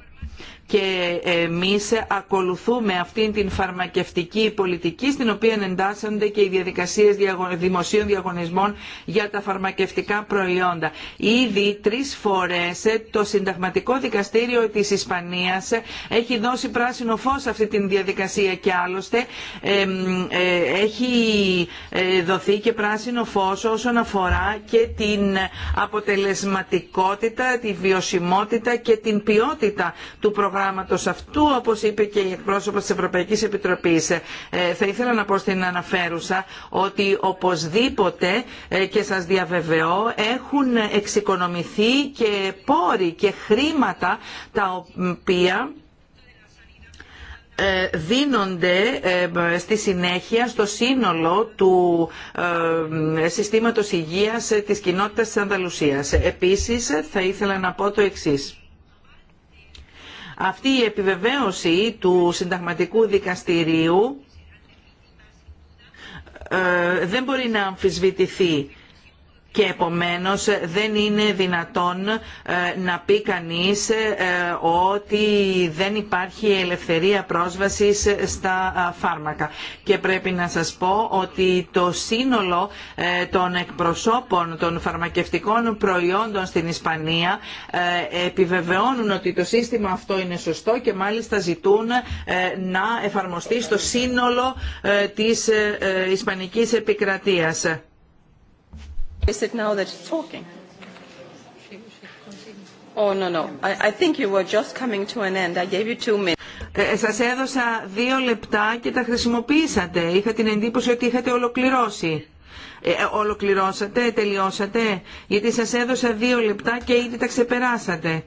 και εμείς ακολουθούμε αυτήν την φαρμακευτική πολιτική στην οποία εντάσσονται και οι διαδικασίες δημοσίων διαγωνισμών για τα φαρμακευτικά προϊόντα. Ήδη τρεις φορές το συνταγματικό δικαστήριο της Ισπανίας έχει δώσει πράσινο φως αυτή την διαδικασία και άλλωστε ε, έχει ε, δοθεί και πράσινο φως όσον αφορά και την αποτελεσματικότητα, τη βιωσιμότητα και την ποιότητα του προγράμματος προγράμματο αυτού, όπως είπε και η εκπρόσωπο της Ευρωπαϊκής Επιτροπής. Ε, θα ήθελα να πω στην αναφέρουσα ότι οπωσδήποτε ε, και σας διαβεβαιώ έχουν εξοικονομηθεί και πόροι και χρήματα τα οποία ε, δίνονται στη συνέχεια στο σύνολο του συστήματος υγείας της κοινότητας της Ανταλουσίας. Επίσης θα ήθελα να πω το εξής. Αυτή η επιβεβαίωση του συνταγματικού δικαστηρίου ε, δεν μπορεί να αμφισβητηθεί και επομένως δεν είναι δυνατόν ε, να πει κανείς ε, ότι δεν υπάρχει ελευθερία πρόσβασης στα ε, φάρμακα. Και πρέπει να σας πω ότι το σύνολο των εκπροσώπων των φαρμακευτικών προϊόντων στην Ισπανία επιβεβαιώνουν ότι το σύστημα αυτό είναι σωστό και μάλιστα ζητούν να εφαρμοστεί στο σύνολο της Ισπανικής επικρατείας. Is σας έδωσα δύο λεπτά και τα χρησιμοποίησατε. Είχα την εντύπωση ότι είχατε ολοκληρώσει. Ε, ε, ολοκληρώσατε, τελειώσατε, γιατί σας έδωσα δύο λεπτά και ήδη τα ξεπεράσατε.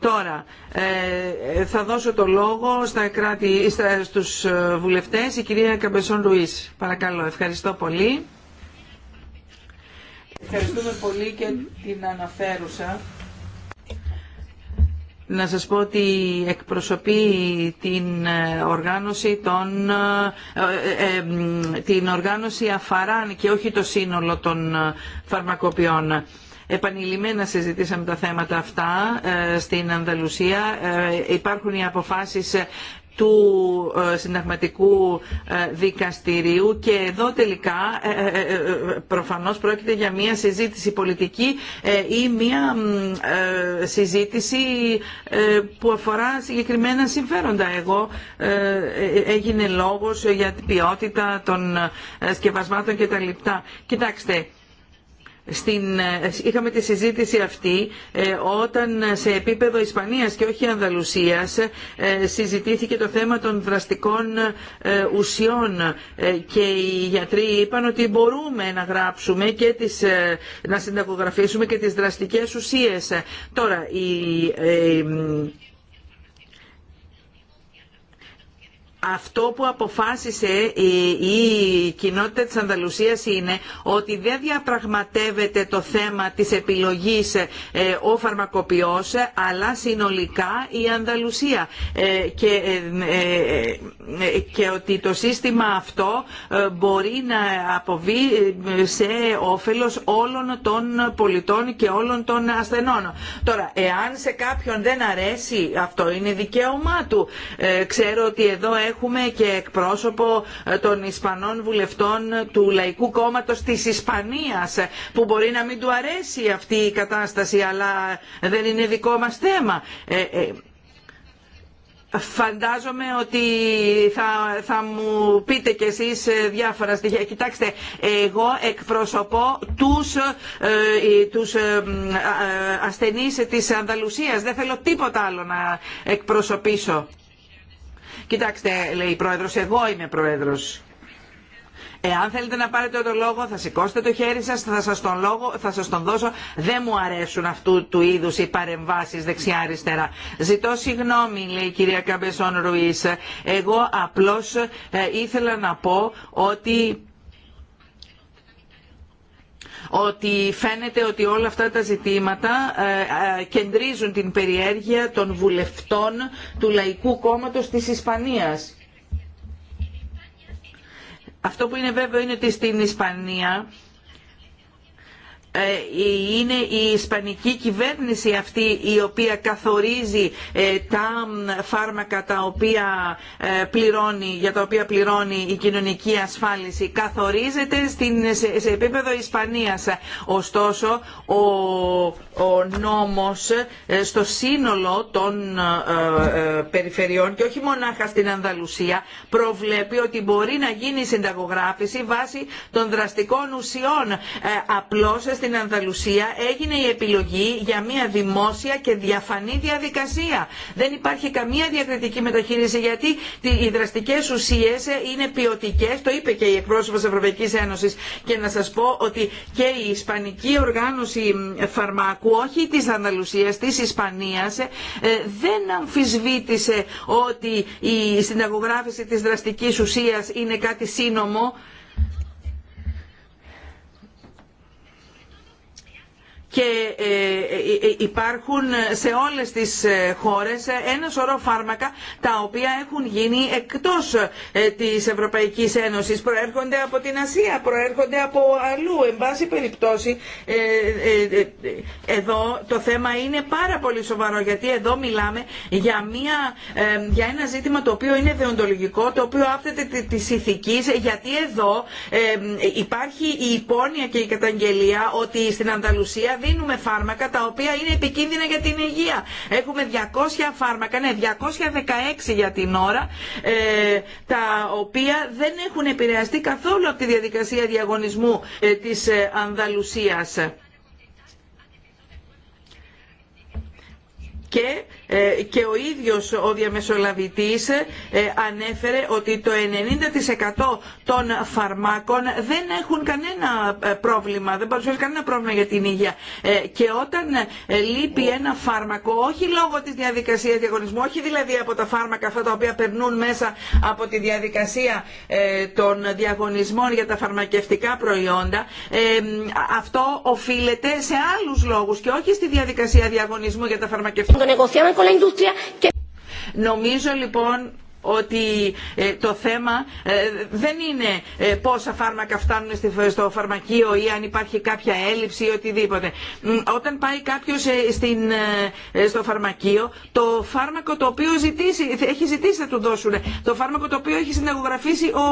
Τώρα, ε, ε θα δώσω το λόγο στα κράτη, στους βουλευτές, η κυρία Καμπεσόν Ρουής. Παρακαλώ, ευχαριστώ πολύ. Ευχαριστούμε πολύ και την αναφέρουσα. Να σας πω ότι εκπροσωπεί την ε, οργάνωση, των, ε, ε, την οργάνωση Αφαράν και όχι το σύνολο των φαρμακοποιών. Επανειλημμένα συζητήσαμε τα θέματα αυτά στην Ανδαλουσία. Υπάρχουν οι αποφάσεις του ε, συνταγματικού ε, δικαστηρίου και εδώ τελικά ε, προφανώς πρόκειται για μια συζήτηση πολιτική ή μια συζήτηση που αφορά συγκεκριμένα συμφέροντα. Εγώ έγινε λόγος για την ποιότητα των σκευασμάτων και τα λοιπά. Κοιτάξτε, ε, είχαμε τη συζήτηση αυτή ε, όταν σε επίπεδο Ισπανίας και όχι Ανδαλουσίας ε, συζητήθηκε το θέμα των δραστικών ουσιών και οι γιατροί είπαν ότι μπορούμε να γράψουμε και τις, να συνταγογραφήσουμε και τις δραστικές ουσίες. Τώρα, η, αυτό που αποφάσισε η κοινότητα της Ανταλουσίας είναι ότι δεν διαπραγματεύεται το θέμα της επιλογής ε, ο φαρμακοποιός αλλά συνολικά η Ανδαλουσία ε, και, ε, και ότι το σύστημα αυτό μπορεί να αποβεί σε όφελος όλων των πολιτών και όλων των ασθενών. Τώρα, εάν σε κάποιον δεν αρέσει αυτό είναι δικαίωμά του. Ξέρω ότι εδώ έχουμε και εκπρόσωπο ε, των Ισπανών βουλευτών του Λαϊκού Κόμματος της Ισπανίας ε, που μπορεί να μην του αρέσει αυτή η κατάσταση αλλά δεν είναι δικό μας θέμα. Ε, φαντάζομαι ότι θα, θα μου πείτε κι εσείς διάφορα στοιχεία. Κοιτάξτε, εγώ εκπροσωπώ τους, ε, τους ε, ασθενείς της Ανδαλουσίας. Δεν θέλω τίποτα άλλο να εκπροσωπήσω. Κοιτάξτε, λέει η πρόεδρος, εγώ είμαι πρόεδρο. Εάν θέλετε να πάρετε τον λόγο, θα σηκώσετε το χέρι σα, θα σα τον, τον δώσω. Δεν μου αρέσουν αυτού του είδου οι παρεμβάσει δεξια δεξιά-αριστερά. Ζητώ συγγνώμη, λέει η κυρία Καμπεσόν Ρουίς. Εγώ απλώ ε, ήθελα να πω ότι ότι φαίνεται ότι όλα αυτά τα ζητήματα ε, ε, κεντρίζουν την περιέργεια των βουλευτών του Λαϊκού Κόμματος της Ισπανίας. Αυτό που είναι βέβαιο είναι ότι στην Ισπανία ε, είναι η ισπανική κυβέρνηση αυτή η οποία καθορίζει ε, τα φάρμακα τα οποία ε, πληρώνει, για τα οποία πληρώνει η κοινωνική ασφάλιση. Καθορίζεται στην, σε, επίπεδο Ισπανίας. Ωστόσο, ο, ο νόμος στο σύνολο των περιφερειών και όχι μονάχα στην Ανδαλουσία προβλέπει ότι μπορεί να γίνει συνταγογράφηση βάσει των δραστικών ουσιών ε, στην Ανδαλουσία έγινε η επιλογή για μια δημόσια και διαφανή διαδικασία. Δεν υπάρχει καμία διακριτική μεταχείριση γιατί οι δραστικέ ουσίε ε, είναι ποιοτικέ, το είπε και η εκπρόσωπο Ευρωπαϊκή Ένωση. Και να σα πω ότι και η Ισπανική Οργάνωση Φαρμάκου, όχι τη Ανδαλουσία, τη Ισπανία, ε, ε, δεν αμφισβήτησε ότι η συνταγογράφηση τη δραστική ουσία είναι κάτι σύνομο και ε, ε, ε, υπάρχουν σε όλες τις χώρες ένα σωρό φάρμακα τα οποία έχουν γίνει εκτός της Ευρωπαϊκής Ένωσης. Προέρχονται από την Ασία, προέρχονται από αλλού. Εν πάση περιπτώσει, εδώ το θέμα είναι πάρα πολύ σοβαρό γιατί εδώ μιλάμε για, μια, για ένα ζήτημα το οποίο είναι δεοντολογικό, το οποίο άπτεται της ηθικής γιατί εδώ υπάρχει η υπόνοια και η καταγγελία ότι στην Ανταλουσία δίνουμε φάρμακα τα οποία είναι επικίνδυνα για την υγεία. Έχουμε 200 φάρμακα, ναι, 216 για την ώρα, ε, τα οποία δεν έχουν επηρεαστεί καθόλου από τη διαδικασία διαγωνισμού ε, της ε, Ανδαλουσίας. και, ε, και ο ίδιος ο διαμεσολαβητής ε, ανέφερε ότι το 90% των φαρμάκων δεν έχουν κανένα ε, πρόβλημα, δεν παρουσιάζει κανένα πρόβλημα για την υγεία. Και όταν λείπει ένα φάρμακο, όχι λόγω της διαδικασίας διαγωνισμού, όχι δηλαδή από τα φάρμακα αυτά τα οποία περνούν μέσα από τη διαδικασία των διαγωνισμών για τα φαρμακευτικά προϊόντα, αυτό οφείλεται σε άλλους λόγους και όχι στη διαδικασία διαγωνισμού για τα φαρμακευτικά Νομίζω λοιπόν ότι ε, το θέμα ε, δεν είναι ε, πόσα φάρμακα φτάνουν στο φαρμακείο ή αν υπάρχει κάποια έλλειψη ή οτιδήποτε. Όταν πάει κάποιος ε, στο φαρμακείο, το φάρμακο το οποίο ζητήσει, έχει ζητήσει να του δώσουν. Το φάρμακο το οποίο έχει συνταγογραφήσει ο,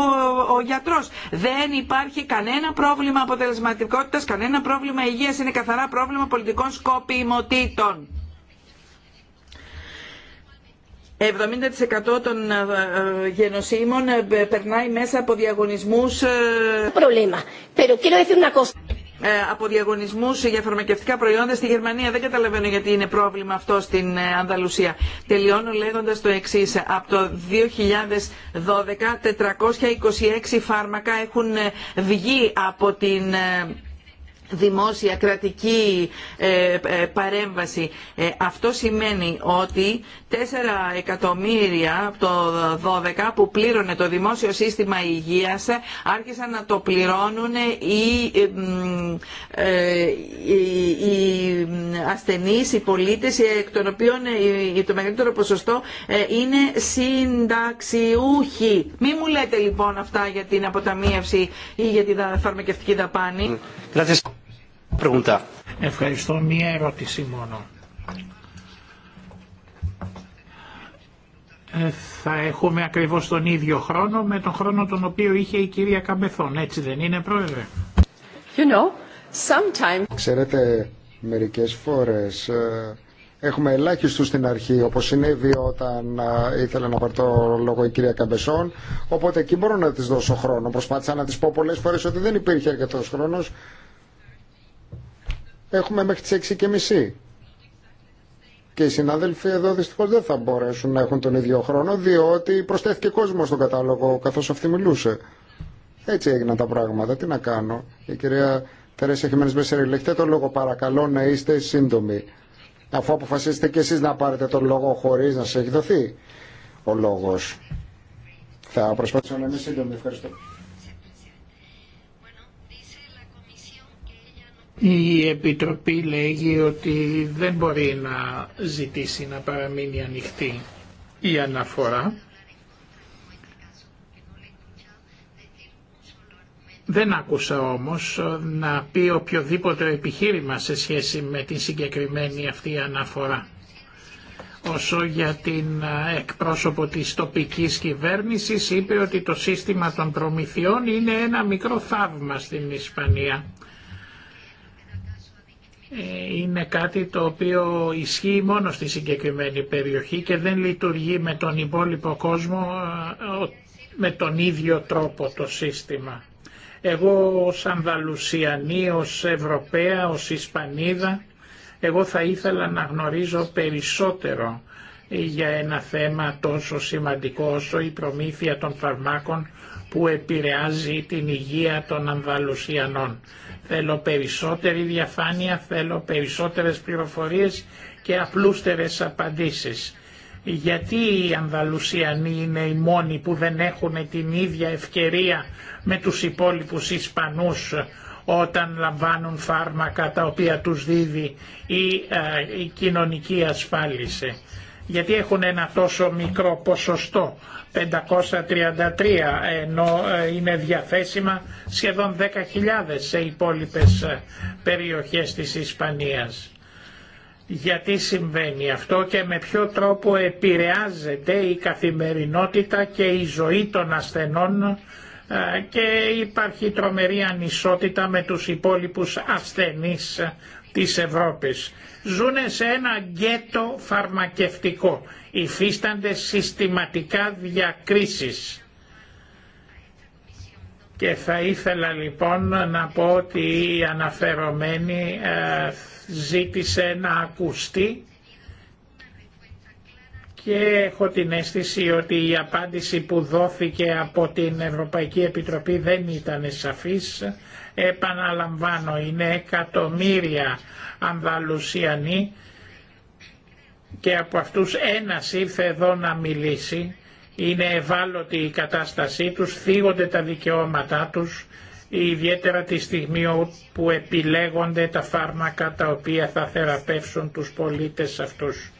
ο γιατρός. Δεν υπάρχει κανένα πρόβλημα αποτελεσματικότητας, κανένα πρόβλημα υγείας. Είναι καθαρά πρόβλημα πολιτικών σκοπιμοτήτων. 70% των ε, ε, γενοσύμων ε, περνάει μέσα από διαγωνισμούς προβλήμα. Από διαγωνισμού για φαρμακευτικά προϊόντα στη Γερμανία. Δεν καταλαβαίνω γιατί είναι πρόβλημα αυτό στην Ανδαλουσία. Τελειώνω λέγοντα το εξή. Από το 2012, 426 φάρμακα έχουν βγει από την δημόσια κρατική ε, ε, παρέμβαση. Ε, αυτό σημαίνει ότι 4 εκατομμύρια από το 12 που πλήρωνε το δημόσιο σύστημα υγείας άρχισαν να το πληρώνουν οι, οι ασθενείς, οι πολίτες εκ των οποίων το μεγαλύτερο ποσοστό είναι συνταξιούχοι. Μη μου λέτε λοιπόν αυτά για την αποταμίευση ή για τη φαρμακευτική δαπάνη. Ευχαριστώ. Μία ερώτηση μόνο. Ε, θα έχουμε ακριβώς τον ίδιο χρόνο με τον χρόνο τον οποίο είχε η κυρία Καμπεθόν. Έτσι δεν είναι, Πρόεδρε. Ξέρετε, μερικές φορές ε, Έχουμε ελάχιστο στην αρχή, όπω συνέβη όταν ήθελε να πάρει το λόγο η κυρία Καμπεσόν. Οπότε εκεί μπορώ να τη δώσω χρόνο. Προσπάθησα να τη πω πολλέ φορέ ότι δεν υπήρχε αρκετό χρόνο. Έχουμε μέχρι τι 6 και μισή. Και οι συνάδελφοι εδώ δυστυχώ δεν θα μπορέσουν να έχουν τον ίδιο χρόνο, διότι προσθέθηκε κόσμο στον κατάλογο καθώ αυτή μιλούσε. Έτσι έγιναν τα πράγματα. Τι να κάνω. Η κυρία Τερέσια Χιμένε Μπεσερή, λεχτέ το λόγο παρακαλώ να είστε σύντομοι αφού αποφασίσετε και εσείς να πάρετε τον λόγο χωρίς να σε έχει δοθεί ο λόγος. Θα προσπαθήσω να είμαι σύντομη. Ευχαριστώ. Η Επιτροπή λέγει ότι δεν μπορεί να ζητήσει να παραμείνει ανοιχτή η αναφορά Δεν άκουσα όμως ε, να πει οποιοδήποτε επιχείρημα σε σχέση με την συγκεκριμένη αυτή αναφορά. Όσο για την ε, εκπρόσωπο της τοπικής κυβέρνησης είπε ότι το σύστημα των προμηθειών είναι ένα μικρό θαύμα στην Ισπανία. Ε, είναι κάτι το οποίο ισχύει μόνο στη συγκεκριμένη περιοχή και δεν λειτουργεί με τον υπόλοιπο κόσμο με τον ίδιο τρόπο το σύστημα. Εγώ ως Ανδαλουσιανή, ως Ευρωπαία, ως Ισπανίδα, εγώ θα ήθελα να γνωρίζω περισσότερο για ένα θέμα τόσο σημαντικό όσο η προμήθεια των φαρμάκων που επηρεάζει την υγεία των Ανδαλουσιανών. Θέλω περισσότερη διαφάνεια, θέλω περισσότερες πληροφορίες και απλούστερες απαντήσεις γιατί οι Ανδαλουσιανοί είναι οι μόνοι που δεν έχουν την ίδια ευκαιρία με τους υπόλοιπους Ισπανούς όταν λαμβάνουν φάρμακα τα οποία τους δίδει η, ε, η κοινωνική ασφάλιση. Γιατί έχουν ένα τόσο μικρό ποσοστό, 533, ενώ ε, είναι διαθέσιμα σχεδόν 10.000 σε υπόλοιπες ε, περιοχές της Ισπανίας γιατί συμβαίνει αυτό και με ποιο τρόπο επηρεάζεται η καθημερινότητα και η ζωή των ασθενών ε, και υπάρχει τρομερή ανισότητα με τους υπόλοιπους ασθενείς της Ευρώπης. Ζούνε σε ένα γκέτο φαρμακευτικό, υφίστανται συστηματικά διακρίσεις. Και θα ήθελα λοιπόν να πω ότι οι αναφερομένοι ε, ζήτησε να ακουστεί και έχω την αίσθηση ότι η απάντηση που δόθηκε από την Ευρωπαϊκή Επιτροπή δεν ήταν σαφής. Επαναλαμβάνω, είναι εκατομμύρια Ανδαλουσιανοί και από αυτούς ένας ήρθε εδώ να μιλήσει. Είναι ευάλωτη η κατάστασή τους, θίγονται τα δικαιώματά τους ιδιαίτερα τη στιγμή που επιλέγονται τα φάρμακα τα οποία θα θεραπεύσουν τους πολίτες αυτούς.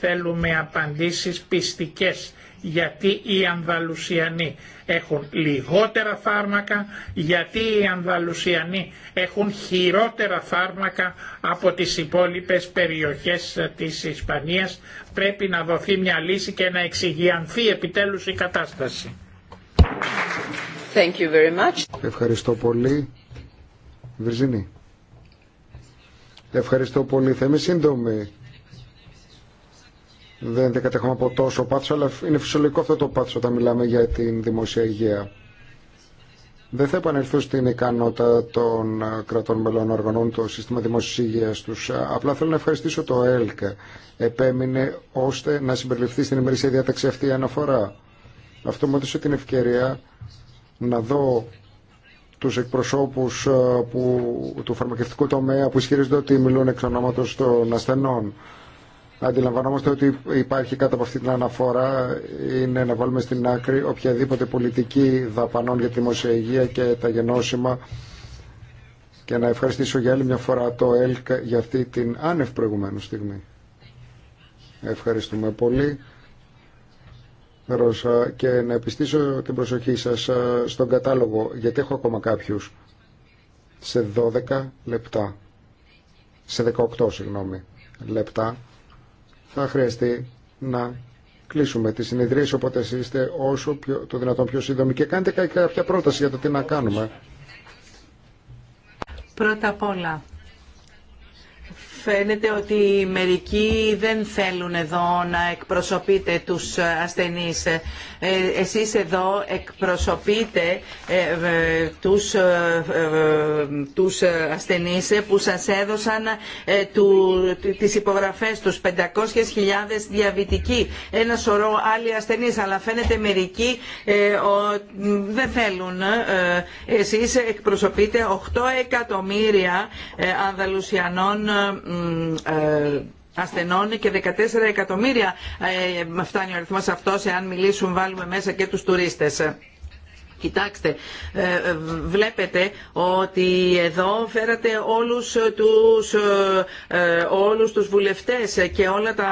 Θέλουμε απαντήσεις πιστικές γιατί οι Ανδαλουσιανοί έχουν λιγότερα φάρμακα, γιατί οι Ανδαλουσιανοί έχουν χειρότερα φάρμακα από τις υπόλοιπες περιοχές της Ισπανίας. Πρέπει να δοθεί μια λύση και να εξηγιανθεί επιτέλους η κατάσταση. Thank you very much. Ευχαριστώ πολύ. Βυζίνη. Ευχαριστώ πολύ. Θα είμαι σύντομη. Δεν τα κατέχομαι από τόσο πάθος, αλλά είναι φυσιολογικό αυτό το πάθος όταν μιλάμε για την δημόσια υγεία. Δεν θα επανελθώ στην ικανότητα των κρατών μελών να οργανώνουν το σύστημα δημόσια υγεία του. Απλά θέλω να ευχαριστήσω το ΕΛΚ. Επέμεινε ώστε να συμπεριληφθεί στην ημερήσια διάταξη αυτή η αναφορά. Αυτό μου έδωσε την ευκαιρία να δω τους εκπροσώπους ε, που, του φαρμακευτικού τομέα που ισχυρίζονται ότι μιλούν εξ ονόματος των ασθενών. Αντιλαμβανόμαστε ότι υπάρχει κάτω από αυτή την αναφορά είναι να βάλουμε στην άκρη οποιαδήποτε πολιτική δαπανών για τη δημόσια υγεία και τα γενώσιμα και να ευχαριστήσω για άλλη μια φορά το ΕΛΚ για αυτή την άνευ προηγουμένου στιγμή. Ευχαριστούμε πολύ και να επιστήσω την προσοχή σας στον κατάλογο, γιατί έχω ακόμα κάποιους, σε 12 λεπτά, σε 18 συγγνώμη, λεπτά, θα χρειαστεί να κλείσουμε τις συνεδρίες, οπότε εσείς είστε όσο πιο, το δυνατόν πιο σύντομοι και κάντε κάποια πρόταση για το τι να κάνουμε. Πρώτα απ' όλα, Φαίνεται ότι μερικοί δεν θέλουν εδώ να εκπροσωπείτε τους ασθενείς. Ε, εσείς εδώ εκπροσωπείτε ε, ε, τους, τους ασθενείς που σας έδωσαν τις υπογραφές τους. 500.000 διαβητικοί, ένα σωρό άλλοι ασθενείς. Αλλά φαίνεται μερικοί δεν θέλουν. Εσείς εκπροσωπείτε 8 εκατομμύρια Ανδαλουσιανών ε, ασθενών και 14 εκατομμύρια ε, φτάνει ο αριθμός αυτός εάν μιλήσουν βάλουμε μέσα και τους τουρίστες. Κοιτάξτε, ε, ε, βλέπετε ότι εδώ φέρατε όλους τους, ε, όλους τους βουλευτές και όλα τα,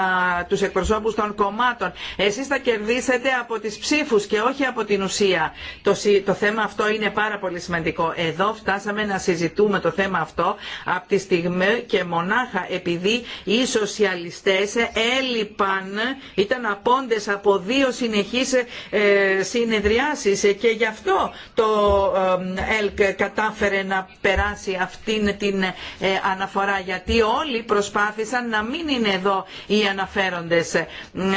τους εκπροσώπους των κομμάτων. Εσείς θα κερδίσετε από τις ψήφους και όχι από την ουσία. Το, θέμα αυτό είναι πάρα πολύ σημαντικό. Εδώ φτάσαμε να συζητούμε το θέμα αυτό από τη στιγμή και μονάχα επειδή οι σοσιαλιστές έλειπαν, ήταν απόντες από δύο συνεχείς συνεδριάσεις και αυτό αυτό το ΕΛΚ κατάφερε να περάσει αυτήν την ε, αναφορά γιατί όλοι προσπάθησαν να μην είναι εδώ οι αναφέροντες.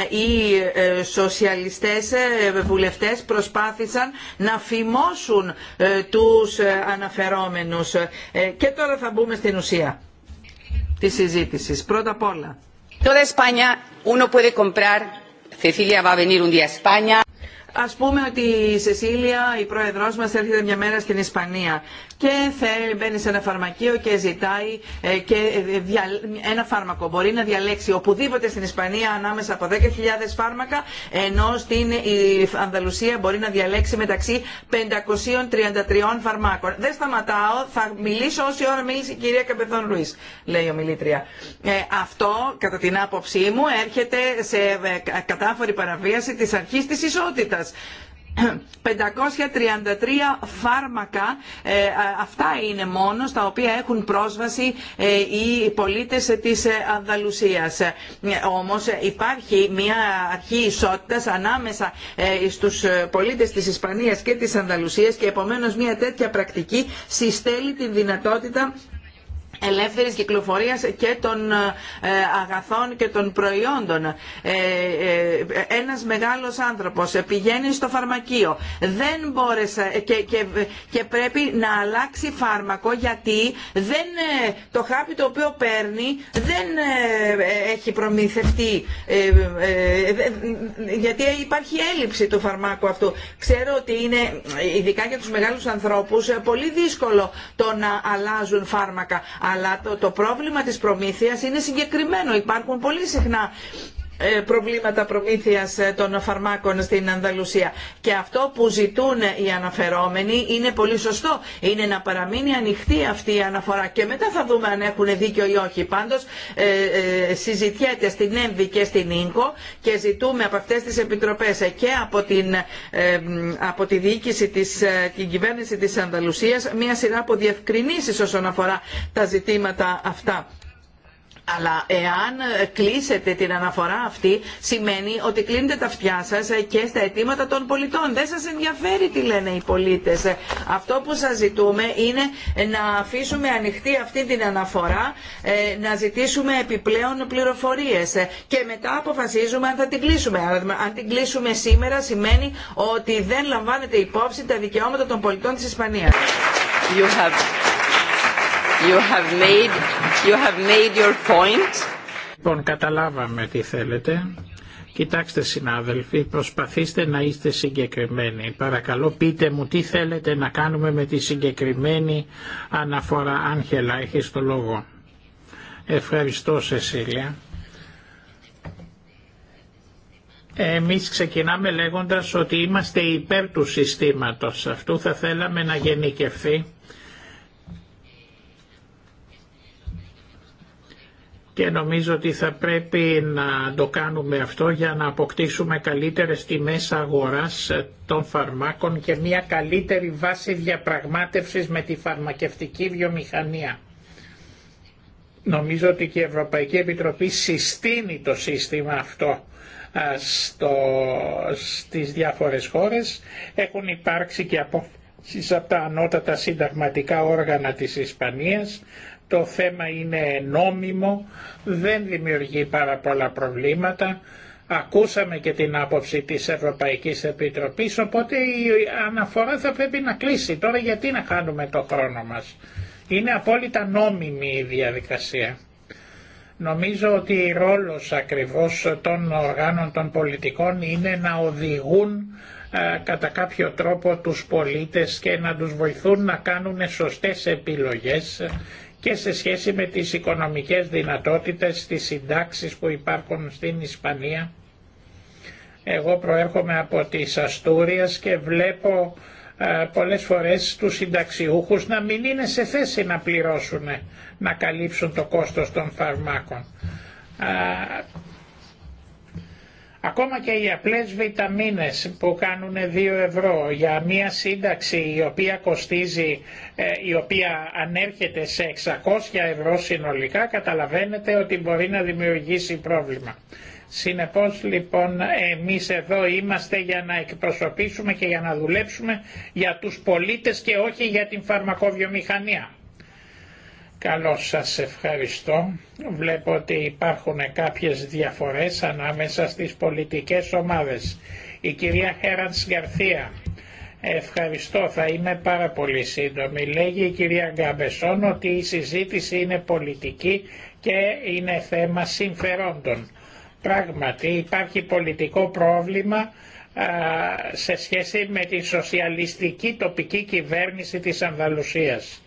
Οι ε, σοσιαλιστές ε, βουλευτές προσπάθησαν να φημώσουν τους αναφερόμενους. Και τώρα θα μπούμε στην ουσία της συζήτηση. Πρώτα απ' όλα. Toda España uno puede comprar, Cecilia va a venir un día España. Α πούμε ότι η Σεσίλια, η πρόεδρό μα, έρχεται μια μέρα στην Ισπανία και μπαίνει σε ένα φαρμακείο και ζητάει ε, και ε, ένα φάρμακο. Μπορεί να διαλέξει οπουδήποτε στην Ισπανία ανάμεσα από 10.000 φάρμακα, ενώ στην η Ανδαλουσία μπορεί να διαλέξει μεταξύ 533 φαρμάκων. Δεν σταματάω, θα μιλήσω όση ώρα μίλησε η κυρία Καπεθόν Ρούη. λέει ο μιλήτρια. Ε, αυτό, κατά την άποψή μου, έρχεται σε κατάφορη παραβίαση τη αρχή τη ισότητα. 533 φάρμακα, ε, αυτά είναι μόνο στα οποία έχουν πρόσβαση ε, οι πολίτες της ε, Ανδαλουσίας. Όμως υπάρχει μια αρχή ισότητας ανάμεσα στους πολίτες της Ισπανίας και της Ανδαλουσίας και επομένως μια τέτοια πρακτική συστέλει τη δυνατότητα ελεύθερης κυκλοφορία και των ε, αγαθών και των προϊόντων. Ε, ε, ένας μεγάλος άνθρωπος πηγαίνει στο φαρμακείο δεν μπόρεσε και, πρέπει να αλλάξει φάρμακο γιατί δεν, το χάπι το οποίο παίρνει δεν έχει προμηθευτεί γιατί υπάρχει έλλειψη του φαρμάκου αυτού. Ξέρω ότι είναι ειδικά για τους μεγάλους ανθρώπους πολύ δύσκολο το να αλλάζουν φάρμακα αλλά το, πρόβλημα της προμήθειας είναι συγκεκριμένο. Υπάρχουν πολύ συχνά ε, προβλήματα προμήθειας ε, των φαρμάκων στην Ανδαλουσία. Και αυτό που ζητούν οι αναφερόμενοι είναι πολύ σωστό. Είναι να παραμείνει ανοιχτή αυτή η αναφορά και μετά θα δούμε αν έχουν δίκιο ή όχι. Πάντως ε, συζητιέται στην ΕΜΒΗ και στην ΙΝΚΟ και ζητούμε από αυτές τις επιτροπές και από, την, τη διοίκηση της, την κυβέρνηση της Ανδαλουσίας μια σειρά από διευκρινήσεις όσον αφορά τα ζητήματα αυτά. Αλλά εάν κλείσετε την αναφορά αυτή, σημαίνει ότι κλείνετε τα αυτιά σα και στα αιτήματα των πολιτών. Δεν σα ενδιαφέρει τι λένε οι πολίτε. Αυτό που σα ζητούμε είναι να αφήσουμε ανοιχτή αυτή την αναφορά, ε, να ζητήσουμε επιπλέον πληροφορίε και μετά αποφασίζουμε αν θα την κλείσουμε. Αν την κλείσουμε σήμερα, σημαίνει ότι δεν λαμβάνεται υπόψη τα δικαιώματα των πολιτών τη Ισπανία. You Λοιπόν, καταλάβαμε τι θέλετε. Κοιτάξτε συνάδελφοι, προσπαθήστε να είστε συγκεκριμένοι. Παρακαλώ πείτε μου τι θέλετε να κάνουμε με τη συγκεκριμένη αναφορά. Άγχελα, έχεις το λόγο. Ευχαριστώ Σεσίλια. Εμείς ξεκινάμε λέγοντας ότι είμαστε υπέρ του συστήματος. Αυτού θα θέλαμε να γενικευθεί και νομίζω ότι θα πρέπει να το κάνουμε αυτό για να αποκτήσουμε καλύτερες τιμές αγοράς ε, των φαρμάκων και μια καλύτερη βάση διαπραγμάτευσης με τη φαρμακευτική βιομηχανία. Νομίζω ότι και η Ευρωπαϊκή Επιτροπή συστήνει το σύστημα αυτό ε, στο, στις διάφορες χώρες. Έχουν υπάρξει και από από τα ανώτατα συνταγματικά όργανα της Ισπανίας το θέμα είναι νόμιμο, δεν δημιουργεί πάρα πολλά προβλήματα. Ακούσαμε και την άποψη της Ευρωπαϊκής Επιτροπής, οπότε η αναφορά θα πρέπει να κλείσει. Τώρα γιατί να χάνουμε το χρόνο μας. Είναι απόλυτα νόμιμη η διαδικασία. Νομίζω ότι η ρόλος ακριβώς των οργάνων των πολιτικών είναι να οδηγούν κατά κάποιο τρόπο τους πολίτες και να τους βοηθούν να κάνουν σωστές επιλογές και σε σχέση με τις οικονομικές δυνατότητες, τις συντάξεις που υπάρχουν στην Ισπανία. Εγώ προέρχομαι από τις Αστούριας και βλέπω ε, πολλές φορές τους συνταξιούχους να μην είναι σε θέση να πληρώσουν, να καλύψουν το κόστος των φαρμάκων. Ακόμα και οι απλές βιταμίνες που κάνουν 2 ευρώ για μια σύνταξη η οποία κοστίζει, ε, η οποία ανέρχεται σε 600 ευρώ συνολικά, καταλαβαίνετε ότι μπορεί να δημιουργήσει πρόβλημα. Συνεπώς λοιπόν εμείς εδώ είμαστε για να εκπροσωπήσουμε και για να δουλέψουμε για τους πολίτες και όχι για την φαρμακοβιομηχανία. Καλώς σας ευχαριστώ. Βλέπω ότι υπάρχουν κάποιες διαφορές ανάμεσα στις πολιτικές ομάδες. Η κυρία Χέραντς Γκαρθία. Ευχαριστώ, θα είμαι πάρα πολύ σύντομη. Λέγει η κυρία Γκαμπεσόν ότι η συζήτηση είναι πολιτική και είναι θέμα συμφερόντων. Πράγματι υπάρχει πολιτικό πρόβλημα σε σχέση με τη σοσιαλιστική τοπική κυβέρνηση της Ανδαλουσίας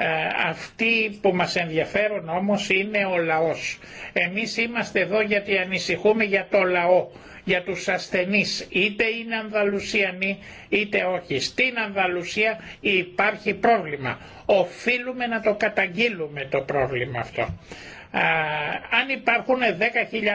ε, αυτοί που μας ενδιαφέρουν όμως είναι ο λαός. Εμείς είμαστε εδώ γιατί ανησυχούμε για το λαό, για τους ασθενείς, είτε είναι Ανδαλουσιανοί είτε όχι. Στην Ανδαλουσία υπάρχει πρόβλημα. Οφείλουμε να το καταγγείλουμε το πρόβλημα αυτό. Α, αν υπάρχουν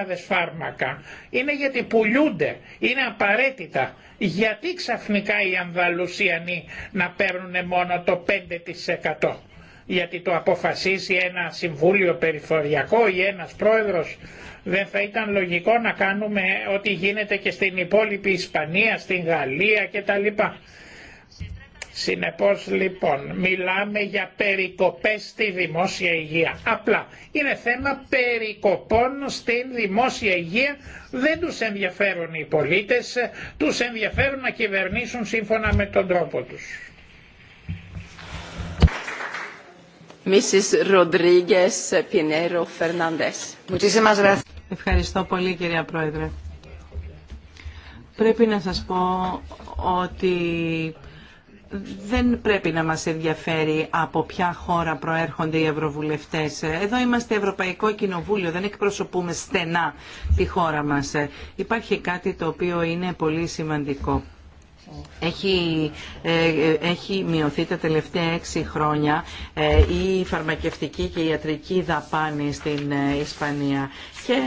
10.000 φάρμακα είναι γιατί πουλούνται, είναι απαραίτητα. Γιατί ξαφνικά οι Ανδαλουσιανοί να παίρνουν μόνο το 5% γιατί το αποφασίσει ένα συμβούλιο περιφοριακό ή ένας πρόεδρος δεν θα ήταν λογικό να κάνουμε ό,τι γίνεται και στην υπόλοιπη Ισπανία, στην Γαλλία κτλ. Συνεπώς λοιπόν μιλάμε για περικοπές στη δημόσια υγεία. Απλά είναι θέμα περικοπών στην δημόσια υγεία. Δεν τους ενδιαφέρουν οι πολίτες, τους ενδιαφέρουν να κυβερνήσουν σύμφωνα με τον τρόπο τους. Ευχαριστώ πολύ κυρία Πρόεδρε. Πρέπει να σας πω ότι δεν πρέπει να μας ενδιαφέρει από ποια χώρα προέρχονται οι ευρωβουλευτές. Εδώ είμαστε Ευρωπαϊκό Κοινοβούλιο, δεν εκπροσωπούμε στενά τη χώρα μας. Υπάρχει κάτι το οποίο είναι πολύ σημαντικό έχει, ε, ε, έχει μειωθεί τα τελευταία έξι χρόνια ε, η φαρμακευτική και η ιατρική δαπάνη στην Ισπανία και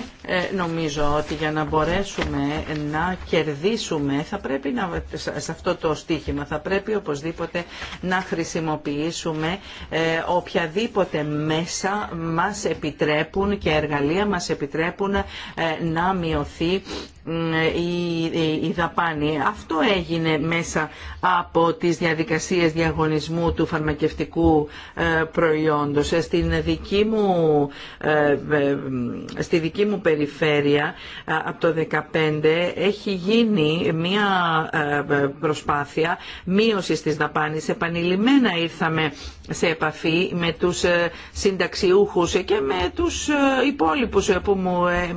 νομίζω ότι για να μπορέσουμε να κερδίσουμε θα πρέπει να, σε αυτό το στίχημα θα πρέπει οπωσδήποτε να χρησιμοποιήσουμε οποιαδήποτε μέσα μας επιτρέπουν και εργαλεία μας επιτρέπουν να μειωθεί η δαπάνη. Αυτό έγινε μέσα από τις διαδικασίες διαγωνισμού του φαρμακευτικού ε, προϊόντος. Ε, στην δική μου, ε, στη δική μου περιφέρεια από το 2015 έχει γίνει μια προσπάθεια μείωσης της δαπάνης. Επανειλημμένα ήρθαμε σε επαφή με τους συνταξιούχους και με τους υπόλοιπους που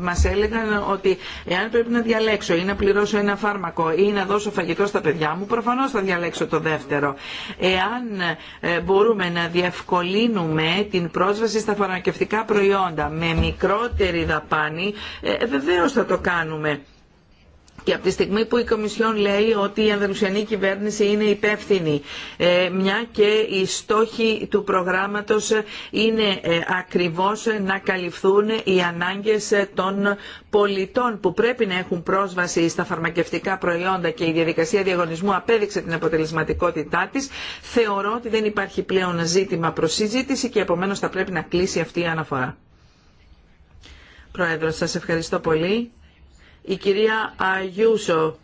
μας έλεγαν ότι εάν πρέπει να να διαλέξω ή να πληρώσω ένα φάρμακο ή να δώσω φαγητό στα παιδιά μου, προφανώς θα διαλέξω το δεύτερο. Εάν ε, μπορούμε να διευκολύνουμε την πρόσβαση στα φαρμακευτικά προϊόντα με μικρότερη δαπάνη, ε, Βεβαίω θα το κάνουμε και από τη στιγμή που η Κομισιόν λέει ότι η Ανδαλουσιανή κυβέρνηση είναι υπεύθυνη, ε, μια και οι στόχοι του προγράμματος είναι ε, ακριβώς να καλυφθούν οι ανάγκες των πολιτών που πρέπει να έχουν πρόσβαση στα φαρμακευτικά προϊόντα και η διαδικασία διαγωνισμού απέδειξε την αποτελεσματικότητά της, θεωρώ ότι δεν υπάρχει πλέον ζήτημα προς συζήτηση και επομένως θα πρέπει να κλείσει αυτή η αναφορά. Πρόεδρος, σας ευχαριστώ πολύ. Η κυρία Αγιούσο.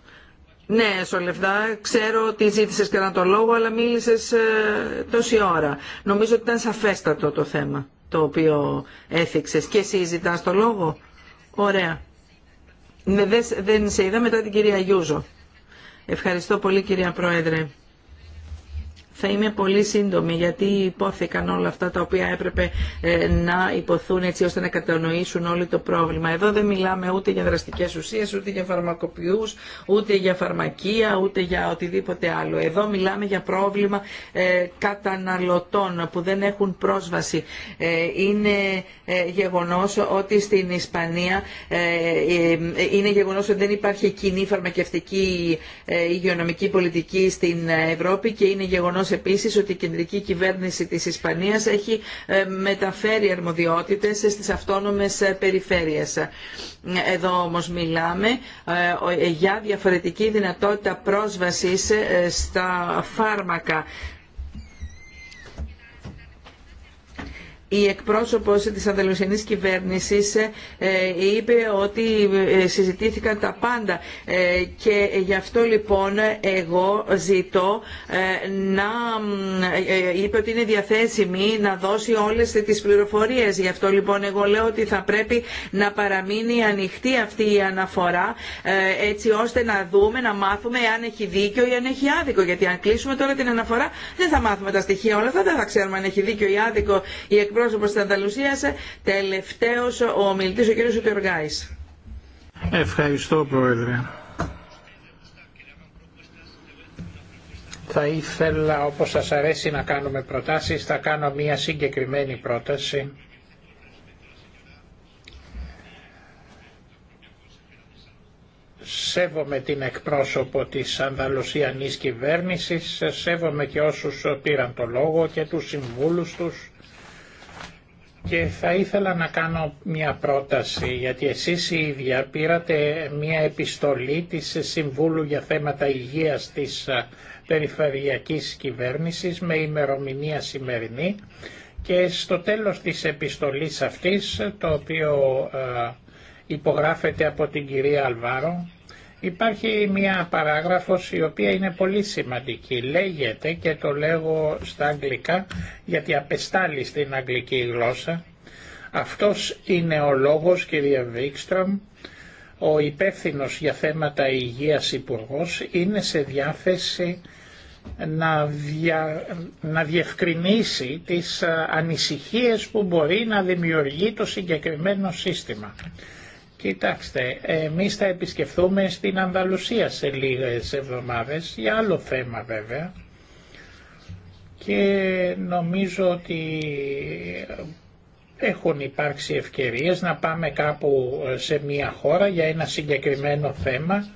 Ναι, Σολευδά, ξέρω ότι ζήτησε και το λόγο, αλλά μίλησε ε, τόση ώρα. Νομίζω ότι ήταν σαφέστατο το θέμα το οποίο έθιξε. Και εσύ ζητά το λόγο. Ωραία. Ναι, δεν σε είδα μετά την κυρία Γιούζο. Ευχαριστώ πολύ κυρία Πρόεδρε. Θα είμαι πολύ σύντομη γιατί υπόθηκαν όλα αυτά τα οποία έπρεπε ε, να υποθούν έτσι ώστε να κατανοήσουν όλοι το πρόβλημα. Εδώ δεν μιλάμε ούτε για δραστικές ουσίες, ούτε για φαρμακοποιούς, ούτε για φαρμακεία, ούτε για οτιδήποτε άλλο. Εδώ μιλάμε για πρόβλημα ε, καταναλωτών που δεν έχουν πρόσβαση. Ε, είναι γεγονός ότι στην Ισπανία είναι γεγονός ότι δεν υπάρχει κοινή φαρμακευτική υγειονομική πολιτική στην Ευρώπη και είναι γεγονός γεγονός επίσης ότι η κεντρική κυβέρνηση της Ισπανίας έχει ε, μεταφέρει αρμοδιότητες στις αυτόνομες ε, περιφέρειες. Εδώ όμως μιλάμε ε, για διαφορετική δυνατότητα πρόσβασης στα φάρμακα η εκπρόσωπος της Ανταλλουσιανής κυβέρνησης ε, ε, είπε ότι ε, συζητήθηκαν τα πάντα και γι' αυτό λοιπόν εγώ ζητώ να είπε ότι είναι διαθέσιμη να δώσει όλες τις πληροφορίες. Γι' αυτό λοιπόν εγώ λέω ότι θα πρέπει να παραμείνει ανοιχτή αυτή η αναφορά έτσι ώστε να δούμε, να μάθουμε αν έχει δίκιο ή αν έχει άδικο. Γιατί αν κλείσουμε τώρα την αναφορά δεν θα μάθουμε τα στοιχεία όλα αυτά, δεν θα ξέρουμε αν έχει δίκιο ή άδικο η εκπρόσωπος όπως τη Ανταλουσία τελευταίος ο ομιλητή ο κ. Ουτεργάης. Ευχαριστώ Πρόεδρε. Θα ήθελα όπως σας αρέσει να κάνουμε προτάσεις, θα κάνω μία συγκεκριμένη πρόταση. σέβομαι την εκπρόσωπο της Ανδαλουσιανής κυβέρνησης, σέβομαι και όσους πήραν το λόγο και τους συμβούλους τους και θα ήθελα να κάνω μια πρόταση γιατί εσείς οι ίδια πήρατε μια επιστολή της Συμβούλου για θέματα υγείας της ε, Περιφερειακής Κυβέρνησης με ημερομηνία σημερινή και στο τέλος της επιστολής αυτής το οποίο ε, υπογράφεται από την κυρία Αλβάρο Υπάρχει μια παράγραφος η οποία είναι πολύ σημαντική. Λέγεται και το λέγω στα αγγλικά γιατί απεστάλλει στην αγγλική γλώσσα. Αυτός είναι ο λόγος κυρία Βίξτρομ ο υπεύθυνο για θέματα υγείας υπουργό είναι σε διάθεση να, δια, να διευκρινίσει τις ε, ανησυχίες που μπορεί να δημιουργεί το συγκεκριμένο σύστημα. Κοιτάξτε, εμείς θα επισκεφθούμε στην Ανδαλουσία σε λίγες εβδομάδες, για άλλο θέμα βέβαια. Και νομίζω ότι έχουν υπάρξει ευκαιρίες να πάμε κάπου σε μια χώρα για ένα συγκεκριμένο θέμα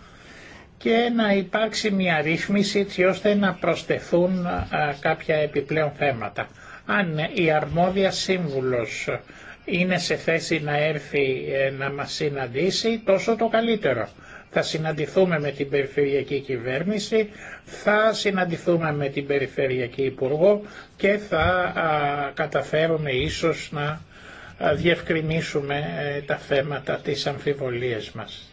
και να υπάρξει μια ρύθμιση έτσι ώστε να προσθεθούν κάποια επιπλέον θέματα. Αν η αρμόδια σύμβουλος είναι σε θέση να έρθει ε, να μας συναντήσει, τόσο το καλύτερο. Θα συναντηθούμε με την Περιφερειακή Κυβέρνηση, θα συναντηθούμε με την Περιφερειακή Υπουργό και θα καταφέρουμε ίσως να διευκρινίσουμε ε, τα θέματα της αμφιβολίας μας.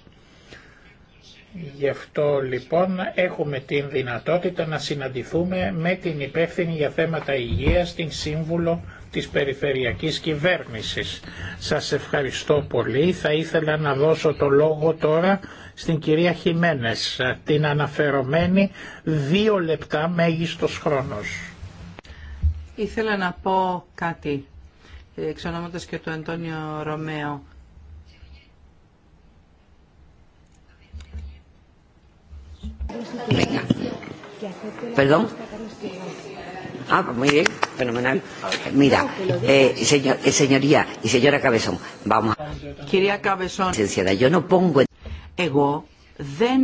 Γι' αυτό λοιπόν έχουμε την δυνατότητα να συναντηθούμε με την υπεύθυνη για θέματα υγείας, την Σύμβουλο της Περιφερειακής Κυβέρνησης. Σας ευχαριστώ πολύ. Θα ήθελα να δώσω το λόγο τώρα στην κυρία Χιμένες, την αναφερομένη δύο λεπτά μέγιστος χρόνος. Ήθελα να πω κάτι, εξ και το Αντώνιο Ρωμαίο. Perdón. Ah, muy bien, fenomenal. Mira, eh, señor, eh, señoría y señora Cabezón, vamos. Quería Cabezón. yo no pongo... εγώ δεν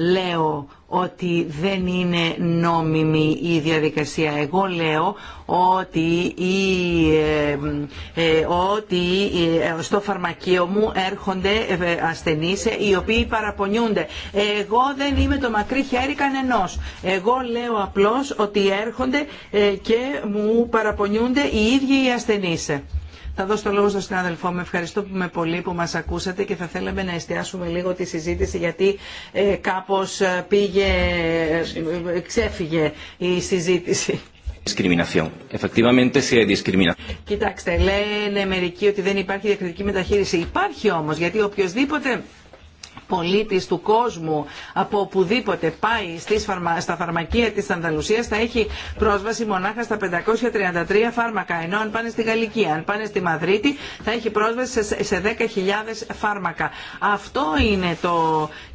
λέω ότι δεν είναι νόμιμη η διαδικασία. Εγώ λέω ότι, η, ε, ε, ότι ε, στο φαρμακείο μου έρχονται ασθενείς οι οποίοι παραπονιούνται. Εγώ δεν είμαι το μακρύ χέρι κανενός. Εγώ λέω απλώς ότι έρχονται και μου παραπονιούνται οι ίδιοι οι ασθενείς. Θα δώσω το λόγο στον συνάδελφό μου. Ευχαριστώ πολύ που μας ακούσατε και θα θέλαμε να εστιάσουμε λίγο τη συζήτηση γιατί ε, κάπως ε, πήγε, ε, ε, ξέφυγε η συζήτηση. Κοιτάξτε, λένε μερικοί ότι δεν υπάρχει διακριτική μεταχείριση. Υπάρχει όμως, γιατί οποιοδήποτε πολίτης του κόσμου από οπουδήποτε πάει στις στα φαρμακεία της Ανταλουσίας θα έχει πρόσβαση μονάχα στα 533 φάρμακα. Ενώ αν πάνε στη Γαλλική, αν πάνε στη Μαδρίτη θα έχει πρόσβαση σε 10.000 φάρμακα. Αυτό είναι το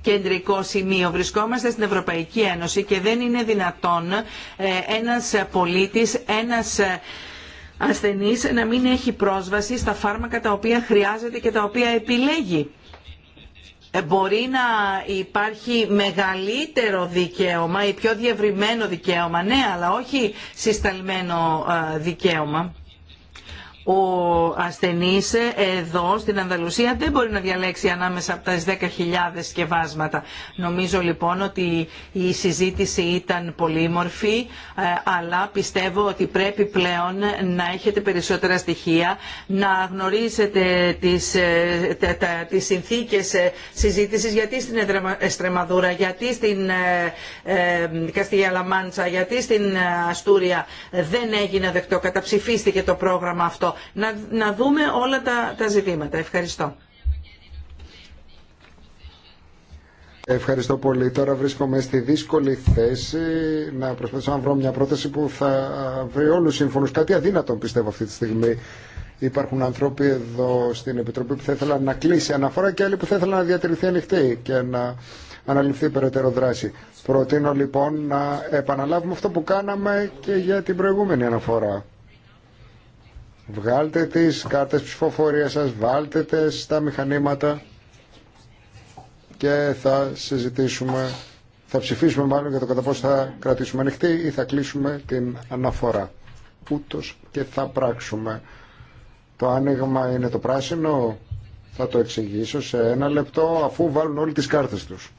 κεντρικό σημείο. Βρισκόμαστε στην Ευρωπαϊκή Ένωση και δεν είναι δυνατόν ε, ένας πολίτης, ένας ε, ασθενής να μην έχει πρόσβαση στα φάρμακα τα οποία χρειάζεται και τα οποία επιλέγει. Ε, μπορεί να υπάρχει μεγαλύτερο δικαίωμα ή πιο διευρυμένο δικαίωμα, ναι, αλλά όχι συσταλμένο ε, δικαίωμα ο ασθενής εδώ στην Ανδαλουσία δεν μπορεί να διαλέξει ανάμεσα από τα 10.000 σκευάσματα. Νομίζω λοιπόν ότι η συζήτηση ήταν πολύμορφη, ε, αλλά πιστεύω ότι πρέπει πλέον να έχετε περισσότερα στοιχεία, να γνωρίσετε τις, ε, τα, τα, συνθήκες ε, συζήτησης, γιατί στην Εστρεμαδούρα, γιατί στην ε, Λαμάντσα, γιατί στην Αστούρια δεν έγινε δεκτό, καταψηφίστηκε το πρόγραμμα αυτό να, να δούμε όλα τα, τα ζητήματα. Ευχαριστώ. Ευχαριστώ πολύ. Τώρα βρίσκομαι στη δύσκολη θέση να προσπαθήσω να βρω μια πρόταση που θα βρει όλου σύμφωνου. Κάτι αδύνατο πιστεύω αυτή τη στιγμή. Υπάρχουν άνθρωποι εδώ στην Επιτροπή που θα ήθελαν να κλείσει αναφορά και άλλοι που θα ήθελαν να διατηρηθεί ανοιχτή και να αναλυφθεί περαιτέρω δράση. Προτείνω λοιπόν να επαναλάβουμε αυτό που κάναμε και για την προηγούμενη αναφορά. Βγάλτε τις κάρτες ψηφοφορίας σας, βάλτε τις στα μηχανήματα και θα συζητήσουμε, θα ψηφίσουμε μάλλον για το κατά πώς θα κρατήσουμε ανοιχτή ή θα κλείσουμε την αναφορά. Ούτως και θα πράξουμε. Το άνοιγμα είναι το πράσινο, θα το εξηγήσω σε ένα λεπτό αφού βάλουν όλοι τις κάρτες τους.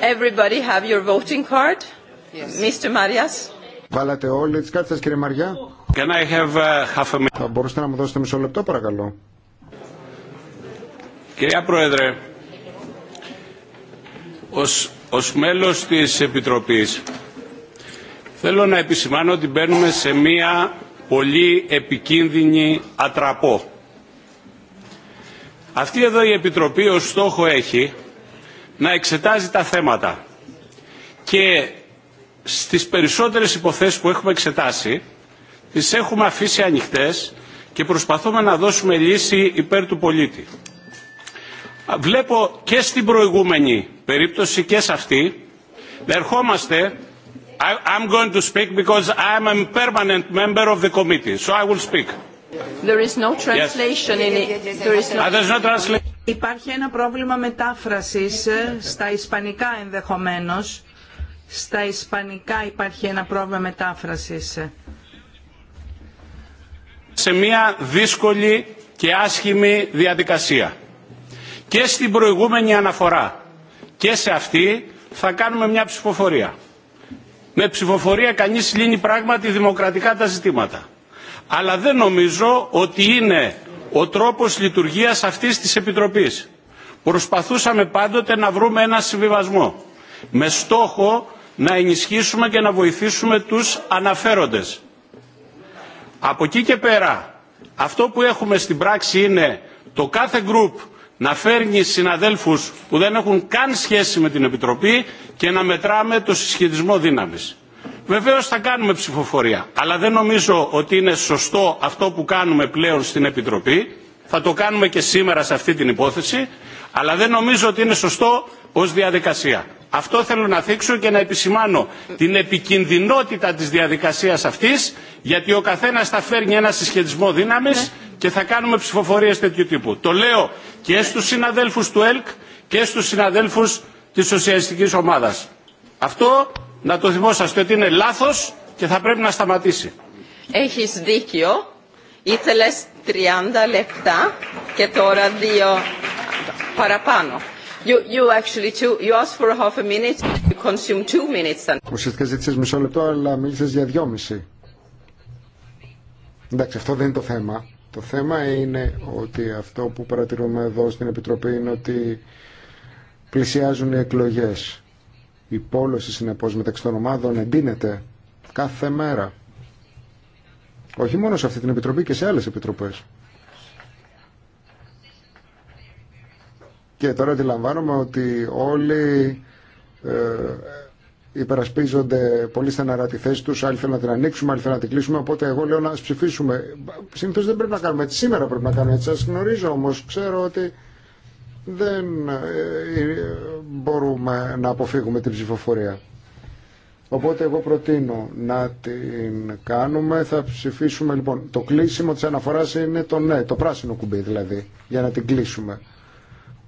Everybody have your voting card? Yes. Mr. Marias. Βάλατε όλοι τις κάρτες κύριε Μαριά. Can I have uh, half a minute? Θα μπορούσατε να μου δώσετε μισό λεπτό παρακαλώ. Κυρία Πρόεδρε, ως, ως μέλος της Επιτροπής θέλω να επισημάνω ότι μπαίνουμε σε μία πολύ επικίνδυνη ατραπό. Αυτή εδώ η Επιτροπή ως στόχο έχει να εξετάζει τα θέματα. Και στις περισσότερες υποθέσεις που έχουμε εξετάσει, τις έχουμε αφήσει ανοιχτές και προσπαθούμε να δώσουμε λύση υπέρ του πολίτη. Βλέπω και στην προηγούμενη περίπτωση και σε αυτή να ερχόμαστε I'm going to speak because I'm a permanent member of the committee, so I will speak. There is no translation in it. There is no ah, translation. Υπάρχει ένα πρόβλημα μετάφρασης ε, στα ισπανικά ενδεχομένως. Στα ισπανικά υπάρχει ένα πρόβλημα μετάφρασης. Σε μια δύσκολη και άσχημη διαδικασία. Και στην προηγούμενη αναφορά και σε αυτή θα κάνουμε μια ψηφοφορία. Με ψηφοφορία κανείς λύνει πράγματι δημοκρατικά τα ζητήματα. Αλλά δεν νομίζω ότι είναι ο τρόπος λειτουργίας αυτής της Επιτροπής. Προσπαθούσαμε πάντοτε να βρούμε ένα συμβιβασμό με στόχο να ενισχύσουμε και να βοηθήσουμε τους αναφέροντες. Από εκεί και πέρα, αυτό που έχουμε στην πράξη είναι το κάθε γκρουπ να φέρνει συναδέλφους που δεν έχουν καν σχέση με την Επιτροπή και να μετράμε το συσχετισμό δύναμης. Βεβαίως θα κάνουμε ψηφοφορία, αλλά δεν νομίζω ότι είναι σωστό αυτό που κάνουμε πλέον στην Επιτροπή. Θα το κάνουμε και σήμερα σε αυτή την υπόθεση, αλλά δεν νομίζω ότι είναι σωστό ως διαδικασία. Αυτό θέλω να θίξω και να επισημάνω την επικινδυνότητα της διαδικασίας αυτής, γιατί ο καθένας θα φέρνει ένα συσχετισμό δύναμης ναι. και θα κάνουμε ψηφοφορίες τέτοιου τύπου. Το λέω και ναι. στους συναδέλφους του ΕΛΚ και στους συναδέλφους της Σοσιαλιστικής Ομάδας. Αυτό να το θυμόσαστε ότι είναι λάθος και θα πρέπει να σταματήσει. Έχεις δίκιο. Ήθελες 30 λεπτά και τώρα δύο παραπάνω. You, actually you asked for half a minute, you two minutes. Ουσιαστικά ζήτησες μισό λεπτό, αλλά μίλησες για δυόμιση. Εντάξει, αυτό δεν είναι το θέμα. Το θέμα είναι ότι αυτό που παρατηρούμε εδώ στην Επιτροπή είναι ότι πλησιάζουν οι εκλογές η πόλωση συνεπώς μεταξύ των ομάδων εντείνεται κάθε μέρα. Όχι μόνο σε αυτή την επιτροπή και σε άλλες επιτροπές. Και τώρα αντιλαμβάνομαι ότι όλοι ε, υπερασπίζονται πολύ στεναρά τη θέση τους. Άλλοι θέλουν να την ανοίξουμε, άλλοι θέλουν να την κλείσουμε. Οπότε εγώ λέω να ψηφίσουμε. Συνήθω δεν πρέπει να κάνουμε έτσι. Σήμερα πρέπει να κάνουμε έτσι. Σας γνωρίζω όμως, ξέρω ότι δεν ε, ε, μπορούμε να αποφύγουμε την ψηφοφορία. Οπότε εγώ προτείνω να την κάνουμε. Θα ψηφίσουμε λοιπόν. Το κλείσιμο της αναφοράς είναι το ναι, το πράσινο κουμπί δηλαδή, για να την κλείσουμε.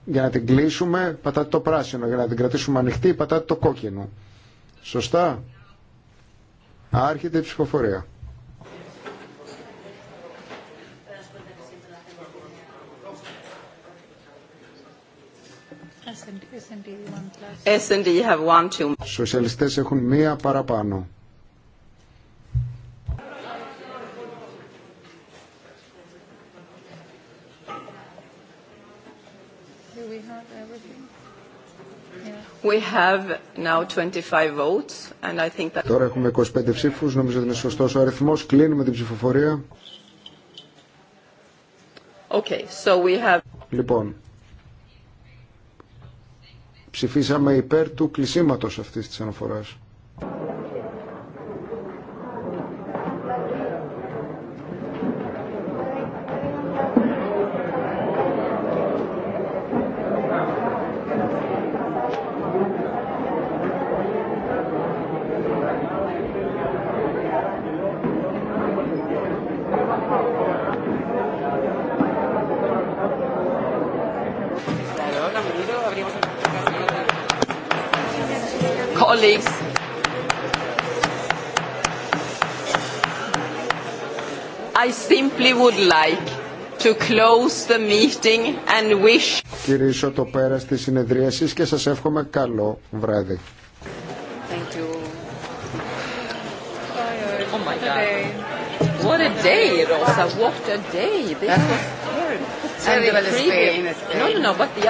Για να την κλείσουμε πατάτε το πράσινο, για να την κρατήσουμε ανοιχτή πατάτε το κόκκινο. Σωστά. Άρχεται η ψηφοφορία. S&D have one too. Σοσιαλιστές έχουν μία παραπάνω. we have We have now 25 votes and I think that... Τώρα έχουμε 25 ψήφους, νομίζω ότι είναι σωστός ο αριθμός. Κλείνουμε την ψηφοφορία. Okay, so we have... Λοιπόν, ψηφίσαμε υπέρ του κλεισίματος αυτής της αναφοράς. would like to close the meeting and wish... Κυρίσω το πέρας της συνεδρίασης και σας εύχομαι καλό βράδυ. Thank you. Oh my God. What a day, Rosa. What a day. This was terrible. And the No, no, no, but the other